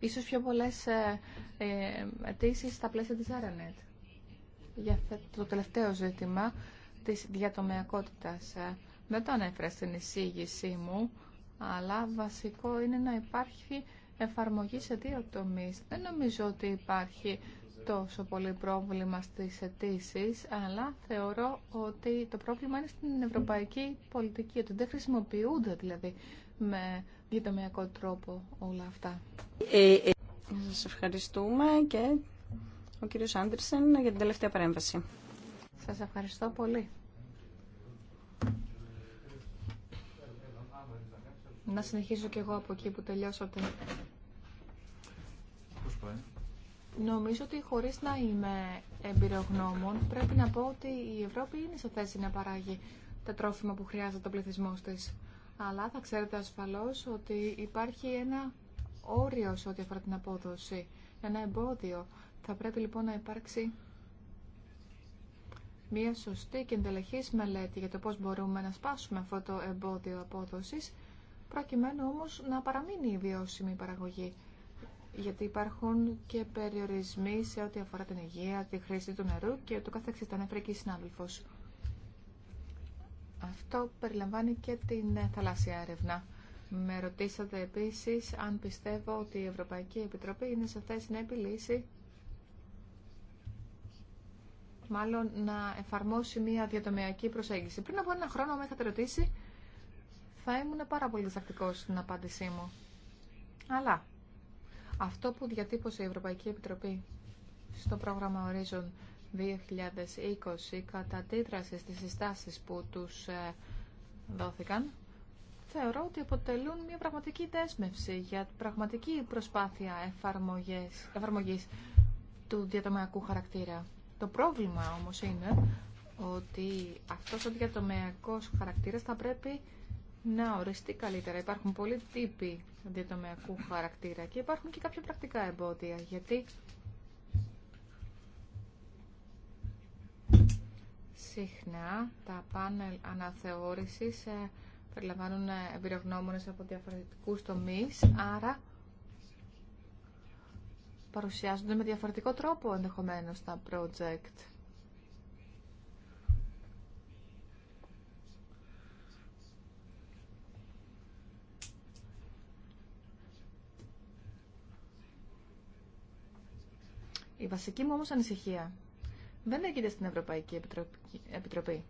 Ίσως πιο πολλές ε, ε, αιτήσει στα πλαίσια της Aranet. Για το τελευταίο ζήτημα, της διατομεακότητας. Ε, δεν το ανέφερα στην εισήγησή μου, αλλά βασικό είναι να υπάρχει εφαρμογή σε δύο τομείς. Δεν νομίζω ότι υπάρχει τόσο πολύ πρόβλημα στις αιτήσει, αλλά θεωρώ ότι το πρόβλημα είναι στην ευρωπαϊκή πολιτική, ότι δεν χρησιμοποιούνται δηλαδή με διατομιακό τρόπο όλα αυτά. Ε, ε. ευχαριστούμε και ο κύριος Άντερσεν για την τελευταία παρέμβαση. Σας ευχαριστώ πολύ. Να συνεχίσω κι εγώ από εκεί που τελειώσατε. Πώς Νομίζω ότι χωρίς να είμαι εμπειρογνώμων, πρέπει να πω ότι η Ευρώπη είναι σε θέση να παράγει τα τρόφιμα που χρειάζεται το πληθυσμό της. Αλλά θα ξέρετε ασφαλώς ότι υπάρχει ένα όριο σε ό,τι αφορά την απόδοση, ένα εμπόδιο. Θα πρέπει λοιπόν να υπάρξει μια σωστή και εντελεχής μελέτη για το πώς μπορούμε να σπάσουμε αυτό το εμπόδιο απόδοσης, προκειμένου όμως να παραμείνει η βιώσιμη παραγωγή. Γιατί υπάρχουν και περιορισμοί σε ό,τι αφορά την υγεία, τη χρήση του νερού και το καθεξής. Ήταν συνάδελφος. Αυτό περιλαμβάνει και την θαλάσσια έρευνα. Με ρωτήσατε επίσης αν πιστεύω ότι η Ευρωπαϊκή Επιτροπή είναι σε θέση να επιλύσει μάλλον να εφαρμόσει μια διατομιακή προσέγγιση. Πριν από ένα χρόνο, με είχατε ρωτήσει, θα ήμουν πάρα πολύ διδακτικό στην απάντησή μου. Αλλά αυτό που διατύπωσε η Ευρωπαϊκή Επιτροπή στο πρόγραμμα Horizon 2020 κατά τίτραση στις συστάσεις που τους ε, δόθηκαν, θεωρώ ότι αποτελούν μια πραγματική δέσμευση για πραγματική προσπάθεια εφαρμογής, εφαρμογής του διατομιακού χαρακτήρα. Το πρόβλημα όμως είναι ότι αυτός ο διατομεακός χαρακτήρας θα πρέπει να οριστεί καλύτερα. Υπάρχουν πολλοί τύποι διατομεακού χαρακτήρα και υπάρχουν και κάποια πρακτικά εμπόδια, γιατί συχνά τα πάνελ αναθεώρησης ε, περιλαμβάνουν εμπειρογνώμονες από διαφορετικούς τομείς, άρα παρουσιάζονται με διαφορετικό τρόπο ενδεχομένως τα project. Η βασική μου όμως ανησυχία δεν έγινε στην Ευρωπαϊκή Επιτροπή.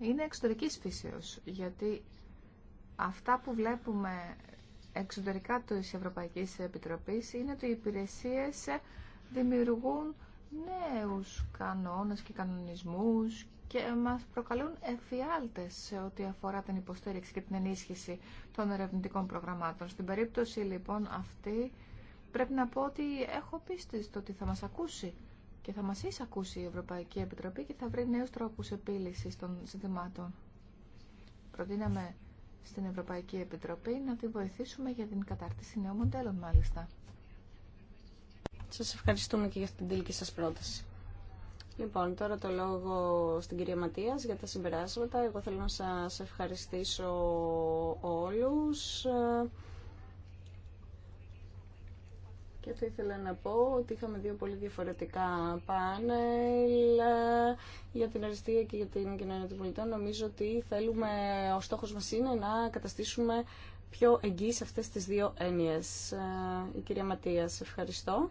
Είναι εξωτερικής φύσεως, γιατί αυτά που βλέπουμε εξωτερικά της Ευρωπαϊκής Επιτροπής είναι ότι οι υπηρεσίες δημιουργούν νέους κανόνες και κανονισμούς και μας προκαλούν εφιάλτες σε ό,τι αφορά την υποστήριξη και την ενίσχυση των ερευνητικών προγραμμάτων. Στην περίπτωση λοιπόν αυτή πρέπει να πω ότι έχω πίστη στο ότι θα μας ακούσει και θα μας εισακούσει η Ευρωπαϊκή Επιτροπή και θα βρει νέους τρόπους επίλυσης των ζητημάτων. Προτείναμε στην Ευρωπαϊκή Επιτροπή να τη βοηθήσουμε για την κατάρτιση νέων μοντέλων μάλιστα. Σας ευχαριστούμε και για την τελική σας πρόταση. Λοιπόν, τώρα το λόγο στην κυρία Ματίας για τα συμπεράσματα. Εγώ θέλω να σας ευχαριστήσω όλους. Και θα ήθελα να πω ότι είχαμε δύο πολύ διαφορετικά πάνελ ε, για την αριστεία και για την κοινωνία των πολιτών. Νομίζω ότι θέλουμε, ο στόχος μας είναι να καταστήσουμε πιο εγγύης αυτές τις δύο έννοιες. Ε, η κυρία Ματίας, ευχαριστώ.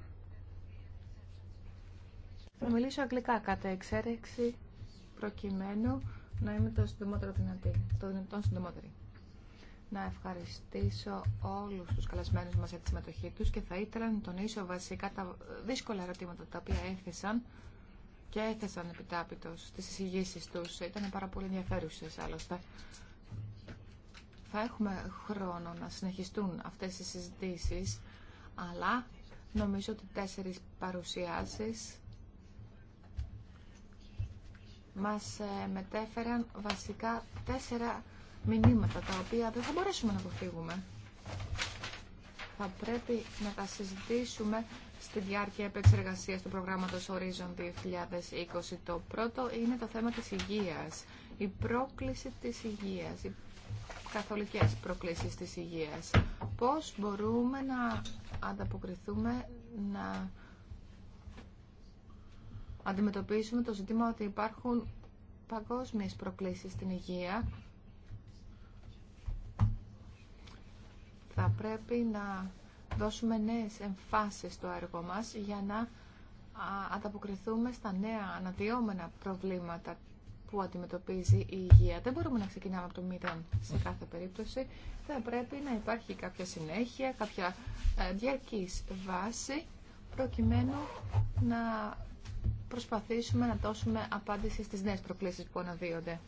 Θα μιλήσω αγγλικά κατά εξαίρεξη, προκειμένου να είμαι το συντομότερο δυνατή, το δυνατόν συντομότερη να ευχαριστήσω όλους τους καλασμένους μας για τη συμμετοχή τους και θα ήθελα να τονίσω βασικά τα δύσκολα ερωτήματα τα οποία έθεσαν και έθεσαν επιτάπητος τις εισηγήσεις τους. Ήταν πάρα πολύ ενδιαφέρουσες άλλωστε. Θα έχουμε χρόνο να συνεχιστούν αυτές οι συζητήσεις, αλλά νομίζω ότι τέσσερις παρουσιάσεις μας ε, μετέφεραν βασικά τέσσερα μηνύματα τα οποία δεν θα μπορέσουμε να αποφύγουμε. Θα πρέπει να τα συζητήσουμε στη διάρκεια επεξεργασία του προγράμματος Horizon 2020. Το πρώτο είναι το θέμα της υγείας, η πρόκληση της υγείας, οι καθολικέ προκλήσει της υγείας. Πώς μπορούμε να ανταποκριθούμε, να αντιμετωπίσουμε το ζήτημα ότι υπάρχουν παγκόσμιες προκλήσεις στην υγεία Θα πρέπει να δώσουμε νέες εμφάσεις στο έργο μας για να ανταποκριθούμε στα νέα αναδυόμενα προβλήματα που αντιμετωπίζει η υγεία. Δεν μπορούμε να ξεκινάμε από το μηδέν σε κάθε περίπτωση. Θα πρέπει να υπάρχει κάποια συνέχεια, κάποια ε, διαρκής βάση, προκειμένου να προσπαθήσουμε να δώσουμε απάντηση στις νέες προκλήσεις που αναδύονται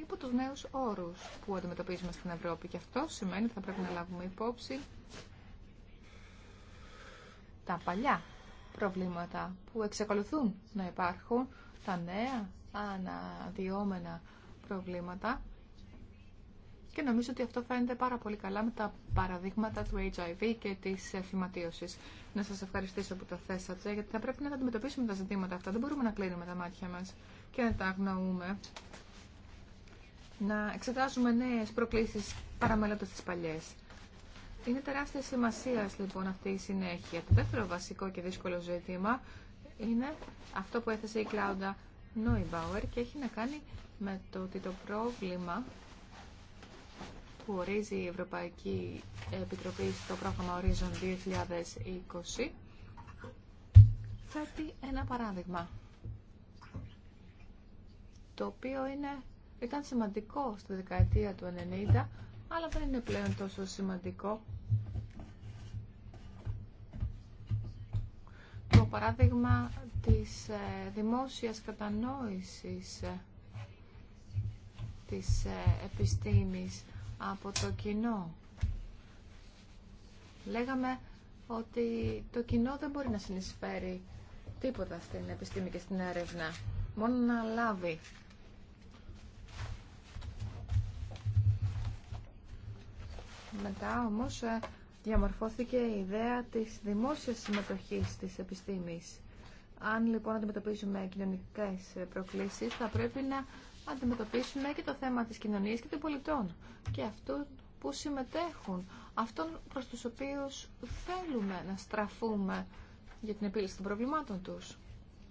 υπό του νέους όρους που αντιμετωπίζουμε στην Ευρώπη. Και αυτό σημαίνει ότι θα πρέπει να λάβουμε υπόψη τα παλιά προβλήματα που εξακολουθούν να υπάρχουν, τα νέα αναδυόμενα προβλήματα και νομίζω ότι αυτό φαίνεται πάρα πολύ καλά με τα παραδείγματα του HIV και της θυματίωσης. Να σας ευχαριστήσω που το θέσατε, γιατί θα πρέπει να αντιμετωπίσουμε τα ζητήματα αυτά. Δεν μπορούμε να κλείνουμε τα μάτια μας και να τα αγνοούμε να εξετάζουμε νέες προκλήσεις παραμελώντας τι παλιέ. Είναι τεράστια σημασία λοιπόν αυτή η συνέχεια. Το δεύτερο βασικό και δύσκολο ζήτημα είναι αυτό που έθεσε η Κλάουντα Νόιμπαουερ και έχει να κάνει με το ότι το πρόβλημα που ορίζει η Ευρωπαϊκή Επιτροπή στο πρόγραμμα Horizon 2020 θέτει ένα παράδειγμα το οποίο είναι ήταν σημαντικό στη δεκαετία του 90, αλλά δεν είναι πλέον τόσο σημαντικό. Το παράδειγμα της ε, δημόσιας κατανόησης ε, της ε, επιστήμης από το κοινό. Λέγαμε ότι το κοινό δεν μπορεί να συνεισφέρει τίποτα στην επιστήμη και στην έρευνα, μόνο να λάβει Μετά όμως ε, διαμορφώθηκε η ιδέα της δημόσιας συμμετοχής της επιστήμης. Αν λοιπόν αντιμετωπίζουμε κοινωνικές ε, προκλήσεις θα πρέπει να αντιμετωπίσουμε και το θέμα της κοινωνίας και των πολιτών και αυτού που συμμετέχουν, αυτών προς τους οποίους θέλουμε να στραφούμε για την επίλυση των προβλημάτων τους.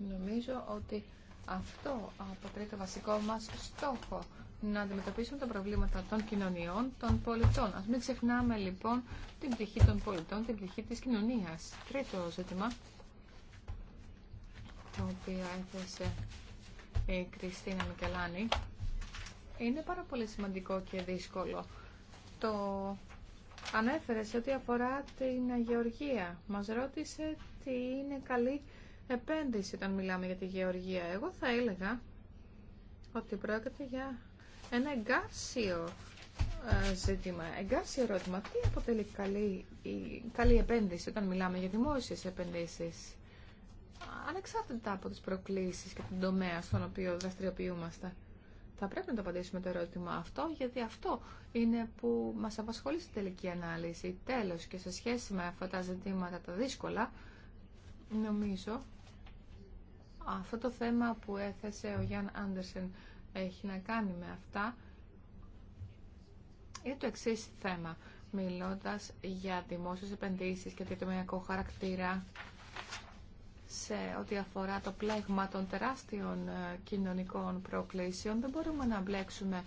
Νομίζω ότι αυτό αποτελεί το βασικό μας στόχο να αντιμετωπίσουμε τα προβλήματα των κοινωνιών, των πολιτών. Ας μην ξεχνάμε λοιπόν την πτυχή των πολιτών, την πτυχή της κοινωνίας. Τρίτο ζήτημα, το οποίο έθεσε η Κριστίνα Μικελάνη, είναι πάρα πολύ σημαντικό και δύσκολο. Το ανέφερε σε ό,τι αφορά την Γεωργία. Μας ρώτησε τι είναι καλή επένδυση όταν μιλάμε για τη γεωργία. Εγώ θα έλεγα ότι πρόκειται για ένα εγκάρσιο ε, ζήτημα, εγκάρσιο ερώτημα. Τι αποτελεί καλή, καλή επένδυση όταν μιλάμε για δημόσιες επενδύσεις, ανεξάρτητα από τις προκλήσεις και τον τομέα στον οποίο δραστηριοποιούμαστε. Θα πρέπει να το απαντήσουμε το ερώτημα αυτό, γιατί αυτό είναι που μας απασχολεί στην τελική ανάλυση. Τέλος και σε σχέση με αυτά τα ζητήματα τα δύσκολα, νομίζω αυτό το θέμα που έθεσε ο Γιάνν Άντερσεν έχει να κάνει με αυτά είναι το εξή θέμα. Μιλώντας για δημόσιες επενδύσεις και διατομιακό χαρακτήρα σε ό,τι αφορά το πλέγμα των τεράστιων ε, κοινωνικών προκλήσεων, δεν μπορούμε να μπλέξουμε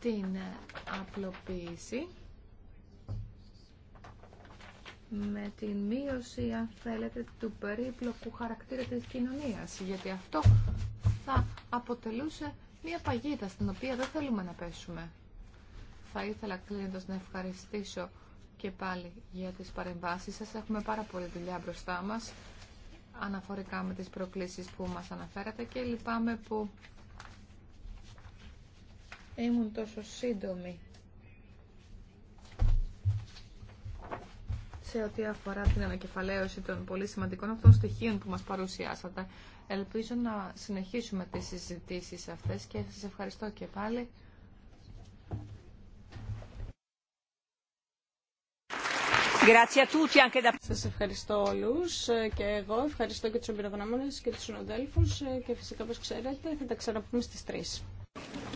την ε, απλοποίηση με την μείωση, αν θέλετε, του περίπλοκου χαρακτήρα της κοινωνίας. Γιατί αυτό θα αποτελούσε μια παγίδα στην οποία δεν θέλουμε να πέσουμε. Θα ήθελα κλείνοντας να ευχαριστήσω και πάλι για τις παρεμβάσεις σας. Έχουμε πάρα πολλή δουλειά μπροστά μας αναφορικά με τις προκλήσεις που μας αναφέρατε και λυπάμαι που ήμουν τόσο σύντομη σε ό,τι αφορά την ανακεφαλαίωση των πολύ σημαντικών αυτών στοιχείων που μας παρουσιάσατε. Ελπίζω να συνεχίσουμε τις συζητήσεις αυτές και σας ευχαριστώ και πάλι. Σας ευχαριστώ όλους και εγώ. Ευχαριστώ και τους εμπειρογνώμονες και τους συνοδέλφους και φυσικά όπως ξέρετε θα τα ξαναπούμε στις 3.